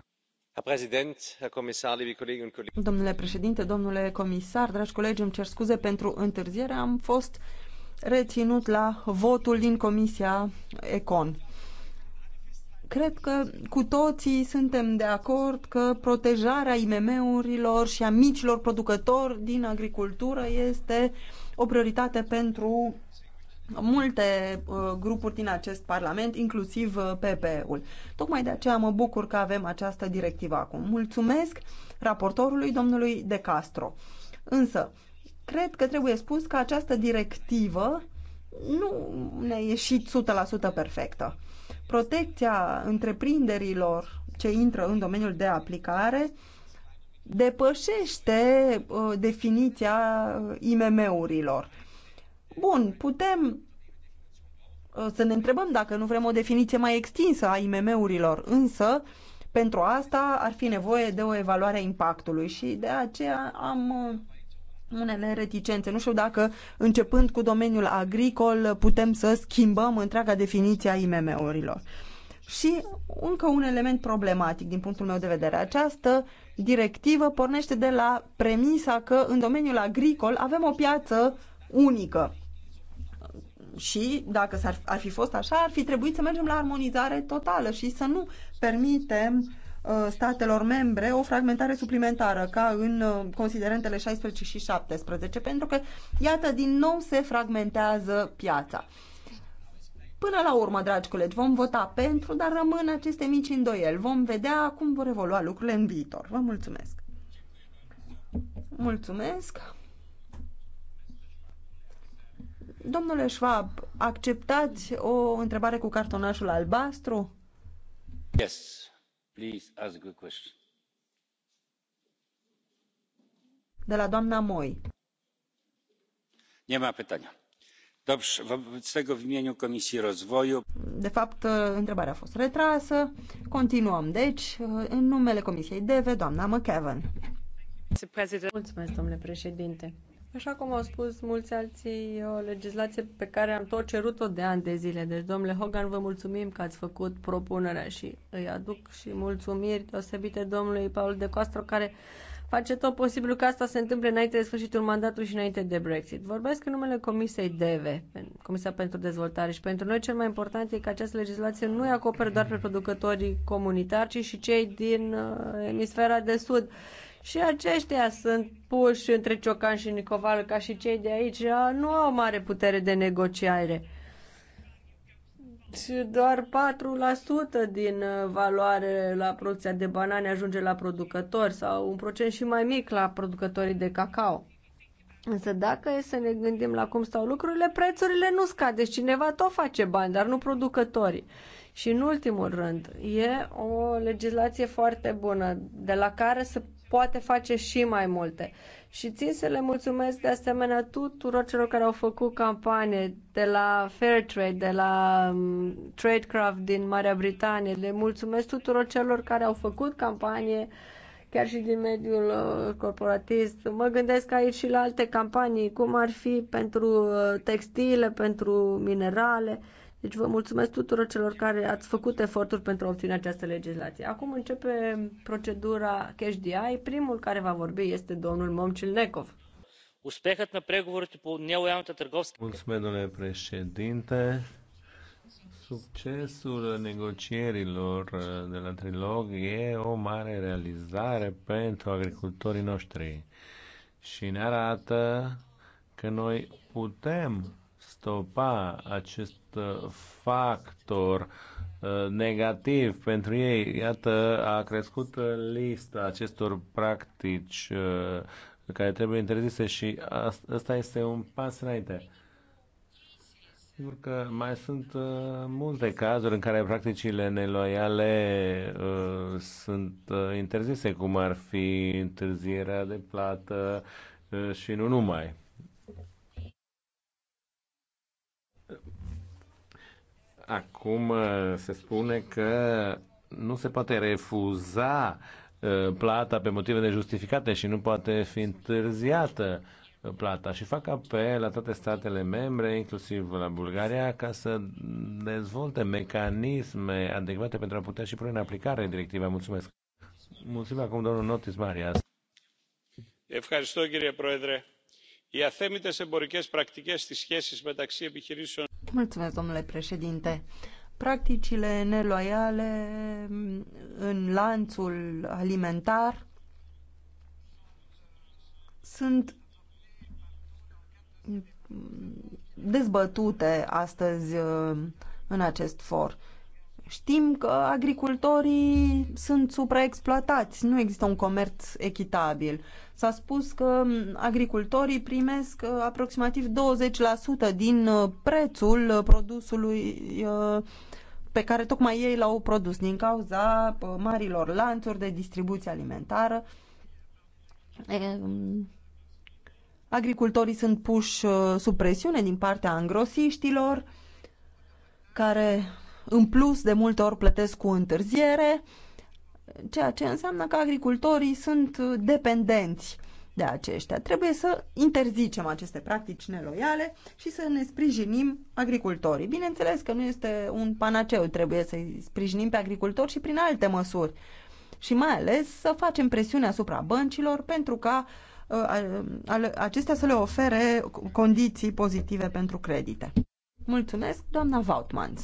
domnule președinte domnule comisar dragi colegi îmi cer scuze pentru întârziere am fost reținut la votul din comisia econ. Cred că cu toții suntem de acord că protejarea IMM-urilor și a micilor producători din agricultură este o prioritate pentru multe uh, grupuri din acest Parlament, inclusiv uh, PPE-ul. Tocmai de aceea mă bucur că avem această directivă acum. Mulțumesc raportorului domnului De Castro. Însă, cred că trebuie spus că această directivă nu ne-a ieșit 100% perfectă. Protecția întreprinderilor ce intră în domeniul de aplicare depășește uh, definiția uh, IMM-urilor Bun, putem uh, să ne întrebăm dacă nu vrem o definiție mai extinsă a IMM-urilor, însă pentru asta ar fi nevoie de o evaluare a impactului și de aceea am uh, unele reticențe. Nu știu dacă începând cu domeniul agricol putem să schimbăm întreaga definiție a IMM-urilor. Și încă un element problematic din punctul meu de vedere. Această directivă pornește de la premisa că în domeniul agricol avem o piață unică și dacă s-ar, ar fi fost așa, ar fi trebuit să mergem la armonizare totală și să nu permitem uh, statelor membre o fragmentare suplimentară, ca în uh, considerentele 16 și 17, pentru că, iată, din nou se fragmentează piața. Până la urmă, dragi colegi, vom vota pentru, dar rămân aceste mici îndoieli. Vom vedea cum vor evolua lucrurile în viitor. Vă mulțumesc! Mulțumesc! Domnule Schwab, acceptați o întrebare cu cartonașul albastru? Yes, please ask a question. De la doamna Moi. Nie ma pytania. Dobrze, wobec tego w imieniu Komisji Rozwoju. De fapt, întrebarea a fost retrasă. Continuăm, deci, în numele Comisiei DEVE, doamna McEvan. Mulțumesc, domnule președinte Așa cum au spus mulți alții, o legislație pe care am tot cerut-o de ani de zile. Deci, domnule Hogan, vă mulțumim că ați făcut propunerea și îi aduc și mulțumiri deosebite domnului Paul de Castro, care face tot posibilul ca asta se întâmple înainte de sfârșitul mandatului și înainte de Brexit. Vorbesc în numele Comisiei DEVE, Comisia pentru Dezvoltare și pentru noi cel mai important e că această legislație nu îi acoperă doar pe producătorii comunitari, ci și cei din uh, emisfera de sud și aceștia sunt puși între Ciocan și Nicovală ca și cei de aici, nu au mare putere de negociare. Și doar 4% din uh, valoare la producția de banane ajunge la producători sau un procent și mai mic la producătorii de cacao. Însă dacă e să ne gândim la cum stau lucrurile, prețurile nu scad, deci cineva tot face bani, dar nu producătorii. Și în ultimul rând, e o legislație foarte bună, de la care se poate face și mai multe. Și țin să le mulțumesc de asemenea tuturor celor care au făcut campanie de la Fairtrade, de la um, Tradecraft din Marea Britanie. Le mulțumesc tuturor celor care au făcut campanie chiar și din mediul uh, corporatist. Mă gândesc aici și la alte campanii, cum ar fi pentru uh, textile, pentru minerale. Deci vă mulțumesc tuturor celor care ați făcut eforturi pentru a obține această legislație. Acum începe procedura Cash DI. Primul care va vorbi este domnul Momcil Necov. Mulțumesc, domnule președinte. Succesul negocierilor de la Trilog e o mare realizare pentru agricultorii noștri și ne arată că noi putem stopa acest factor uh, negativ pentru ei. Iată, a crescut lista acestor practici uh, care trebuie interzise și asta este un pas înainte. Sigur că mai sunt uh, multe cazuri în care practicile neloiale uh, sunt uh, interzise, cum ar fi întârzierea de plată uh, și nu numai. Acum uh, se spune că nu se poate refuza uh, plata pe motive nejustificate și nu poate fi întârziată uh, plata și fac apel la toate statele membre, inclusiv la Bulgaria, ca să dezvolte mecanisme adecvate pentru a putea și pune în aplicare directiva. Mulțumesc. Mulțumesc acum domnul Notis Marias. Ευχαριστώ κύριε Mulțumesc, domnule președinte practicile neloiale mm, în lanțul alimentar sunt mm, dezbătute astăzi mm, în acest for. Știm că agricultorii sunt supraexploatați, nu există un comerț echitabil. S-a spus că agricultorii primesc uh, aproximativ 20% din uh, prețul produsului uh, pe care tocmai ei l-au produs din cauza marilor lanțuri de distribuție alimentară. Agricultorii sunt puși sub presiune din partea angrosiștilor, care în plus de multe ori plătesc cu întârziere, ceea ce înseamnă că agricultorii sunt dependenți de aceștia. Trebuie să interzicem aceste practici neloiale și să ne sprijinim agricultorii. Bineînțeles că nu este un panaceu, trebuie să-i sprijinim pe agricultori și prin alte măsuri. Și mai ales să facem presiune asupra băncilor pentru ca uh, acestea să le ofere condiții pozitive pentru credite. Mulțumesc, doamna Vautmans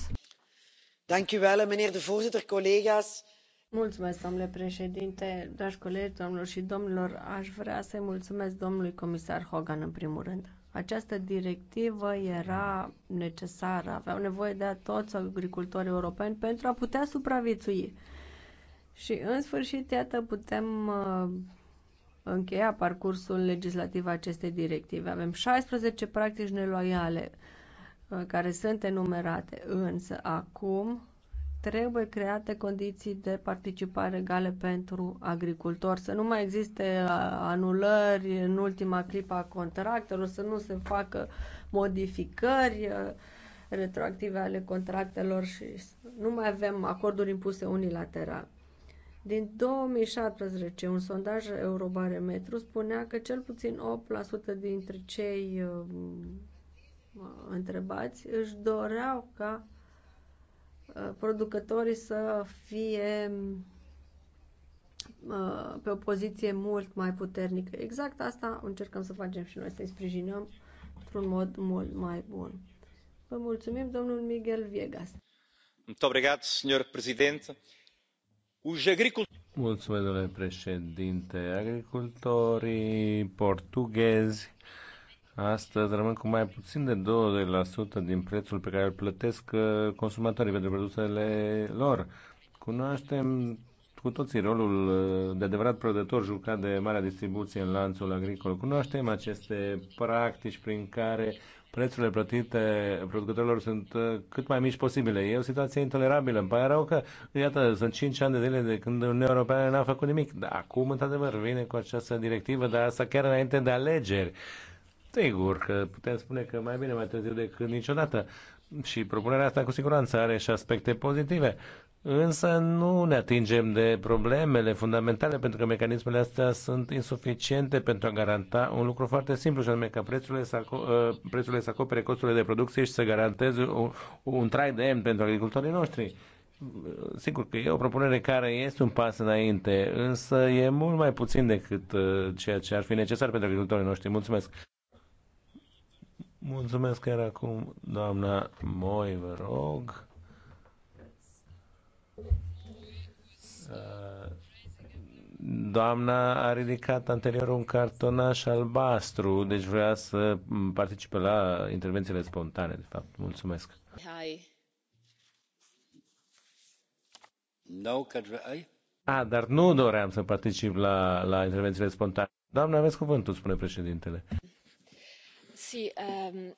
domnule președinte dragi colegi doamnelor și domnilor aș vrea să i mulțumesc domnului comisar hogan în primul rând. această directivă era necesară aveau nevoie de toți agricultorii europeni pentru a putea supraviețui și în sfârșit iată putem uh, încheia parcursul legislativ acestei directive. Avem 16 practici neloiale Uh, care sunt enumerate, însă acum trebuie create condiții de participare egale pentru agricultori, să nu mai existe uh, anulări în ultima clipă a contractelor, să nu se facă modificări uh, retroactive ale contractelor și nu mai avem acorduri impuse unilateral. Din 2017, un sondaj Eurobarometru spunea că cel puțin 8% dintre cei întrebați, își doreau ca uh, producătorii să fie uh, pe o poziție mult mai puternică. Exact asta încercăm să facem și noi, să-i sprijinăm într-un mod mult mai bun. Vă mulțumim, domnul Miguel Viegas. Mulțumesc, domnule președinte. Agricultorii portughezi Astăzi rămân cu mai puțin de 20% din prețul pe care îl plătesc uh, consumatorii pentru produsele lor. Cunoaștem cu toții rolul uh, de adevărat producător jucat de marea distribuție în lanțul agricol. Cunoaștem aceste practici prin care prețurile plătite producătorilor sunt uh, cât mai mici posibile. E o situație intolerabilă. Îmi pare rău că, iată, sunt 5 ani de zile de când Uniunea Europeană n-a făcut nimic. Dar acum, într-adevăr, vine cu această directivă, dar asta chiar înainte de alegeri. Sigur că putem spune că mai bine mai târziu decât niciodată. Și propunerea asta cu siguranță are și aspecte pozitive. Însă nu ne atingem de problemele fundamentale pentru că mecanismele astea sunt insuficiente pentru a garanta un lucru foarte simplu și anume ca prețurile să, aco- ă, prețurile să acopere costurile de producție și să garanteze un, un trai demn pentru agricultorii noștri. Sigur că e o propunere care este un pas înainte, însă e mult mai puțin decât ă, ceea ce ar fi necesar pentru agricultorii noștri. Mulțumesc! Mulțumesc chiar acum, doamna Moi, vă rog. Doamna a ridicat anterior un cartonaș albastru, deci vrea să participe la intervențiile spontane, de fapt. Mulțumesc. Hai. No, ai? A, dar nu doream să particip la, la intervențiile spontane. Doamna, aveți cuvântul, spune președintele. Ehm,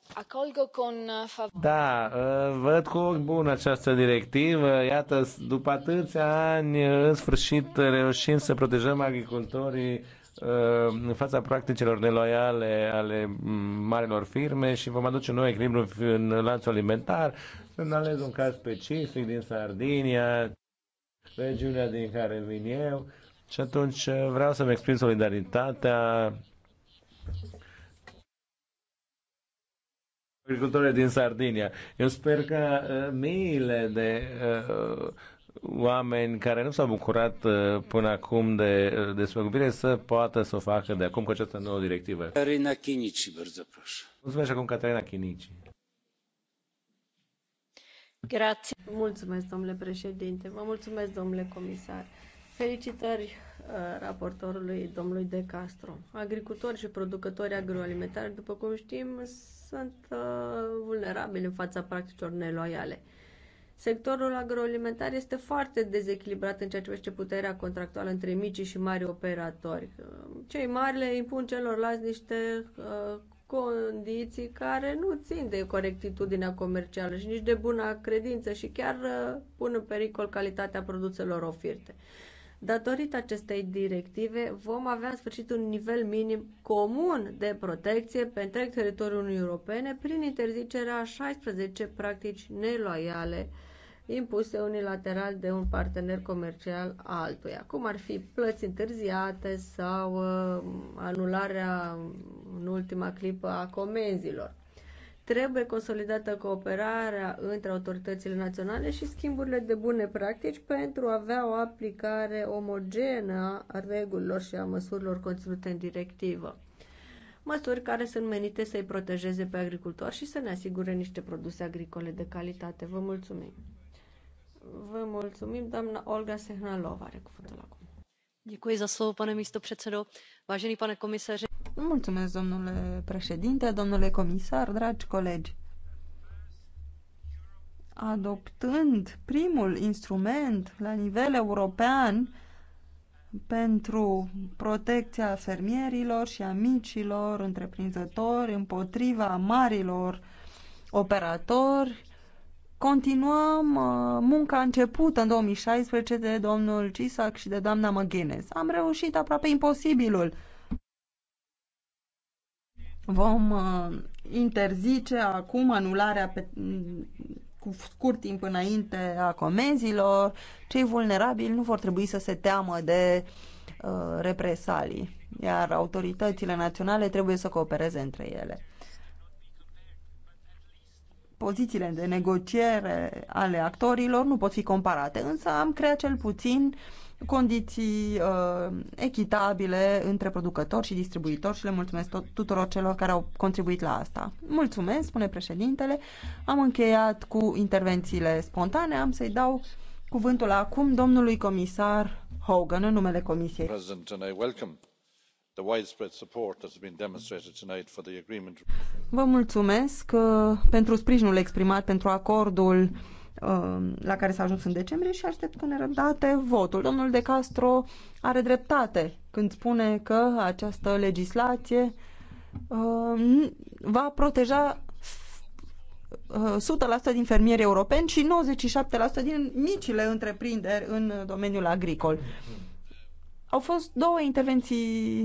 da, eh, văd cu ochi bun această directivă. Iată, după atâția ani, în sfârșit reușim să protejăm agricultorii eh, în fața practicilor neloiale ale mm, marilor firme și vom aduce un nou echilibru în lanțul alimentar. ales un caz specific din Sardinia, regiunea din care vin eu. Și atunci eh, vreau să-mi exprim solidaritatea agricultori din Sardinia. Eu sper că uh, miile de uh, oameni care nu s-au bucurat uh, până acum de uh, despăgubire să poată să o facă de acum cu această nouă directivă. Caterina Chinici, Mulțumesc acum Caterina Chinici. Grație. Mulțumesc, domnule președinte. Vă mulțumesc, domnule comisar. Felicitări uh, raportorului domnului De Castro. Agricultori și producători agroalimentari, după cum știm, sunt uh, vulnerabili în fața practicilor neloiale. Sectorul agroalimentar este foarte dezechilibrat în ceea ce privește puterea contractuală între mici și mari operatori. Uh, cei mari le impun celorlalți niște uh, condiții care nu țin de corectitudinea comercială și nici de buna credință și chiar uh, pun în pericol calitatea produselor oferte. Datorită acestei directive, vom avea în sfârșit un nivel minim comun de protecție pe întreg teritoriul Uniunii Europene prin interzicerea a 16 practici neloiale impuse unilateral de un partener comercial altuia, cum ar fi plăți întârziate sau uh, anularea în ultima clipă a comenzilor. Trebuie consolidată cooperarea între autoritățile naționale și schimburile de bune practici pentru a avea o aplicare omogenă a regulilor și a măsurilor conținute în directivă. Măsuri care sunt menite să-i protejeze pe agricultori și să ne asigure niște produse agricole de calitate. Vă mulțumim! Vă mulțumim, doamna Olga Sehnalova are cuvântul acum. Děkuji za slovo, pane místopředsedo. Vážený pane komisaři, Mulțumesc, domnule președinte, domnule comisar, dragi colegi. Adoptând primul instrument la nivel european pentru protecția fermierilor și a micilor întreprinzători împotriva marilor operatori, continuăm uh, munca începută în 2016 de domnul Cisac și de doamna McGuinness. Am reușit aproape imposibilul vom uh, interzice acum anularea pe, cu scurt timp înainte a comenzilor. Cei vulnerabili nu vor trebui să se teamă de uh, represalii, iar autoritățile naționale trebuie să coopereze între ele. Pozițiile de negociere ale actorilor nu pot fi comparate, însă am creat cel puțin uh, condiții uh, echitabile între producători și distribuitori și le mulțumesc tot, tuturor celor care au contribuit la asta. Mulțumesc, spune președintele. Am încheiat cu intervențiile spontane. Am să-i dau cuvântul acum domnului comisar Hogan în numele Comisiei. Vă mulțumesc uh, pentru sprijinul exprimat pentru acordul Um, la care s-a ajuns în decembrie și aștept cu nerăbdate votul. Domnul De Castro are dreptate când spune că această legislație um, va proteja 100% uh, din fermieri europeni și 97% din micile întreprinderi în domeniul agricol. Au fost două intervenții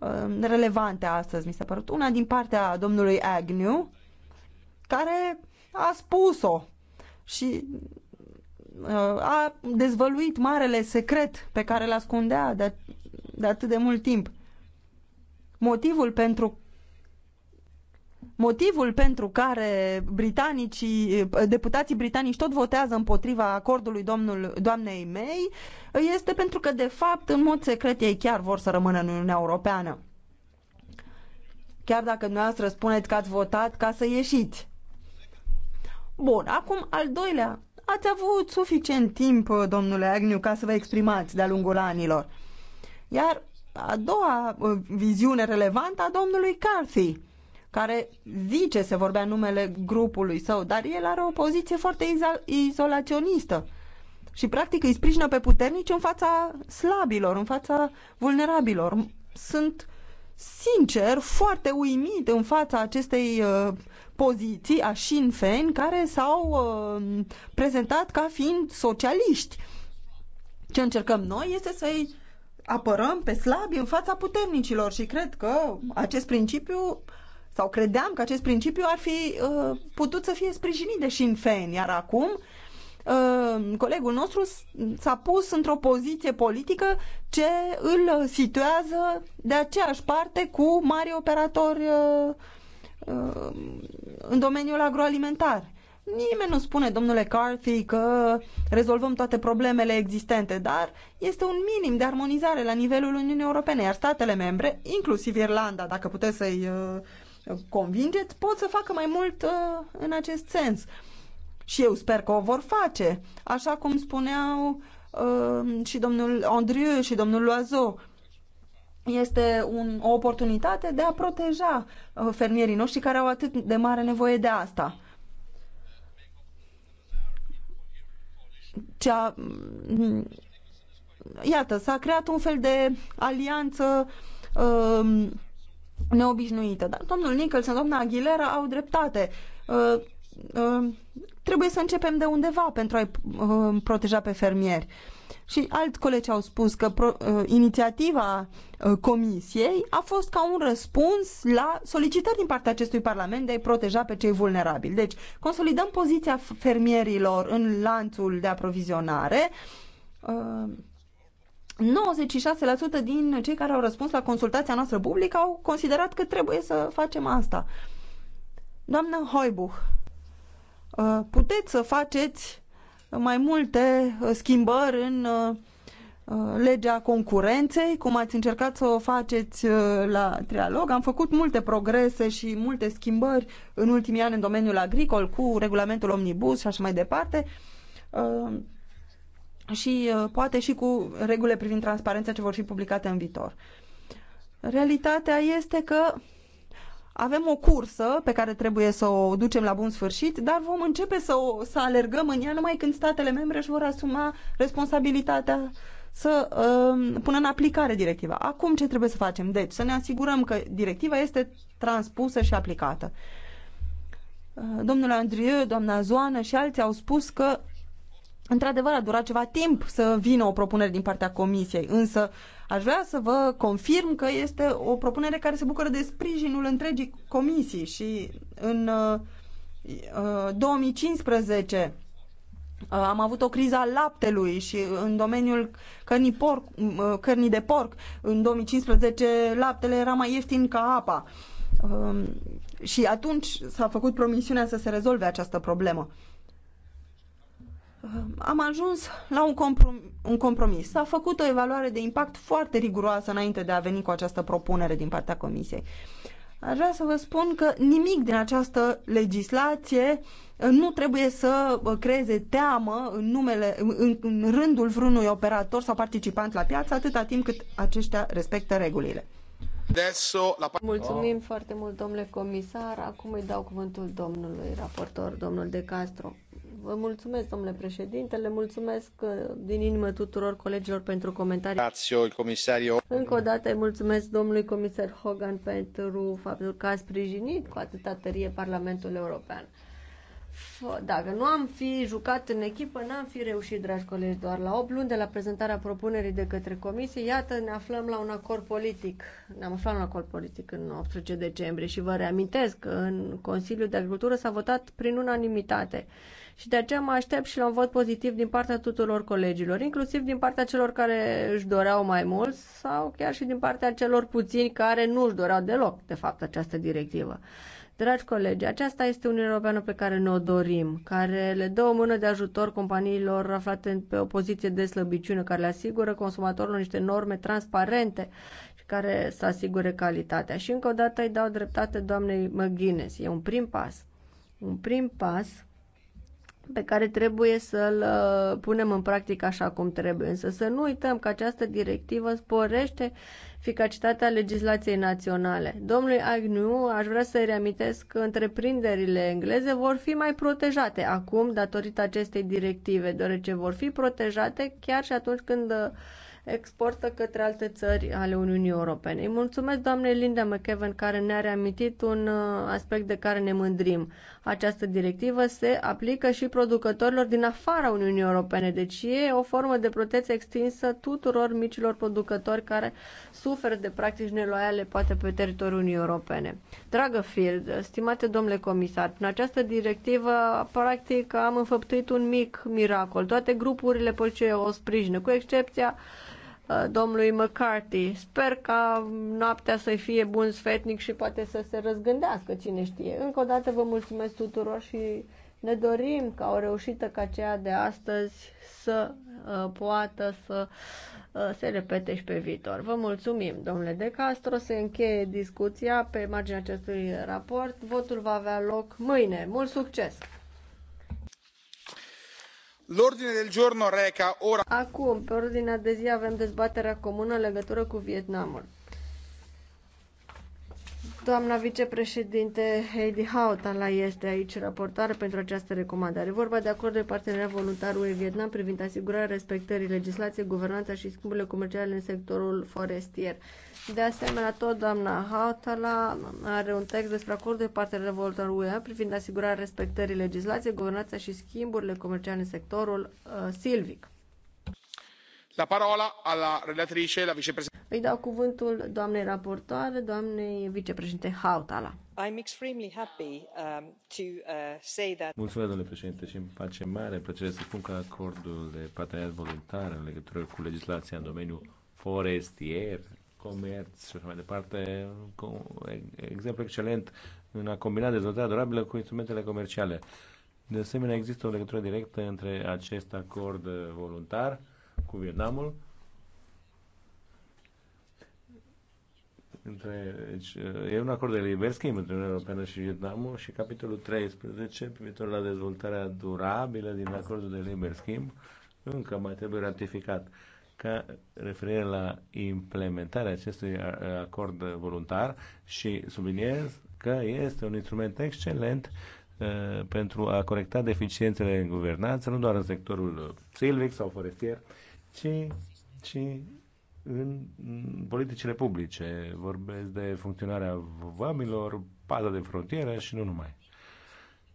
um, relevante astăzi, mi s-a părut. Una din partea domnului Agnew, care a spus-o și uh, a dezvăluit marele secret pe care îl ascundea de, de atât de mult timp. Motivul pentru Motivul pentru care britanicii, uh, deputații britanici tot votează împotriva acordului domnul, doamnei May este pentru că, de fapt, în mod secret, ei chiar vor să rămână în Uniunea Europeană. Chiar dacă dumneavoastră spuneți că ați votat ca să ieșiți. Bun, acum al doilea. Ați avut suficient timp, domnule Agniu, ca să vă exprimați de-a lungul anilor. Iar a doua uh, viziune relevantă a domnului Carthy, care zice se vorbea numele grupului său, dar el are o poziție foarte izolaționistă și practic îi sprijină pe puternici în fața slabilor, în fața vulnerabilor. Sunt sincer foarte uimit în fața acestei uh, poziții a Sinn Féin care s-au uh, prezentat ca fiind socialiști. Ce încercăm noi este să-i apărăm pe slabi în fața puternicilor și cred că acest principiu sau credeam că acest principiu ar fi uh, putut să fie sprijinit de Sinn Féin, iar acum uh, colegul nostru s-a pus într-o poziție politică ce îl situează de aceeași parte cu mari operatori uh, Uh, în domeniul agroalimentar. Nimeni nu spune, domnule Carthy, că rezolvăm toate problemele existente, dar este un minim de armonizare la nivelul Uniunii Europene, iar statele membre, inclusiv Irlanda, dacă puteți să-i uh, convingeți, pot să facă mai mult uh, în acest sens. Și eu sper că o vor face, așa cum spuneau și domnul Andrieu și domnul Loiseau este un, o oportunitate de a proteja uh, fermierii noștri care au atât de mare nevoie de asta. Cea, mm, iată, s-a creat un fel de alianță uh, neobișnuită. Dar domnul Nicholson, doamna Aguilera au dreptate. Uh, uh, trebuie să începem de undeva pentru a-i uh, proteja pe fermieri. Și alți colegi au spus că pro, uh, inițiativa uh, Comisiei a fost ca un răspuns la solicitări din partea acestui Parlament de a-i proteja pe cei vulnerabili. Deci, consolidăm poziția fermierilor în lanțul de aprovizionare. Uh, 96% din cei care au răspuns la consultația noastră publică au considerat că trebuie să facem asta. Doamnă Hoibuch, uh, puteți să faceți mai multe uh, schimbări în uh, uh, legea concurenței, cum ați încercat să o faceți la trialog. Am făcut multe progrese și multe schimbări în ultimii ani în domeniul agricol cu regulamentul omnibus și așa mai departe și poate și cu regulile privind transparența ce vor fi publicate în viitor. Realitatea este că avem o cursă pe care trebuie să o ducem la bun sfârșit, dar vom începe să, o, să alergăm în ea numai când statele membre își vor asuma responsabilitatea să uh, pună în aplicare directiva. Acum ce trebuie să facem? Deci să ne asigurăm că directiva este transpusă și aplicată. Uh, domnul Andrieu, doamna Zoană și alții au spus că Într-adevăr, a durat ceva timp să vină o propunere din partea Comisiei, însă Aș vrea să vă confirm că este o propunere care se bucură de sprijinul întregii comisii și în 2015 uh, uh, uh, am avut o criză a laptelui și în domeniul cărnii, porc, cărnii de porc. În 2015 laptele era mai ieftin ca apa. Um, și atunci s-a făcut promisiunea să se rezolve această problemă. Uh, am ajuns la un, comprom un compromis. S-a făcut o evaluare de impact foarte riguroasă înainte de a veni cu această propunere din partea Comisiei. Aș vrea să vă spun că nimic din această legislație uh, nu trebuie să uh, creeze teamă în, numele, în, în rândul vreunui operator sau participant la piață atâta timp cât aceștia respectă regulile. Mulțumim foarte mult, domnule comisar. Acum îi dau cuvântul domnului raportor, domnul De Castro. Vă mulțumesc, domnule președinte, le mulțumesc uh, din inimă tuturor colegilor pentru comentarii. Încă o dată îi mulțumesc domnului comisar Hogan pentru faptul că a sprijinit cu atâta tărie Parlamentul European dacă nu am fi jucat în echipă, n-am fi reușit, dragi colegi, doar la 8 luni de la prezentarea propunerii de către comisie. Iată, ne aflăm la un acord politic. Ne-am aflat la un acord politic în 18 decembrie și vă reamintesc că în Consiliul de Agricultură s-a votat prin unanimitate. Și de aceea mă aștept și la un vot pozitiv din partea tuturor colegilor, inclusiv din partea celor care își doreau mai mult sau chiar și din partea celor puțini care nu își doreau deloc, de fapt, această directivă. Dragi colegi, aceasta este Uniunea Europeană pe care ne-o dorim, care le dă o mână de ajutor companiilor aflate pe o poziție de slăbiciune, care le asigură consumatorilor niște norme transparente și care să asigure calitatea. Și încă o dată îi dau dreptate doamnei McGuinness. E un prim pas. Un prim pas pe care trebuie să-l uh, punem în practică așa cum trebuie. Însă să nu uităm că această directivă sporește eficacitatea legislației naționale. Domnului Agnew, aș vrea să reamintesc că întreprinderile engleze vor fi mai protejate acum datorită acestei directive, deoarece vor fi protejate chiar și atunci când uh, exportă către alte țări ale Uniunii Europene. Îi mulțumesc doamnei Linda McEwen care ne-a reamintit un uh, aspect de care ne mândrim. Această directivă se aplică și producătorilor din afara Uniunii Europene, deci e o formă de protecție extinsă tuturor micilor producători care suferă de practici neloiale, poate pe teritoriul Uniunii Europene. Dragă Field, stimate domnule comisar, în această directivă, practic, am înfăptuit un mic miracol. Toate grupurile politice o sprijină, cu excepția Uh, domnului McCarthy. Sper ca noaptea să fie bun sfetnic și poate să se răzgândească, cine știe. Încă o dată vă mulțumesc tuturor și ne dorim ca o reușită ca cea de astăzi să uh, poată să uh, se repete și pe viitor. Vă mulțumim, domnule De Castro. Se încheie discuția pe marginea acestui raport. Votul va avea loc mâine. Mult succes! L'ordine del giorno reca ora... Acum, pe ordinea de zi, avem dezbaterea comună în legătură cu Vietnamul. Doamna vicepreședinte Heidi la este aici raportare pentru această recomandare. Vorba de acord de parteneriat voluntar UE Vietnam privind asigurarea respectării legislației, guvernanța și schimburile comerciale în sectorul forestier. De asemenea, tot doamna Hautala are un text despre acordul de parteneriat voluntar UE privind asigurarea respectării legislației, guvernația și schimburile comerciale în sectorul uh, silvic. La parola alla relatrice, la vicepreședinte. Îi dau cuvântul doamnei raportoare, doamnei vicepreședinte Hautala. I'm extremely happy um, to uh, say that. Mulțumesc, domnule președinte, și îmi face mare plăcere să spun că acordul de parteneriat voluntar în legătură cu legislația în domeniul forestier comerț și așa mai departe. Exemplu excelent în a combina dezvoltarea durabilă cu instrumentele comerciale. De asemenea, există o legătură directă între acest acord voluntar cu Vietnamul, între, deci, e un acord de liber schimb între Uniunea Europeană și Vietnamul și capitolul 13 privitor la dezvoltarea durabilă din acordul de liber schimb încă mai trebuie ratificat ca referire la implementarea acestui uh, acord voluntar și subliniez că este un instrument excelent uh, pentru a corecta deficiențele în guvernanță, nu doar în sectorul silvic sau forestier, ci, ci în politicile publice. Vorbesc de funcționarea vamilor, paza de frontieră și nu numai.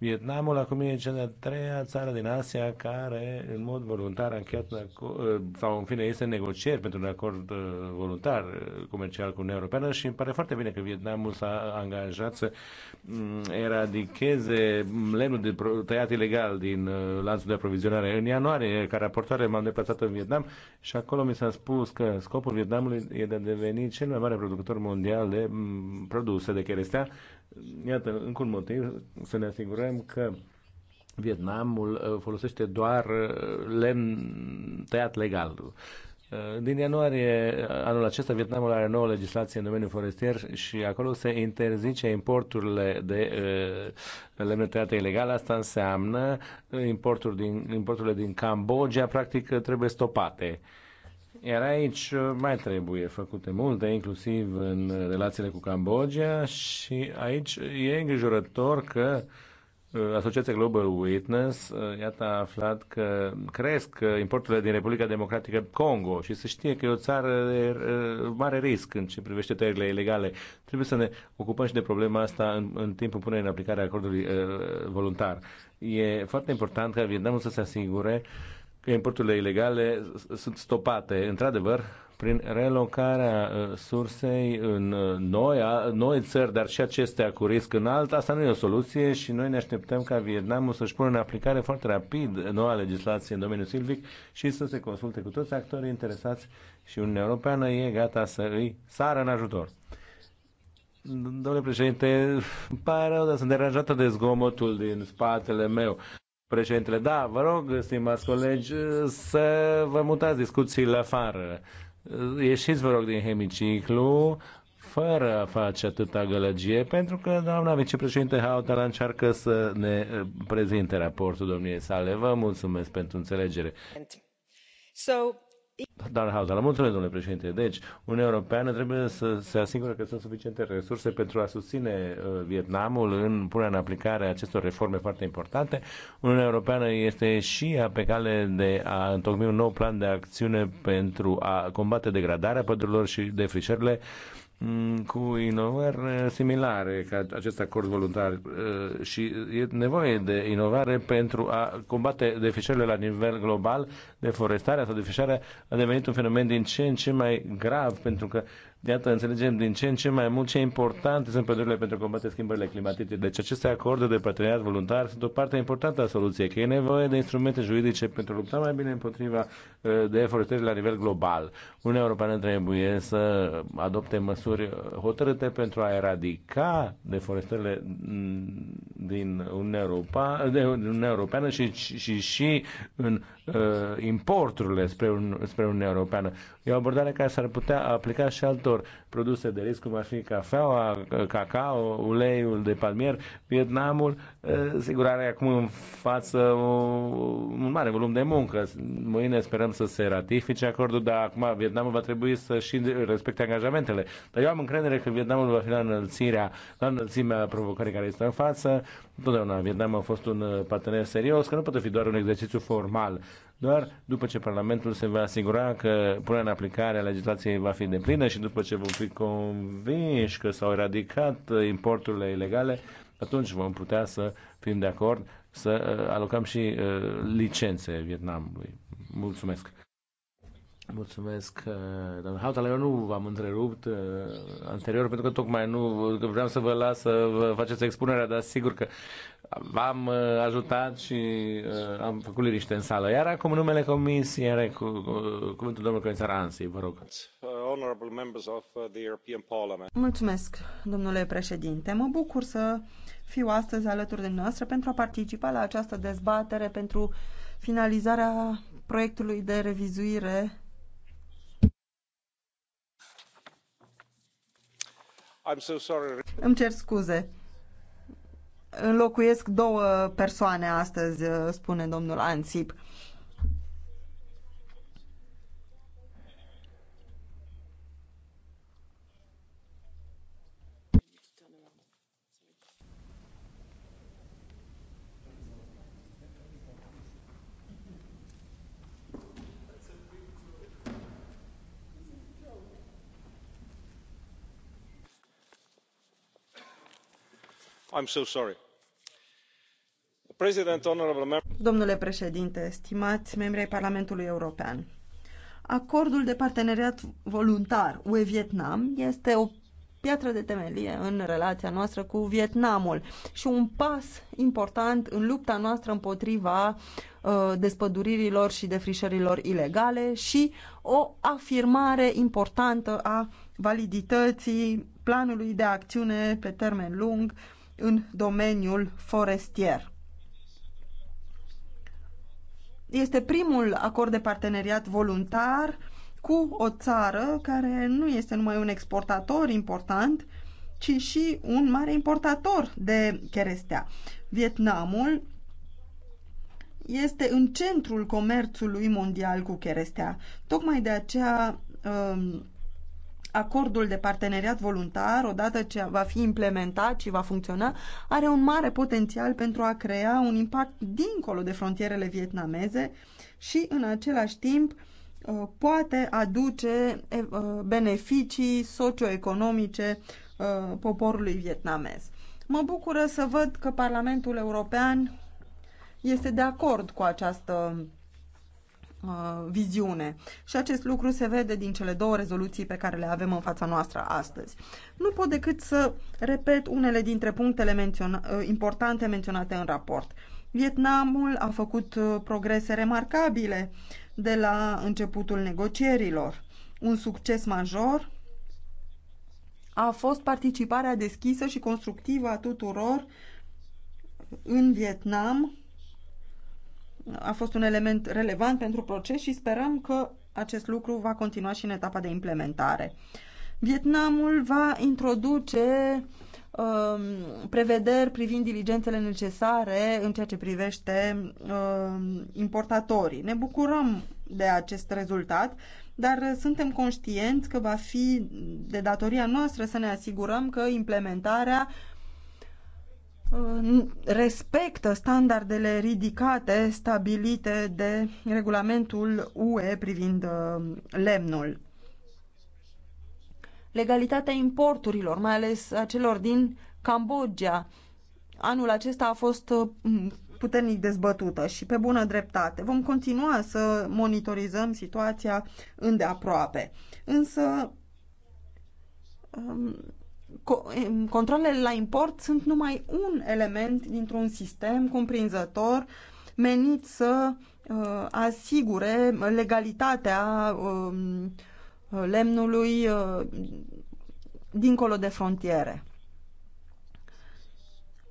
Vietnamul acum e cea de-a treia țară din Asia care, în mod voluntar, a încheiat un acord, uh, sau în fine este negocieri pentru un acord uh, voluntar uh, comercial cu Uniunea Europeană și îmi pare foarte bine că Vietnamul s-a angajat să mm, eradicheze lemnul de tăiat ilegal din lanțul de aprovizionare. În ianuarie, ca raportoare, m-am deplasat în Vietnam și acolo mi s-a spus că scopul Vietnamului e de a deveni cel mai mare producător mondial de mm, produse de cherestea Iată, încă un motiv să ne asigurăm că Vietnamul uh, folosește doar uh, lemn tăiat legal. Uh, din ianuarie anul acesta, Vietnamul are nouă legislație în domeniul forestier și acolo se interzice importurile de uh, lemne tăiate ilegal. Asta înseamnă importuri din, importurile din Cambodgia, practic trebuie stopate. Uh, iar aici uh, mai trebuie făcute multe, inclusiv în relațiile cu Cambodgia și aici e îngrijorător că uh, Asociația Global Witness, uh, iată, a aflat că cresc importurile din Republica Democratică Congo și se știe că e o țară de mare risc în ce privește tăierile ilegale. Trebuie să ne ocupăm și de problema asta în, în timpul punerii în aplicare a acordului uh, voluntar. E foarte important ca Vietnamul să se asigure uh, că importurile ilegale sunt stopate, într-adevăr, prin relocarea uh, sursei în uh, noi, noi țări, dar și acestea cu risc înalt, asta nu e o soluție și noi ne așteptăm ca Vietnamul să-și pună în aplicare foarte rapid noua legislație în domeniul silvic și să se consulte cu toți actorii interesați și Uniunea Europeană e gata să îi sară în ajutor. Domnule președinte, îmi pare rău, dar sunt deranjată de zgomotul din spatele meu. Președintele, da, vă rog, stimați colegi, să vă mutați discuțiile afară. Ieșiți, vă rog, din hemiciclu, fără a face atâta gălăgie, pentru că doamna vicepreședinte Hautala încearcă să ne prezinte raportul domniei sale. Vă mulțumesc pentru înțelegere. So, dar Doamna la mulțumesc, domnule președinte. Deci, Uniunea Europeană trebuie să se asigure că sunt suficiente resurse pentru a susține uh, Vietnamul în punerea în aplicare a acestor reforme foarte importante. Uniunea Europeană este și a pe cale de a întocmi un nou plan de acțiune pentru a combate degradarea pădurilor și defrișările Mm, cu inovări eh, similare ca acest acord voluntar eh, și e nevoie de inovare pentru a combate deficiențele la nivel global, deforestarea sau defișarea a devenit un fenomen din ce în ce mai grav pentru că Iată, înțelegem din ce în ce mai mult ce importante sunt pădurile pentru a combate schimbările climatice. Deci aceste acorduri de parteneriat voluntar sunt o parte importantă a soluției, că e nevoie de instrumente juridice pentru a lupta mai bine împotriva uh, deforestării la nivel global. Uniunea Europeană trebuie să adopte măsuri uh, hotărâte pentru a eradica deforestările mm, din Uniunea, Europa, din Uniunea Europeană și, și, și în uh, importurile spre, un, spre Uniunea Europeană. E o abordare care s-ar putea aplica și altor sector. Produse de risc, cum ar fi cafeaua, cacao, uleiul de palmier, Vietnamul, sigur, are acum în față un mare volum de muncă. Mâine sperăm să se ratifice acordul, dar acum Vietnamul va trebui să și respecte angajamentele. Dar eu am încredere că Vietnamul va fi la înălțirea, la înălțimea provocării care este în față. Totdeauna Vietnam a fost un partener serios, că nu poate fi doar un exercițiu formal doar după ce Parlamentul se va asigura că punerea în aplicare a legislației va fi deplină și după ce vom fi convinși că s-au eradicat importurile ilegale, atunci vom putea să fim de acord să uh, alocăm și uh, licențe Vietnamului. Mulțumesc! Mulțumesc, uh, doamne Hautala. Eu nu v-am întrerupt anterior pentru că tocmai nu vreau să vă las să vă faceți expunerea, dar sigur că v-am uh, ajutat și uh, am făcut liriște în sală. Iar acum numele comisiei are cu, uh, cuvântul domnul comisar Ansi, vă rog. Uh, Mulțumesc, domnule președinte. Mă bucur să fiu astăzi alături de noastră pentru a participa la această dezbatere pentru finalizarea proiectului de revizuire I'm so sorry. Îmi cer scuze înlocuiesc două persoane astăzi, uh, spune domnul Ansip. domnule președinte stimați membri ai parlamentului european acordul de parteneriat voluntar ue vietnam este o piatră de temelie în relația noastră cu vietnamul și un pas important în lupta noastră împotriva uh, despăduririlor și defrișărilor ilegale și o afirmare importantă a validității planului de acțiune pe termen lung uh, în domeniul forestier. Este primul acord de parteneriat voluntar cu o țară care nu este numai un exportator important, ci și un mare importator de cherestea. Vietnamul este în centrul comerțului mondial cu cherestea. Tocmai de aceea um, acordul de parteneriat voluntar, odată ce va fi implementat și va funcționa, are un mare potențial pentru a crea un impact dincolo de frontierele vietnameze și, în același timp, uh, poate aduce uh, beneficii socioeconomice uh, poporului vietnamez. Mă bucură să văd că Parlamentul European este de acord cu această Uh, viziune. Și acest lucru se vede din cele două rezoluții pe care le avem în fața noastră astăzi. Nu pot decât să repet unele dintre punctele menționa uh, importante menționate în raport. Vietnamul a făcut uh, progrese remarcabile de la începutul negocierilor. Un succes major a fost participarea deschisă și constructivă a tuturor în Vietnam a fost un element relevant pentru proces și sperăm că acest lucru va continua și în etapa de implementare. Vietnamul va introduce um, prevederi privind diligențele necesare în ceea ce privește um, importatorii. Ne bucurăm de acest rezultat, dar suntem conștienți că va fi de datoria noastră să ne asigurăm că implementarea uh, Uh, respectă standardele ridicate stabilite de regulamentul UE privind uh, lemnul. Legalitatea importurilor, mai ales a celor din Cambodgia, anul acesta a fost uh, puternic dezbătută și pe bună dreptate. Vom continua să monitorizăm situația îndeaproape. Însă um, controlele la import sunt numai un element dintr-un sistem cuprinzător menit să uh, asigure legalitatea uh, lemnului uh, dincolo de frontiere.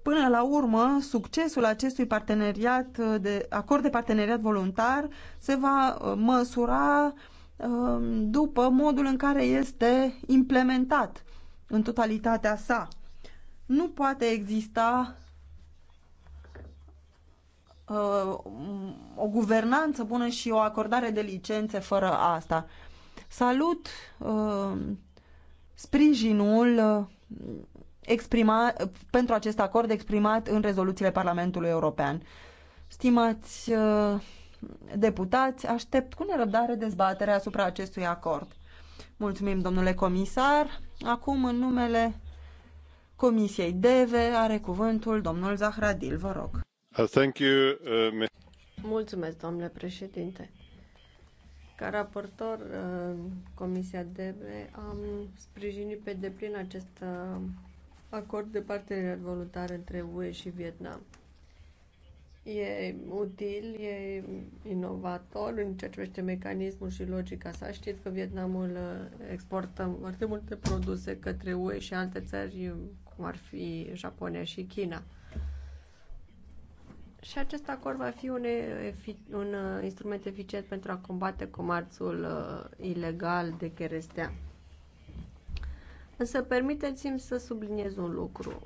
Până la urmă, succesul acestui parteneriat uh, de acord de parteneriat voluntar se va uh, măsura um, după modul în care este implementat în totalitatea sa. Nu poate exista uh, o guvernanță bună și o acordare de licențe fără asta. Salut uh, sprijinul uh, exprima, pentru acest acord exprimat în rezoluțiile Parlamentului European. Stimați uh, deputați, aștept cu nerăbdare dezbaterea asupra acestui acord. Mulțumim, domnule comisar. Acum, în numele Comisiei DEVE, are cuvântul domnul Zahradil. Vă rog. Uh, thank you, uh, Mulțumesc, domnule președinte. Ca raportor, uh, Comisia DEVE, am sprijinit pe deplin acest uh, acord de parteneriat voluntar între UE și Vietnam e util, e inovator în ceea ce privește mecanismul și logica sa. Știți că Vietnamul uh, exportă foarte multe produse către UE și alte țări, cum ar fi Japonia și China. Și acest acord va fi un, un uh, instrument eficient pentru a combate comerțul uh, ilegal de cherestea. Însă permiteți-mi să subliniez un lucru.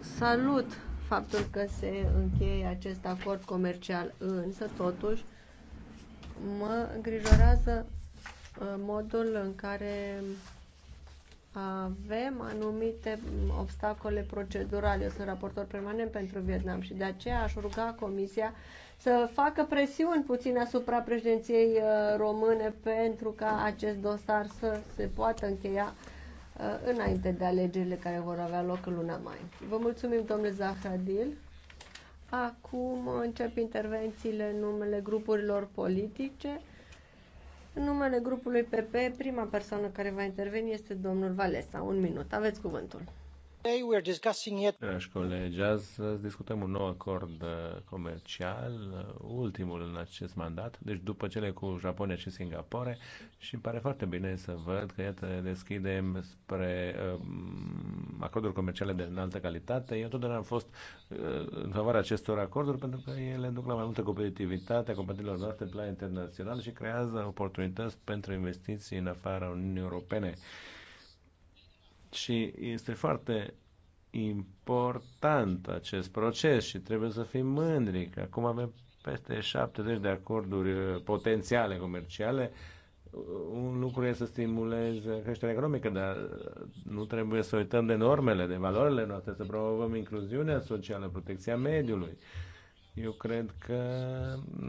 Salut faptul că se încheie acest acord comercial, însă totuși mă îngrijorează uh, modul în care avem anumite mm, obstacole procedurale. Eu sunt raportor permanent pentru Vietnam și de aceea aș ruga Comisia să facă presiuni puțin asupra președinției uh, române pentru ca acest dosar să se poată încheia Uh, înainte de alegerile care vor avea loc în luna mai. Vă mulțumim, domnule Zahradil. Acum încep intervențiile în numele grupurilor politice. În numele grupului PP, prima persoană care va interveni este domnul Valesa. Un minut, aveți cuvântul. Dragi colegi, azi discutăm un nou acord uh, comercial, uh, ultimul în acest mandat, deci după cele cu Japonia și Singapore și îmi pare foarte bine să văd că iată deschidem spre um, acorduri comerciale de înaltă calitate. Eu totdeauna am fost uh, în favoarea acestor acorduri pentru că ele duc la mai multă competitivitate a companiilor noastre pe plan internațional și creează oportunități pentru investiții în afara Uniunii Europene. Uh, și este foarte important acest proces și trebuie să fim mândri că acum avem peste 70 de acorduri uh, potențiale comerciale. Un lucru este să stimuleze creșterea economică, dar uh, nu trebuie să uităm de normele, de valorile noastre, să promovăm incluziunea socială, protecția mediului. Uh, eu cred că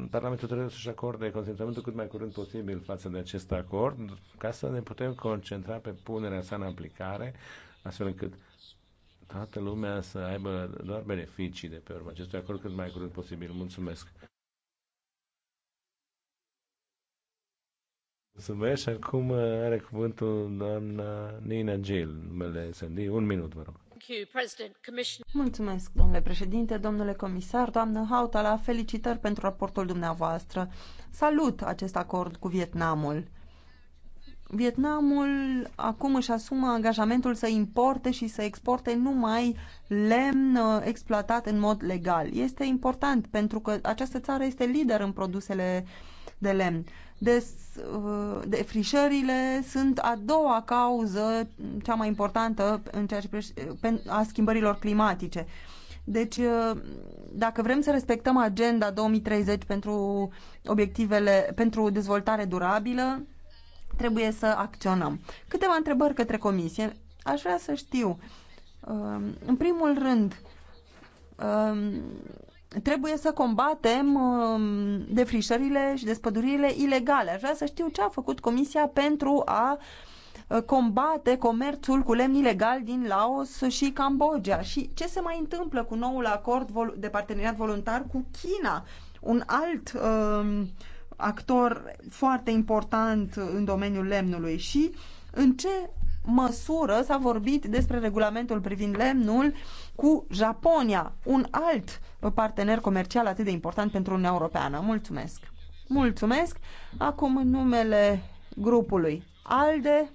Parlamentul trebuie să-și acorde consentământul cât mai curând posibil față de acest acord, ca să ne putem concentra pe punerea sa în aplicare, astfel încât toată lumea să aibă doar beneficii de pe urmă acestui acord cât mai curând posibil. Mulțumesc! Mulțumesc acum are cuvântul doamna Nina Gil, numele SND. Un minut, vă rog. Mulțumesc, domnule președinte, domnule comisar, doamnă Hautala, felicitări pentru raportul dumneavoastră. Salut acest acord cu Vietnamul. Vietnamul acum își asumă angajamentul să importe și să exporte numai lemn uh, exploatat în mod legal. Este important pentru că această țară este lider în produsele de lemn. Uh, de frișările sunt a doua cauză cea mai importantă în ceea ce uh, a schimbărilor climatice. Deci, uh, dacă vrem să respectăm agenda 2030 pentru obiectivele pentru dezvoltare durabilă, trebuie să acționăm. Câteva întrebări către comisie. Aș vrea să știu, în primul rând, trebuie să combatem um, defrișările și despăduririle ilegale. Aș vrea să știu ce a făcut Comisia pentru a uh, combate comerțul cu lemn ilegal din Laos și Cambodgia și ce se mai întâmplă cu noul acord de parteneriat voluntar cu China, un alt um, actor foarte important în domeniul lemnului și în ce măsură s-a vorbit despre regulamentul privind lemnul cu Japonia, un alt partener comercial atât de important pentru Uniunea Europeană. Mulțumesc! Mulțumesc! Acum în numele grupului ALDE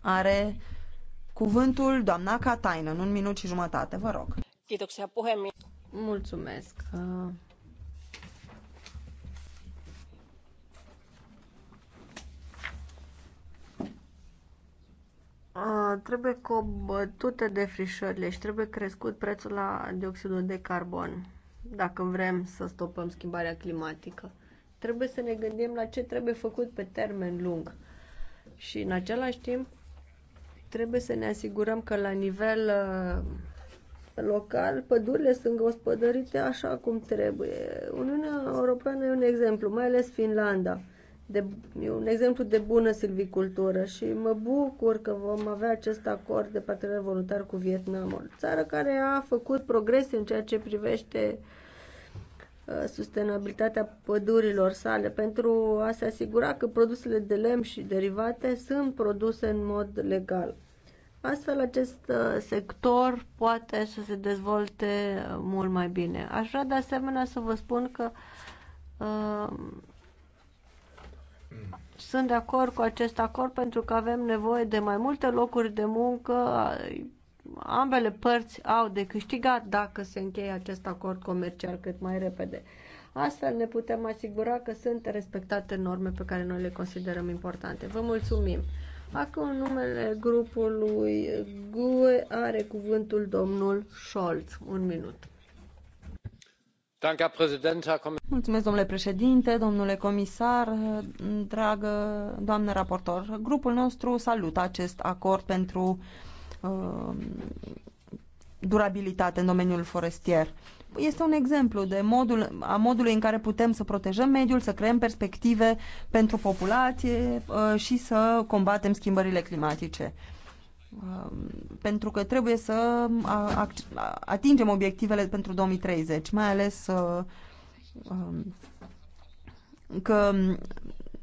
are cuvântul doamna în un minut și jumătate, vă rog. Mulțumesc! trebuie combătute frișările și trebuie crescut prețul la dioxidul de carbon dacă vrem să stopăm schimbarea climatică. Trebuie să ne gândim la ce trebuie făcut pe termen lung. Și în același timp trebuie să ne asigurăm că la nivel uh, local pădurile sunt gospodărite așa cum trebuie. Uniunea Europeană e un exemplu, mai ales Finlanda de, e un exemplu de bună silvicultură și mă bucur că vom avea acest acord de parteneriat voluntar cu Vietnamul, țară care a făcut progrese în ceea ce privește uh, sustenabilitatea pădurilor sale pentru a se asigura că produsele de lemn și derivate sunt produse în mod legal. Astfel, acest uh, sector poate să se dezvolte uh, mult mai bine. Aș vrea de asemenea să vă spun că uh, sunt de acord cu acest acord pentru că avem nevoie de mai multe locuri de muncă. Ambele părți au de câștigat dacă se încheie acest acord comercial cât mai repede. Astfel ne putem asigura că sunt respectate norme pe care noi le considerăm importante. Vă mulțumim! Acum numele grupului GUE are cuvântul domnul Scholz. Un minut domnule președinte, domnule comisar, dragă doamnă raportor. Grupul nostru salută acest acord pentru uh, durabilitate în domeniul forestier. Este un exemplu de modul, a modului în care putem să protejăm mediul, să creăm perspective pentru populație uh, și să combatem schimbările climatice. Um, pentru că trebuie să atingem obiectivele pentru 2030, mai ales uh, um, că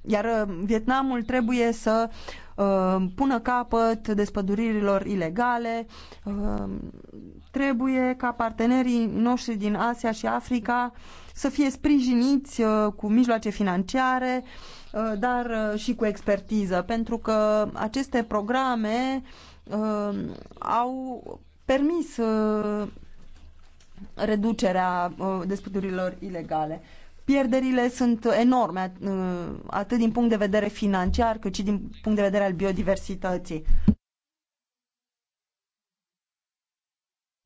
iar uh, Vietnamul trebuie să uh, pună capăt despăduririlor ilegale, um, trebuie ca partenerii noștri din Asia și Africa să fie sprijiniți cu mijloace financiare, dar și cu expertiză, pentru că aceste programe uh, au permis uh, reducerea uh, despădurilor ilegale. Pierderile sunt enorme, uh, atât din punct de vedere financiar, cât și din punct de vedere al biodiversității.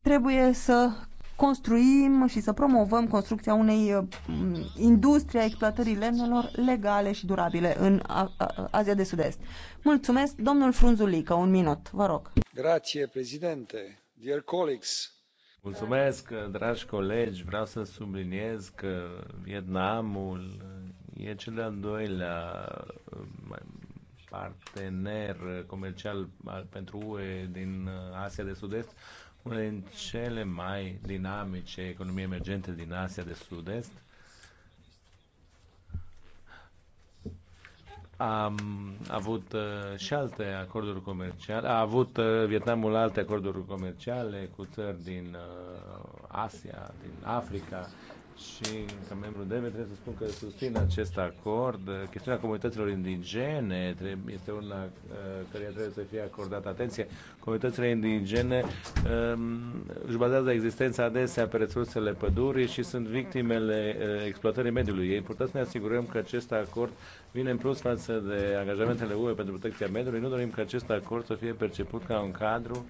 Trebuie să construim și să promovăm construcția unei uh, industrie a exploatării lemnelor legale și durabile în Asia de Sud-Est. Mulțumesc, domnul Frunzulică, un minut, vă rog. Grație, președinte. Dear colleagues, Mulțumesc, dragi colegi. Vreau să subliniez că Vietnamul e cel de-al doilea partener comercial pentru UE din Asia de Sud-Est una din cele mai dinamice economii emergente din Asia de Sud-Est. Am avut uh, și alte acorduri comerciale. A avut uh, Vietnamul alte acorduri comerciale cu țări din uh, Asia, din Africa și ca membru DEVE trebuie să spun că susțin acest acord. Chestiunea comunităților indigene trebuie, este una uh, care trebuie să fie acordată atenție. Comunitățile indigene um, își bazează existența adesea pe resursele pădurii și sunt victimele uh, exploatării mediului. E important să ne asigurăm că acest acord vine în plus față de angajamentele UE pentru protecția mediului. Nu dorim ca acest acord să fie perceput ca un cadru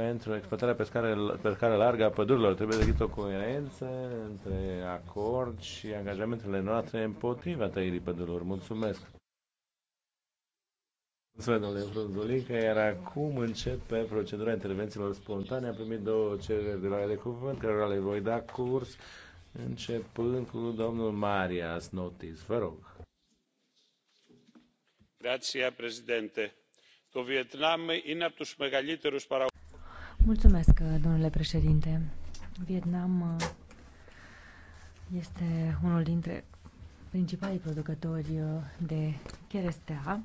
pentru exploatarea pe scară, pe scară largă a pădurilor. Trebuie găsit o coerență între acord și angajamentele noastre împotriva tăierii pădurilor. Mulțumesc! Mulțumesc, domnule Frunzulică, iar acum începe procedura intervențiilor spontane. Am primit două cereri de la de cuvânt, care le voi da curs, începând cu domnul Marias Notis. Vă rog. Grazie, președinte. Το Βιετνάμ είναι από τους μεγαλύτερους παραγωγούς Mulțumesc, domnule președinte. Vietnam uh, este unul dintre principalii producători uh, de cherestea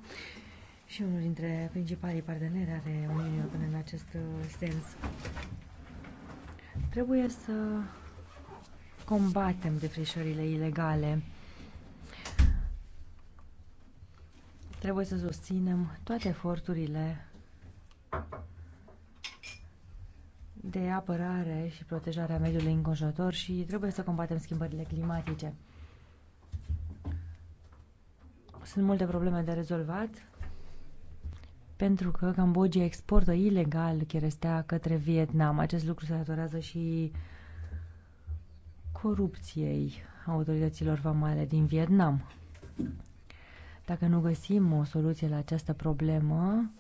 și unul dintre principalii parteneri ale Uniunii Europene în acest uh, sens. Trebuie să combatem defrișările ilegale. Trebuie să susținem toate eforturile de apărare și protejarea mediului înconjurător și trebuie să combatem schimbările climatice. Sunt multe probleme de rezolvat pentru că Cambodgia exportă ilegal cherestea către Vietnam. Acest lucru se datorează și corupției autorităților vamale din Vietnam. Dacă nu găsim o soluție la această problemă,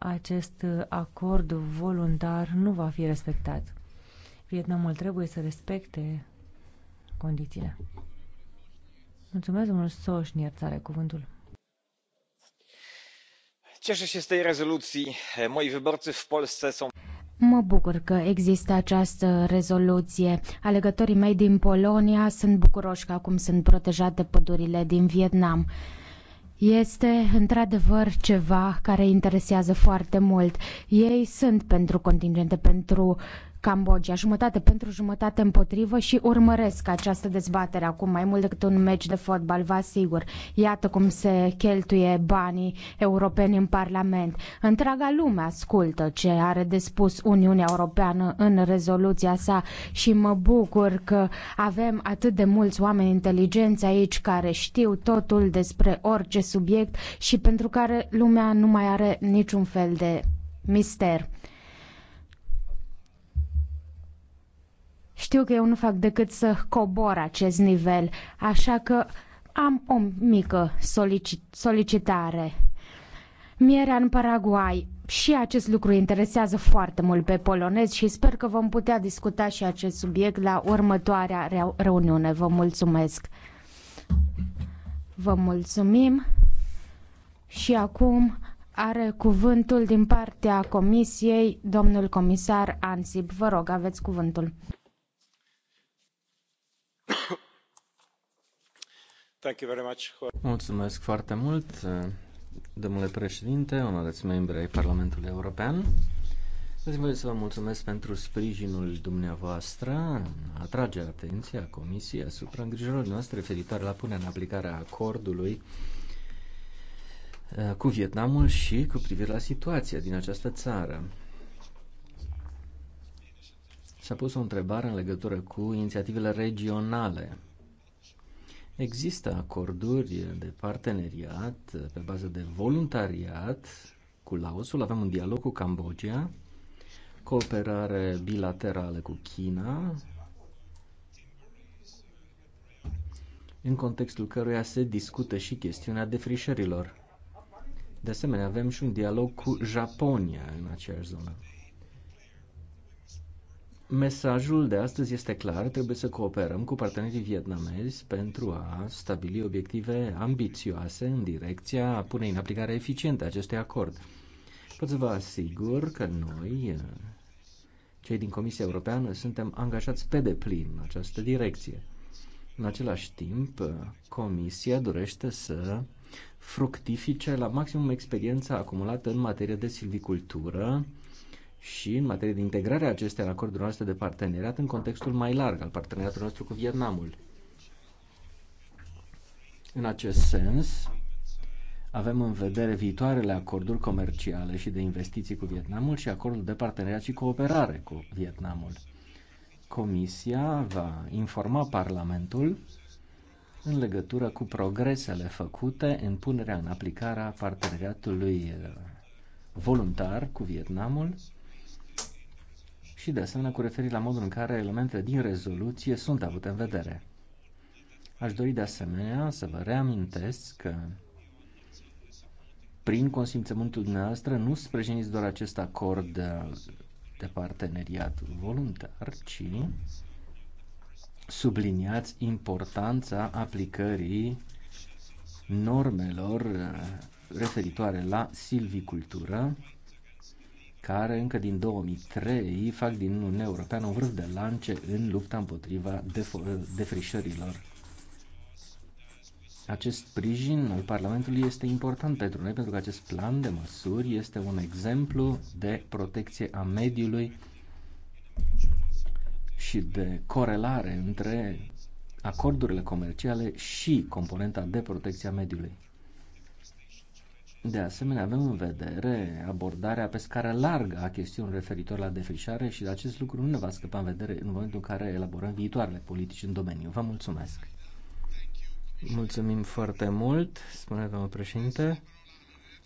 acest acord voluntar nu va fi respectat. Vietnamul trebuie să respecte condițiile. Mulțumesc, domnul Soșnier, are cuvântul. Cieșe și z rezoluții, Moi wyborcy în Polsce sunt... Mă bucur că există această rezoluție. Alegătorii mei din Polonia sunt bucuroși că acum sunt protejate pădurile din Vietnam este într-adevăr ceva care interesează foarte mult. Ei sunt pentru contingente, pentru Cambodgia, jumătate pentru, jumătate împotrivă și urmăresc această dezbatere acum mai mult decât un meci de fotbal, vă asigur. Iată cum se cheltuie banii europeni în Parlament. Întreaga lume ascultă ce are de spus Uniunea Europeană în rezoluția sa și mă bucur că avem atât de mulți oameni inteligenți aici care știu totul despre orice subiect și pentru care lumea nu mai are niciun fel de mister. Știu că eu nu fac decât să cobor acest nivel, așa că am o mică solicit solicitare. Mierea în Paraguay. Și acest lucru interesează foarte mult pe polonezi și sper că vom putea discuta și acest subiect la următoarea reuniune. Vă mulțumesc! Vă mulțumim! Și acum are cuvântul din partea Comisiei domnul comisar Ansip. Vă rog, aveți cuvântul. Mulțumesc foarte mult, domnule președinte, onorați membri ai Parlamentului European. Îți voi să vă mulțumesc pentru sprijinul dumneavoastră, atrage atenția Comisiei asupra îngrijorilor noastre referitoare la punerea în aplicare a acordului eh, cu Vietnamul și cu privire la situația din această țară. S-a pus o întrebare în legătură cu inițiativele regionale Există acorduri de parteneriat pe bază de voluntariat cu Laosul, avem un dialog cu Cambodgia, cooperare bilaterală cu China, în contextul căruia se discută și chestiunea defrișărilor. De asemenea, avem și un dialog cu Japonia în aceeași zonă. Mesajul de astăzi este clar, trebuie să cooperăm cu partenerii vietnamezi pentru a stabili obiective ambițioase în direcția punei în aplicare eficientă acestui acord. Pot să vă asigur că noi, cei din Comisia Europeană, suntem angajați pe deplin în această direcție. În același timp, Comisia dorește să fructifice la maximum experiența acumulată în materie de silvicultură, și în materie de integrare a acestea în acordul noastre de parteneriat în contextul mai larg al parteneriatului nostru cu Vietnamul. În acest sens, avem în vedere viitoarele acorduri comerciale și de investiții cu Vietnamul și acordul de parteneriat și cooperare cu Vietnamul. Comisia va informa Parlamentul în legătură cu progresele făcute în punerea în aplicare a parteneriatului eh, voluntar cu Vietnamul și de asemenea cu referire la modul în care elementele din rezoluție sunt avute în vedere. Aș dori de asemenea să vă reamintesc că prin consimțământul dumneavoastră nu sprijiniți doar acest acord de parteneriat voluntar, ci subliniați importanța aplicării normelor referitoare la silvicultură care încă din 2003 fac din Uniunea Europeană un vârf de lance în lupta împotriva defrișărilor. Acest sprijin al Parlamentului este important pentru noi, pentru că acest plan de măsuri este un exemplu de protecție a mediului și de corelare între acordurile comerciale și componenta de protecție a mediului. De asemenea, avem în vedere abordarea pe scară largă a chestiunii referitor la defrișare și acest lucru nu ne va scăpa în vedere în momentul în care elaborăm viitoarele politici în domeniu. Vă mulțumesc! Mulțumim foarte mult, spune domnul președinte.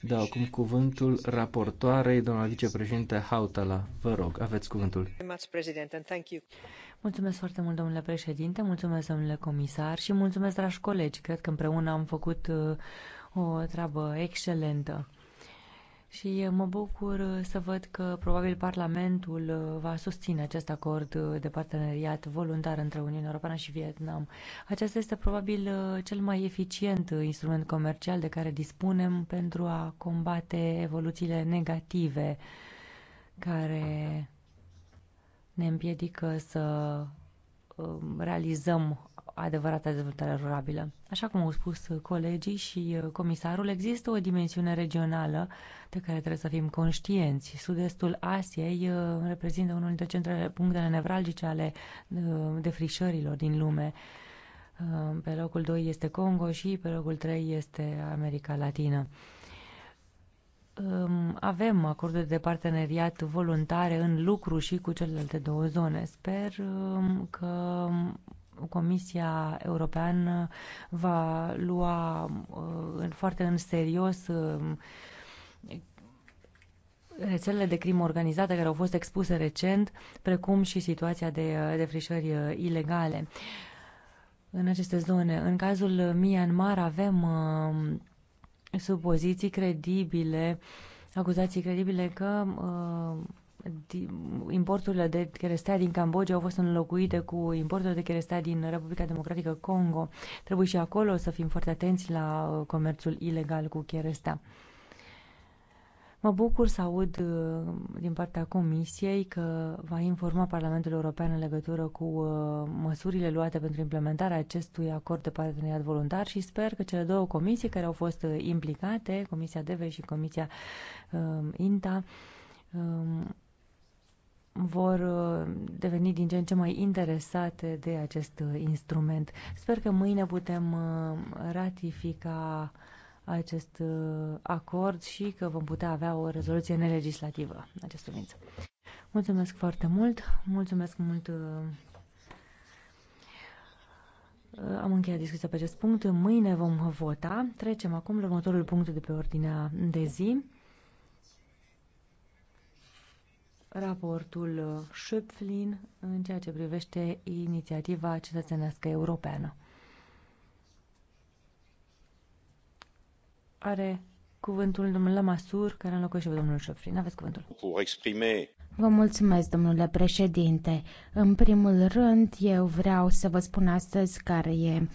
Dau acum cuvântul raportoarei, doamna vicepreședinte Hautala. Vă rog, aveți cuvântul. Mulțumesc foarte mult, domnule președinte, mulțumesc, domnule comisar și mulțumesc, dragi colegi. Cred că împreună am făcut uh, o treabă excelentă. Și mă bucur să văd că probabil Parlamentul uh, va susține acest acord uh, de parteneriat voluntar între Uniunea Europeană și Vietnam. Acesta este probabil uh, cel mai eficient instrument comercial de care dispunem pentru a combate evoluțiile negative care ne împiedică să um, realizăm adevărata dezvoltare rurabilă. Așa cum au spus colegii și uh, comisarul, există o dimensiune regională de care trebuie să fim conștienți. Sud-estul Asiei uh, reprezintă unul dintre centrele, punctele nevralgice ale uh, defrișărilor din lume. Pe locul 2 este Congo și pe locul 3 este America Latină um, avem acorduri de parteneriat voluntare în lucru și cu celelalte două zone. Sper um, că Comisia Europeană va lua uh, foarte în serios uh, rețelele de crimă organizată care au fost expuse recent, precum și situația de uh, defrișări ilegale în aceste zone. În cazul Myanmar avem supoziții credibile, acuzații credibile că importurile de cherestea din Cambodgia au fost înlocuite cu importurile de cherestea din Republica Democratică Congo. Trebuie și acolo să fim foarte atenți la uh, comerțul ilegal cu cherestea. Mă bucur să aud uh, din partea Comisiei că va informa Parlamentul European în legătură cu uh, măsurile luate pentru implementarea acestui acord de parteneriat voluntar și sper că cele două comisii care au fost implicate, Comisia DEVE și Comisia INTA, um, vor uh, deveni din ce în ce mai interesate de acest uh, instrument. Sper că mâine putem uh, ratifica acest acord și că vom putea avea o rezoluție nelegislativă în acest privință. Mulțumesc foarte mult, mulțumesc mult. Am încheiat discuția pe acest punct. Mâine vom vota. Trecem acum la următorul punct de pe ordinea de zi. raportul uh, Schöpflin în ceea ce privește inițiativa cetățenească europeană. Are cuvântul domnul Masur, care înlocuiește domnul Șofrin. Aveți cuvântul. Vă mulțumesc, domnule președinte. În primul rând, eu vreau să vă spun astăzi care e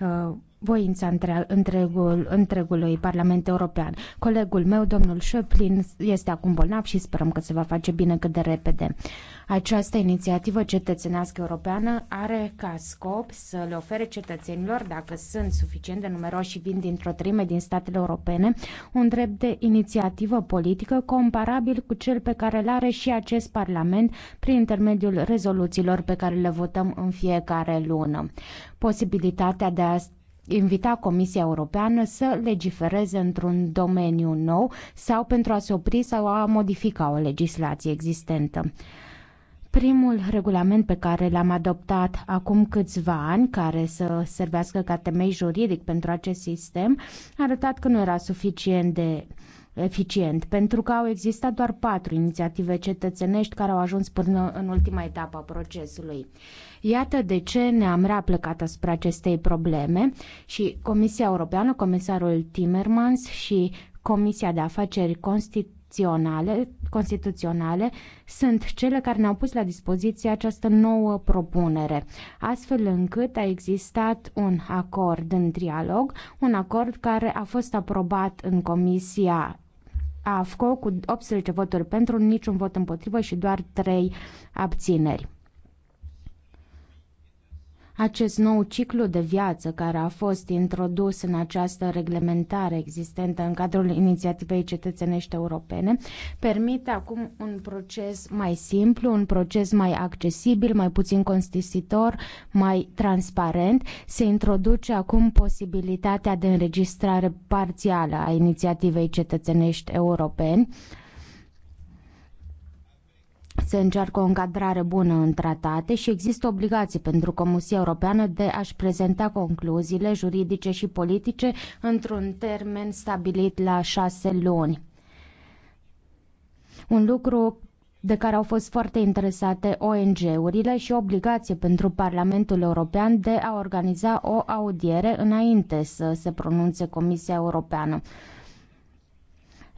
uh, voința între, întregul, întregului Parlament European. Colegul meu, domnul Șöplin, este acum bolnav și sperăm că se va face bine cât de repede. Această inițiativă cetățenească europeană are ca scop să le ofere cetățenilor, dacă sunt suficient de numeroși și vin dintr-o trime din statele europene, un drept de inițiativă politică comparabil cu cel pe care îl are și acest Parlament prin intermediul rezoluțiilor pe care le votăm în fiecare lună. Posibilitatea de a invita Comisia Europeană să legifereze într-un domeniu nou sau pentru a se opri sau a modifica o legislație existentă. Primul regulament pe care l-am adoptat acum câțiva ani, care să servească ca temei juridic pentru acest sistem, a arătat că nu era suficient de eficient, pentru că au existat doar patru inițiative cetățenești care au ajuns până în ultima etapă a procesului. Iată de ce ne-am reaplecat asupra acestei probleme și Comisia Europeană, Comisarul Timmermans și Comisia de Afaceri Constituționale, Constituționale sunt cele care ne-au pus la dispoziție această nouă propunere, astfel încât a existat un acord în trialog, un acord care a fost aprobat în Comisia AFCO cu 18 voturi pentru, niciun vot împotrivă și doar 3 abțineri. Acest nou ciclu de viață care a fost introdus în această reglementare existentă în cadrul inițiativei cetățenești europene permite acum un proces mai simplu, un proces mai accesibil, mai puțin costisitor, mai transparent. Se introduce acum posibilitatea de înregistrare parțială a inițiativei cetățenești europeni se încearcă o încadrare bună în tratate și există obligații pentru Comisia Europeană de a-și prezenta concluziile juridice și politice într-un termen stabilit la șase luni. Un lucru de care au fost foarte interesate ONG-urile și obligație pentru Parlamentul European de a organiza o audiere înainte să se pronunțe Comisia Europeană.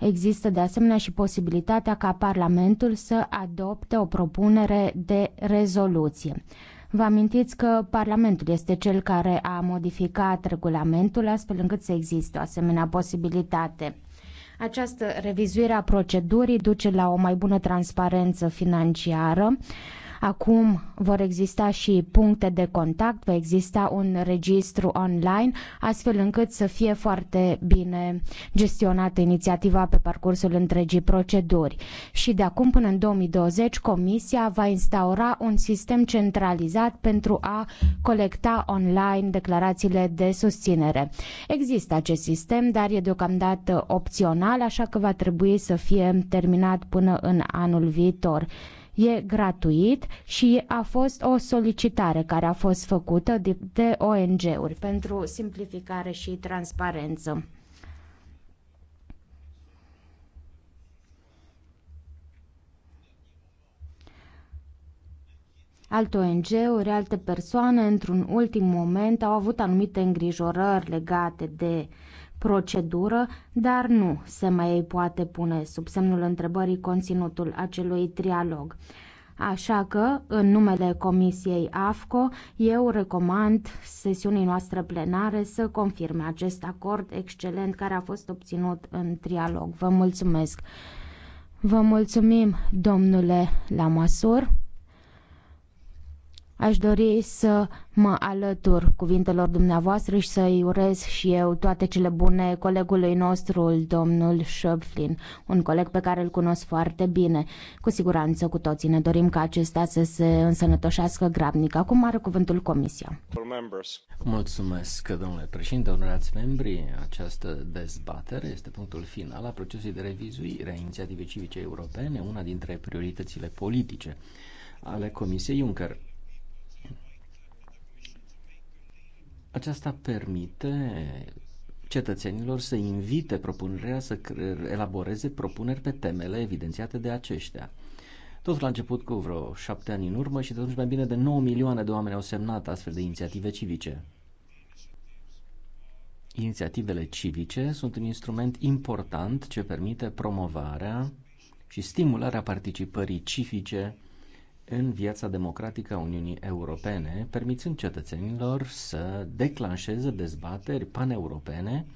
Există de asemenea și posibilitatea ca Parlamentul să adopte o propunere de rezoluție. Vă amintiți că Parlamentul este cel care a modificat regulamentul astfel încât să existe o asemenea posibilitate. Această revizuire a procedurii duce la o mai bună transparență financiară, Acum vor exista și puncte de contact, va exista un registru online, astfel încât să fie foarte bine gestionată inițiativa pe parcursul întregii proceduri. Și de acum până în 2020, Comisia va instaura un sistem centralizat pentru a colecta online declarațiile de susținere. Există acest sistem, dar e deocamdată opțional, așa că va trebui să fie terminat până în anul viitor e gratuit și a fost o solicitare care a fost făcută de, de ONG-uri pentru simplificare și transparență. Alte ONG-uri, alte persoane, într-un ultim moment, au avut anumite îngrijorări legate de uh, procedură, dar nu se mai poate pune sub semnul întrebării conținutul acelui trialog. Așa că, în numele Comisiei AFCO, eu recomand sesiunii noastre plenare să confirme acest acord excelent care a fost obținut în trialog. Vă mulțumesc! Vă mulțumim, domnule Lamasur. Aș dori să mă alătur cuvintelor dumneavoastră și să-i urez și eu toate cele bune colegului nostru, domnul Schöpflin, un coleg pe care îl cunosc foarte bine. Cu siguranță cu toții ne dorim ca acesta să se însănătoșească grabnic. Acum are cuvântul Comisia. Mulțumesc, domnule președinte, onorați membri. Această dezbatere este punctul final al procesului de revizuire a inițiativei civice europene, una dintre prioritățile politice ale Comisiei Juncker Aceasta permite cetățenilor să invite propunerea să elaboreze propuneri pe temele evidențiate de aceștia. Totul a început cu vreo șapte ani în urmă și de atunci mai bine de 9 milioane de oameni au semnat astfel de inițiative civice. Inițiativele civice sunt un instrument important ce permite promovarea și stimularea participării civice în viața democratică a Uniunii Europene, permițând cetățenilor să declanșeze dezbateri paneuropene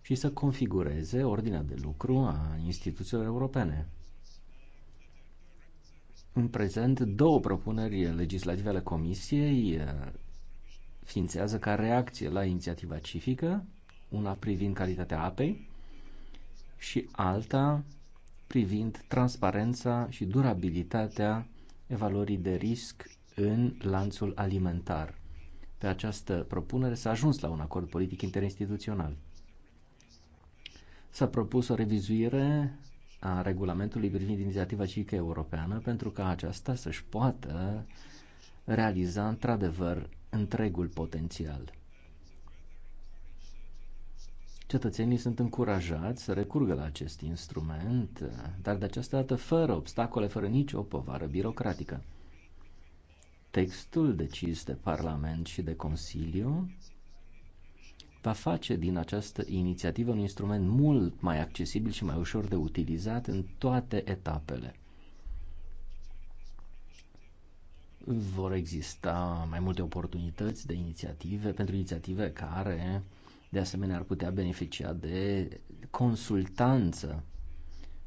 și să configureze ordinea de lucru a instituțiilor europene. În prezent, două propuneri legislative ale Comisiei eh, ființează ca reacție la inițiativa civică, una privind calitatea apei și alta privind transparența și durabilitatea evaluării de risc în lanțul alimentar. Pe această propunere s-a ajuns la un acord politic interinstituțional. S-a propus o revizuire a regulamentului privind inițiativa civică europeană pentru ca aceasta să-și poată realiza într-adevăr întregul potențial. Cetățenii sunt încurajați să recurgă la acest instrument, dar de această dată fără obstacole, fără nicio povară birocratică. Textul decis de Parlament și de Consiliu va face din această inițiativă un instrument mult mai accesibil și mai ușor de utilizat în toate etapele. Vor exista mai multe oportunități de inițiative pentru inițiative care de asemenea, ar putea beneficia de consultanță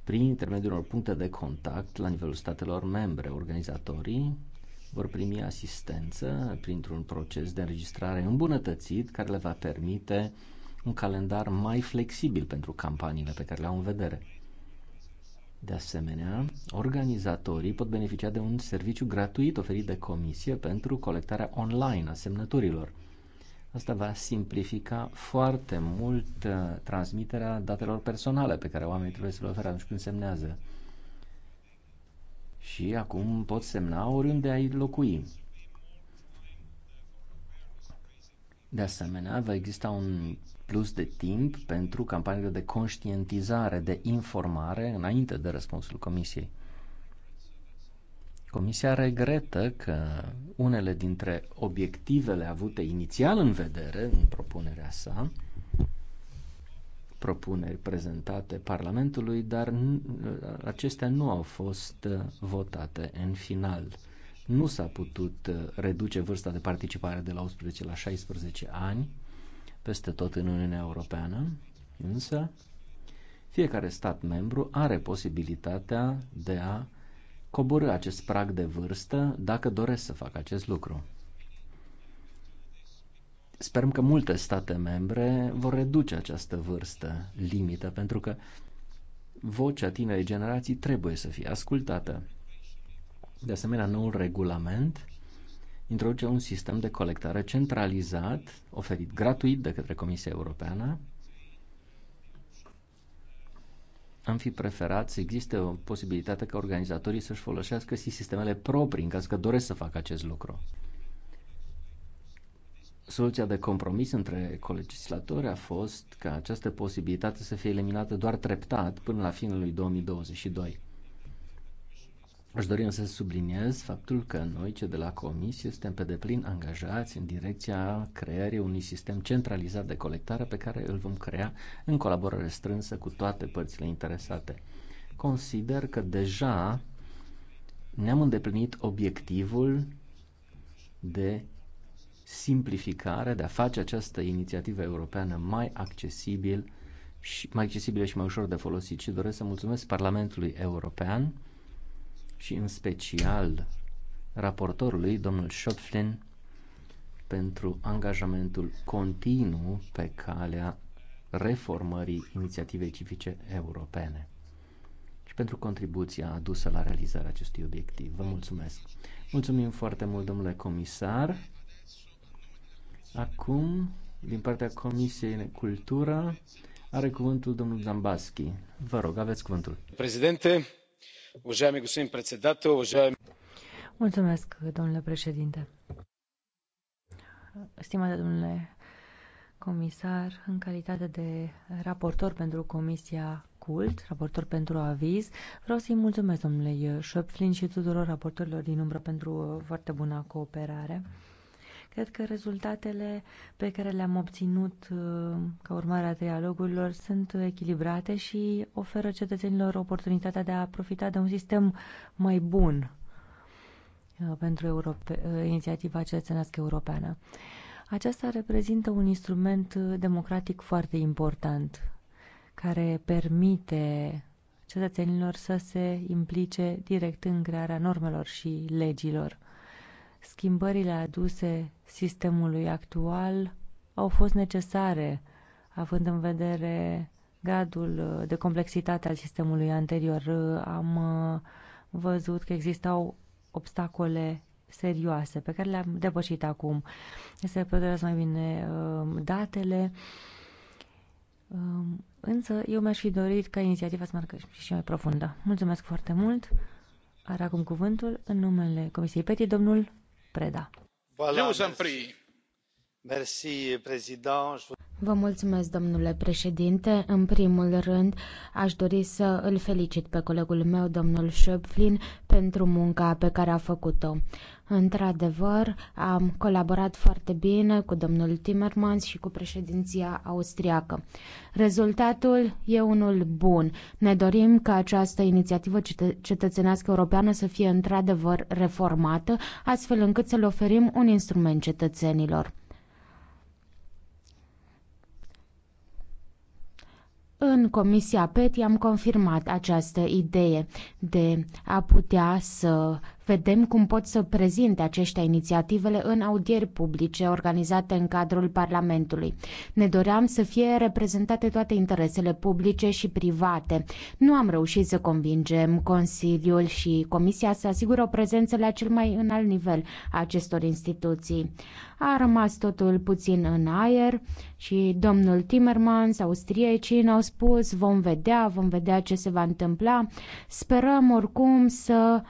prin intermediul unor puncte de contact la nivelul statelor membre. Organizatorii vor primi asistență printr-un proces de înregistrare îmbunătățit care le va permite un calendar mai flexibil pentru campaniile pe care le au în vedere. De asemenea, organizatorii pot beneficia de un serviciu gratuit oferit de comisie pentru colectarea online a semnăturilor. Asta va simplifica foarte mult uh, transmiterea datelor personale pe care oamenii trebuie să le ofere atunci când semnează. Și acum pot semna oriunde ai locui. De asemenea, va exista un plus de timp pentru campaniile de conștientizare, de informare înainte de răspunsul Comisiei. Comisia regretă că unele dintre obiectivele avute inițial în vedere în propunerea sa, propuneri prezentate Parlamentului, dar acestea nu au fost uh, votate în final. Nu s-a putut uh, reduce vârsta de participare de la 18 la 16 ani peste tot în Uniunea Europeană, însă fiecare stat membru are posibilitatea de a coborâ acest prag de vârstă dacă doresc să facă acest lucru. Sperăm că multe state membre vor reduce această vârstă limită pentru că vocea tinerei generații trebuie să fie ascultată. De asemenea, noul regulament introduce un sistem de colectare centralizat, oferit gratuit de către Comisia Europeană, am fi preferat să existe o posibilitate ca organizatorii să-și folosească sistemele proprii în caz că doresc să facă acest lucru. Soluția de compromis între colegislatori a fost ca această posibilitate să fie eliminată doar treptat până la finalul 2022. Aș dori să subliniez faptul că noi, cei de la Comisie, suntem pe deplin angajați în direcția creării unui sistem centralizat de colectare pe care îl vom crea în colaborare strânsă cu toate părțile interesate. Consider că deja ne-am îndeplinit obiectivul de simplificare, de a face această inițiativă europeană mai accesibil și mai accesibilă și mai ușor de folosit și doresc să mulțumesc Parlamentului European și în special raportorului, domnul Schopflin, pentru angajamentul continuu pe calea reformării inițiativei civice europene și pentru contribuția adusă la realizarea acestui obiectiv. Vă mulțumesc! Mulțumim foarte mult, domnule comisar! Acum, din partea Comisiei Cultura, Cultură, are cuvântul domnul Zambaschi. Vă rog, aveți cuvântul. Președinte, Mulțumesc, domnule președinte. Stimate domnule comisar, în calitate de raportor pentru Comisia cult, raportor pentru aviz. Vreau să-i mulțumesc domnului Șöpflin și tuturor raportorilor din umbră pentru foarte bună cooperare. Cred că rezultatele pe care le-am obținut uh, ca urmare a dialogurilor sunt echilibrate și oferă cetățenilor oportunitatea de a profita de un sistem mai bun uh, pentru Europe, uh, inițiativa cetățenească europeană. Aceasta reprezintă un instrument democratic foarte important care permite cetățenilor să se implice direct în crearea normelor și legilor schimbările aduse sistemului actual au fost necesare, având în vedere gradul de complexitate al sistemului anterior. Am uh, văzut că existau obstacole serioase pe care le-am depășit acum. Se protejează mai bine uh, datele, um, însă eu mi-aș fi dorit ca inițiativa să meargă și mai profundă. Mulțumesc foarte mult! Are acum cuvântul în numele Comisiei Peti, domnul Vă mulțumesc domnule președinte în primul rând aș dori să îl felicit pe colegul meu domnul Schöpflin pentru munca pe care a făcut o. Într-adevăr, am colaborat foarte bine cu domnul Timmermans și cu președinția austriacă. Rezultatul e unul bun. Ne dorim ca această inițiativă cetă cetățenească europeană să fie într-adevăr reformată, astfel încât să le oferim un instrument cetățenilor. În Comisia PET am confirmat această idee de a putea să Vedem cum pot să prezinte aceștia inițiativele în audieri publice organizate în cadrul Parlamentului. Ne doream să fie reprezentate toate interesele publice și private. Nu am reușit să convingem Consiliul și Comisia să asigură o prezență la cel mai înalt nivel a acestor instituții. A rămas totul puțin în aer și domnul Timmermans, austriecii, ne-au spus vom vedea, vom vedea ce se va întâmpla. Sperăm oricum să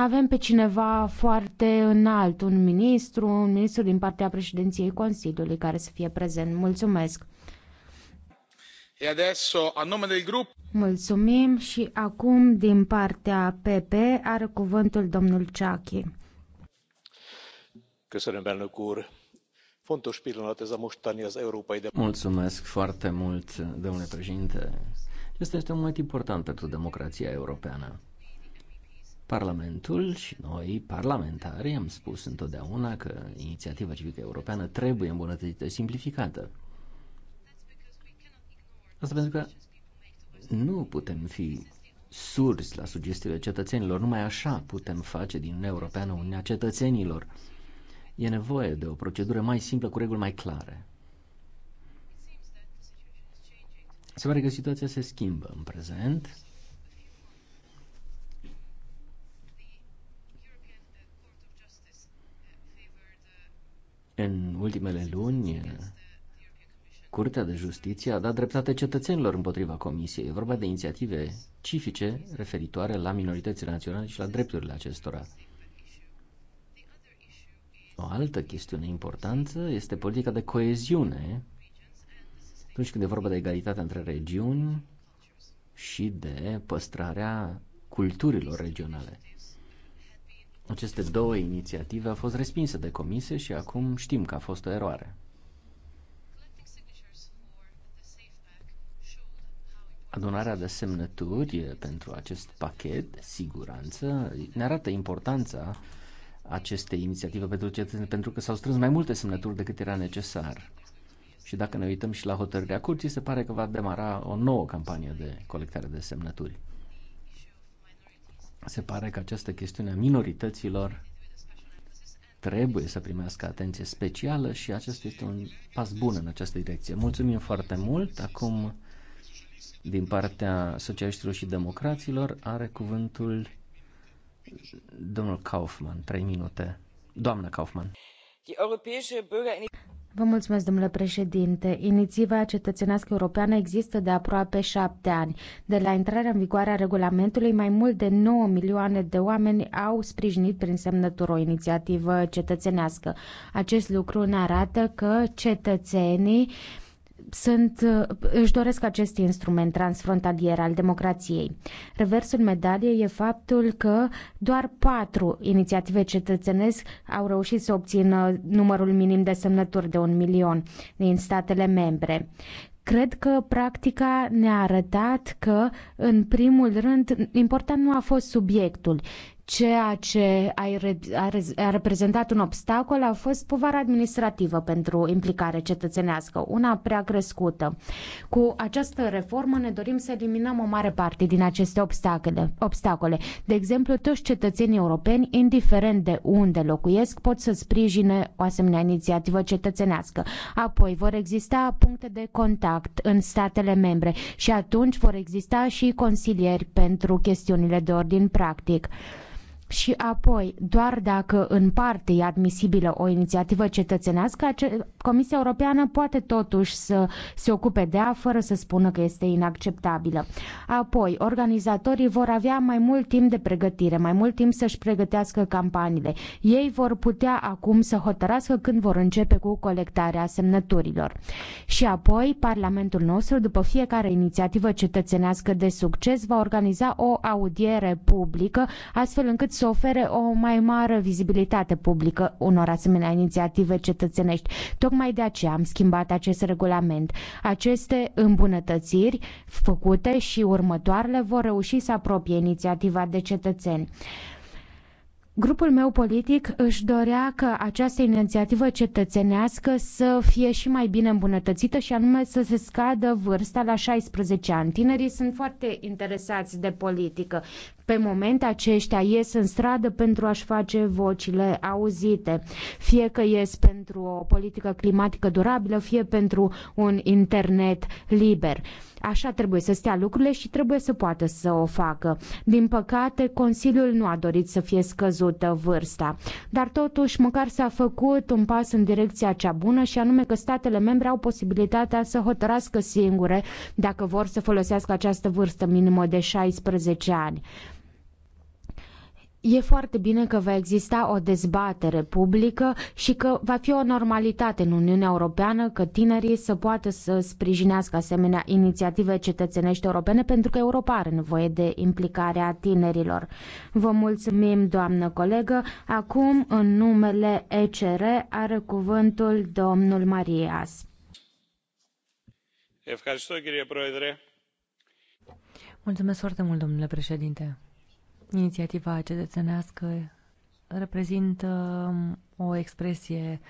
avem pe cineva foarte înalt, un ministru, un ministru din partea președinției Consiliului care să fie prezent. Mulțumesc! E adesso, a nume del grup... Mulțumim și acum din partea PP are cuvântul domnul Ciachi. Fontos pillanat ez a mostani az európai... Mulțumesc foarte mult, domnule președinte. Acesta este un moment important pentru democrația europeană. Parlamentul și noi, parlamentarii, am spus întotdeauna că inițiativa civică europeană trebuie îmbunătățită, simplificată. Asta pentru că nu putem fi surzi la sugestiile cetățenilor. Numai așa putem face din Uniunea Europeană Uniunea Cetățenilor. E nevoie de o procedură mai simplă, cu reguli mai clare. Se pare că situația se schimbă în prezent. În ultimele luni, Curtea de Justiție a dat dreptate cetățenilor împotriva Comisiei. E vorba de inițiative cifice referitoare la minoritățile naționale și la drepturile acestora. O altă chestiune importantă este politica de coeziune atunci când e vorba de egalitatea între regiuni și de păstrarea culturilor regionale. Aceste două inițiative au fost respinse de comisie și acum știm că a fost o eroare. Adunarea de semnături pentru acest pachet, siguranță, ne arată importanța acestei inițiative pentru cetățeni, pentru că s-au strâns mai multe semnături decât era necesar. Și dacă ne uităm și la hotărârea curții, se pare că va demara o nouă campanie de colectare de semnături. Se pare că această chestiune a minorităților trebuie să primească atenție specială și acesta este un pas bun în această direcție. Mulțumim foarte mult. Acum, din partea socialiștilor și democraților, are cuvântul domnul Kaufmann, trei minute. Doamna Kaufmann. Vă mulțumesc, domnule președinte. Inițiativa cetățenească europeană există de aproape șapte ani. De la intrarea în vigoare a regulamentului, mai mult de 9 milioane de oameni au sprijinit prin semnătură o inițiativă cetățenească. Acest lucru ne arată că cetățenii uh, sunt, uh, își doresc acest instrument transfrontalier al democrației. Reversul medaliei e faptul că doar patru inițiative cetățenesc au reușit să obțină numărul minim de semnături de un milion din statele membre cred că practica ne-a arătat că, în primul rând, important nu a fost subiectul, Ceea ce a reprezentat un obstacol a fost povara administrativă pentru implicare cetățenească, una prea crescută. Cu această reformă ne dorim să eliminăm o mare parte din aceste obstacole. obstacole. De exemplu, toți cetățenii europeni, indiferent de unde locuiesc, pot să sprijine o asemenea inițiativă cetățenească. Apoi vor exista puncte de contact în statele membre și atunci vor exista și consilieri pentru chestiunile de ordin practic. Și apoi, doar dacă în parte e admisibilă o inițiativă cetățenească, Comisia Europeană poate totuși să se ocupe de ea fără să spună că este inacceptabilă. Apoi, organizatorii vor avea mai mult timp de pregătire, mai mult timp să-și pregătească campaniile. Ei vor putea acum să hotărască când vor începe cu colectarea semnăturilor. Și apoi, Parlamentul nostru, după fiecare inițiativă cetățenească de succes, va organiza o audiere publică, astfel încât să ofere o mai mare vizibilitate publică unor asemenea inițiative cetățenești. Tocmai de aceea am schimbat acest regulament. Aceste îmbunătățiri făcute și următoarele vor reuși să apropie inițiativa de cetățeni. Grupul meu politic își dorea ca această inițiativă cetățenească să fie și mai bine îmbunătățită și anume să se scadă vârsta la 16 ani. Tinerii sunt foarte interesați de politică. Pe moment aceștia ies în stradă pentru a-și face vocile auzite, fie că ies pentru o politică climatică durabilă, fie pentru un internet liber. Așa trebuie să stea lucrurile și trebuie să poată să o facă. Din păcate, Consiliul nu a dorit să fie scăzută vârsta. Dar totuși, măcar s-a făcut un pas în direcția cea bună și anume că statele membre au posibilitatea să hotărască singure dacă vor să folosească această vârstă minimă de 16 ani. E foarte bine că va exista o dezbatere publică și că va fi o normalitate în Uniunea Europeană că tinerii să poată să sprijinească asemenea inițiative cetățenești europene pentru că Europa are nevoie de implicarea tinerilor. Vă mulțumim, doamnă colegă. Acum, în numele ECR, are cuvântul domnul Marias. Mulțumesc foarte mult, domnule președinte. Inițiativa cetățenească reprezintă um, o expresie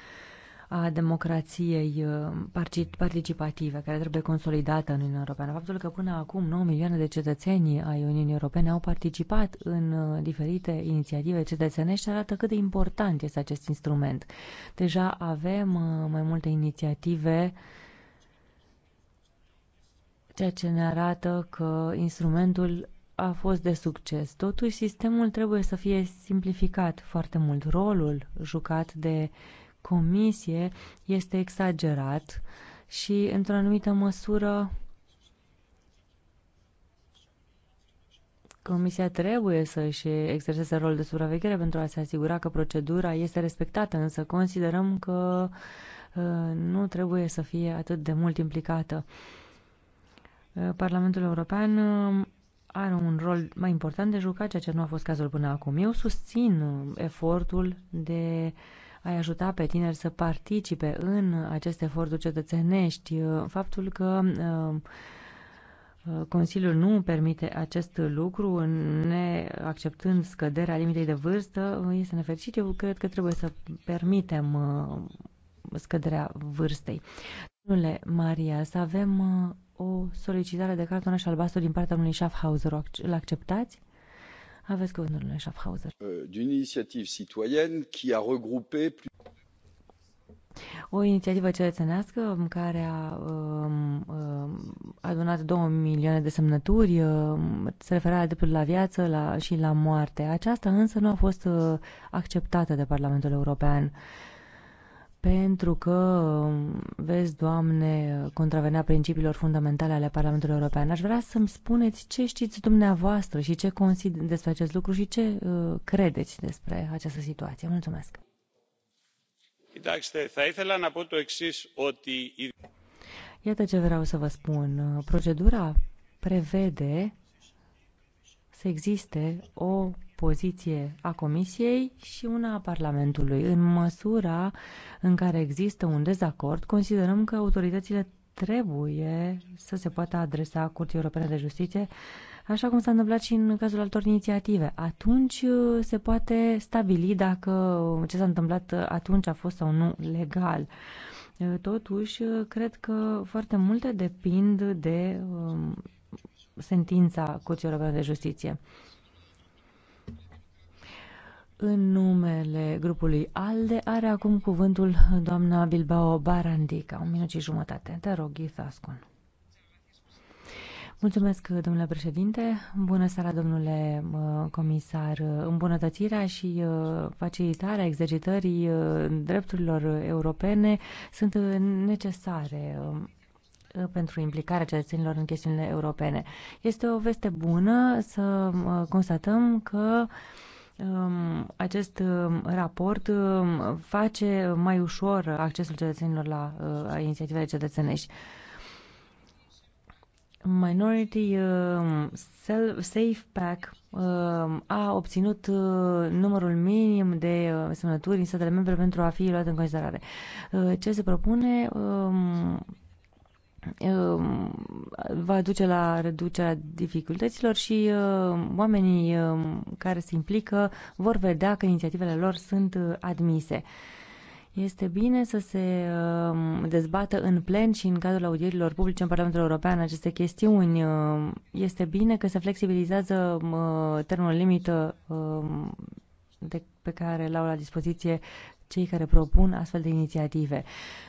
a democrației uh, participative, care trebuie consolidată în Uniunea Europeană. Faptul că până acum 9 milioane de cetățeni ai Uniunii Europene au participat în uh, diferite inițiative cetățenești arată cât de important este acest instrument. Deja avem uh, mai multe inițiative ceea ce ne arată că instrumentul a fost de succes. Totuși, sistemul trebuie să fie simplificat foarte mult. Rolul jucat de comisie este exagerat și, într-o anumită măsură, Comisia trebuie să își exerseze rolul de supraveghere pentru a se asigura că procedura este respectată, însă considerăm că uh, nu trebuie să fie atât de mult implicată. Uh, Parlamentul European uh, are un rol mai important de jucat, ceea ce nu a fost cazul până acum. Eu susțin uh, efortul de a ajuta pe tineri să participe în acest eforturi cetățenești. Uh, faptul că uh, Consiliul nu permite acest lucru, ne acceptând scăderea limitei de vârstă, este nefericit. Eu cred că trebuie să permitem scăderea vârstei. Domnule Maria, să avem o solicitare de cartonaș albastru din partea unui Schaffhauser. Îl acceptați? Aveți cuvântul, lui Schaffhauser. Uh, d'une inițiativă citoyenne qui a regroupé plus... O inițiativă cetățenească care a um, um adunat 2 milioane de semnături, um, se referea la dreptul la viață la, și la moarte. Aceasta însă nu a fost uh, acceptată de Parlamentul European. Uh, pentru că, vezi, Doamne, contravenea principiilor fundamentale ale Parlamentului European. Aș vrea să-mi spuneți ce știți dumneavoastră și ce consider despre acest lucru și ce uh, credeți despre această situație. Mulțumesc. Iată ce vreau să vă spun. Procedura prevede să existe o poziție a Comisiei și una a Parlamentului. În măsura în care există un dezacord, considerăm că autoritățile trebuie să se poată adresa Curții Europene de Justiție, așa cum s-a întâmplat și în cazul altor inițiative. Atunci uh, se poate stabili dacă ce s-a întâmplat uh, atunci a fost sau nu legal. Uh, totuși, cred că foarte multe depind de um, sentința Curții Europene de Justiție. În numele grupului ALDE are acum cuvântul doamna Bilbao Barandica. Un minut și jumătate. Te rog, Ghithascun. Mulțumesc, domnule președinte. Bună seara, domnule uh, comisar. Îmbunătățirea și uh, facilitarea exercitării uh, drepturilor europene sunt necesare pentru implicarea cetățenilor în chestiunile europene. Este o veste bună să constatăm că uh, Um, acest um, raport um, face mai ușor accesul cetățenilor la uh, inițiativele cetățenești. Minority Safe Pack a obținut uh, numărul minim de uh, semnături în statele membre pentru a fi luat în considerare. Ce se propune Um, va duce la reducerea dificultăților și um, oamenii um, care se implică vor vedea că inițiativele lor sunt uh, admise. Este bine să se dezbată în plen și în cadrul audierilor publice în Parlamentul European aceste chestiuni. Este bine că se flexibilizează uh, termenul limită de, pe care l-au la dispoziție cei care propun astfel de inițiative.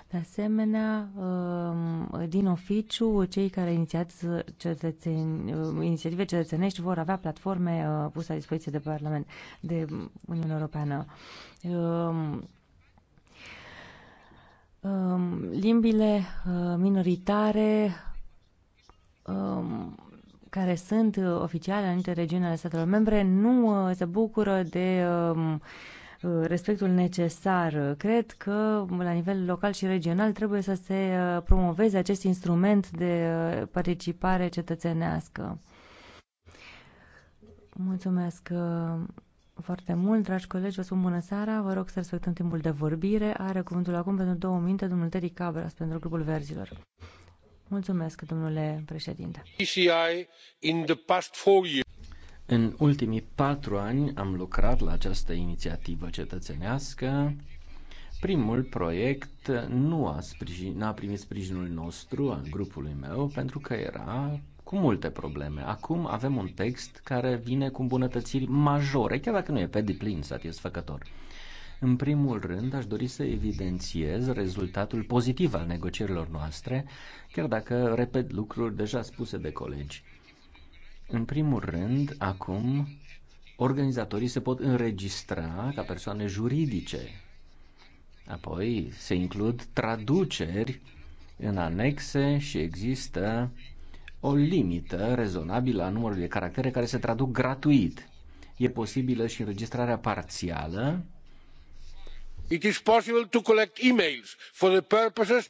De asemenea, um, din oficiu, cei care inițiază cetățeni, inițiative cetățenești vor avea platforme uh, puse la dispoziție de Parlament, de Uniunea Europeană. Um, um, limbile uh, minoritare care sunt uh, oficiale în anumite regiuni ale statelor membre nu se bucură de uh, Uh, respectul necesar. Cred că la nivel local și regional trebuie să se uh, promoveze acest instrument de uh, participare cetățenească. Mulțumesc foarte mult, dragi colegi, vă spun bună seara, vă rog să respectăm timpul de vorbire. Are cuvântul acum pentru două minute domnul Teddy Cabras pentru grupul verzilor. Mulțumesc, domnule președinte. În ultimii patru ani am lucrat la această inițiativă cetățenească. Primul proiect nu a, sprijin, a primit sprijinul nostru, al grupului meu, pentru că era cu multe probleme. Acum avem un text care vine cu îmbunătățiri majore, chiar dacă nu e pe deplin satisfăcător. În primul rând, aș dori să evidențiez rezultatul pozitiv al negocierilor noastre, chiar dacă repet lucruri deja spuse de colegi. În primul rând, acum, organizatorii se pot înregistra ca persoane juridice. Apoi se includ traduceri în anexe și există o limită rezonabilă a numărului de caractere care se traduc gratuit. E posibilă și înregistrarea parțială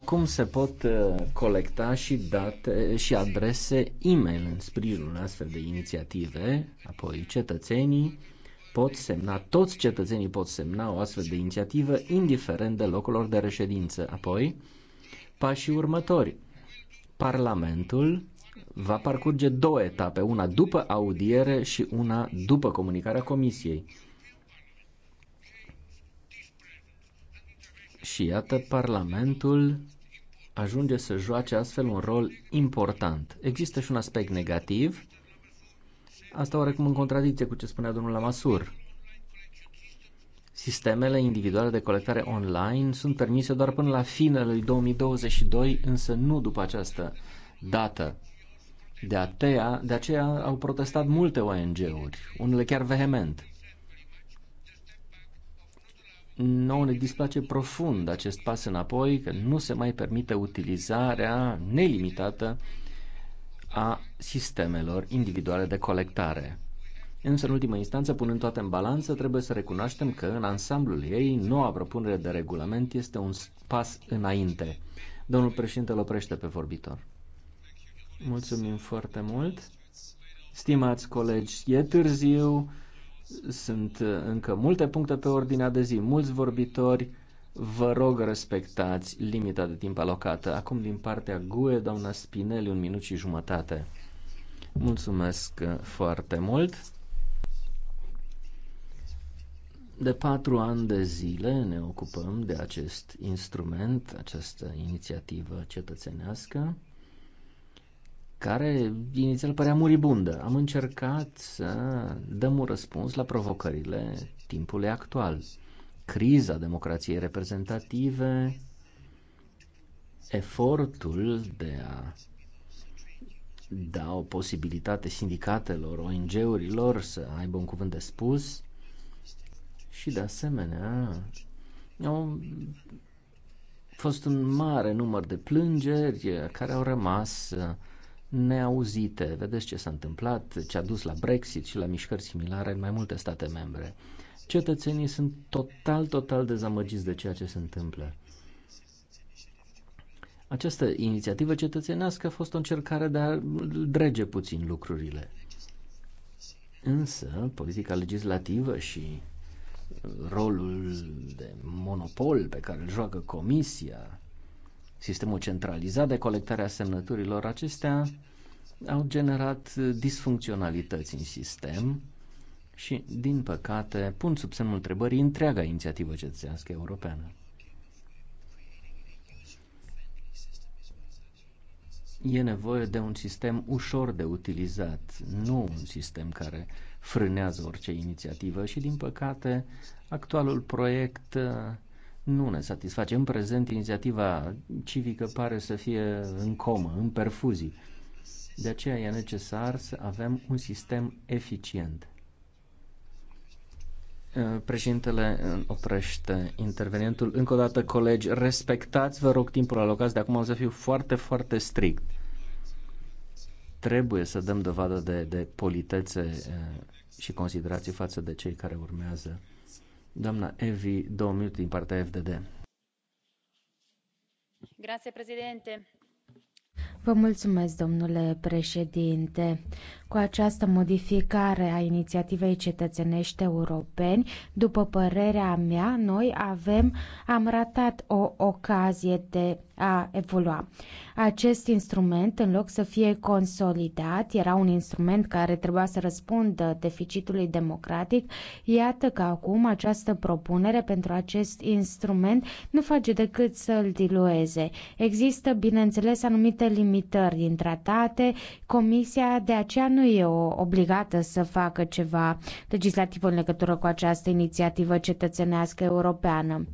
cum se pot uh, colecta și date și adrese e-mail în sprijinul astfel de inițiative? Apoi cetățenii pot semna, toți cetățenii pot semna o astfel de inițiativă, indiferent de locul lor de reședință. Apoi, pașii următori. Parlamentul va parcurge două etape, una după audiere și una după comunicarea comisiei. Și iată, Parlamentul ajunge să joace astfel un rol important. Există și un aspect negativ, asta oarecum în contradicție cu ce spunea domnul Lamasur. Sistemele individuale de colectare online sunt permise doar până la finele lui 2022, însă nu după această dată. De atea. de aceea au protestat multe ONG-uri, unele chiar vehement nouă ne displace profund acest pas înapoi, că nu se mai permite utilizarea nelimitată a sistemelor individuale de colectare. Însă, în ultimă instanță, punând toate în balanță, trebuie să recunoaștem că, în ansamblul ei, noua propunere de regulament este un pas înainte. Domnul președinte îl oprește pe vorbitor. Mulțumim foarte mult. Stimați colegi, e târziu. Sunt uh, încă multe puncte pe ordinea de zi, mulți vorbitori. Vă rog, respectați limita de timp alocată. Acum, din partea GUE, doamna Spinelli, un minut și jumătate. Mulțumesc uh, foarte mult. De patru ani de zile ne ocupăm de acest instrument, această inițiativă cetățenească care inițial părea muribundă. Am încercat să dăm un răspuns la provocările timpului actual. Criza democrației reprezentative, efortul de a da o posibilitate sindicatelor, ONG-urilor să aibă un cuvânt de spus și, de asemenea, au fost un mare număr de plângeri care au rămas neauzite. Vedeți ce s-a întâmplat, ce a dus la Brexit și la mișcări similare în mai multe state membre. Cetățenii sunt total, total dezamăgiți de ceea ce se întâmplă. Această inițiativă cetățenească a fost o încercare de a drege puțin lucrurile. Însă, politica legislativă și rolul de monopol pe care îl joacă Comisia sistemul centralizat de colectare a semnăturilor, acestea au generat disfuncționalități în sistem și, din păcate, pun sub semnul întrebării întreaga inițiativă cetățească europeană. E nevoie de un sistem ușor de utilizat, nu un sistem care frânează orice inițiativă și, din păcate, actualul proiect nu ne satisface. În prezent, inițiativa civică pare să fie în comă, în perfuzii. De aceea e necesar să avem un sistem eficient. Uh, președintele uh, oprește intervenientul. Încă o dată, colegi, respectați, vă rog, timpul alocat. De acum o să fiu foarte, foarte strict. Trebuie să dăm dovadă de, de politețe uh, și considerații față de cei care urmează Doamna Evi, două minute din partea FDD. Grazie, președinte. Vă mulțumesc, domnule președinte. Cu această modificare a inițiativei cetățenești europeni, după părerea mea, noi avem, am ratat o ocazie de a evolua. Acest instrument, în loc să fie consolidat, era un instrument care trebuia să răspundă deficitului democratic. Iată că acum această propunere pentru acest instrument nu face decât să îl dilueze. Există, bineînțeles, anumite limitări din tratate. Comisia de aceea nu nu e obligată să facă ceva legislativ în legătură cu această inițiativă cetățenească europeană.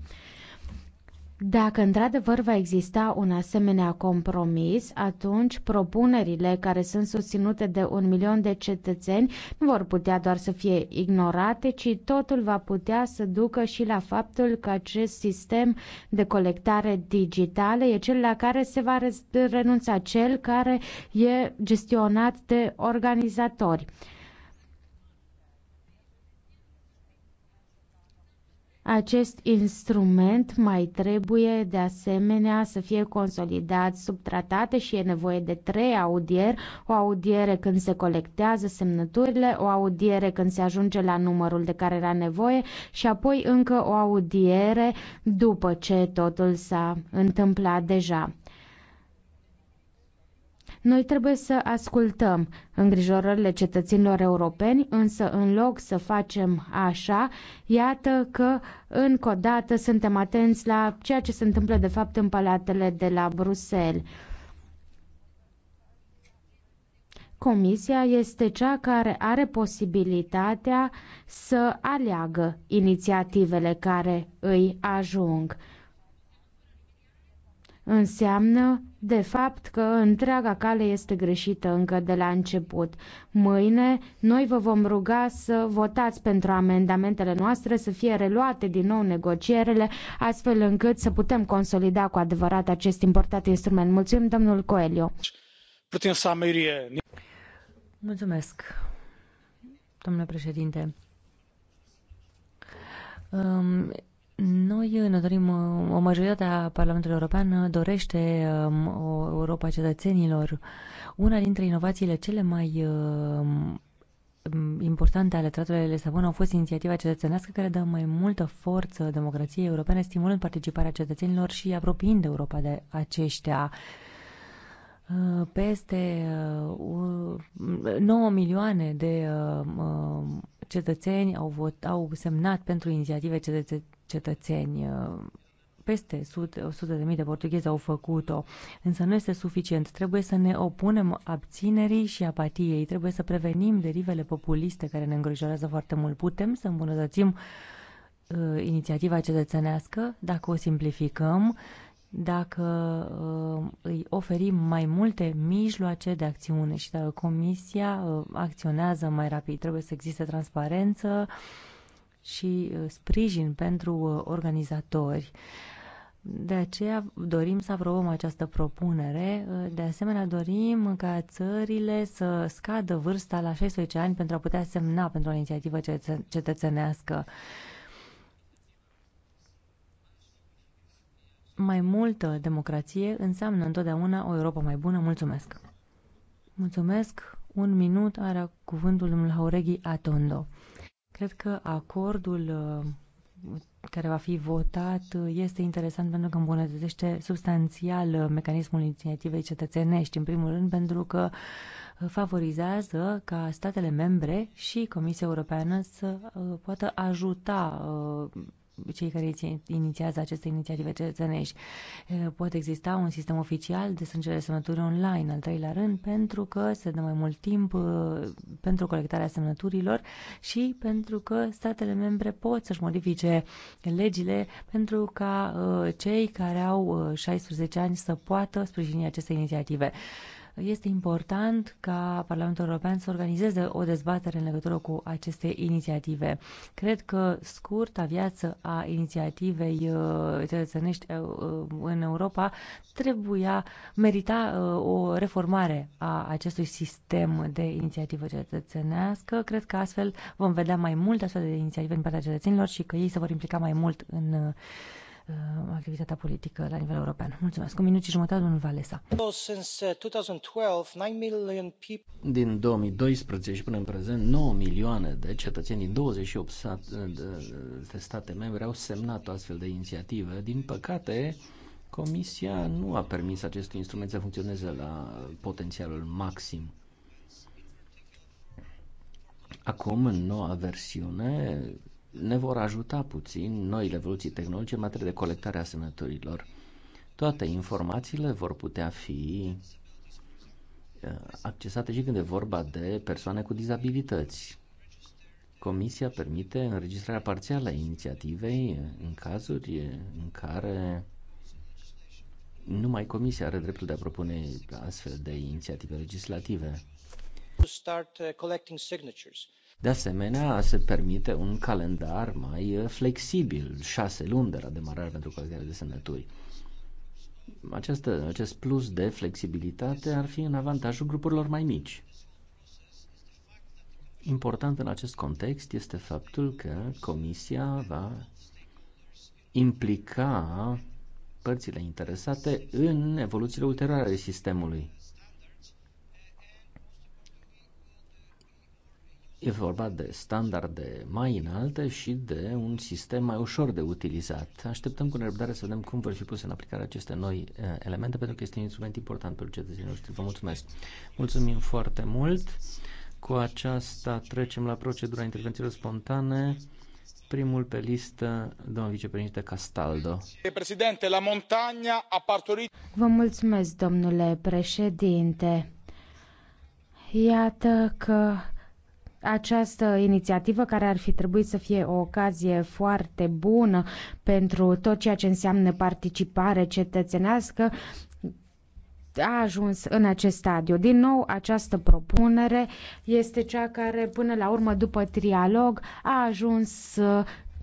Dacă într-adevăr va exista un asemenea compromis, atunci propunerile care sunt susținute de un milion de cetățeni nu vor putea doar să fie ignorate, ci totul va putea să ducă și la faptul că acest sistem de colectare digitală e cel la care se va renunța cel care e gestionat de organizatori. Acest instrument mai trebuie de asemenea să fie consolidat sub tratate și e nevoie de trei audieri, o audiere când se colectează semnăturile, o audiere când se ajunge la numărul de care era nevoie și apoi încă o audiere după ce totul s-a întâmplat deja. Noi trebuie să ascultăm îngrijorările cetățenilor europeni, însă în loc să facem așa, iată că încă o dată suntem atenți la ceea ce se întâmplă de fapt în palatele de la Bruxelles. Comisia este cea care are posibilitatea să aleagă inițiativele care îi ajung. Înseamnă de fapt că întreaga cale este greșită încă de la început. Mâine noi vă vom ruga să votați pentru amendamentele noastre, să fie reluate din nou negocierele, astfel încât să putem consolida cu adevărat acest important instrument. Mulțumim, domnul Coelio. Mulțumesc, domnule președinte. Noi ne dorim, o majoritate a Parlamentului European dorește um, o Europa cetățenilor. Una dintre inovațiile cele mai um, importante ale tratului de Lisabon au fost inițiativa cetățenească care dă mai multă forță democrației europene, stimulând participarea cetățenilor și apropiind Europa de aceștia. Uh, peste 9 uh, milioane de uh, cetățeni au, vot, au semnat pentru inițiative cetățeni. Peste 100.000 de, de portughezi au făcut-o, însă nu este suficient. Trebuie să ne opunem abținerii și apatiei, trebuie să prevenim derivele populiste care ne îngrijorează foarte mult. Putem să îmbunătățim uh, inițiativa cetățenească dacă o simplificăm, uh, dacă uh, îi oferim mai multe mijloace de acțiune și dacă Comisia uh, acționează mai rapid. Trebuie să existe transparență și uh, sprijin pentru organizatori. De aceea dorim să aprobăm această propunere. De asemenea, dorim ca țările să scadă vârsta la 16 ani pentru a putea semna pentru o inițiativă cetățenească. Uh, mai multă democrație înseamnă întotdeauna o Europa mai bună. Mulțumesc! Mulțumesc! Un minut are cuvântul domnul Haureghi Atondo. Cred că acordul uh, care va fi votat uh, este interesant pentru că îmbunătățește substanțial uh, mecanismul inițiativei cetățenești, în primul rând pentru că favorizează ca statele membre și Comisia Europeană să poată ajuta cei care inițiază aceste inițiative cetățenești. Poate exista un sistem oficial de strângere de semnături online, al treilea rând, pentru că se dă mai mult timp pentru colectarea semnăturilor și pentru că statele membre pot să-și modifice legile pentru ca cei care au 16 ani să poată sprijini aceste inițiative. Este important ca Parlamentul European să organizeze o dezbatere în legătură cu aceste inițiative. Cred că scurta viață a inițiativei uh, cetățenești uh, uh, în Europa trebuia, merita o reformare a acestui sistem de inițiativă cetățenească. Cred că astfel vom vedea mai mult astfel de inițiative din partea cetățenilor și că ei se vor implica mai mult în Uh, activitatea politică la nivel european. Mulțumesc. Un minut și jumătate, domnul Valesa. Uh, din 2012 până în prezent, 9 milioane de cetățeni din 28 de state membre au semnat o astfel de inițiativă. Din păcate, Comisia nu a permis acestui instrument să funcționeze la potențialul maxim. Acum, în noua versiune, ne vor ajuta puțin noile evoluții tehnologice în materie de colectare a semnăturilor. Toate informațiile vor putea fi uh, accesate și când e vorba de persoane cu dizabilități. Comisia permite înregistrarea parțială a inițiativei în cazuri în care numai Comisia are dreptul de a propune astfel de inițiative legislative. To start uh, collecting signatures. De asemenea, se permite un calendar mai uh, flexibil, șase luni de la demarare pentru colectarea de semnături. Această, acest plus de flexibilitate ar fi în avantajul grupurilor mai mici. Important în acest context este faptul că Comisia va implica părțile interesate în evoluțiile ulterioare ale sistemului. E vorba de standarde mai înalte și de un sistem mai ușor de utilizat. Așteptăm cu nerăbdare să vedem cum vor fi puse în aplicare aceste noi eh, elemente, pentru că este un instrument important pentru cetățenii noștri. Vă mulțumesc! Mulțumim foarte mult! Cu aceasta trecem la procedura intervențiilor spontane. Primul pe listă, domnul vicepreședinte Castaldo. Președinte, la montagna a partorit... Vă mulțumesc, domnule președinte. Iată că această inițiativă care ar fi trebuit să fie o ocazie foarte bună pentru tot ceea ce înseamnă participare cetățenească a ajuns în acest stadiu. Din nou, această propunere este cea care, până la urmă, după trialog, a ajuns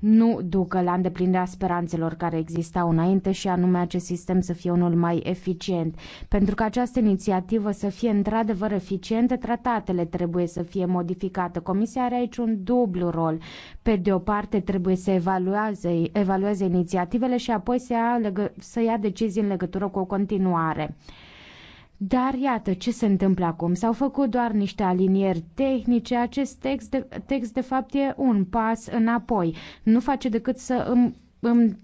nu ducă la îndeplinirea speranțelor care existau înainte și anume acest sistem să fie unul mai eficient. Pentru că această inițiativă să fie într-adevăr eficientă, tratatele trebuie să fie modificate. Comisia are aici un dublu rol. Pe de o parte trebuie să evalueze, evalueze inițiativele și apoi să ia, legă, să ia decizii în legătură cu o continuare. Dar iată ce se întâmplă acum. S-au făcut doar niște alinieri tehnice. Acest text de, text de fapt e un pas înapoi. Nu face decât să îmi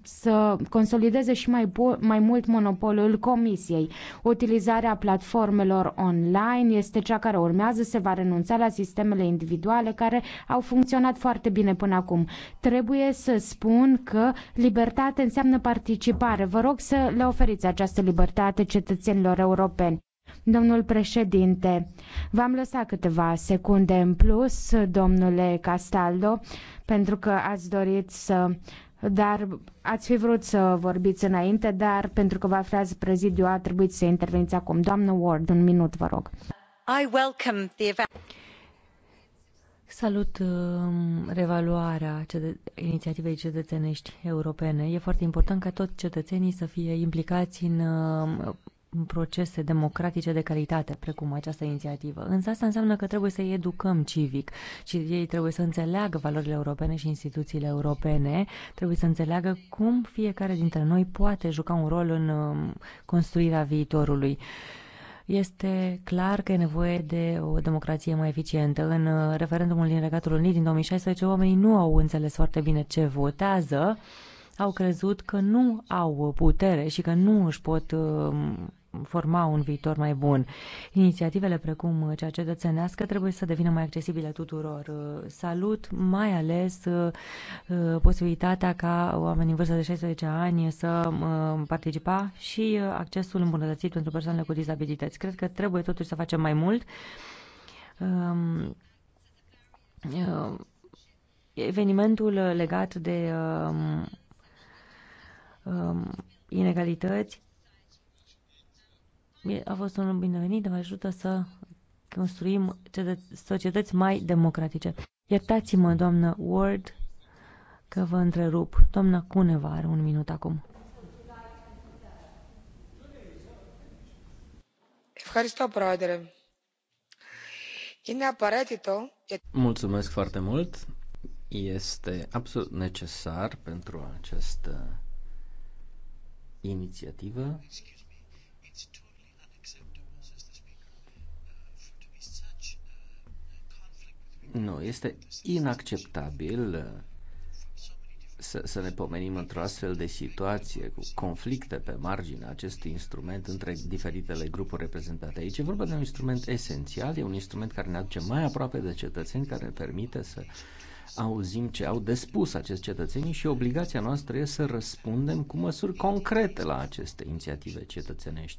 să consolideze și mai, mai mult monopolul comisiei. Utilizarea platformelor online este cea care urmează, se va renunța la sistemele individuale care au funcționat foarte bine până acum. Trebuie să spun că libertate înseamnă participare. Vă rog să le oferiți această libertate cetățenilor europeni. Domnul președinte, v-am lăsat câteva secunde în plus, domnule Castaldo, pentru că ați dorit să dar ați fi vrut să vorbiți înainte, dar pentru că vă aflați prezidiu a trebuit să interveniți acum. Doamnă Ward, un minut, vă rog. I welcome the event. Salut um, revaluarea inițiativei cetățenești europene. E foarte important ca toți cetățenii să fie implicați în um, procese democratice de calitate, precum această inițiativă. Însă asta înseamnă că trebuie să-i educăm civic și ei trebuie să înțeleagă valorile europene și instituțiile europene, trebuie să înțeleagă cum fiecare dintre noi poate juca un rol în um, construirea viitorului. Este clar că e nevoie de o democrație mai eficientă. În uh, referendumul din Regatul Unit din 2016, oamenii nu au înțeles foarte bine ce votează, au crezut că nu au putere și că nu își pot um, forma un viitor mai bun. Inițiativele precum cea cetățenească trebuie să devină mai accesibile tuturor. Salut mai ales uh, uh, posibilitatea ca oamenii în vârstă de 16 ani să uh, participa și accesul îmbunătățit pentru persoanele cu dizabilități. Cred că trebuie totuși să facem mai mult um, um, evenimentul legat de um, inegalități a fost unul binevenit, vă ajută să construim societăți mai democratice. Iertați-mă, doamnă Ward, că vă întrerup. Doamna Cuneva are un minut acum. Mulțumesc foarte mult. Este absolut necesar pentru această inițiativă Nu, este inacceptabil uh, să, să ne pomenim într-o astfel de situație cu conflicte pe marginea acestui instrument între diferitele grupuri reprezentate aici. E vorba de un instrument esențial, e un instrument care ne aduce mai aproape de cetățeni, care ne permite să auzim ce au de spus acești cetățenii și obligația noastră e să răspundem cu măsuri concrete la aceste inițiative cetățenești.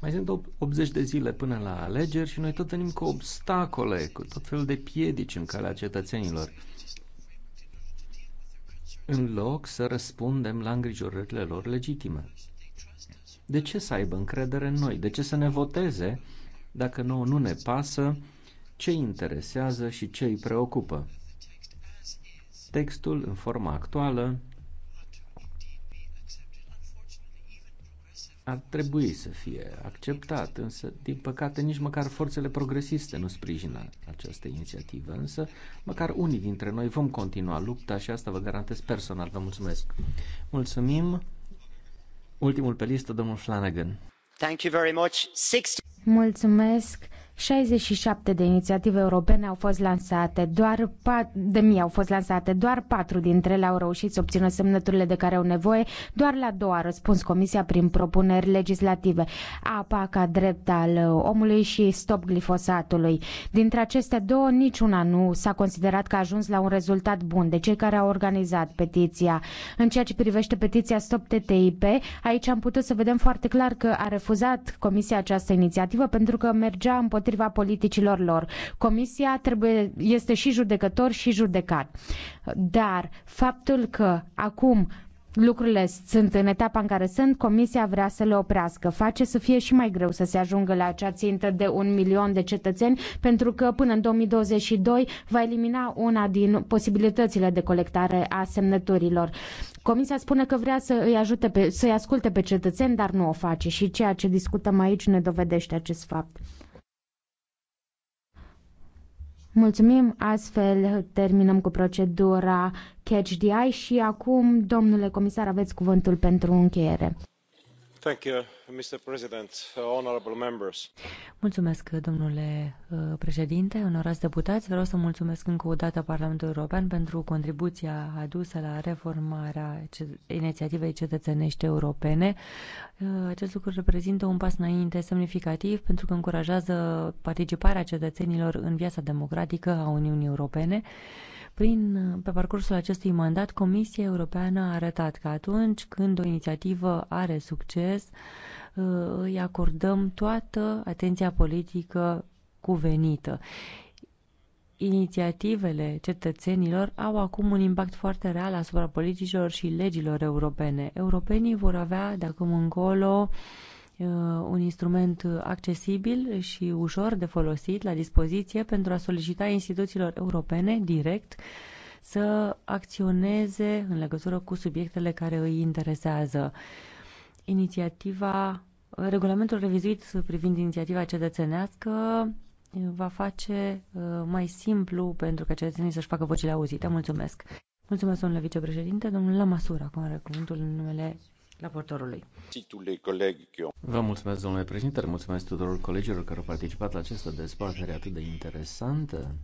Mai sunt 80 de zile până la alegeri și noi tot venim cu obstacole, cu tot felul de piedici în calea cetățenilor. În loc să răspundem la îngrijorările lor legitime. De ce să aibă încredere în noi? De ce să ne voteze dacă nouă nu ne pasă ce interesează și ce îi preocupă? Textul, în forma actuală, ar trebui să fie acceptat, însă, din păcate, nici măcar forțele progresiste nu sprijină această inițiativă, însă, măcar unii dintre noi vom continua lupta și asta vă garantez personal. Vă mulțumesc! Mulțumim! Ultimul pe listă, domnul Flanagan. Thank you very much. 60... Mulțumesc! 67 de inițiative europene au fost lansate, doar de mii au fost lansate, doar patru dintre ele au reușit să obțină semnăturile de care au nevoie, doar la două a răspuns Comisia prin propuneri legislative. APA ca drept al omului și stop glifosatului. Dintre aceste două, niciuna nu s-a considerat că a ajuns la un rezultat bun de cei care au organizat petiția. În ceea ce privește petiția Stop TTIP, aici am putut să vedem foarte clar că a refuzat Comisia această inițiativă pentru că mergea împotriva împotriva politicilor lor. Comisia trebuie, este și judecător și judecat. Dar faptul că acum lucrurile sunt în etapa în care sunt, Comisia vrea să le oprească. Face să fie și mai greu să se ajungă la acea țintă de un milion de cetățeni, pentru că până în 2022 va elimina una din posibilitățile de colectare a semnăturilor. Comisia spune că vrea să îi ajute pe, să-i asculte pe cetățeni, dar nu o face și ceea ce discutăm aici ne dovedește acest fapt. Mulțumim, astfel terminăm cu procedura Catch the Eye și acum, domnule comisar, aveți cuvântul pentru încheiere. Mulțumesc, domnule uh, președinte onorați deputați vreau să mulțumesc încă o dată parlamentului european pentru contribuția adusă la reformarea inițiativei cetățenești europene. Uh, acest lucru reprezintă un pas înainte semnificativ pentru că încurajează participarea cetățenilor în viața democratică a uniunii europene prin, pe parcursul acestui mandat, Comisia Europeană a arătat că atunci când o inițiativă are succes, uh, îi acordăm toată atenția politică cuvenită. Inițiativele cetățenilor au acum un impact foarte real asupra politicilor și legilor europene. Europenii vor avea de acum încolo uh, Uh, un instrument accesibil și ușor de folosit la dispoziție pentru a solicita instituțiilor europene direct să acționeze în legătură cu subiectele care îi interesează. Inițiativa, regulamentul revizuit privind inițiativa cetățenească uh, va face uh, mai simplu pentru ca cetățenii să-și facă vocile auzite. Mulțumesc! Mulțumesc, domnule vicepreședinte. Domnul Lamasura, cum are cuvântul în numele raportorului. Vă mulțumesc, domnule președinte, mulțumesc tuturor colegilor care au participat la această dezbatere atât de interesantă.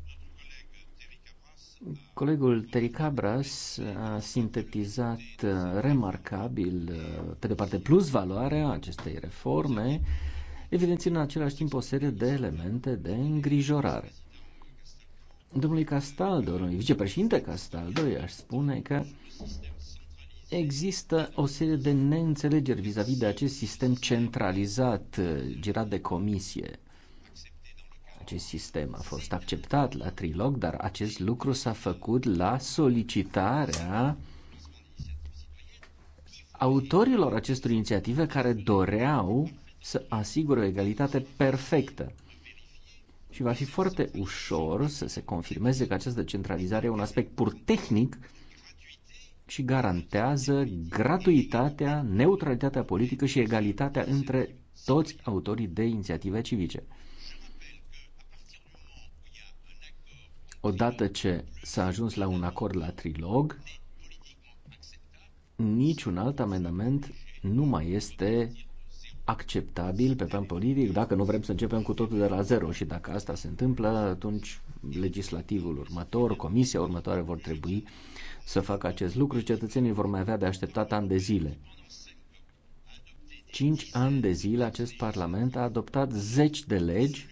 Colegul Terry Cabras a sintetizat uh, remarcabil, uh, pe de parte, plus valoarea acestei reforme, evidențind în același timp o serie de elemente de îngrijorare. Domnului Castaldo, domnului vicepreședinte Castaldo, i-aș spune că Există o serie de neînțelegeri vis-a-vis -vis de acest sistem centralizat uh, girat de comisie. Acest sistem a fost acceptat la trilog, dar acest lucru s-a făcut la solicitarea autorilor acestor inițiative care doreau să asigure o egalitate perfectă. Și va fi foarte ușor să se confirmeze că această centralizare e un aspect pur tehnic și garantează gratuitatea, neutralitatea politică și egalitatea între toți autorii de inițiative civice. Odată ce s-a ajuns la un acord la trilog, niciun alt amendament nu mai este acceptabil pe plan politic dacă nu vrem să începem cu totul de la zero și dacă asta se întâmplă, atunci legislativul următor, comisia următoare vor trebui să facă acest lucru cetățenii vor mai avea de așteptat ani de zile. Cinci ani de zile acest Parlament a adoptat zeci de legi,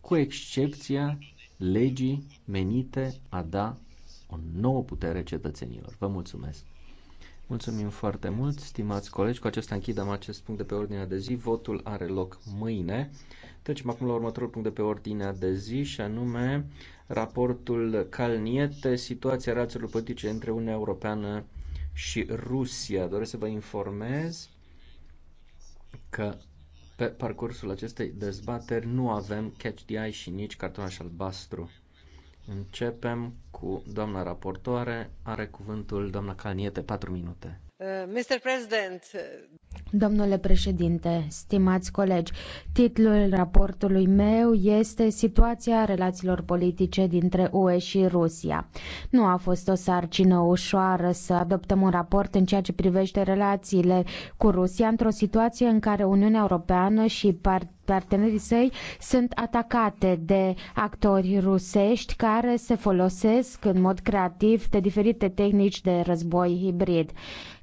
cu excepția legii menite a da o nouă putere cetățenilor. Vă mulțumesc! Mulțumim foarte mult, stimați colegi. Cu acesta închidem acest punct de pe ordinea de zi. Votul are loc mâine. Trecem acum la următorul punct de pe ordinea de zi și anume raportul Calniete, situația relațiilor politice între Uniunea Europeană și Rusia. Doresc să vă informez că pe parcursul acestei dezbateri nu avem catch the eye și nici cartonaș albastru. Începem cu doamna raportoare, are cuvântul doamna Calniete, 4 minute. Domnule președinte, stimați colegi, titlul raportului meu este Situația relațiilor politice dintre UE și Rusia. Nu a fost o sarcină ușoară să adoptăm un raport în ceea ce privește relațiile cu Rusia într-o situație în care Uniunea Europeană și partenerii săi sunt atacate de actori rusești care se folosesc în mod creativ de diferite tehnici de război hibrid.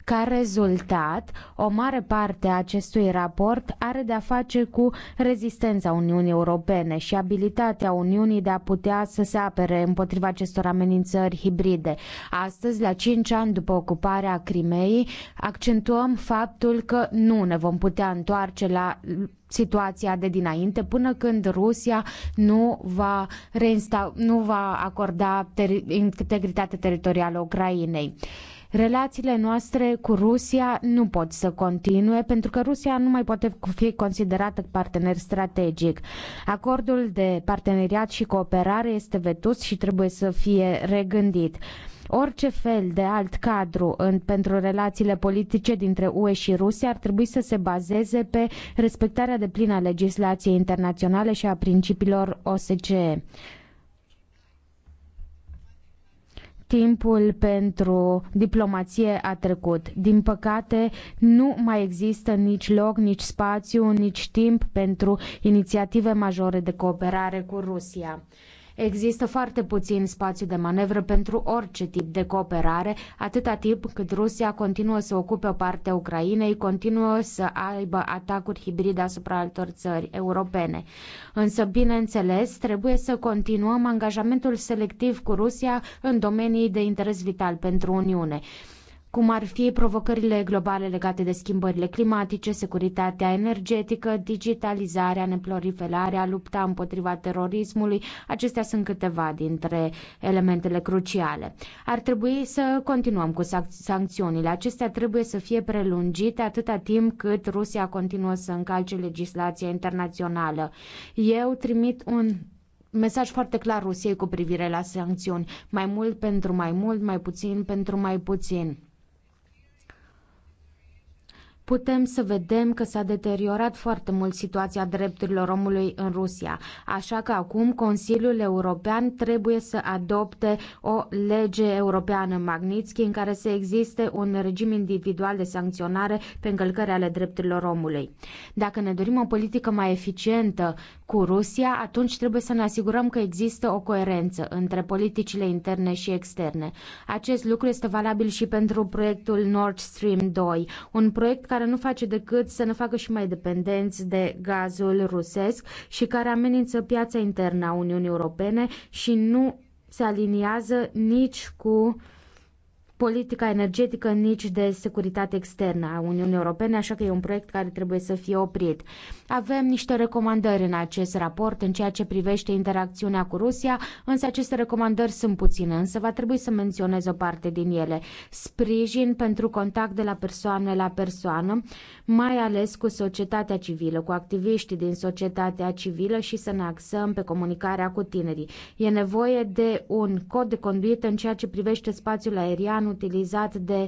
Ca rezultat, o mare parte a acestui raport are de-a face cu rezistența Uniunii Europene și abilitatea Uniunii de a putea să se apere împotriva acestor amenințări hibride. Astăzi, la 5 ani după ocuparea Crimeei, accentuăm faptul că nu ne vom putea întoarce la situația de dinainte până când Rusia nu va, reinsta- nu va acorda ter- integritate teritorială Ucrainei. Relațiile noastre cu Rusia nu pot să continue pentru că Rusia nu mai poate fi considerată partener strategic. Acordul de parteneriat și cooperare este vetus și trebuie să fie regândit orice fel de alt cadru în, pentru relațiile politice dintre UE și Rusia ar trebui să se bazeze pe respectarea deplină a legislației internaționale și a principiilor OSCE. Timpul pentru diplomație a trecut. Din păcate, nu mai există nici loc, nici spațiu, nici timp pentru inițiative majore de cooperare cu Rusia. Există foarte puțin spațiu de manevră pentru orice tip de cooperare, atâta timp cât Rusia continuă să ocupe o parte a Ucrainei, continuă să aibă atacuri hibride asupra altor țări europene. Însă, bineînțeles, trebuie să continuăm angajamentul selectiv cu Rusia în domenii de interes vital pentru Uniune cum ar fi provocările globale legate de schimbările climatice, securitatea energetică, digitalizarea, neplorifelarea, lupta împotriva terorismului. Acestea sunt câteva dintre elementele cruciale. Ar trebui să continuăm cu sancțiunile. Acestea trebuie să fie prelungite atâta timp cât Rusia continuă să încalce legislația internațională. Eu trimit un mesaj foarte clar Rusiei cu privire la sancțiuni. Mai mult pentru mai mult, mai puțin pentru mai puțin putem să vedem că s-a deteriorat foarte mult situația drepturilor omului în Rusia. Așa că acum Consiliul European trebuie să adopte o lege europeană Magnitsky în care să existe un regim individual de sancționare pe încălcări ale drepturilor omului. Dacă ne dorim o politică mai eficientă cu Rusia, atunci trebuie să ne asigurăm că există o coerență între politicile interne și externe. Acest lucru este valabil și pentru proiectul Nord Stream 2, un proiect care nu face decât să ne facă și mai dependenți de gazul rusesc și care amenință piața internă a Uniunii Europene și nu se aliniază nici cu uh, politica energetică, nici de securitate externă a Uniunii Europene, așa că e un proiect care trebuie să fie oprit. Avem niște recomandări în acest raport în ceea ce privește interacțiunea cu Rusia, însă aceste recomandări sunt puține, însă va trebui să menționez o parte din ele. Sprijin pentru contact de la persoană la persoană, mai ales cu societatea civilă, cu activiștii din societatea civilă și să ne axăm pe comunicarea cu tinerii. E nevoie de un cod de conduită în ceea ce privește spațiul aerian utilizat de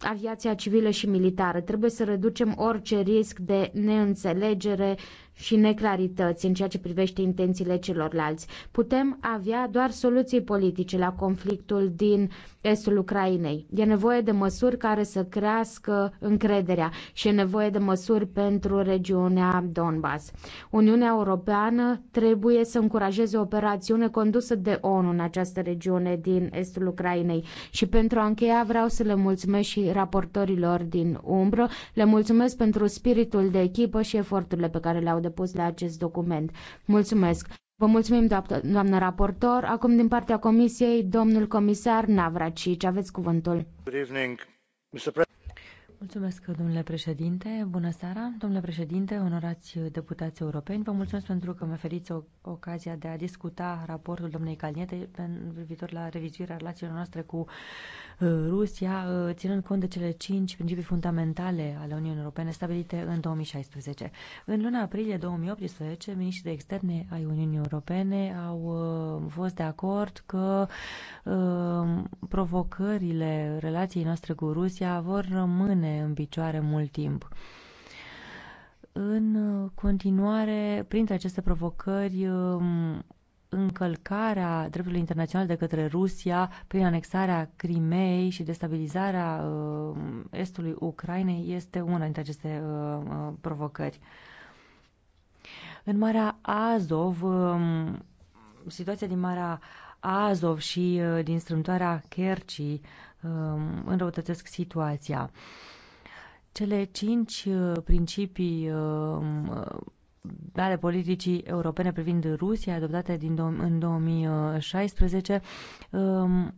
aviația civilă și militară. Trebuie să reducem orice risc de neînțelegere și neclarități în ceea ce privește intențiile celorlalți. Putem avea doar soluții politice la conflictul din estul Ucrainei. E nevoie de măsuri care să crească încrederea și e nevoie de măsuri pentru regiunea Donbass. Uniunea Europeană trebuie să încurajeze o operațiune condusă de ONU în această regiune din estul Ucrainei. Și pentru a încheia vreau să le mulțumesc și raportorilor din umbră. Le mulțumesc pentru spiritul de echipă și eforturile pe care le-au depus la acest document. Mulțumesc! Vă mulțumim, doamnă raportor. Acum, din partea Comisiei, domnul comisar Navracici. Aveți cuvântul. Good evening, Mr. Mulțumesc, domnule președinte. Bună seara, domnule președinte, onorați deputați europeni. Vă mulțumesc pentru că mi oferiți o, ocazia de a discuta raportul domnei Calniete privitor la revizuirea relațiilor noastre cu Uh, Rusia, uh, ținând cont de cele cinci principii fundamentale ale Uniunii Europene stabilite în 2016. În luna aprilie 2018, ministrii de externe ai Uniunii Europene au uh, fost de acord că provocările relației noastre cu Rusia vor rămâne în picioare mult timp. În continuare, printre aceste provocări, um, încălcarea dreptului internațional de către Rusia prin anexarea Crimeei și destabilizarea uh, estului Ucrainei este una dintre aceste uh, uh, provocări. În Marea Azov, um, situația din Marea Azov și din strâmtoarea Kerci um, înrăutățesc situația. Cele cinci principii um, ale politicii europene privind Rusia, adoptate din, în 2016, um,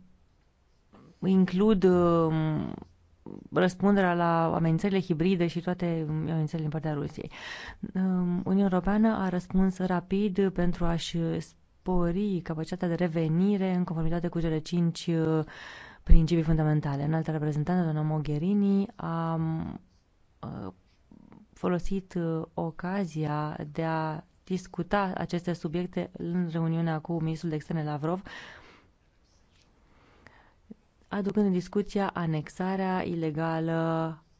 includ um, răspunderea la amenințările hibride și toate amenințările din partea Rusiei. Um, Uniunea Europeană a răspuns rapid pentru a-și spori capacitatea de revenire în conformitate cu cele cinci uh, principii fundamentale. altă reprezentantă, doamna Mogherini, a, a uh, folosit uh, ocazia de a discuta aceste subiecte în reuniunea cu ministrul de externe Lavrov, aducând în discuția anexarea ilegală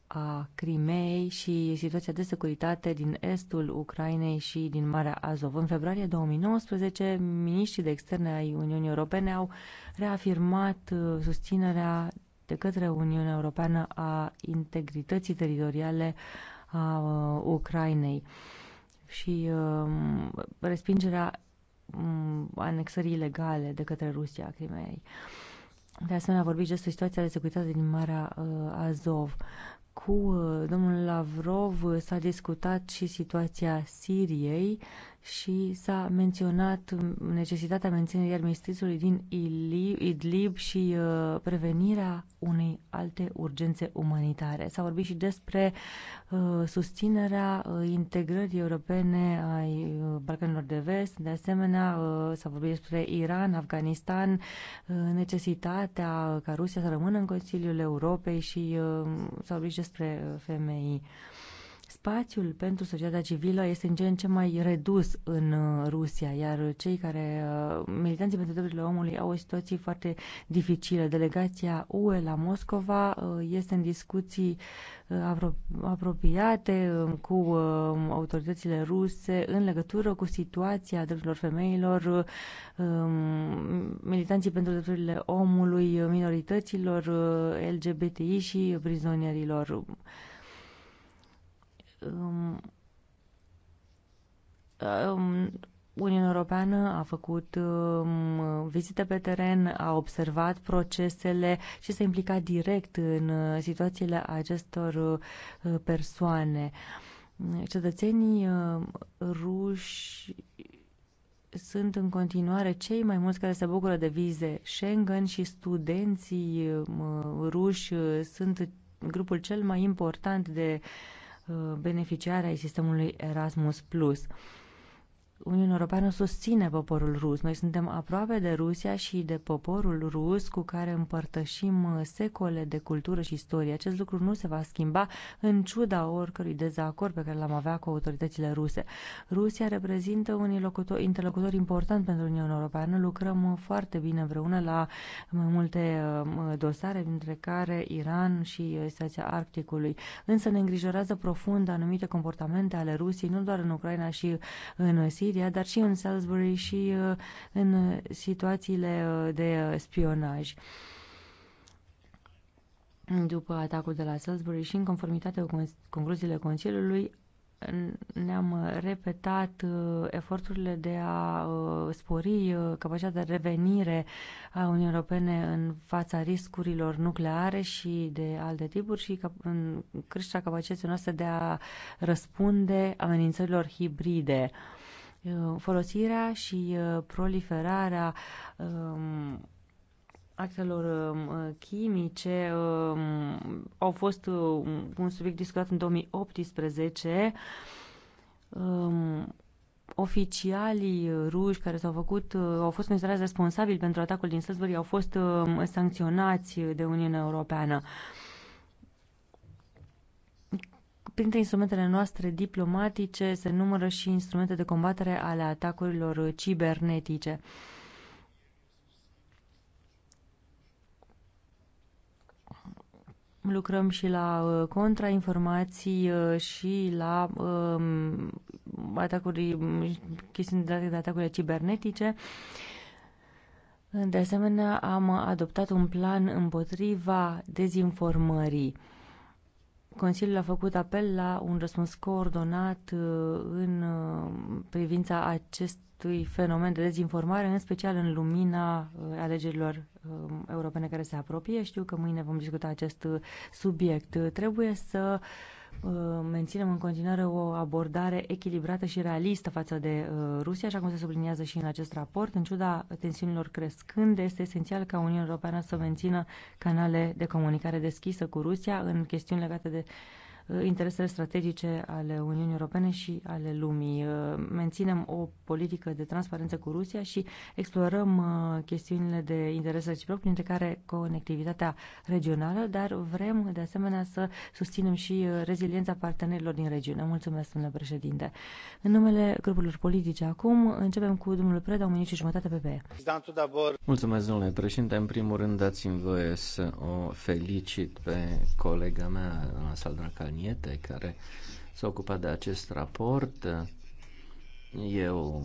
a Crimeei și situația de securitate din estul Ucrainei și din Marea Azov. În februarie 2019, miniștrii de externe ai Uniunii Europene au reafirmat uh, susținerea de către Uniunea Europeană a integrității teritoriale uh, a uh, Ucrainei și um, respingerea um, anexării ilegale de către Rusia a Crimeei. De asemenea, vorbiți despre situația de securitate din Marea uh, Azov. Cu uh, domnul Lavrov s-a discutat și situația Siriei și s-a menționat necesitatea menținerii armistițiului din Idlib și uh, prevenirea unei alte urgențe umanitare. S-a vorbit și despre uh, susținerea uh, integrării europene ai Balcanilor de Vest. De asemenea, s-a vorbit despre Iran, Afganistan, necesitatea ca Rusia să rămână în Consiliul Europei și s-a vorbit și despre femei. Spațiul pentru societatea civilă este în ce în ce mai redus în uh, Rusia, iar cei care, uh, militanții pentru drepturile omului, au o situație foarte dificilă. Delegația UE la Moscova uh, este în discuții apropiate cu autoritățile ruse în legătură cu situația drepturilor femeilor, um, militanții pentru drepturile omului, minorităților LGBTI și prizonierilor um, um, Uniunea Europeană a făcut um, vizite pe teren, a observat procesele și s-a implicat direct în uh, situațiile acestor uh, persoane. Cetățenii uh, ruși sunt în continuare cei mai mulți care se bucură de vize Schengen și studenții uh, ruși uh, sunt grupul cel mai important de uh, beneficiari ai sistemului Erasmus+. Uniunea Europeană susține poporul rus. Noi suntem aproape de Rusia și de poporul rus cu care împărtășim secole de cultură și istorie. Acest lucru nu se va schimba în ciuda oricărui dezacord pe care l-am avea cu autoritățile ruse. Rusia reprezintă un interlocutor important pentru Uniunea Europeană. Lucrăm foarte bine împreună la mai multe um, dosare, dintre care Iran și situația Arcticului. Însă ne îngrijorează profund anumite comportamente ale Rusiei, nu doar în Ucraina și în Siria, Siria, dar și în Salisbury și uh, în situațiile uh, de uh, spionaj după atacul de la Salisbury și în conformitate cu concluziile Consiliului, ne-am repetat eforturile de a spori capacitatea de revenire a Uniunii Europene în fața riscurilor nucleare și de alte tipuri și în creșterea capacității noastre de a răspunde amenințărilor hibride. Uh, folosirea și uh, proliferarea um, actelor um, uh, chimice um, au fost un subiect discutat în 2018. Oficialii ruși care s-au făcut, au fost considerați responsabili pentru atacul din Salisbury, au fost sancționați de Uniunea Europeană. Printre instrumentele noastre diplomatice se numără și instrumente de combatere ale atacurilor cibernetice. Lucrăm și la uh, contrainformații uh, și la um, atacuri, chestiuni de atacurile cibernetice. De asemenea, am adoptat un plan împotriva dezinformării. Consiliul a făcut apel la un răspuns coordonat uh, în uh, privința acestui fenomen de dezinformare, în special în lumina uh, alegerilor um, europene care se apropie. Știu că mâine vom discuta acest subiect. Trebuie să Uh, menținem în continuare o abordare echilibrată și realistă față de uh, Rusia, așa cum se subliniază și în acest raport. În ciuda tensiunilor crescânde, este esențial ca Uniunea Europeană să mențină canale de comunicare deschisă cu Rusia în chestiuni legate de uh, interesele strategice ale Uniunii Europene și ale lumii. Uh, menținem o politică de transparență cu Rusia și explorăm uh, chestiunile de interes reciproc, printre care conectivitatea regională, dar vrem de asemenea să susținem și uh, reziliența partenerilor din regiune. Mulțumesc, domnule președinte. În numele grupurilor politice acum, începem cu domnul Preda, un minut și jumătate pe. Mulțumesc, domnule președinte. În primul rând, dați-mi voie să o felicit pe colega mea, Saldra Calni Caniete, care s-a ocupat de acest raport. E o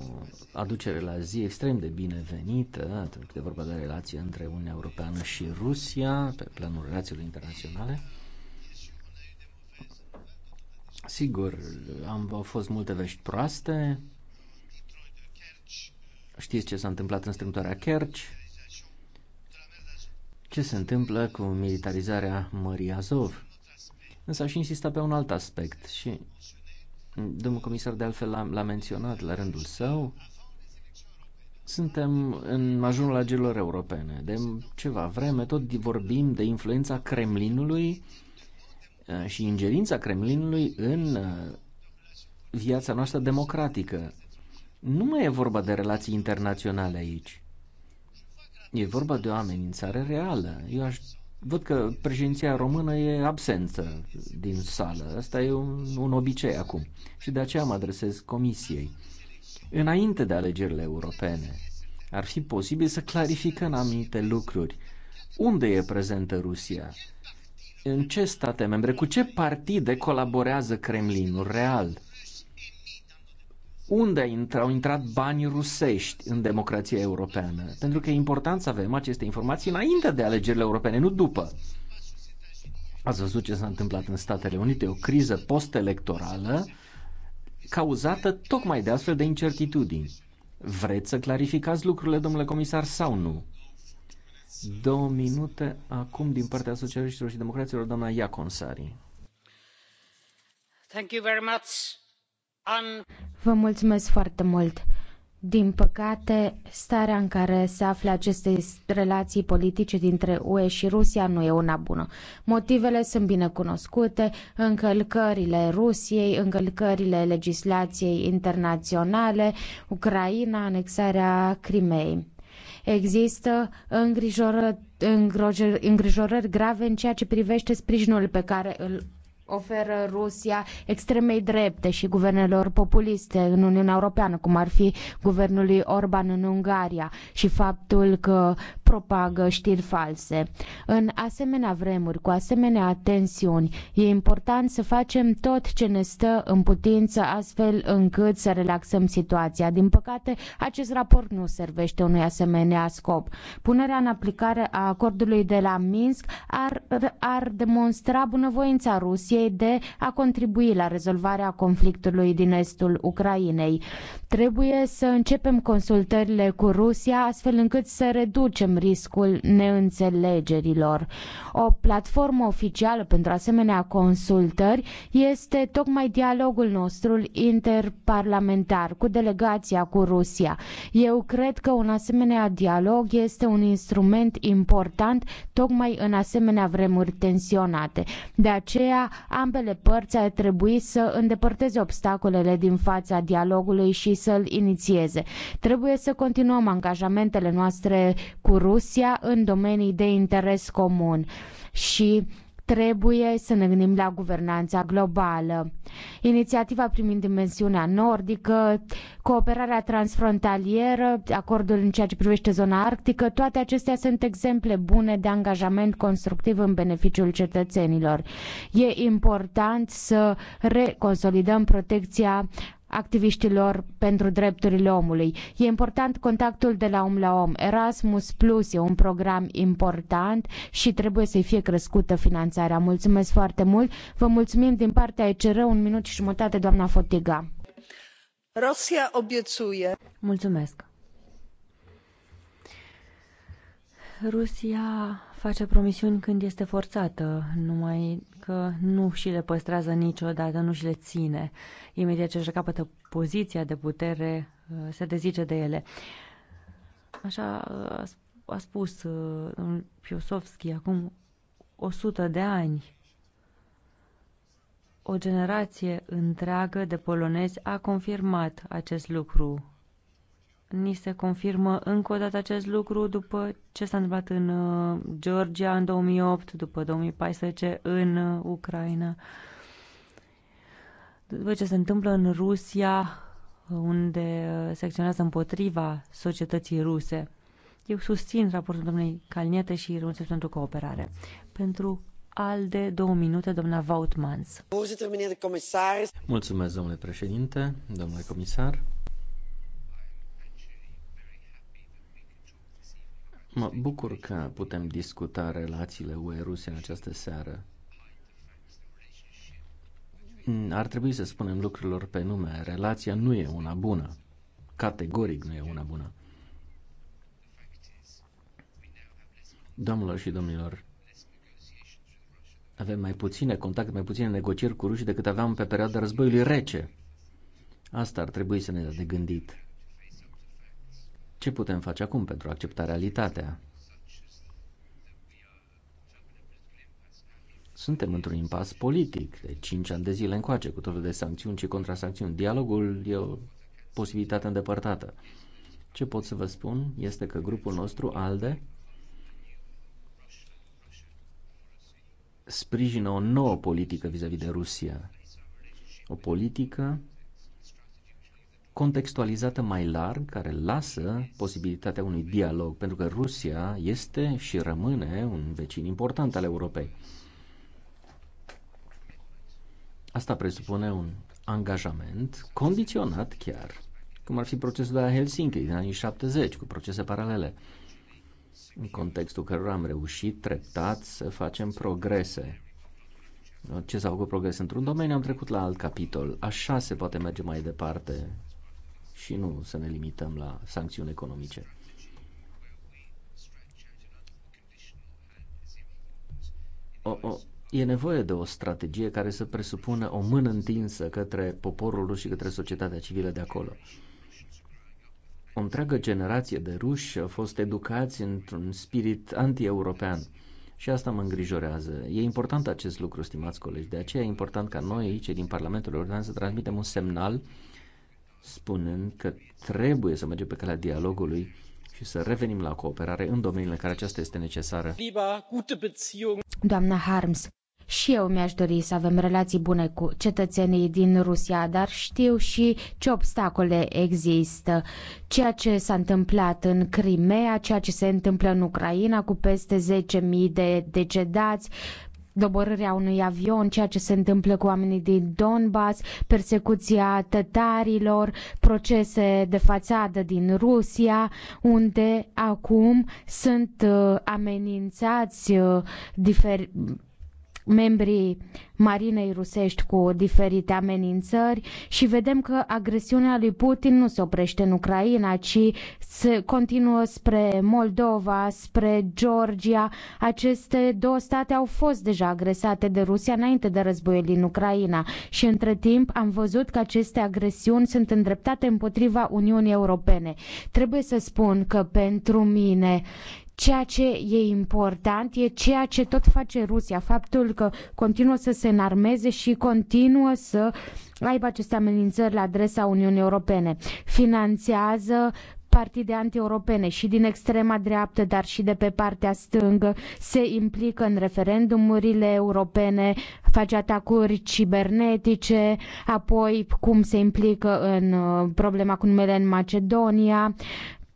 aducere la zi extrem de binevenită, pentru că e vorba de relație între Uniunea Europeană și Rusia, pe planul relațiilor internaționale. Sigur, am, au fost multe vești proaste. Știți ce s-a întâmplat în strâmtoarea Kerch? Ce se întâmplă cu militarizarea Mării Azov? Însă aș insista pe un alt aspect și domnul comisar de altfel l-a menționat la rândul său. Suntem în majorul agerilor europene. De ceva vreme tot vorbim de influența Kremlinului uh, și ingerința Kremlinului în uh, viața noastră democratică. Nu mai e vorba de relații internaționale aici. E vorba de o amenințare reală. Eu aș Văd că președinția română e absentă din sală. Asta e un, un obicei acum. Și de aceea mă adresez comisiei. Înainte de alegerile europene, ar fi posibil să clarificăm anumite lucruri. Unde e prezentă Rusia? În ce state membre? Cu ce partide colaborează Kremlinul real? unde au intrat banii rusești în democrația europeană. Pentru că e important să avem aceste informații înainte de alegerile europene, nu după. Ați văzut ce s-a întâmplat în Statele Unite, o criză postelectorală cauzată tocmai de astfel de incertitudini. Vreți să clarificați lucrurile, domnule comisar, sau nu? Două minute acum din partea socialiștilor și democraților, doamna Iaconsari. Thank you very much. Vă mulțumesc foarte mult. Din păcate, starea în care se află aceste relații politice dintre UE și Rusia nu e una bună. Motivele sunt bine cunoscute, încălcările Rusiei, încălcările legislației internaționale, Ucraina, anexarea Crimei. Există îngrijorări, îngrijorări grave în ceea ce privește sprijinul pe care îl oferă Rusia extremei drepte și guvernelor populiste în Uniunea Europeană, cum ar fi guvernului Orban în Ungaria și faptul că propagă știri false. În asemenea vremuri, cu asemenea tensiuni, e important să facem tot ce ne stă în putință astfel încât să relaxăm situația. Din păcate, acest raport nu servește unui asemenea scop. Punerea în aplicare a acordului de la Minsk ar, ar demonstra bunăvoința Rusiei de a contribui la rezolvarea conflictului din estul Ucrainei. Trebuie să începem consultările cu Rusia astfel încât să reducem riscul neînțelegerilor. O platformă oficială pentru asemenea consultări este tocmai dialogul nostru interparlamentar cu delegația cu Rusia. Eu cred că un asemenea dialog este un instrument important tocmai în asemenea vremuri tensionate. De aceea, ambele părți ar trebui să îndepărteze obstacolele din fața dialogului și să-l inițieze. Trebuie să continuăm angajamentele noastre cu Rusia în domenii de interes comun și trebuie să ne gândim la guvernanța globală. Inițiativa primind dimensiunea nordică, cooperarea transfrontalieră, acordul în ceea ce privește zona arctică, toate acestea sunt exemple bune de angajament constructiv în beneficiul cetățenilor. E important să reconsolidăm protecția activiștilor pentru drepturile omului. E important contactul de la om la om. Erasmus Plus e un program important și trebuie să fie crescută finanțarea. Mulțumesc foarte mult. Vă mulțumim din partea ECR un minut și jumătate, doamna Fotiga. Rusia obiețuie. Mulțumesc. Rusia face promisiuni când este forțată, numai că nu și le păstrează niciodată, nu și le ține. Imediat ce își capătă poziția de putere, uh, se dezice de ele. Așa uh, a spus uh, domnul Piosovski acum 100 de ani. O generație întreagă de polonezi a confirmat acest lucru Ni se confirmă încă o dată acest lucru după ce s-a întâmplat în uh, Georgia în 2008, după 2014 în uh, Ucraina. După ce se întâmplă în Rusia, uh, unde se acționează împotriva societății ruse. Eu susțin raportul domnului Calniete și renunțez pentru cooperare. Pentru ALDE, două minute, doamna Vautmans. Mulțumesc, domnule președinte, domnule comisar. Mă bucur că putem discuta relațiile UE-Rusia în această seară. Ar trebui să spunem lucrurilor pe nume. Relația nu e una bună. Categoric nu e una bună. Domnilor și domnilor, avem mai puține contacte, mai puține negocieri cu rușii decât aveam pe perioada războiului rece. Asta ar trebui să ne dea de gândit. Ce putem face acum pentru a accepta realitatea? Suntem într-un impas politic de 5 ani de zile încoace, cu tot de sancțiuni și contrasancțiuni. Dialogul e o posibilitate îndepărtată. Ce pot să vă spun este că grupul nostru, ALDE, sprijină o nouă politică vis-a-vis -vis de Rusia. O politică contextualizată mai larg, care lasă posibilitatea unui dialog, pentru că Rusia este și rămâne un vecin important al Europei. Asta presupune un angajament condiționat chiar, cum ar fi procesul de la Helsinki din anii 70, cu procese paralele, în contextul cărora am reușit treptat să facem progrese. Ce s a făcut progres într-un domeniu, am trecut la alt capitol. Așa se poate merge mai departe și nu să ne limităm la sancțiuni economice. O, o, e nevoie de o strategie care să presupună o mână întinsă către poporul rus și către societatea civilă de acolo. O întreagă generație de ruși a fost educați într-un spirit anti-european. Și asta mă îngrijorează. E important acest lucru, stimați colegi. De aceea e important ca noi aici, din Parlamentul European, să transmitem un semnal uh, spunând că trebuie să mergem pe calea dialogului și să revenim la cooperare în domeniile în care aceasta este necesară. Doamna Harms, și eu mi-aș dori să avem relații bune cu cetățenii din Rusia, dar știu și ce obstacole există. Ceea ce s-a întâmplat în Crimea, ceea ce se întâmplă în Ucraina cu peste 10.000 de decedați, doborârea unui avion, ceea ce se întâmplă cu oamenii din Donbass, persecuția tătarilor, procese de fațadă din Rusia, unde acum sunt uh, amenințați uh, diferi membrii marinei rusești cu diferite amenințări și vedem că agresiunea lui Putin nu se oprește în Ucraina, ci se continuă spre Moldova, spre Georgia. Aceste două state au fost deja agresate de Rusia înainte de războiul din Ucraina și între timp am văzut că aceste agresiuni sunt îndreptate împotriva Uniunii Europene. Trebuie să spun că pentru mine Ceea ce e important e ceea ce tot face Rusia, faptul că continuă să se înarmeze și continuă să aibă aceste amenințări la adresa Uniunii Europene. Finanțează partide anti-europene și din extrema dreaptă, dar și de pe partea stângă, se implică în referendumurile europene, face atacuri cibernetice, apoi cum se implică în uh, problema cu numele în Macedonia,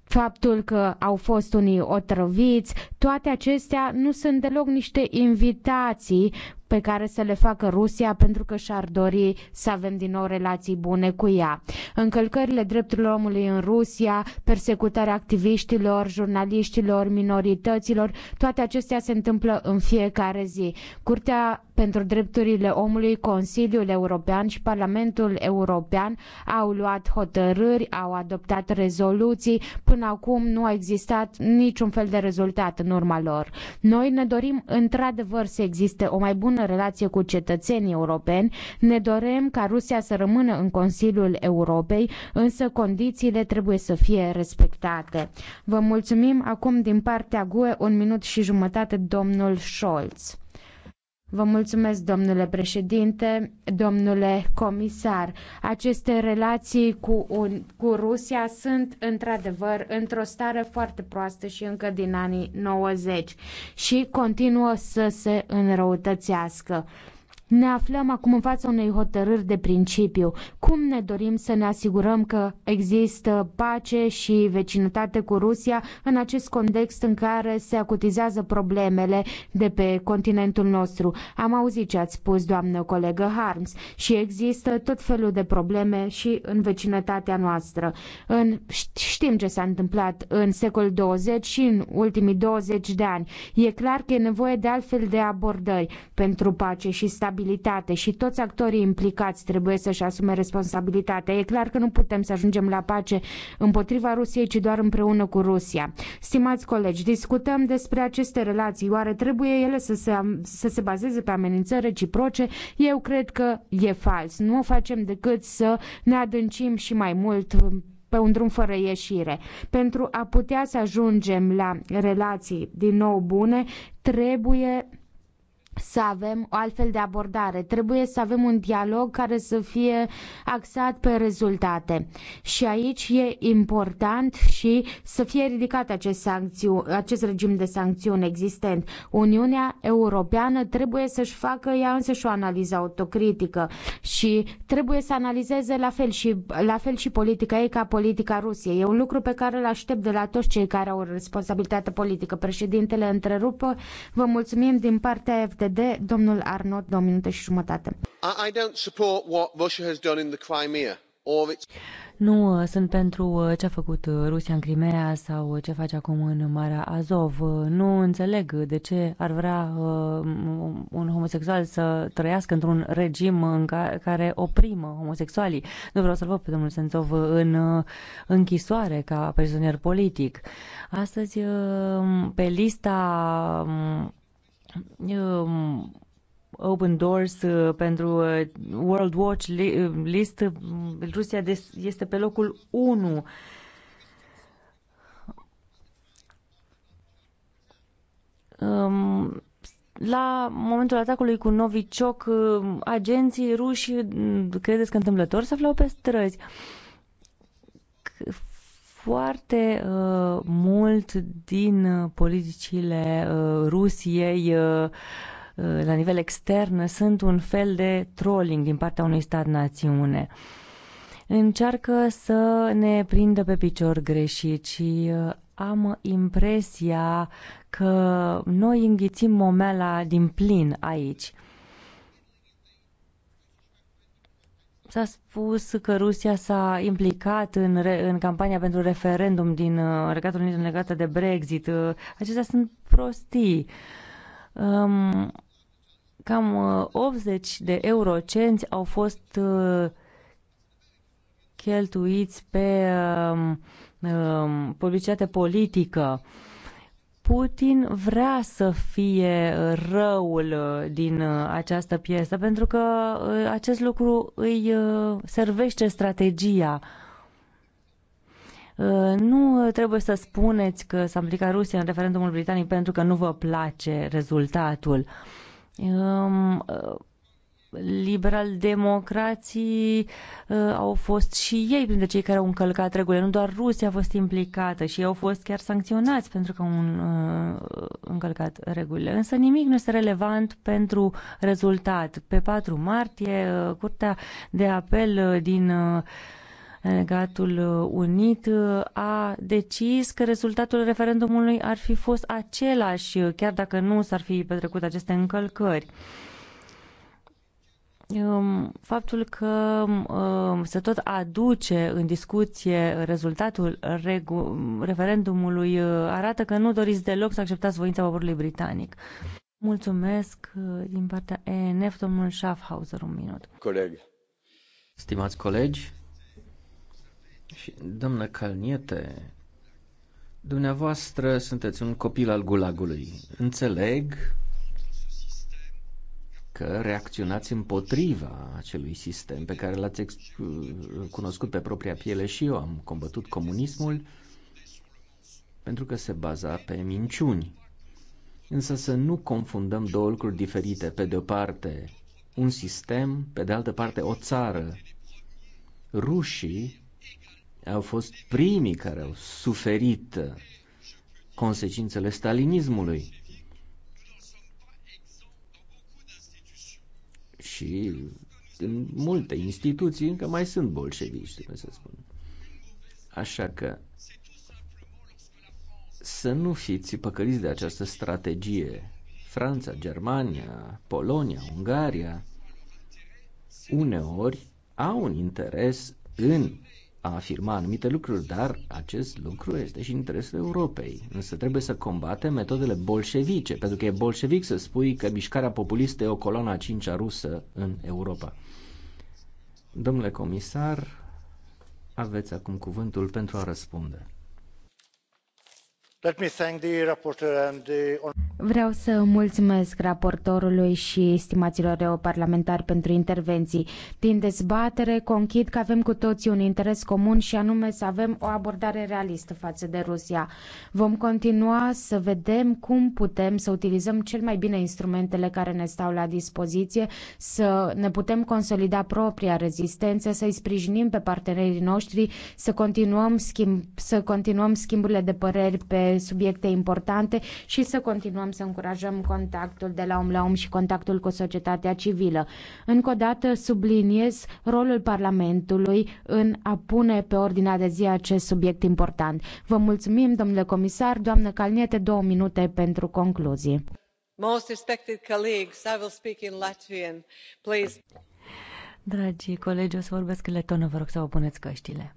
faptul că au fost unii otrăviți, toate acestea nu sunt deloc niște invitații pe care să le facă Rusia pentru că și-ar dori să avem din nou relații bune cu ea. Încălcările drepturilor omului în Rusia, persecutarea activiștilor, jurnaliștilor, minorităților, toate acestea se întâmplă în fiecare zi. Curtea pentru drepturile omului, Consiliul European și Parlamentul European au luat hotărâri, au adoptat rezoluții. Până acum nu a existat niciun fel de rezultat în urma lor. Noi ne dorim într-adevăr să existe o mai bună relație cu cetățenii europeni. Ne dorim ca Rusia să rămână în Consiliul Europei, însă condițiile trebuie să fie respectate. Vă mulțumim acum din partea GUE un minut și jumătate domnul Scholz. Vă mulțumesc, domnule președinte, domnule comisar. Aceste relații cu, un, cu Rusia sunt într-adevăr într-o stare foarte proastă și încă din anii 90 și continuă să se înrăutățească. Ne aflăm acum în fața unei hotărâri de principiu. Cum ne dorim să ne asigurăm că există pace și vecinătate cu Rusia în acest context în care se acutizează problemele de pe continentul nostru? Am auzit ce ați spus, doamnă colegă Harms, și există tot felul de probleme și în vecinătatea noastră. În, știm ce s-a întâmplat în secolul 20 și în ultimii 20 de ani. E clar că e nevoie de altfel de abordări pentru pace și stabilitate responsabilitate și toți actorii implicați trebuie să-și asume responsabilitatea. E clar că nu putem să ajungem la pace împotriva Rusiei, ci doar împreună cu Rusia. Stimați colegi, discutăm despre aceste relații. Oare trebuie ele să se, să se bazeze pe amenințări reciproce? Eu cred că e fals. Nu o facem decât să ne adâncim și mai mult um, pe un drum fără ieșire. Pentru a putea să ajungem la relații din nou bune, trebuie să avem o altfel de abordare. Trebuie să avem un dialog care să fie axat pe rezultate. Și aici e important și să fie ridicat acest, sancțiu, acest regim de sancțiuni existent. Uniunea Europeană trebuie să-și facă ea însăși o analiză autocritică și trebuie să analizeze la fel și, la fel și politica ei ca politica Rusiei. E un lucru pe care îl aștept de la toți cei care au o responsabilitate politică. Președintele întrerupă. Vă mulțumim din partea FD sd domnul Arnaud două minute și jumătate. Nu uh, sunt pentru uh, ce a făcut uh, Rusia în Crimea sau ce face acum în Marea Azov. Nu înțeleg de ce ar vrea un homosexual să trăiască într-un regim în care oprimă homosexualii. Nu vreau să-l văd pe domnul Sențov în închisoare ca prizonier politic. Astăzi, pe lista um, Um, open Doors uh, pentru uh, World Watch uh, List, Rusia este pe locul 1 um, la momentul atacului cu Novichok, agenții ruși, mm, credeți că întâmplător, se aflau pe străzi. Foarte uh, mult din uh, politicile uh, Rusiei uh, uh, la nivel extern sunt un fel de trolling din partea unui stat-națiune. Încearcă să ne prindă pe picior greșit și uh, am impresia că noi înghițim momeala din plin aici. S-a spus că Rusia s-a implicat în, re, în campania pentru referendum din uh, Regatul Unit legată de Brexit. Uh, acestea sunt prostii. Um, cam uh, 80 de eurocenți au fost uh, cheltuiți pe uh, uh, publicitate politică. Uh, Putin vrea să fie răul uh, din uh, această piesă, pentru că uh, acest lucru îi servește strategia. Nu trebuie să spuneți că s-a implicat Rusia în referendumul britanic pentru că nu vă place rezultatul. Um, liberal-democrații uh, au fost și ei printre cei care au încălcat regulile. Nu doar Rusia a fost implicată și ei au fost chiar sancționați pentru că au uh, încălcat regulile. Însă nimic nu este relevant pentru rezultat. Pe 4 martie, uh, Curtea de Apel uh, din uh, Regatul uh, Unit uh, a decis că rezultatul referendumului ar fi fost același, uh, chiar dacă nu s-ar fi petrecut aceste încălcări. Uh, Um, faptul că um, se tot aduce în discuție rezultatul referendumului uh, arată că nu doriți deloc să acceptați voința poporului britanic. Mulțumesc uh, din partea ENF, domnul Schaffhauser, un minut. Coleg. Stimați colegi și doamnă Calniete, dumneavoastră sunteți un copil al gulagului. Înțeleg că reacționați împotriva acelui sistem pe care l-ați cunoscut pe propria piele și eu am combătut comunismul pentru că se baza pe minciuni. Însă să nu confundăm două lucruri diferite. Pe de o parte, un sistem, pe de altă parte, o țară. Rușii au fost primii care au suferit consecințele stalinismului. și în multe instituții încă mai sunt bolșeviști, cum să spun. Așa că să nu fiți păcăliți de această strategie. Franța, Germania, Polonia, Ungaria uneori au un interes în a afirma anumite lucruri, dar acest lucru este și în interesul Europei. Însă trebuie să combate metodele bolșevice, pentru că e bolșevic să spui că mișcarea populistă e o coloană a cincea rusă în Europa. Domnule comisar, aveți acum cuvântul pentru a răspunde. Let me thank the rapporteur and the... Vreau să mulțumesc raportorului și estimaților europarlamentari pentru intervenții. Din dezbatere conchid că avem cu toții un interes comun și anume să avem o abordare realistă față de Rusia. Vom continua să vedem cum putem să utilizăm cel mai bine instrumentele care ne stau la dispoziție, să ne putem consolida propria rezistență, să-i sprijinim pe partenerii noștri, să continuăm, schimb, să continuăm schimburile de păreri pe subiecte importante și să continuăm continuăm să încurajăm contactul de la om la om și contactul cu societatea civilă. Încă o dată subliniez rolul Parlamentului în a pune pe ordinea de zi acest subiect important. Vă mulțumim, domnule comisar, doamnă Calniete, două minute pentru concluzii. Most respected colleagues, I will speak in Latvian. Please. Dragi colegi, o să vorbesc letonă, vă rog să vă puneți căștile.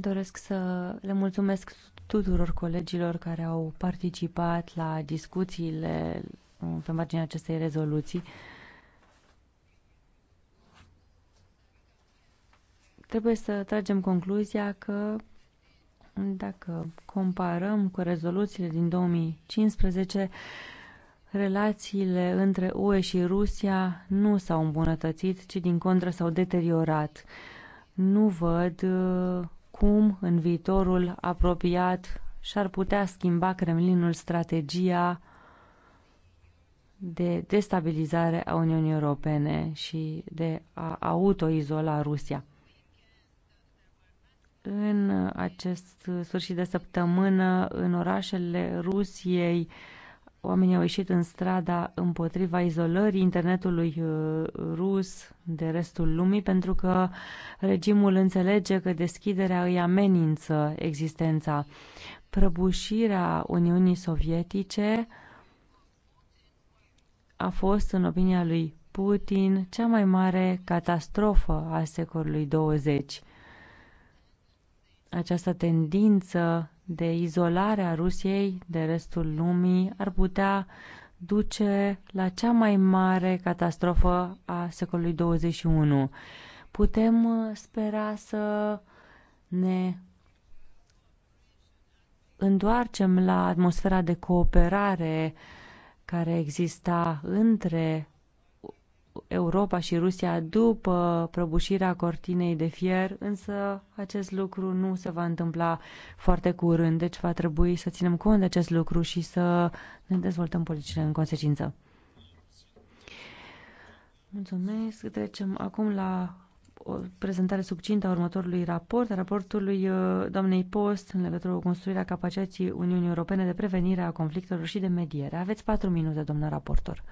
Doresc să le mulțumesc tuturor colegilor care au participat la discuțiile uh, pe marginea acestei rezoluții. Trebuie să tragem concluzia că dacă comparăm cu rezoluțiile din 2015, relațiile între UE și Rusia nu s-au îmbunătățit, ci din contră s-au deteriorat. Nu văd uh, cum în viitorul apropiat și-ar putea schimba Kremlinul strategia de destabilizare a Uniunii Europene și de a autoizola Rusia. În acest sfârșit de săptămână, în orașele Rusiei, Oamenii au ieșit în strada împotriva izolării internetului uh, rus de restul lumii pentru că regimul înțelege că deschiderea îi amenință existența. Prăbușirea Uniunii Sovietice a fost, în opinia lui Putin, cea mai mare catastrofă a secolului 20. Această tendință de izolare a Rusiei de restul lumii ar putea duce la cea mai mare catastrofă a secolului 21. Putem uh, spera să ne întoarcem la atmosfera de cooperare care exista între Europa și Rusia după prăbușirea cortinei de fier, însă acest lucru nu se va întâmpla foarte curând, deci va trebui să ținem cont de acest lucru și să ne dezvoltăm politicile în consecință. Mulțumesc. Trecem acum la o prezentare succintă a următorului raport, a raportului uh, doamnei Post în legătură cu construirea capacității Uniunii Europene de prevenire a conflictelor și de mediere. Aveți patru minute, doamnă raportor.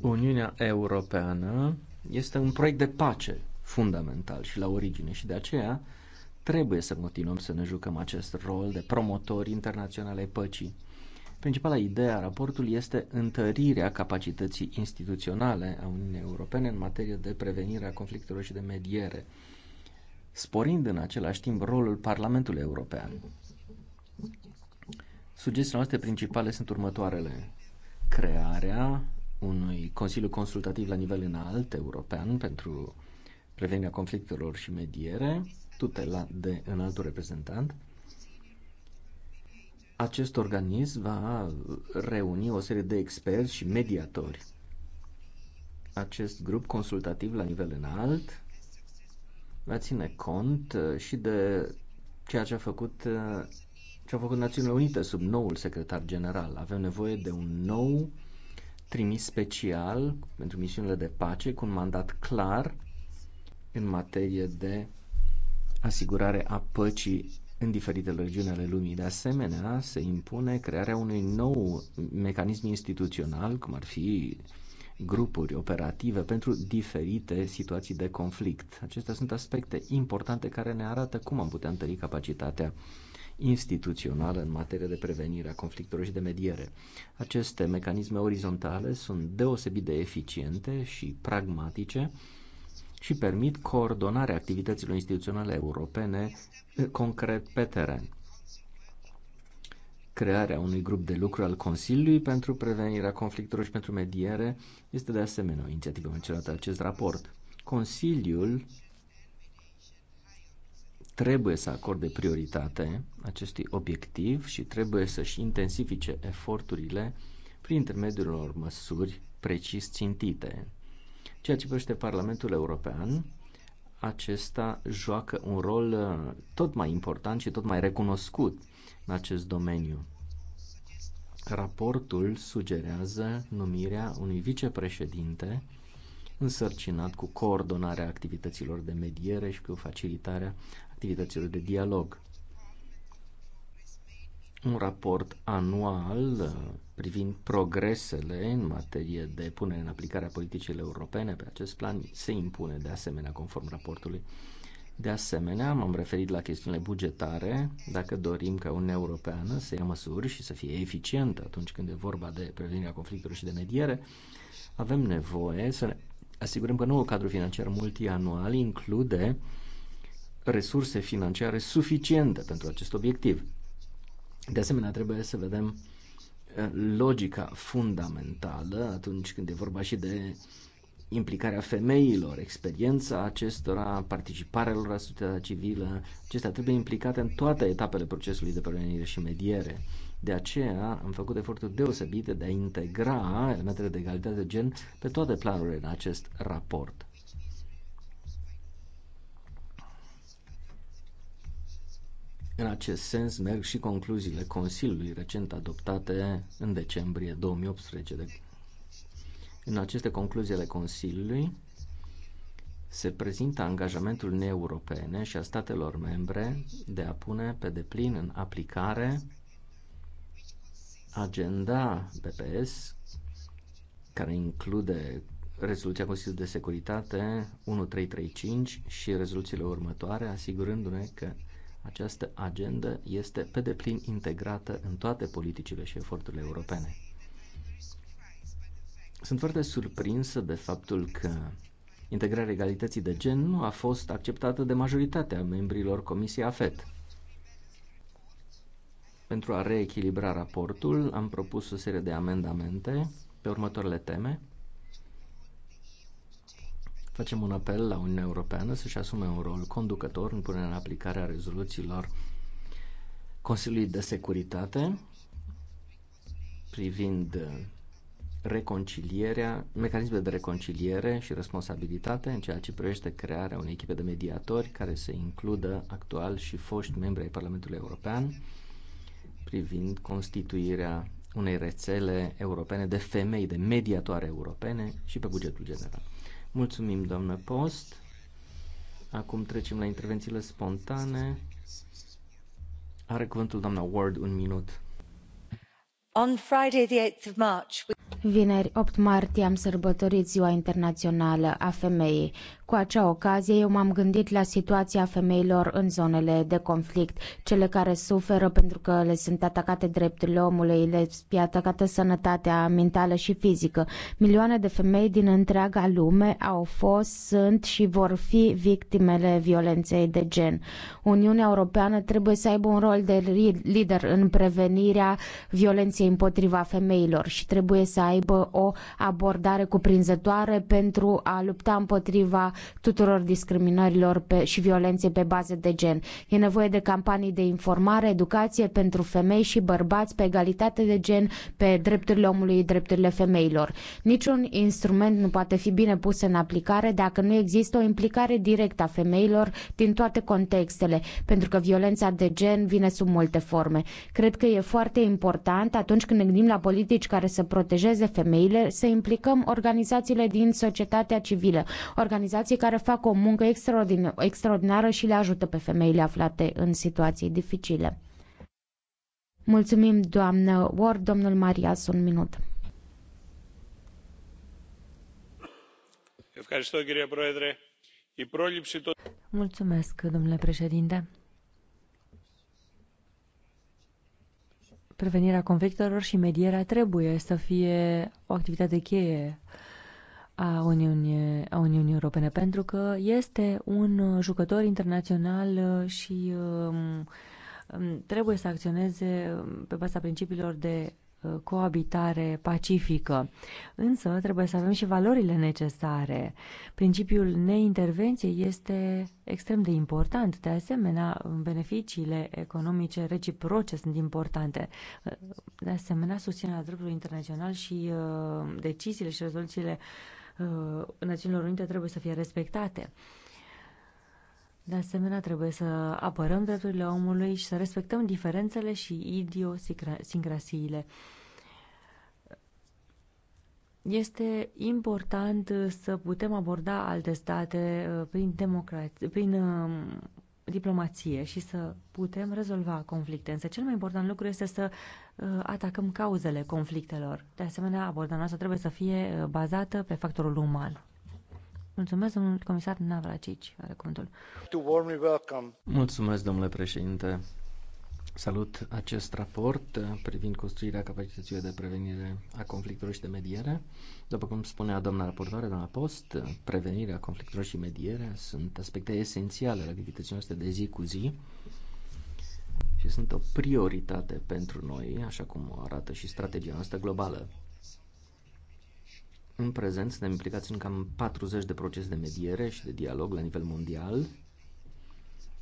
Uniunea Europeană este un proiect de pace fundamental și la origine și de aceea trebuie să continuăm să ne jucăm acest rol de promotori internaționale ai păcii. Principala idee a raportului este întărirea capacității instituționale a Uniunii Europene în materie de prevenire a conflictelor și de mediere, sporind în același timp rolul Parlamentului European. Sugestiile noastre principale sunt următoarele. Crearea unui Consiliu Consultativ la nivel înalt european pentru prevenirea conflictelor și mediere, tutela de înaltul reprezentant. Acest organism va reuni o serie de experți și mediatori. Acest grup consultativ la nivel înalt va ține cont și de ceea ce a făcut ce au făcut Națiunile Unite sub noul secretar general. Avem nevoie de un nou trimis special pentru misiunile de pace cu un mandat clar în materie de asigurare a păcii în diferitele regiuni ale lumii. De asemenea, se impune crearea unui nou mecanism instituțional, cum ar fi grupuri operative pentru diferite situații de conflict. Acestea sunt aspecte importante care ne arată cum am putea întări capacitatea instituțională în materie de prevenire a conflictelor și de mediere. Aceste mecanisme orizontale sunt deosebit de eficiente și pragmatice și permit coordonarea activităților instituționale europene eh, concret pe teren crearea unui grup de lucru al Consiliului pentru prevenirea conflictelor și pentru mediere este de asemenea o inițiativă menționată în acest raport. Consiliul trebuie să acorde prioritate acestui obiectiv și trebuie să-și intensifice eforturile prin intermediul unor măsuri precis țintite. Ceea ce privește Parlamentul European, acesta joacă un rol uh, tot mai important și tot mai recunoscut în acest domeniu. Raportul sugerează numirea unui vicepreședinte însărcinat cu coordonarea activităților de mediere și cu facilitarea activităților de dialog. Un raport anual uh, privind progresele în materie de punere în aplicare a politicilor europene pe acest plan se impune de asemenea conform raportului. De asemenea, m-am referit la chestiunile bugetare, dacă dorim ca Uniunea Europeană să ia măsuri și să fie eficientă atunci când e vorba de prevenirea conflictelor și de mediere, avem nevoie să ne asigurăm că noul cadru financiar multianual include resurse financiare suficiente pentru acest obiectiv. De asemenea, trebuie să vedem eh, logica fundamentală atunci când e vorba și de implicarea femeilor, experiența acestora, participarea lor la societatea civilă, acestea trebuie implicate în toate etapele procesului de prevenire și mediere. De aceea am făcut eforturi deosebite de a integra elementele de egalitate de gen pe toate planurile în acest raport. În acest sens merg și concluziile Consiliului recent adoptate în decembrie 2018. De... În aceste concluzii ale Consiliului se prezintă angajamentul Uniunii Europene și a statelor membre de a pune pe deplin în aplicare agenda BPS, care include rezoluția Consiliului de Securitate 1335 și rezoluțiile următoare, asigurându-ne că această agendă este pe deplin integrată în toate politicile și eforturile europene. Sunt foarte surprinsă de faptul că integrarea egalității de gen nu a fost acceptată de majoritatea membrilor Comisiei AFET. Pentru a reechilibra raportul, am propus o serie de amendamente pe următoarele teme. Facem un apel la Uniunea Europeană să-și asume un rol conducător în punerea în aplicare a rezoluțiilor Consiliului de Securitate privind reconcilierea, mecanisme de reconciliere și responsabilitate în ceea ce privește crearea unei echipe de mediatori care să includă actual și foști membri ai Parlamentului European privind constituirea unei rețele europene de femei, de mediatoare europene și pe bugetul general. Mulțumim, doamnă Post. Acum trecem la intervențiile spontane. Are cuvântul doamna Ward un minut. On Friday the 8th of March, Vineri 8 martie am sărbătorit Ziua Internațională a Femeii. Cu acea ocazie, eu m-am gândit la situația femeilor în zonele de conflict, cele care suferă pentru că le sunt atacate drepturile omului, le sunt atacată sănătatea mentală și fizică. Milioane de femei din întreaga lume au fost, sunt și vor fi victimele violenței de gen. Uniunea Europeană trebuie să aibă un rol de lider în prevenirea violenței împotriva femeilor și trebuie să aibă o abordare cuprinzătoare pentru a lupta împotriva tuturor discriminărilor pe, și violenței pe bază de gen. E nevoie de campanii de informare, educație pentru femei și bărbați pe egalitate de gen, pe drepturile omului, drepturile femeilor. Niciun instrument nu poate fi bine pus în aplicare dacă nu există o implicare directă a femeilor din toate contextele, pentru că violența de gen vine sub multe forme. Cred că e foarte important atunci când ne gândim la politici care să protejeze femeile, să implicăm organizațiile din societatea civilă, organizații organizații care fac o muncă extraordinară și le ajută pe femeile aflate în situații dificile. Mulțumim, doamnă Ward, domnul Marias, un minut. Mulțumesc, domnule președinte. Prevenirea conflictelor și medierea trebuie să fie o activitate cheie a Uniunii, a Uniunii Europene, pentru că este un jucător internațional uh, și um, um, trebuie să acționeze um, pe baza principiilor de uh, coabitare pacifică. Însă trebuie să avem și valorile necesare. Principiul neintervenției este extrem de important. De asemenea, beneficiile economice reciproce sunt importante. Uh, de asemenea, susținerea dreptului internațional și deciziile și rezoluțiile uh, Uh, Națiunilor Unite trebuie să fie respectate. De asemenea, trebuie să apărăm drepturile omului și să respectăm diferențele și idiosincrasiile. Este important să putem aborda alte state uh, prin, democrație, prin uh, diplomație și să putem rezolva conflicte. Însă cel mai important lucru este să uh, atacăm cauzele conflictelor. De asemenea, abordarea noastră trebuie să fie uh, bazată pe factorul uman. Mulțumesc, domnul comisar Navracici, are cuvântul. Mulțumesc, domnule președinte. Salut acest raport uh, privind construirea capacității de prevenire a conflictelor și de mediere. După cum spunea doamna raportoare, doamna Post, uh, prevenirea conflictelor și medierea sunt aspecte esențiale la activității noastre de zi cu zi și sunt o prioritate pentru noi, așa cum arată și strategia noastră globală. În prezent suntem implicați în cam 40 de procese de mediere și de dialog la nivel mondial,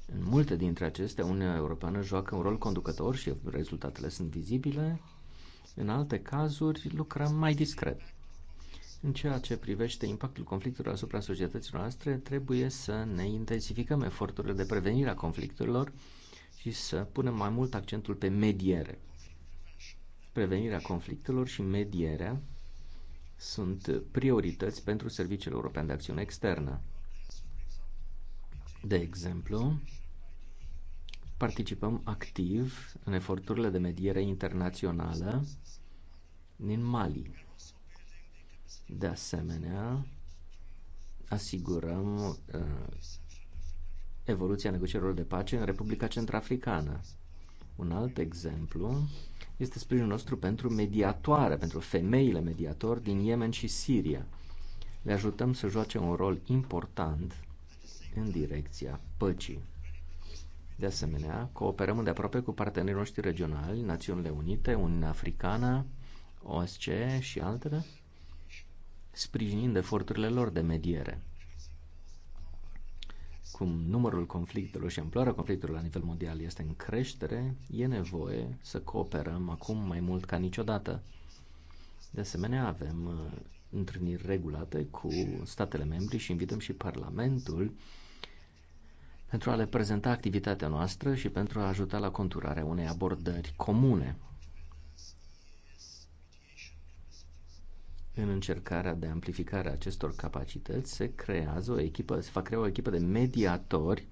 în multe dintre acestea, Uniunea Europeană joacă un rol conducător și rezultatele sunt vizibile. În alte cazuri, lucrăm mai discret. În ceea ce privește impactul conflictului asupra societății noastre, trebuie să ne intensificăm eforturile de prevenire a conflictelor și să punem mai mult accentul pe mediere. Prevenirea conflictelor și medierea sunt priorități pentru Serviciul European de Acțiune Externă. De exemplu, participăm activ în eforturile de mediere internațională din Mali. De asemenea, asigurăm uh, evoluția negocierilor de pace în Republica Centrafricană. Un alt exemplu este sprijinul nostru pentru mediatoare, pentru femeile mediatori din Yemen și Siria. Le ajutăm să joace un rol important în direcția păcii. De asemenea, cooperăm îndeaproape cu partenerii noștri regionali, Națiunile Unite, Uniunea Africană, OSCE și altele, sprijinind eforturile lor de mediere. Cum numărul conflictelor și amploarea conflictelor la nivel mondial este în creștere, e nevoie să cooperăm acum mai mult ca niciodată. De asemenea, avem uh, întâlniri regulate cu statele membri și invităm și Parlamentul pentru a le prezenta activitatea noastră și pentru a ajuta la conturarea unei abordări comune. În încercarea de amplificare a acestor capacități se creează o echipă, se va crea o echipă de mediatori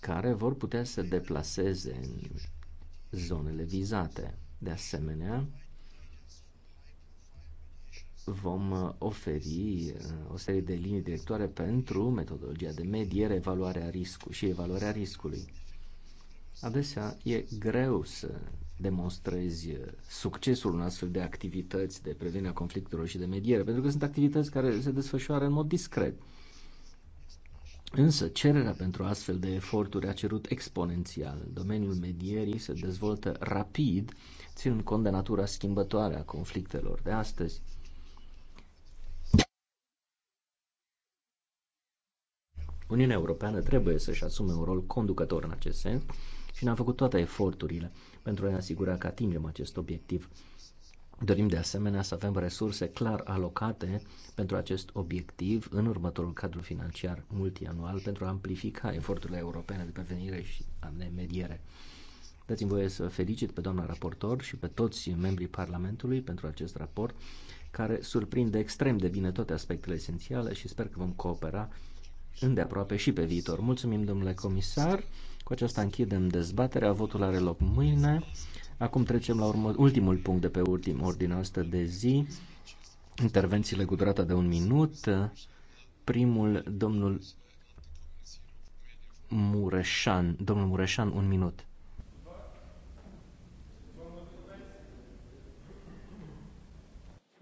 care vor putea să deplaseze în zonele vizate. De asemenea, vom uh, oferi uh, o serie de linii directoare pentru metodologia de mediere, evaluarea riscului și evaluarea riscului. Adesea e greu să demonstrezi uh, succesul unor astfel de activități de prevenire a conflictelor și de mediere, pentru că sunt activități care se desfășoară în mod discret. Însă, cererea pentru astfel de eforturi a cerut exponențial. Domeniul medierii se dezvoltă rapid, ținând cont de natura schimbătoare a conflictelor de astăzi. Uniunea Europeană trebuie să-și asume un rol conducător în acest sens și ne-am făcut toate eforturile pentru a ne asigura că atingem acest obiectiv. Dorim de asemenea să avem resurse clar alocate pentru acest obiectiv în următorul cadru financiar multianual pentru a amplifica eforturile europene de prevenire și de mediere. Dați-mi voie să felicit pe doamna raportor și pe toți membrii Parlamentului pentru acest raport, care surprinde extrem de bine toate aspectele esențiale și sper că vom coopera îndeaproape și pe viitor. Mulțumim, domnule comisar. Cu aceasta închidem dezbaterea. Votul are loc mâine. Acum trecem la urmă, ultimul punct de pe ultim, ordinea asta de zi. Intervențiile cu durata de un minut. Primul, domnul Mureșan. Domnul Mureșan, un minut.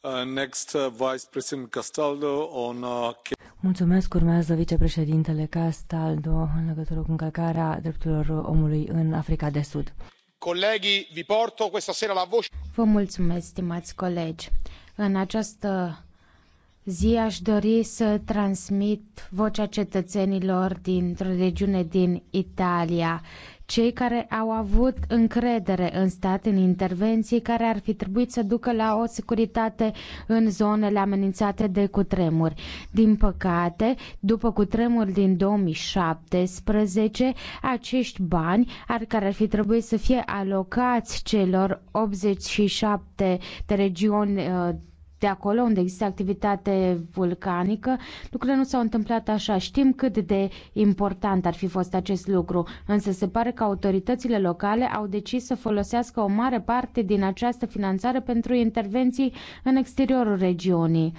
Uh, uh, uh, mulțumesc, urmează vicepreședintele Castaldo în legătură cu încălcarea drepturilor omului în Africa de Sud. Colegii, vi porto questa sera la voce. Vă mulțumesc, stimați colegi. În această zi aș dori să transmit vocea cetățenilor dintr-o regiune din Italia cei care au avut încredere în stat, în intervenții care ar fi trebuit să ducă la o securitate în zonele amenințate de cutremuri. Din păcate, după cutremur din 2017, acești bani ar, care ar fi trebuit să fie alocați celor 87 de regiuni uh, de acolo unde există activitate vulcanică, lucrurile nu s-au întâmplat așa. Știm cât de important ar fi fost acest lucru, însă se pare că autoritățile locale au decis să folosească o mare parte din această finanțare pentru intervenții în exteriorul regiunii.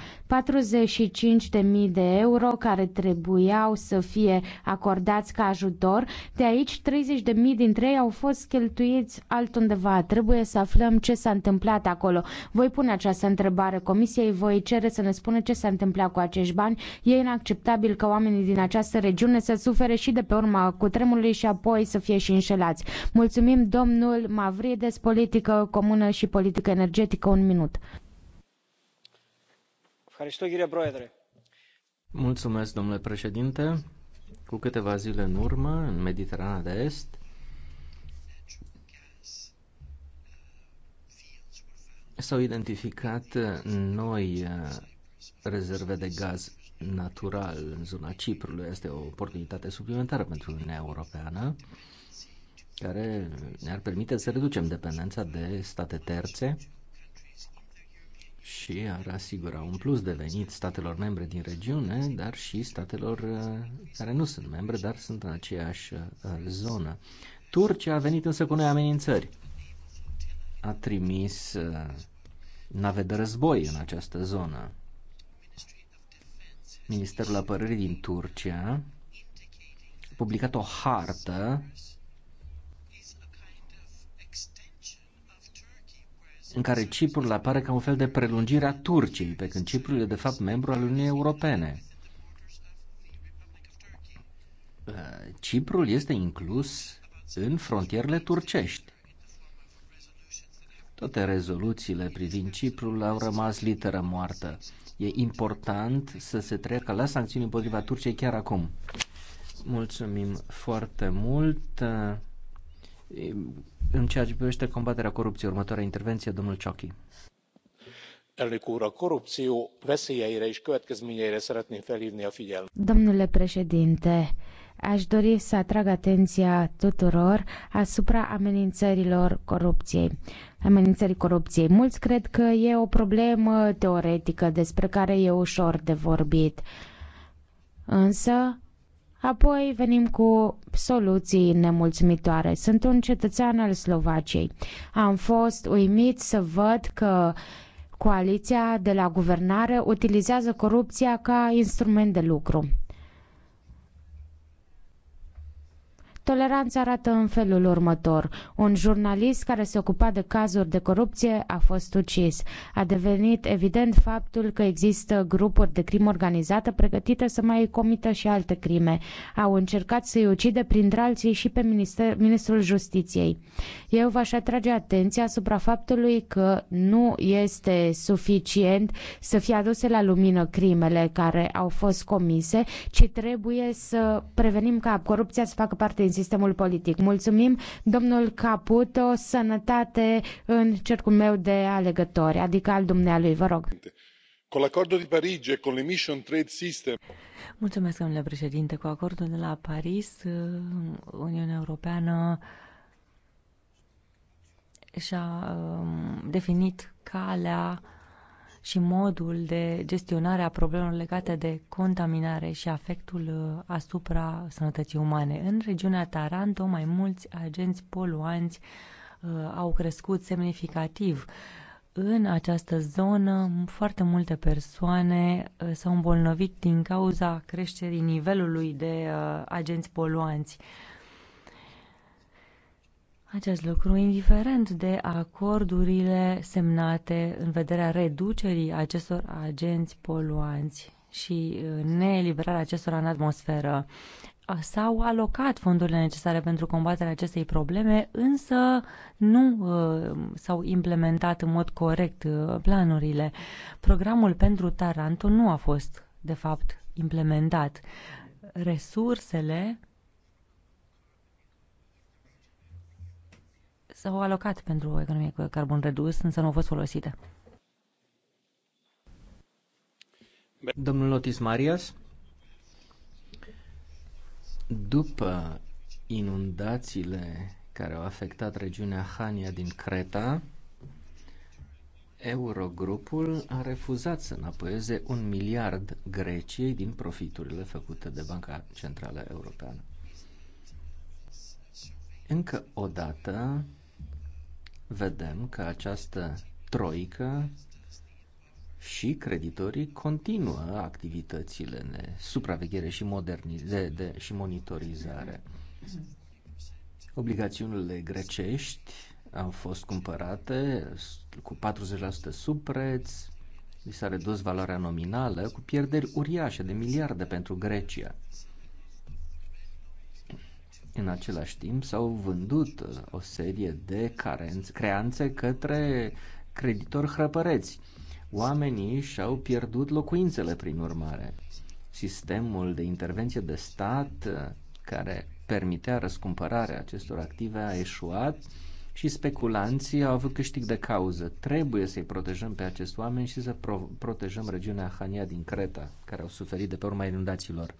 45.000 de euro care trebuiau să fie acordați ca ajutor, de aici 30.000 dintre ei au fost cheltuiți altundeva. Trebuie să aflăm ce s-a întâmplat acolo. Voi pune această întrebare Comisiei voi cere să ne spună ce s-a întâmplat cu acești bani. E inacceptabil că oamenii din această regiune să sufere și de pe urma cutremurului și apoi să fie și înșelați. Mulțumim domnul Mavrides, politică comună și politică energetică. Un minut. Mulțumesc, domnule președinte. Cu câteva zile în urmă, în Mediterana de Est, S-au identificat uh, noi uh, rezerve de gaz natural în zona Ciprului. Este o oportunitate suplimentară pentru Uniunea Europeană care ne-ar permite să reducem dependența de state terțe și ar asigura un plus de venit statelor membre din regiune, dar și statelor uh, care nu sunt membre, dar sunt în aceeași zonă. Turcia a venit însă cu noi amenințări. A trimis nave de război în această zonă. Ministerul Apărării din Turcia a publicat o hartă în care Ciprul apare ca un fel de prelungire a Turciei, pe când Ciprul e de fapt membru al Uniunii Europene. Ciprul este inclus în frontierele turcești. Toate rezoluțiile privind Ciprul au rămas literă moartă. E important să se treacă la sancțiuni împotriva Turciei chiar acum. Mulțumim foarte mult. În ceea ce privește combaterea corupției, următoarea intervenție, domnul Ciocchi. a Domnule președinte, Aș dori să atrag atenția tuturor asupra amenințărilor corupției. Amenințării corupției. Mulți cred că e o problemă teoretică despre care e ușor de vorbit. Însă, Apoi venim cu soluții nemulțumitoare. Sunt un cetățean al Slovaciei. Am fost uimit să văd că coaliția de la guvernare utilizează corupția ca instrument de lucru. Toleranța arată în felul următor. Un jurnalist care se ocupa de cazuri de corupție a fost ucis. A devenit evident faptul că există grupuri de crimă organizată pregătite să mai comită și alte crime. Au încercat să-i ucide printre alții și pe minister, ministrul justiției. Eu v-aș atrage atenția asupra faptului că nu este suficient să fie aduse la lumină crimele care au fost comise, ci trebuie să prevenim ca corupția să facă parte din sistemul politic. Mulțumim, domnul Caputo, sănătate în cercul meu de alegători, adică al dumnealui, vă rog. Cu acordul de Paris e l'Emission Trade System. Mulțumesc, domnule președinte. Cu acordul de la Paris, Uniunea Europeană și-a um, definit calea și modul de gestionare a problemelor legate de contaminare și afectul uh, asupra sănătății umane. În regiunea Taranto, mai mulți agenți poluanți uh, au crescut semnificativ. În această zonă, foarte multe persoane uh, s-au îmbolnăvit din cauza creșterii nivelului de uh, agenți poluanți. Uh, acest lucru, indiferent de acordurile semnate în vederea reducerii acestor agenți poluanți și uh, neeliberarea acestora în atmosferă, s-au alocat fondurile necesare pentru combaterea acestei probleme, însă nu uh, s-au implementat în mod corect uh, planurile. Programul pentru Taranto nu a fost, de fapt, implementat. Resursele s-au alocat pentru o economie cu carbon redus, însă nu au fost folosite. Domnul Lotis Marias, după inundațiile care au afectat regiunea Hania din Creta, Eurogrupul a refuzat să înapoieze un miliard Greciei din profiturile făcute de Banca Centrală Europeană. Încă o dată, vedem că această troică și creditorii continuă activitățile de supraveghere și, modernizare de, și monitorizare. Obligațiunile grecești au fost cumpărate cu 40% sub preț, li s-a redus valoarea nominală cu pierderi uriașe de miliarde pentru Grecia. În același timp s-au vândut uh, o serie de carențe, creanțe către creditori hrăpăreți. Oamenii și-au pierdut locuințele prin urmare. Sistemul de intervenție de stat uh, care permitea răscumpărarea acestor active a eșuat și speculanții au avut câștig de cauză. Trebuie să-i protejăm pe acești oameni și să pro- protejăm regiunea Hania din Creta, care au suferit de pe urma inundațiilor.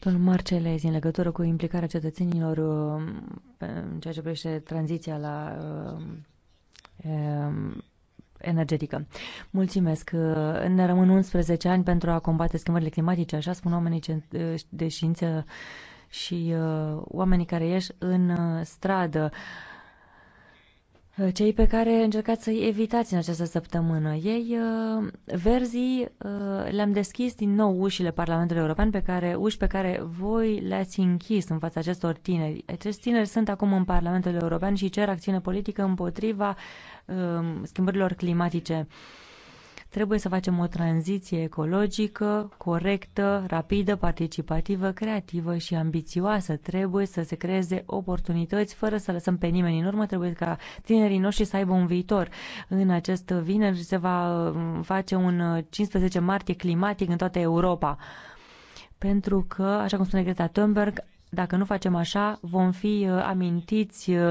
Domnul Marcelezi, în legătură cu implicarea cetățenilor uh, în ceea ce privește tranziția la uh, um, energetică. Mulțumesc. Uh, ne rămân 11 ani pentru a combate schimbările climatice, așa spun oamenii de știință și oamenii care ieși în stradă. Uh, cei pe care încercați să-i evitați în această săptămână. Ei, uh, verzii, uh, le-am deschis din nou ușile Parlamentului European, pe care, uși pe care voi le-ați închis în fața acestor tineri. Acești tineri sunt acum în Parlamentul European și cer acțiune politică împotriva schimbărilor climatice. Trebuie să facem o tranziție ecologică, corectă, rapidă, participativă, creativă și ambițioasă. Trebuie să se creeze oportunități fără să lăsăm pe nimeni în urmă. Trebuie ca tinerii noștri să aibă un viitor. În acest vineri se va um, face un 15 uh, martie climatic în toată Europa. Pentru că, așa cum spune Greta Thunberg, dacă nu facem așa, vom fi uh, amintiți uh,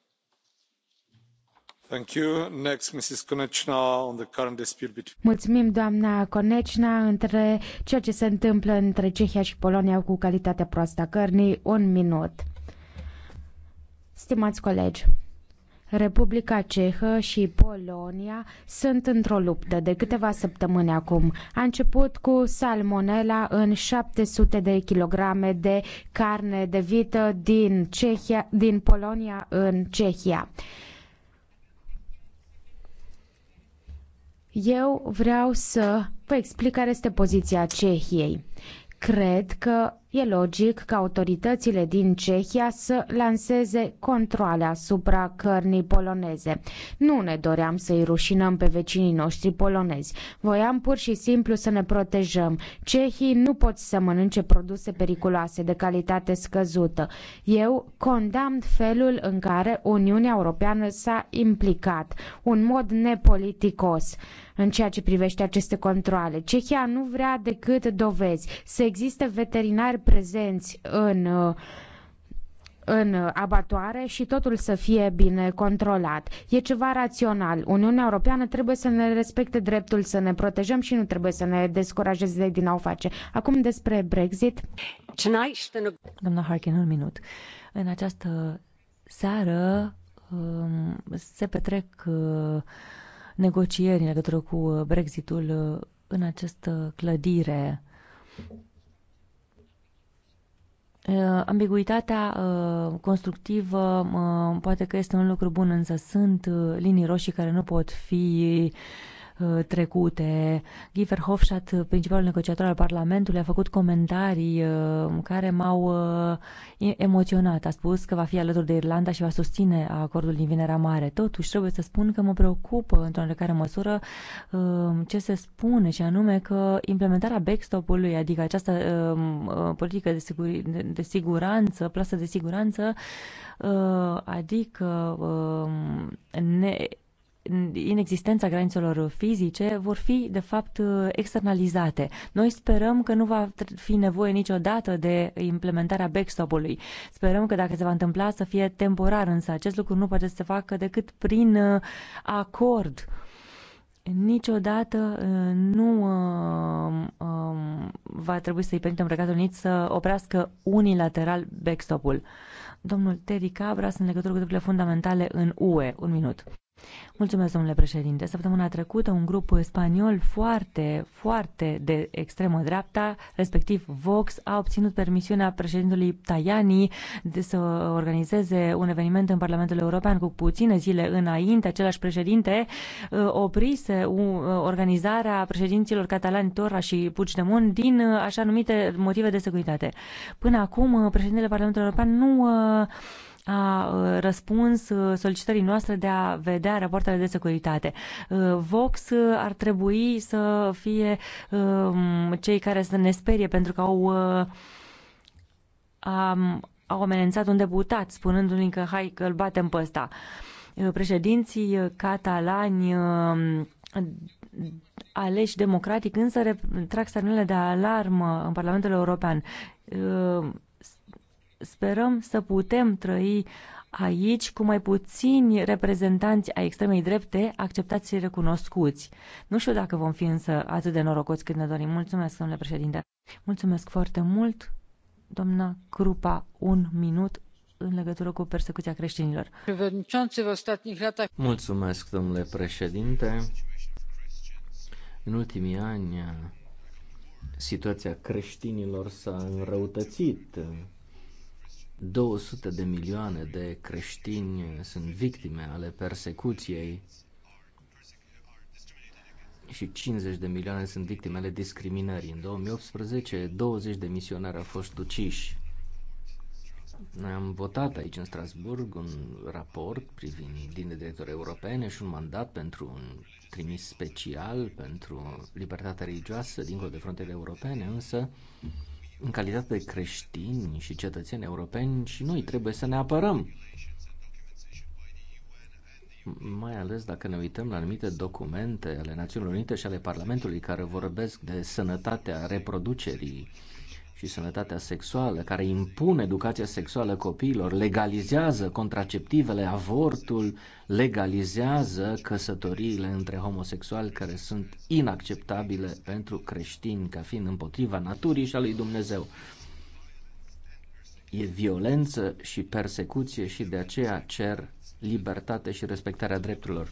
Mulțumim, doamna Conecna, între ceea ce se întâmplă între Cehia și Polonia cu calitatea proastă a cărnii. Un minut. Stimați colegi, Republica Cehă și Polonia sunt într-o luptă de câteva săptămâni acum. A început cu salmonela în 700 de kilograme de carne de vită din, Cehia, din Polonia în Cehia. Eu vreau să vă explic care este poziția Cehiei. Cred că E logic ca autoritățile din Cehia să lanseze controle asupra cărnii poloneze. Nu ne doream să-i rușinăm pe vecinii noștri polonezi. Voiam pur și simplu să ne protejăm. Cehii nu pot să mănânce produse periculoase de calitate scăzută. Eu condamn felul în care Uniunea Europeană s-a implicat, un mod nepoliticos în ceea ce privește aceste controle. Cehia nu vrea decât dovezi, să existe veterinari prezenți în uh, în abatoare și totul să fie bine controlat. E ceva rațional. Uniunea Europeană trebuie să ne respecte dreptul să ne protejăm și nu trebuie să ne descurajeze din a o face. Acum despre Brexit. Doamna Harkin, un minut. În această seară um, se petrec uh, negocieri în legătură cu Brexitul uh, în această clădire Eh, ambiguitatea eh, constructivă eh, poate că este un lucru bun, însă sunt linii roșii care nu pot fi Uh, trecute. Guy Verhofstadt, principalul negociator al Parlamentului, a făcut comentarii uh, care m-au uh, emoționat. A spus că va fi alături de Irlanda și va susține acordul din Vinerea Mare. Totuși, trebuie să spun că mă preocupă, într-o oarecare măsură, ce se spune, și anume că implementarea backstop-ului, adică această politică de, sigur, de siguranță, plasă de siguranță, adică ne inexistența granițelor fizice vor fi, de fapt, externalizate. Noi sperăm că nu va fi nevoie niciodată de implementarea backstop-ului. Sperăm că dacă se va întâmpla să fie temporar, însă acest lucru nu poate să se facă decât prin uh, acord. Niciodată uh, nu uh, um, va trebui să-i permitem Regatul Unit să oprească unilateral backstop-ul. Domnul Terry Cabras în legătură cu drepturile fundamentale în UE. Un minut. Mulțumesc, domnule președinte. Săptămâna trecută, un grup spaniol foarte, foarte de extremă dreapta, respectiv Vox, a obținut permisiunea președintelui Tajani de să organizeze un eveniment în Parlamentul European cu puține zile înainte. Același președinte uh, oprise uh, organizarea președinților catalani Torra și Puigdemont din uh, așa numite motive de securitate. Până acum, președintele Parlamentului European nu a uh, răspuns uh, solicitării noastre de a vedea rapoartele de securitate. Uh, Vox ar trebui să fie um, cei care să ne sperie pentru că au au amenințat un deputat spunându-i că hai că îl batem pe ăsta. Președinții catalani um, aleși democratic însă retrag semnele de alarmă în Parlamentul European sperăm să putem trăi aici cu mai puțini reprezentanți ai extremei drepte acceptați și recunoscuți. Nu știu dacă vom fi însă atât de norocoți cât ne dorim. Mulțumesc, domnule președinte. Mulțumesc foarte mult, doamna Crupa, un minut în legătură cu persecuția creștinilor. Mulțumesc, domnule președinte. În ultimii ani, situația creștinilor s-a înrăutățit 200 de milioane de creștini sunt victime ale persecuției și 50 de milioane sunt victime ale discriminării. În 2018, 20 de misionari au fost uciși. Noi am votat aici în Strasburg un raport privind linii director europene și un mandat pentru un trimis special pentru libertatea religioasă dincolo de frontele europene, însă în calitate de creștini și cetățeni europeni și noi trebuie să ne apărăm. Mai ales dacă ne uităm la anumite documente ale Națiunilor Unite și ale Parlamentului care vorbesc de sănătatea reproducerii și sănătatea sexuală, care impune educația sexuală copiilor, legalizează contraceptivele, avortul, legalizează căsătoriile între homosexuali care sunt inacceptabile pentru creștini ca fiind împotriva naturii și a lui Dumnezeu. E violență și persecuție și de aceea cer libertate și respectarea drepturilor.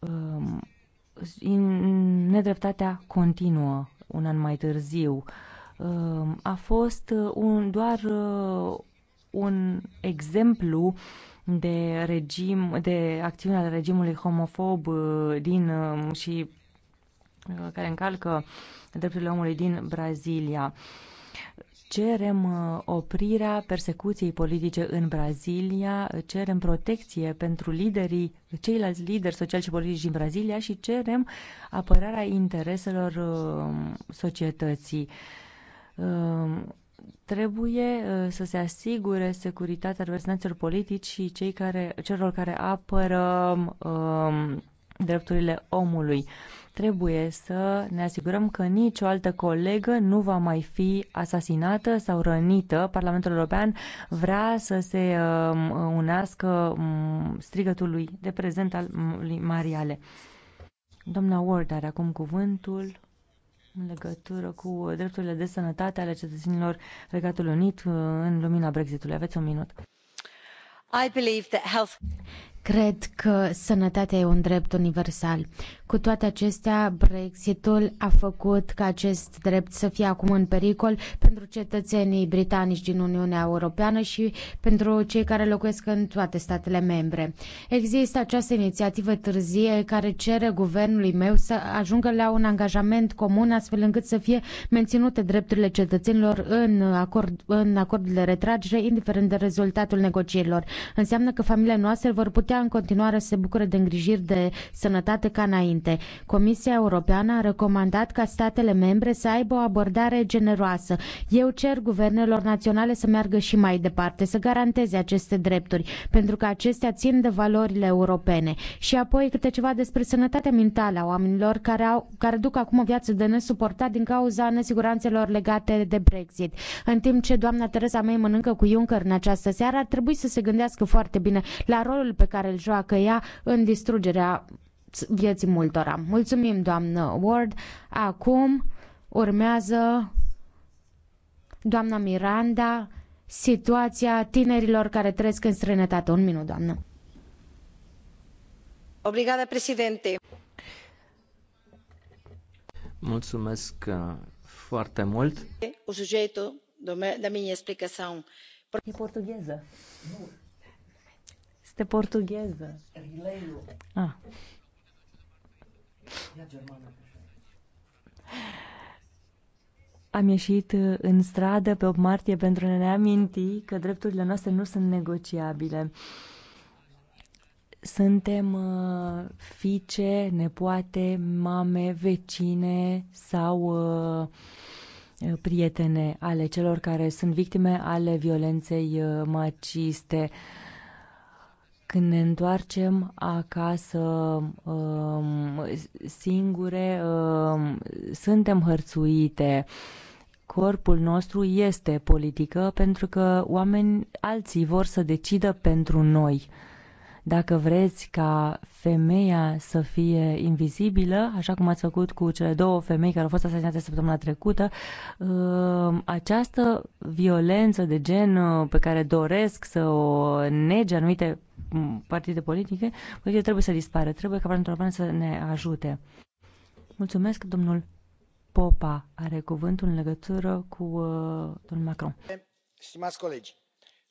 Um, nedreptatea continuă un an mai târziu. Um, a fost uh, un, doar uh, un exemplu de regim, de acțiunea de regimului homofob uh, din um, și care încalcă drepturile omului din Brazilia cerem uh, oprirea persecuției politice în Brazilia, cerem protecție pentru liderii, ceilalți lideri sociali și politici din Brazilia și cerem apărarea intereselor uh, societății. Uh, trebuie să se asigure securitatea adversanților politici și cei care, celor care apără drepturile omului Trebuie să ne asigurăm că nicio altă colegă nu va mai fi asasinată sau rănită. Parlamentul European vrea să se um, unească um, strigătului de prezent al um, lui Mariale. Doamna Ward are acum cuvântul în legătură cu drepturile de sănătate ale cetățenilor Regatului Unit uh, în lumina Brexitului. Aveți un minut. I believe that health... Cred că sănătatea e un drept universal. Cu toate acestea, Brexitul a făcut ca acest drept să fie acum în pericol pentru cetățenii britanici din Uniunea Europeană și pentru cei care locuiesc în toate statele membre. Există această inițiativă târzie care cere guvernului meu să ajungă la un angajament comun astfel încât să fie menținute drepturile cetățenilor în, acord, în acord de retragere, indiferent de rezultatul negocierilor. Înseamnă că familiile noastre vor putea aceea în continuare se bucură de îngrijiri de sănătate ca înainte. Comisia Europeană a recomandat ca statele membre să aibă o abordare generoasă. Eu cer guvernelor naționale să meargă și mai departe, să garanteze aceste drepturi, pentru că acestea țin de valorile europene. Și apoi câte ceva despre sănătatea mentală a oamenilor care, au, care duc acum o viață de nesuportat din cauza nesiguranțelor legate de Brexit. În timp ce doamna Teresa May mănâncă cu Juncker în această seară, ar trebui să se gândească foarte bine la rolul pe care care îl joacă ea în distrugerea vieții multora. Mulțumim, doamnă Ward. Acum urmează doamna Miranda, situația tinerilor care trăiesc în străinătate. Un minut, doamnă. Obrigada, președinte. Mulțumesc uh, foarte mult. O sujeito da minha explicação. E portuguesa. Nu este portugheză. Ah. Am ieșit uh, în stradă pe 8 martie pentru a ne aminti că drepturile noastre nu sunt negociabile. Suntem uh, fiice, nepoate, mame, vecine sau uh, prietene ale celor care sunt victime ale violenței maciste. Când ne întoarcem acasă um, singure, um, suntem hărțuite. Corpul nostru este politică pentru că oameni alții vor să decidă pentru noi. Dacă vreți ca femeia să fie invizibilă, așa cum ați făcut cu cele două femei care au fost asasinate săptămâna trecută, uh, această violență de gen uh, pe care doresc să o nege anumite mm, partide politice, politice trebuie să dispară. Trebuie ca Parlamentul European să ne ajute. Mulțumesc, domnul Popa are cuvântul în legătură cu uh, domnul Macron. Stimați colegi,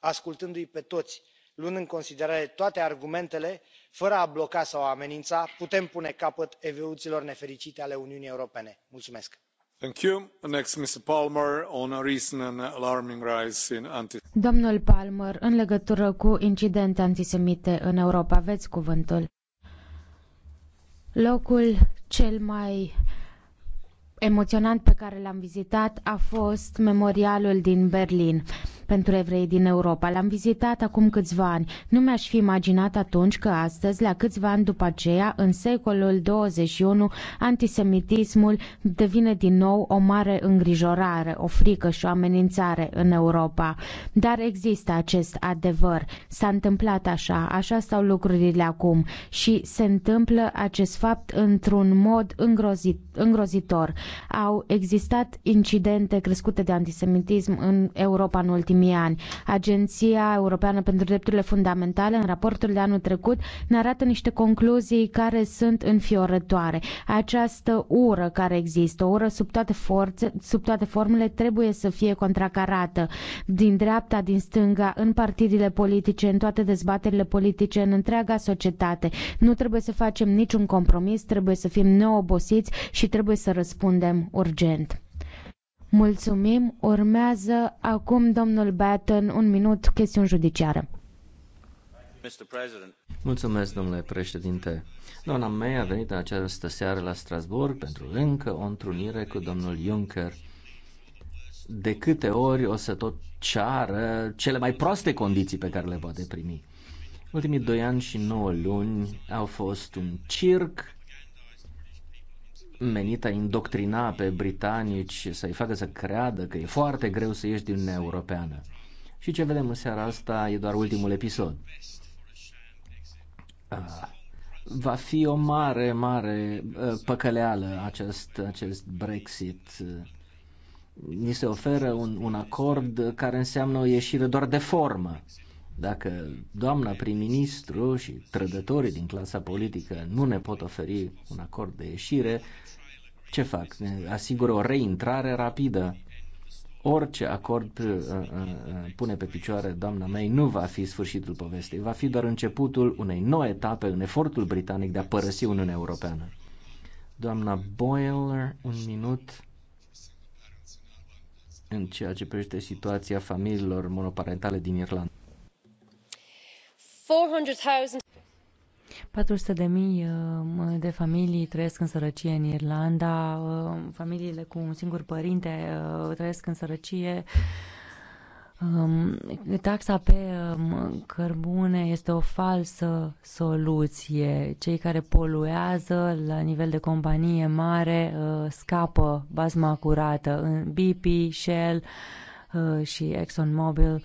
ascultându i pe toți luând în considerare toate argumentele fără a bloca sau a amenința putem pune capăt evoluțiilor nefericite ale uniunii europene. mulțumesc. domnule palmer în legătură cu incidente antisemite în europa aveți cuvântul. locul cel mai emoționant pe care l-am vizitat a fost memorialul din Berlin pentru evrei din Europa. L-am vizitat acum câțiva ani. Nu mi-aș fi imaginat atunci că astăzi, la câțiva ani după aceea, în secolul 21, antisemitismul devine din nou o mare îngrijorare, o frică și o amenințare în Europa. Dar există acest adevăr. S-a întâmplat așa, așa stau lucrurile acum și se întâmplă acest fapt într-un mod îngrozit, îngrozitor. Au existat incidente crescute de antisemitism în Europa în ultimii ani. Agenția Europeană pentru Drepturile Fundamentale, în raportul de anul trecut, ne arată niște concluzii care sunt înfiorătoare. Această ură care există, o ură sub toate, forțe, sub toate formele, trebuie să fie contracarată din dreapta, din stânga, în partidile politice, în toate dezbaterile politice, în întreaga societate. Nu trebuie să facem niciun compromis, trebuie să fim neobosiți și trebuie să răspundem răspundem urgent. Mulțumim. Urmează acum domnul Batten un minut chestiuni judiciare. Mulțumesc, domnule președinte. Doamna May a venit această seară la Strasbourg pentru încă o întrunire cu domnul Juncker. De câte ori o să tot ceară cele mai proaste condiții pe care le poate primi? Ultimii doi ani și nouă luni au fost un circ menită a indoctrina pe britanici, să-i facă să creadă că e foarte greu să ieși din Uniunea Europeană. Și ce vedem în seara asta e doar ultimul episod. Ah, va fi o mare, mare eh, păcăleală acest, acest Brexit. Ni se oferă un, un acord care înseamnă o ieșire doar de formă. Dacă doamna prim-ministru și trădătorii din clasa politică nu ne pot oferi un acord de ieșire, ce fac? Ne asigură o reintrare rapidă. Orice acord uh, uh, uh, pune pe picioare doamna May nu va fi sfârșitul povestei, va fi doar începutul unei noi etape în efortul britanic de a părăsi Uniunea Europeană. Doamna Boyle, un minut în ceea ce privește situația familiilor monoparentale din Irlanda. 400 de mii uh, de familii trăiesc în sărăcie în Irlanda, uh, familiile cu un singur părinte uh, trăiesc în sărăcie. Um, taxa pe um, cărbune este o falsă soluție. Cei care poluează la nivel de companie mare scapă bazma curată. În BP, Shell și ExxonMobil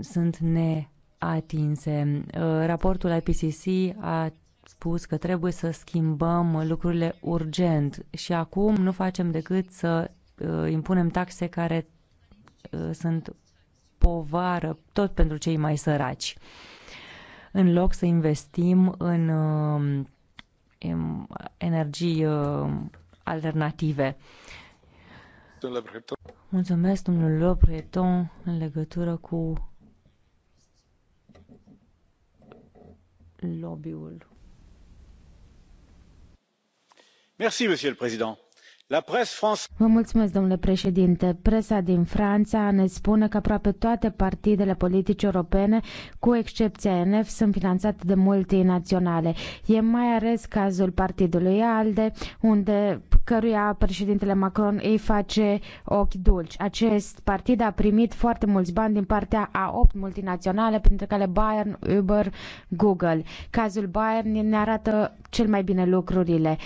sunt ne atinse. Uh, raportul IPCC a spus că trebuie să schimbăm lucrurile urgent și acum nu facem decât să uh, impunem taxe care uh, sunt povară tot pentru cei mai săraci. În loc să investim în energii alternative. Mulțumesc, domnul Le în legătură cu lobby-ul. Vă mulțumesc, domnule președinte. Presa din Franța ne spune că aproape toate partidele politice europene, cu excepția NF, sunt finanțate de multinaționale. E mai ales cazul partidului ALDE, unde căruia președintele Macron îi face ochi dulci. Acest partid a primit foarte mulți bani din partea a opt multinaționale, printre care Bayern, Uber, Google. Cazul Bayern ne arată cel mai bine lucrurile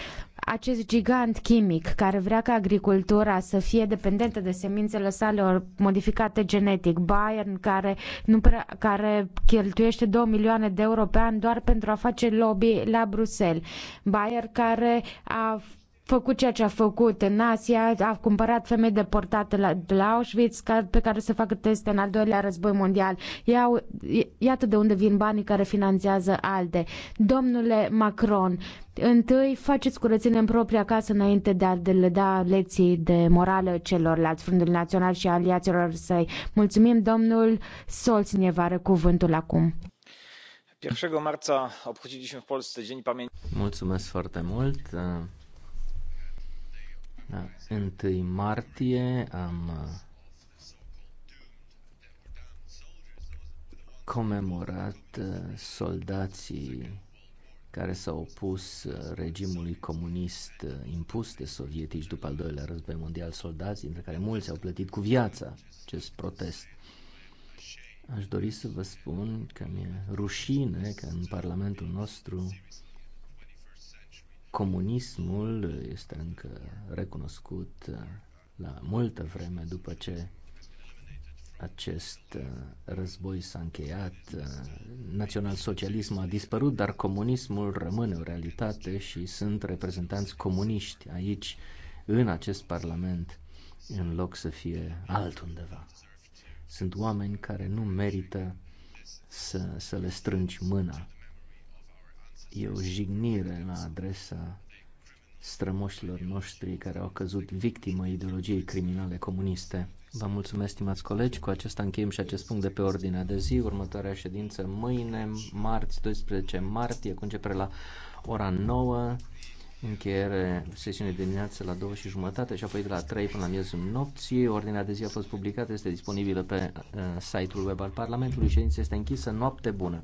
acest gigant chimic care vrea ca agricultura să fie dependentă de semințele sale modificate genetic, Bayern care, nu prea, care cheltuiește 2 milioane de euro pe an doar pentru a face lobby la Bruxelles, Bayern care a făcut ceea ce a făcut în Asia, a cumpărat femei deportate la, de la Auschwitz ca, pe care se facă teste în al doilea război mondial. Iau, iată de unde vin banii care finanțează alte. Domnule Macron, întâi faceți curățenie în propria casă înainte de a le da lecții de morală celorlalți, Frântul Național și aliaților săi. Mulțumim, domnul Solț vă are cuvântul acum. 1 marca obchodziliśmy w Polsce Dzień Pamięci. Mulțumesc foarte mult. 1 da. martie am uh, comemorat uh, soldații care s-au opus uh, regimului comunist impus de sovietici după al doilea război mondial, soldați, dintre care mulți au plătit cu viața acest protest. Aș dori să vă spun că mi-e rușine că în Parlamentul nostru Comunismul este încă recunoscut uh, la multă vreme după ce acest uh, război s-a încheiat, uh, național-socialism a dispărut, dar comunismul rămâne o realitate și sunt reprezentanți comuniști aici, în acest parlament, în loc să fie altundeva. Sunt oameni care nu merită să, să le strângi mâna. E o jignire la adresa strămoșilor noștri care au căzut victimă ideologiei criminale comuniste. Vă mulțumesc, stimați colegi. Cu acesta încheiem și acest punct de pe ordinea de zi. Următoarea ședință mâine, marți, 12 martie, cu începere la ora 9, încheiere sesiunii de dimineață la 2 și jumătate și apoi de la 3 până la miezul nopții. Ordinea de zi a fost publicată, este disponibilă pe uh, site-ul web al Parlamentului. Ședința este închisă. Noapte bună!